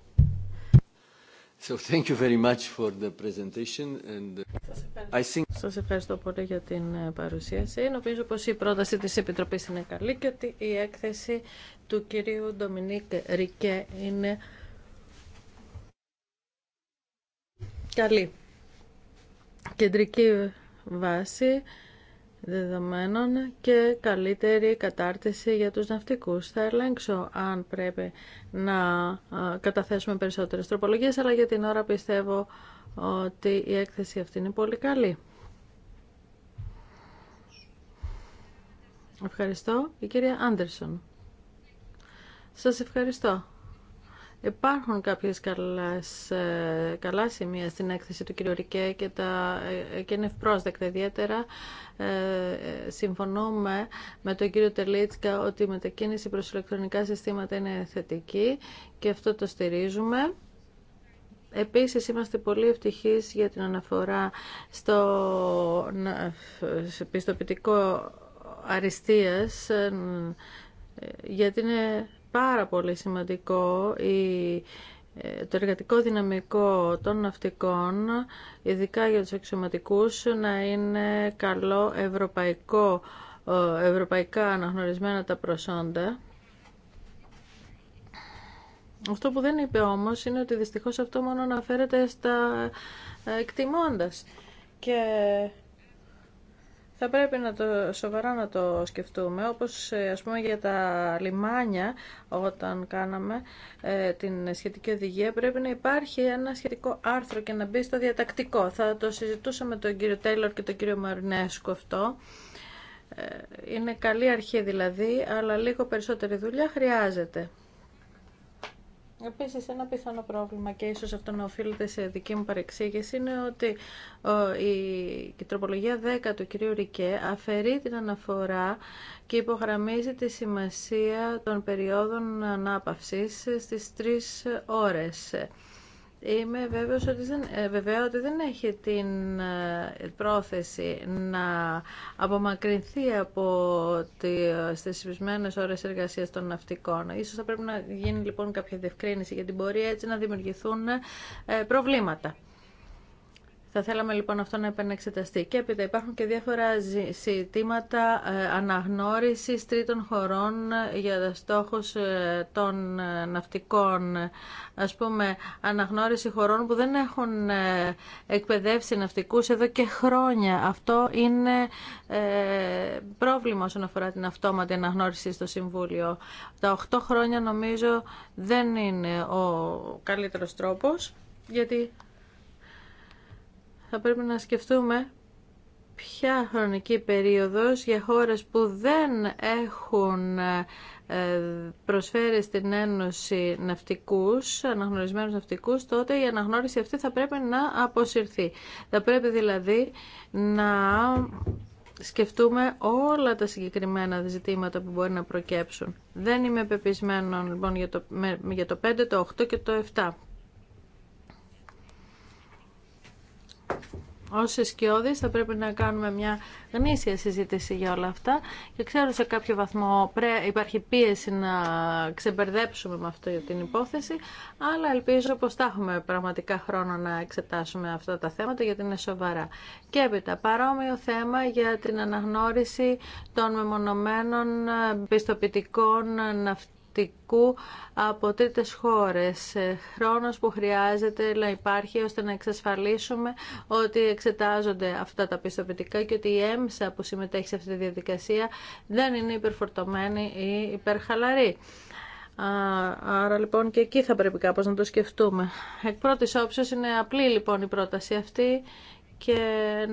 Σας ευχαριστώ πολύ για την ε, παρουσίαση. Νομίζω πως η πρόταση της Επιτροπής είναι καλή και ότι η έκθεση του κυρίου Ντομινίκ Ρικέ είναι καλή. Κεντρική βάση δεδομένων και καλύτερη κατάρτιση για τους ναυτικούς. Θα ελέγξω αν πρέπει να καταθέσουμε περισσότερες τροπολογίες, αλλά για την ώρα πιστεύω ότι η έκθεση αυτή είναι πολύ καλή. Ευχαριστώ. Η κυρία Άντερσον. Σας ευχαριστώ. Υπάρχουν κάποιες ε, καλά σημεία στην έκθεση του κ. Ρικέ και, τα, ε, και είναι ευπρόσδεκτα ιδιαίτερα. Ε, συμφωνούμε με τον κύριο Τελίτσκα ότι η μετακίνηση προς ηλεκτρονικά συστήματα είναι θετική και αυτό το στηρίζουμε. Επίσης είμαστε πολύ ευτυχείς για την αναφορά στο πιστοποιητικό αριστείας ε, γιατί είναι πάρα πολύ σημαντικό η ε, το εργατικό δυναμικό των ναυτικών, ειδικά για τους αξιωματικούς, να είναι καλό ευρωπαϊκό, ε, ευρωπαϊκά αναγνωρισμένα τα προσόντα. Αυτό που δεν είπε όμως είναι ότι δυστυχώς αυτό μόνο αναφέρεται στα ε, εκτιμώντας. Και θα πρέπει να το σοβαρά να το σκεφτούμε, όπως ε, ας πούμε για τα λιμάνια όταν κάναμε ε, την σχετική οδηγία πρέπει να υπάρχει ένα σχετικό άρθρο και να μπει στο διατακτικό. Θα το συζητούσαμε τον κύριο Τέιλορ και τον κύριο Μαρινέσκο αυτό. Ε, είναι καλή αρχή δηλαδή, αλλά λίγο περισσότερη δουλειά χρειάζεται. Επίσης ένα πιθανό πρόβλημα και ίσως αυτό να οφείλεται σε δική μου παρεξήγηση είναι ότι η τροπολογία 10 του κυρίου Ρικέ αφαιρεί την αναφορά και υπογραμμίζει τη σημασία των περιόδων ανάπαυσης στις 3 ώρες. Είμαι βέβαιος ότι δεν, ε, βέβαια ότι δεν έχει την ε, πρόθεση να απομακρυνθεί από ε, τις θεσμισμένες ώρες εργασίας των ναυτικών. Ίσως θα πρέπει να γίνει λοιπόν κάποια διευκρίνηση γιατί μπορεί έτσι να δημιουργηθούν προβλήματα. Θα θέλαμε λοιπόν αυτό να επανεξεταστεί. Και έπειτα υπάρχουν και διάφορα ζητήματα ε, αναγνώρισης τρίτων χωρών ε, για στόχους ε, των ναυτικών. Ας πούμε, αναγνώριση χωρών που δεν έχουν εκπαιδεύσει ναυτικούς εδώ και χρόνια. Αυτό είναι πρόβλημα όσον αφορά την αυτόματη αναγνώριση στο Συμβούλιο. Τα 8 χρόνια νομίζω δεν είναι ο καλύτερος τρόπος, γιατί θα πρέπει να σκεφτούμε ποια χρονική περίοδος για χώρες που δεν έχουν ε, προσφέρει στην Ένωση ναυτικούς, αναγνωρισμένους ναυτικούς, τότε η αναγνώριση αυτή θα πρέπει να αποσυρθεί. Θα πρέπει δηλαδή να σκεφτούμε όλα τα συγκεκριμένα ζητήματα που μπορεί να προκέψουν. Δεν είμαι πεπισμένο λοιπόν για το, για το 5, το 8 και το 7. ως σκιώδης θα πρέπει να κάνουμε μια γνήσια συζήτηση για όλα αυτά και ξέρω σε κάποιο βαθμό υπάρχει πίεση να ξεμπερδέψουμε με για την υπόθεση αλλά ελπίζω πως θα έχουμε πραγματικά χρόνο να εξετάσουμε αυτά τα θέματα γιατί είναι σοβαρά. Και έπειτα παρόμοιο θέμα για την αναγνώριση των μεμονωμένων πιστοποιητικών ναυτικών από τρίτες χώρες. Ε, χρόνος που χρειάζεται να υπάρχει ώστε να εξασφαλίσουμε ότι εξετάζονται αυτά τα πιστοποιητικά και ότι η έμσα που συμμετέχει σε αυτή τη διαδικασία δεν είναι υπερφορτωμένη ή υπερχαλαρή. Άρα λοιπόν και εκεί θα πρέπει κάπως να το σκεφτούμε. Εκ πρώτης είναι απλή λοιπόν η πρόταση αυτή και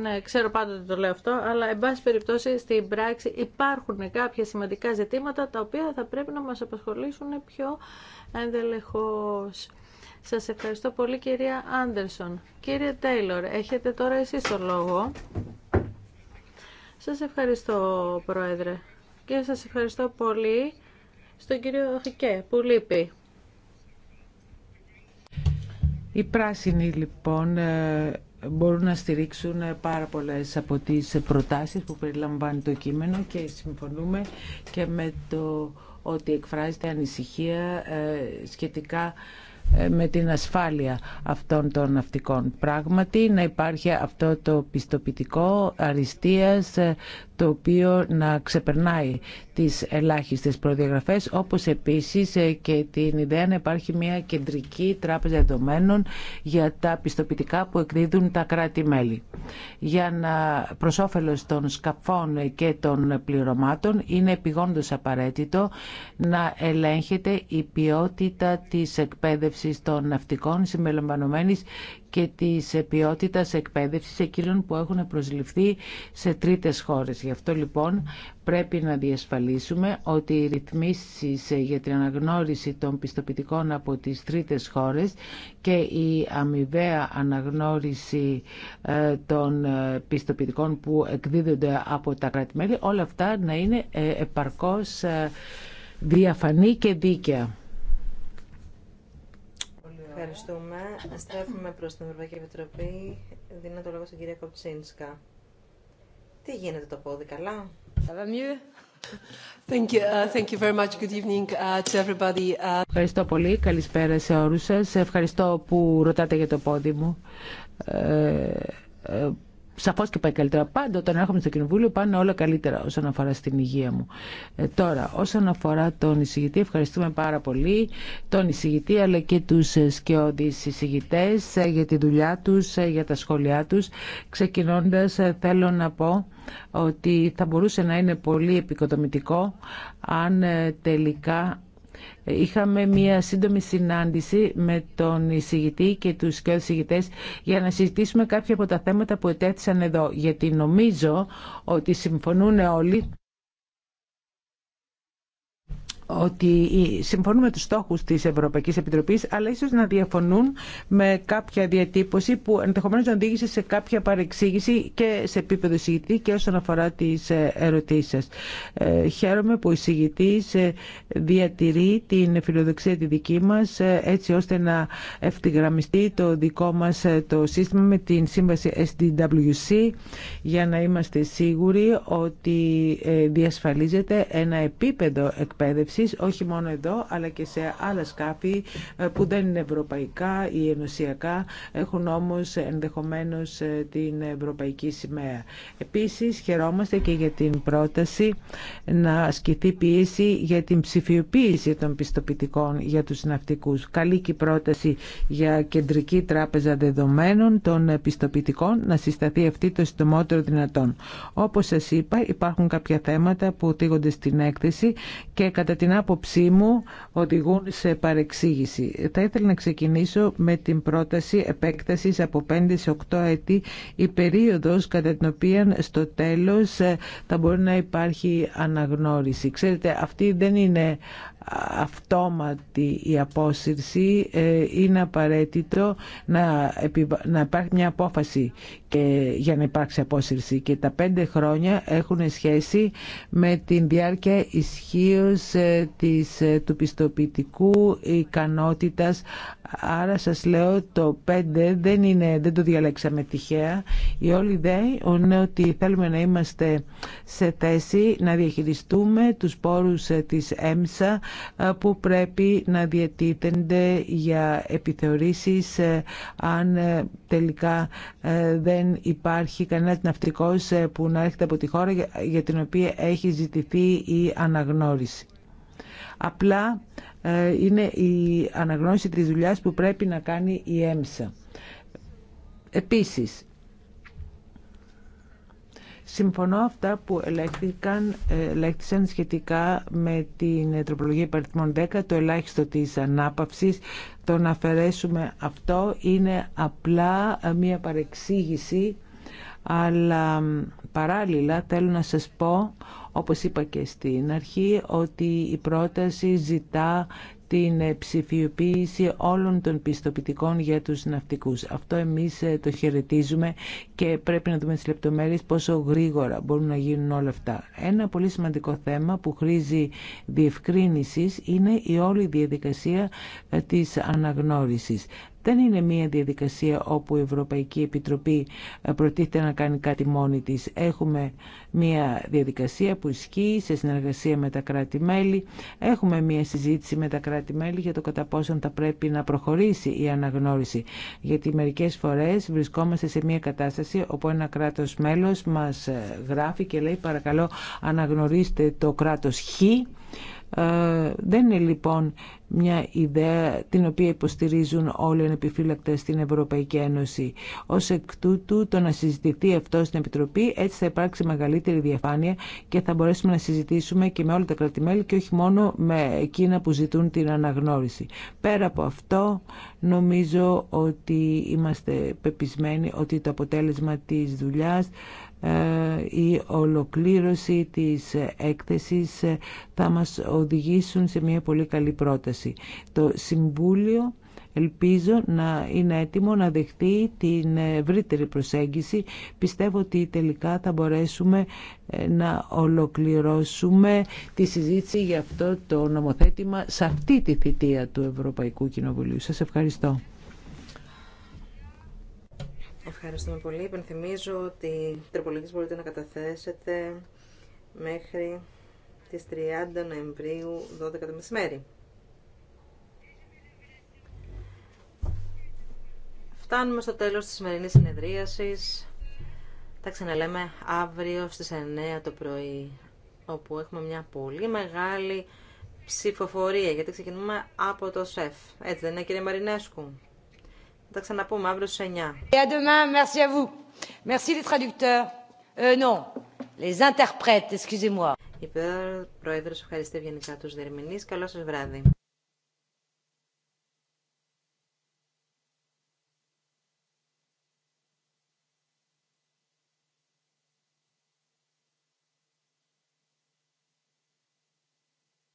ναι, ξέρω πάντοτε το λέω αυτό, αλλά εν πάση περιπτώσει στην πράξη υπάρχουν κάποια σημαντικά ζητήματα τα οποία θα πρέπει να μας απασχολήσουν πιο ενδελεχώς. Σας ευχαριστώ πολύ κυρία Άντερσον. Κύριε Τέιλορ, έχετε τώρα εσείς το λόγο. Σας ευχαριστώ Πρόεδρε και σας ευχαριστώ πολύ στον κύριο Χικέ που λείπει. Η πράσινη, λοιπόν ε, μπορούν να στηρίξουν πάρα πολλές από τις προτάσεις που περιλαμβάνει το κείμενο και συμφωνούμε και με το ότι εκφράζεται ανησυχία ε, σχετικά ε, με την ασφάλεια αυτών των ναυτικών. Πράγματι, να υπάρχει αυτό το πιστοποιητικό αριστείας ε, το οποίο να ξεπερνάει τις ελάχιστες προδιαγραφές, όπως επίσης ε, και την ιδέα να υπάρχει μια κεντρική τράπεζα δεδομένων για τα πιστοποιητικά που εκδίδουν τα κράτη-μέλη. Για να προσόφελος των σκαφών και των πληρωμάτων είναι επιγόντως απαραίτητο να ελέγχεται η ποιότητα της εκπαίδευσης των ναυτικών συμπεριλαμβανομένης και της ποιότητας εκπαίδευσης εκείνων που έχουν προσληφθεί σε τρίτες χώρες. Γι' αυτό λοιπόν πρέπει να διασφαλίσουμε ότι οι ρυθμίσεις για την αναγνώριση των πιστοποιητικών από τις τρίτες χώρες και η αμοιβαία αναγνώριση ε, των ε, πιστοποιητικών που εκδίδονται από τα κράτη-μέλη, όλα αυτά να είναι ε, επαρκώς διαφανή και δίκαια. Ευχαριστούμε. Στρέφουμε προς την Ευρωπαϊκή Επιτροπή. Δίνω το λόγο στην κυρία Κοψίνσκα. Τι γίνεται το πόδι, καλά? Ευχαριστώ πολύ. Καλησπέρα σε όλους σας. Ευχαριστώ που ρωτάτε για το πόδι μου ε, ε, Σαφώ και πάει καλύτερα. Πάντα όταν έρχομαι στο κοινοβούλιο πάνε όλα καλύτερα όσον αφορά στην υγεία μου. Ε, τώρα, όσον αφορά τον εισηγητή, ευχαριστούμε πάρα πολύ τον εισηγητή αλλά και του ε, σκιώδει εισηγητέ ε, για τη δουλειά του, για τα σχόλιά του. Ξεκινώντα, θέλω να πω ότι θα μπορούσε να είναι πολύ επικοδομητικό αν τελικά Είχαμε μια σύντομη συνάντηση με τον εισηγητή και τους και εισηγητές για να συζητήσουμε κάποια από τα θέματα που ετέθησαν εδώ, γιατί νομίζω ότι συμφωνούν όλοι ότι συμφωνούν με τους στόχους της Ευρωπαϊκής Επιτροπής, αλλά ίσως να διαφωνούν με κάποια διατύπωση που ενδεχομένως να οδήγησε σε κάποια παρεξήγηση και σε επίπεδο εισηγητή και όσον αφορά τις ε, ερωτήσεις σας. Ε, χαίρομαι που ο εισηγητής ε, διατηρεί την φιλοδοξία τη δική μας έτσι ώστε να ευθυγραμμιστεί το δικό μας το σύστημα με την σύμβαση SDWC για να είμαστε σίγουροι ότι διασφαλίζεται ένα επίπεδο εκπαίδευση όχι μόνο εδώ, αλλά και σε άλλα σκάφη ε, που δεν είναι ευρωπαϊκά ή ενωσιακά, έχουν όμως ενδεχομένως ε, την ευρωπαϊκή σημαία. Επίσης, χαιρόμαστε και για την πρόταση να ασκηθεί πίεση για την ψηφιοποίηση των πιστοποιητικών για τους ναυτικούς. Καλή και πρόταση για κεντρική τράπεζα δεδομένων των πιστοποιητικών να συσταθεί αυτή το συντομότερο δυνατόν. Όπως σας είπα, υπάρχουν κάποια θέματα που τίγονται στην έκθεση και κατά την την άποψή μου οδηγούν σε παρεξήγηση. Θα ήθελα να ξεκινήσω με την πρόταση επέκτασης από 5 σε 8 έτη η περίοδος κατά την οποία στο τέλος ε, θα μπορεί να υπάρχει αναγνώριση. Ξέρετε, αυτή δεν είναι αυτόματη η απόσυρση. Ε, είναι απαραίτητο να υπάρχει μια απόφαση για να υπάρξει απόσυρση και τα πέντε χρόνια έχουν σχέση με την διάρκεια ισχύω ε, ε, του πιστοποιητικού ικανότητας άρα σας λέω το πέντε δεν, είναι, δεν το διαλέξαμε τυχαία η όλη ιδέα είναι ότι θέλουμε να είμαστε σε θέση να διαχειριστούμε τους πόρους ε, της ΕΜΣΑ που πρέπει να διατίθενται για επιθεωρήσεις αν τελικά δεν δεν υπάρχει κανένα ναυτικός ε, που να έρχεται από τη χώρα για την οποία έχει ζητηθεί η αναγνώριση. Απλά ε, είναι η αναγνώριση της δουλειάς που πρέπει να κάνει η ΕΜΣΑ. Επίσης, Συμφωνώ αυτά που ελέγχθηκαν, ελέγχθησαν σχετικά με την τροπολογία υπαριθμών 10, το ελάχιστο της ανάπαυσης. Το να αφαιρέσουμε αυτό είναι απλά μία παρεξήγηση, αλλά παράλληλα θέλω να σας πω όπως είπα και στην αρχή, ότι η πρόταση ζητά την ε, ψηφιοποίηση όλων των πιστοποιητικών για τους ναυτικούς. Αυτό εμείς ε, το χαιρετίζουμε και πρέπει να δούμε τις λεπτομέρειες πόσο γρήγορα μπορούν να γίνουν όλα αυτά. Ένα πολύ σημαντικό θέμα που χρήζει διευκρίνησης είναι η όλη διαδικασία ε, της αναγνώρισης. Δεν είναι μια διαδικασία όπου η Ευρωπαϊκή Επιτροπή ε, προτίθεται να κάνει κάτι μόνη της. Έχουμε μια διαδικασία που ισχύει σε συνεργασία με τα κράτη-μέλη. Έχουμε μια συζήτηση με τα κράτη-μέλη για το κατά πόσον θα πρέπει να προχωρήσει η αναγνώριση. Γιατί μερικές φορές βρισκόμαστε σε μια κατάσταση όπου ένα κράτος μέλος μας ε, γράφει και λέει παρακαλώ αναγνωρίστε το κράτος Χ ε, δεν είναι λοιπόν μια ιδέα την οποία υποστηρίζουν όλοι οι επιφύλακτε στην Ευρωπαϊκή Ένωση. Ω εκ τούτου το να συζητηθεί αυτό στην Επιτροπή έτσι θα υπάρξει μεγαλύτερη διαφάνεια και θα μπορέσουμε να συζητήσουμε και με όλα τα κρατημέλη και όχι μόνο με εκείνα που ζητούν την αναγνώριση. Πέρα από αυτό νομίζω ότι είμαστε πεπισμένοι ότι το αποτέλεσμα της δουλειάς ε, η ολοκλήρωση της έκθεσης ε, θα μας οδηγήσουν σε μια πολύ καλή πρόταση. Το Συμβούλιο ελπίζω να είναι έτοιμο να δεχτεί την ευρύτερη προσέγγιση. Πιστεύω ότι τελικά θα μπορέσουμε ε, να ολοκληρώσουμε τη συζήτηση για αυτό το νομοθέτημα σε αυτή τη θητεία του Ευρωπαϊκού Κοινοβουλίου. Σας ευχαριστώ. Ευχαριστούμε πολύ. Υπενθυμίζω ότι τροπολογίες μπορείτε να καταθέσετε μέχρι τις 30 Νοεμβρίου 12 το μεσημέρι. Φτάνουμε στο τέλος της σημερινής συνεδρίασης. Τα ξαναλέμε αύριο στις 9 το πρωί, όπου έχουμε μια πολύ μεγάλη ψηφοφορία, γιατί ξεκινούμε από το ΣΕΦ. Έτσι δεν είναι κύριε Μαρινέσκου τα ξαναπούμε αύριο στις 9. Et à demain, merci à vous. Merci les traducteurs. Euh, non, les interprètes, excusez-moi. Η Πρόεδρος ευχαριστεί ευγενικά τους δερμηνείς. Καλό σας βράδυ.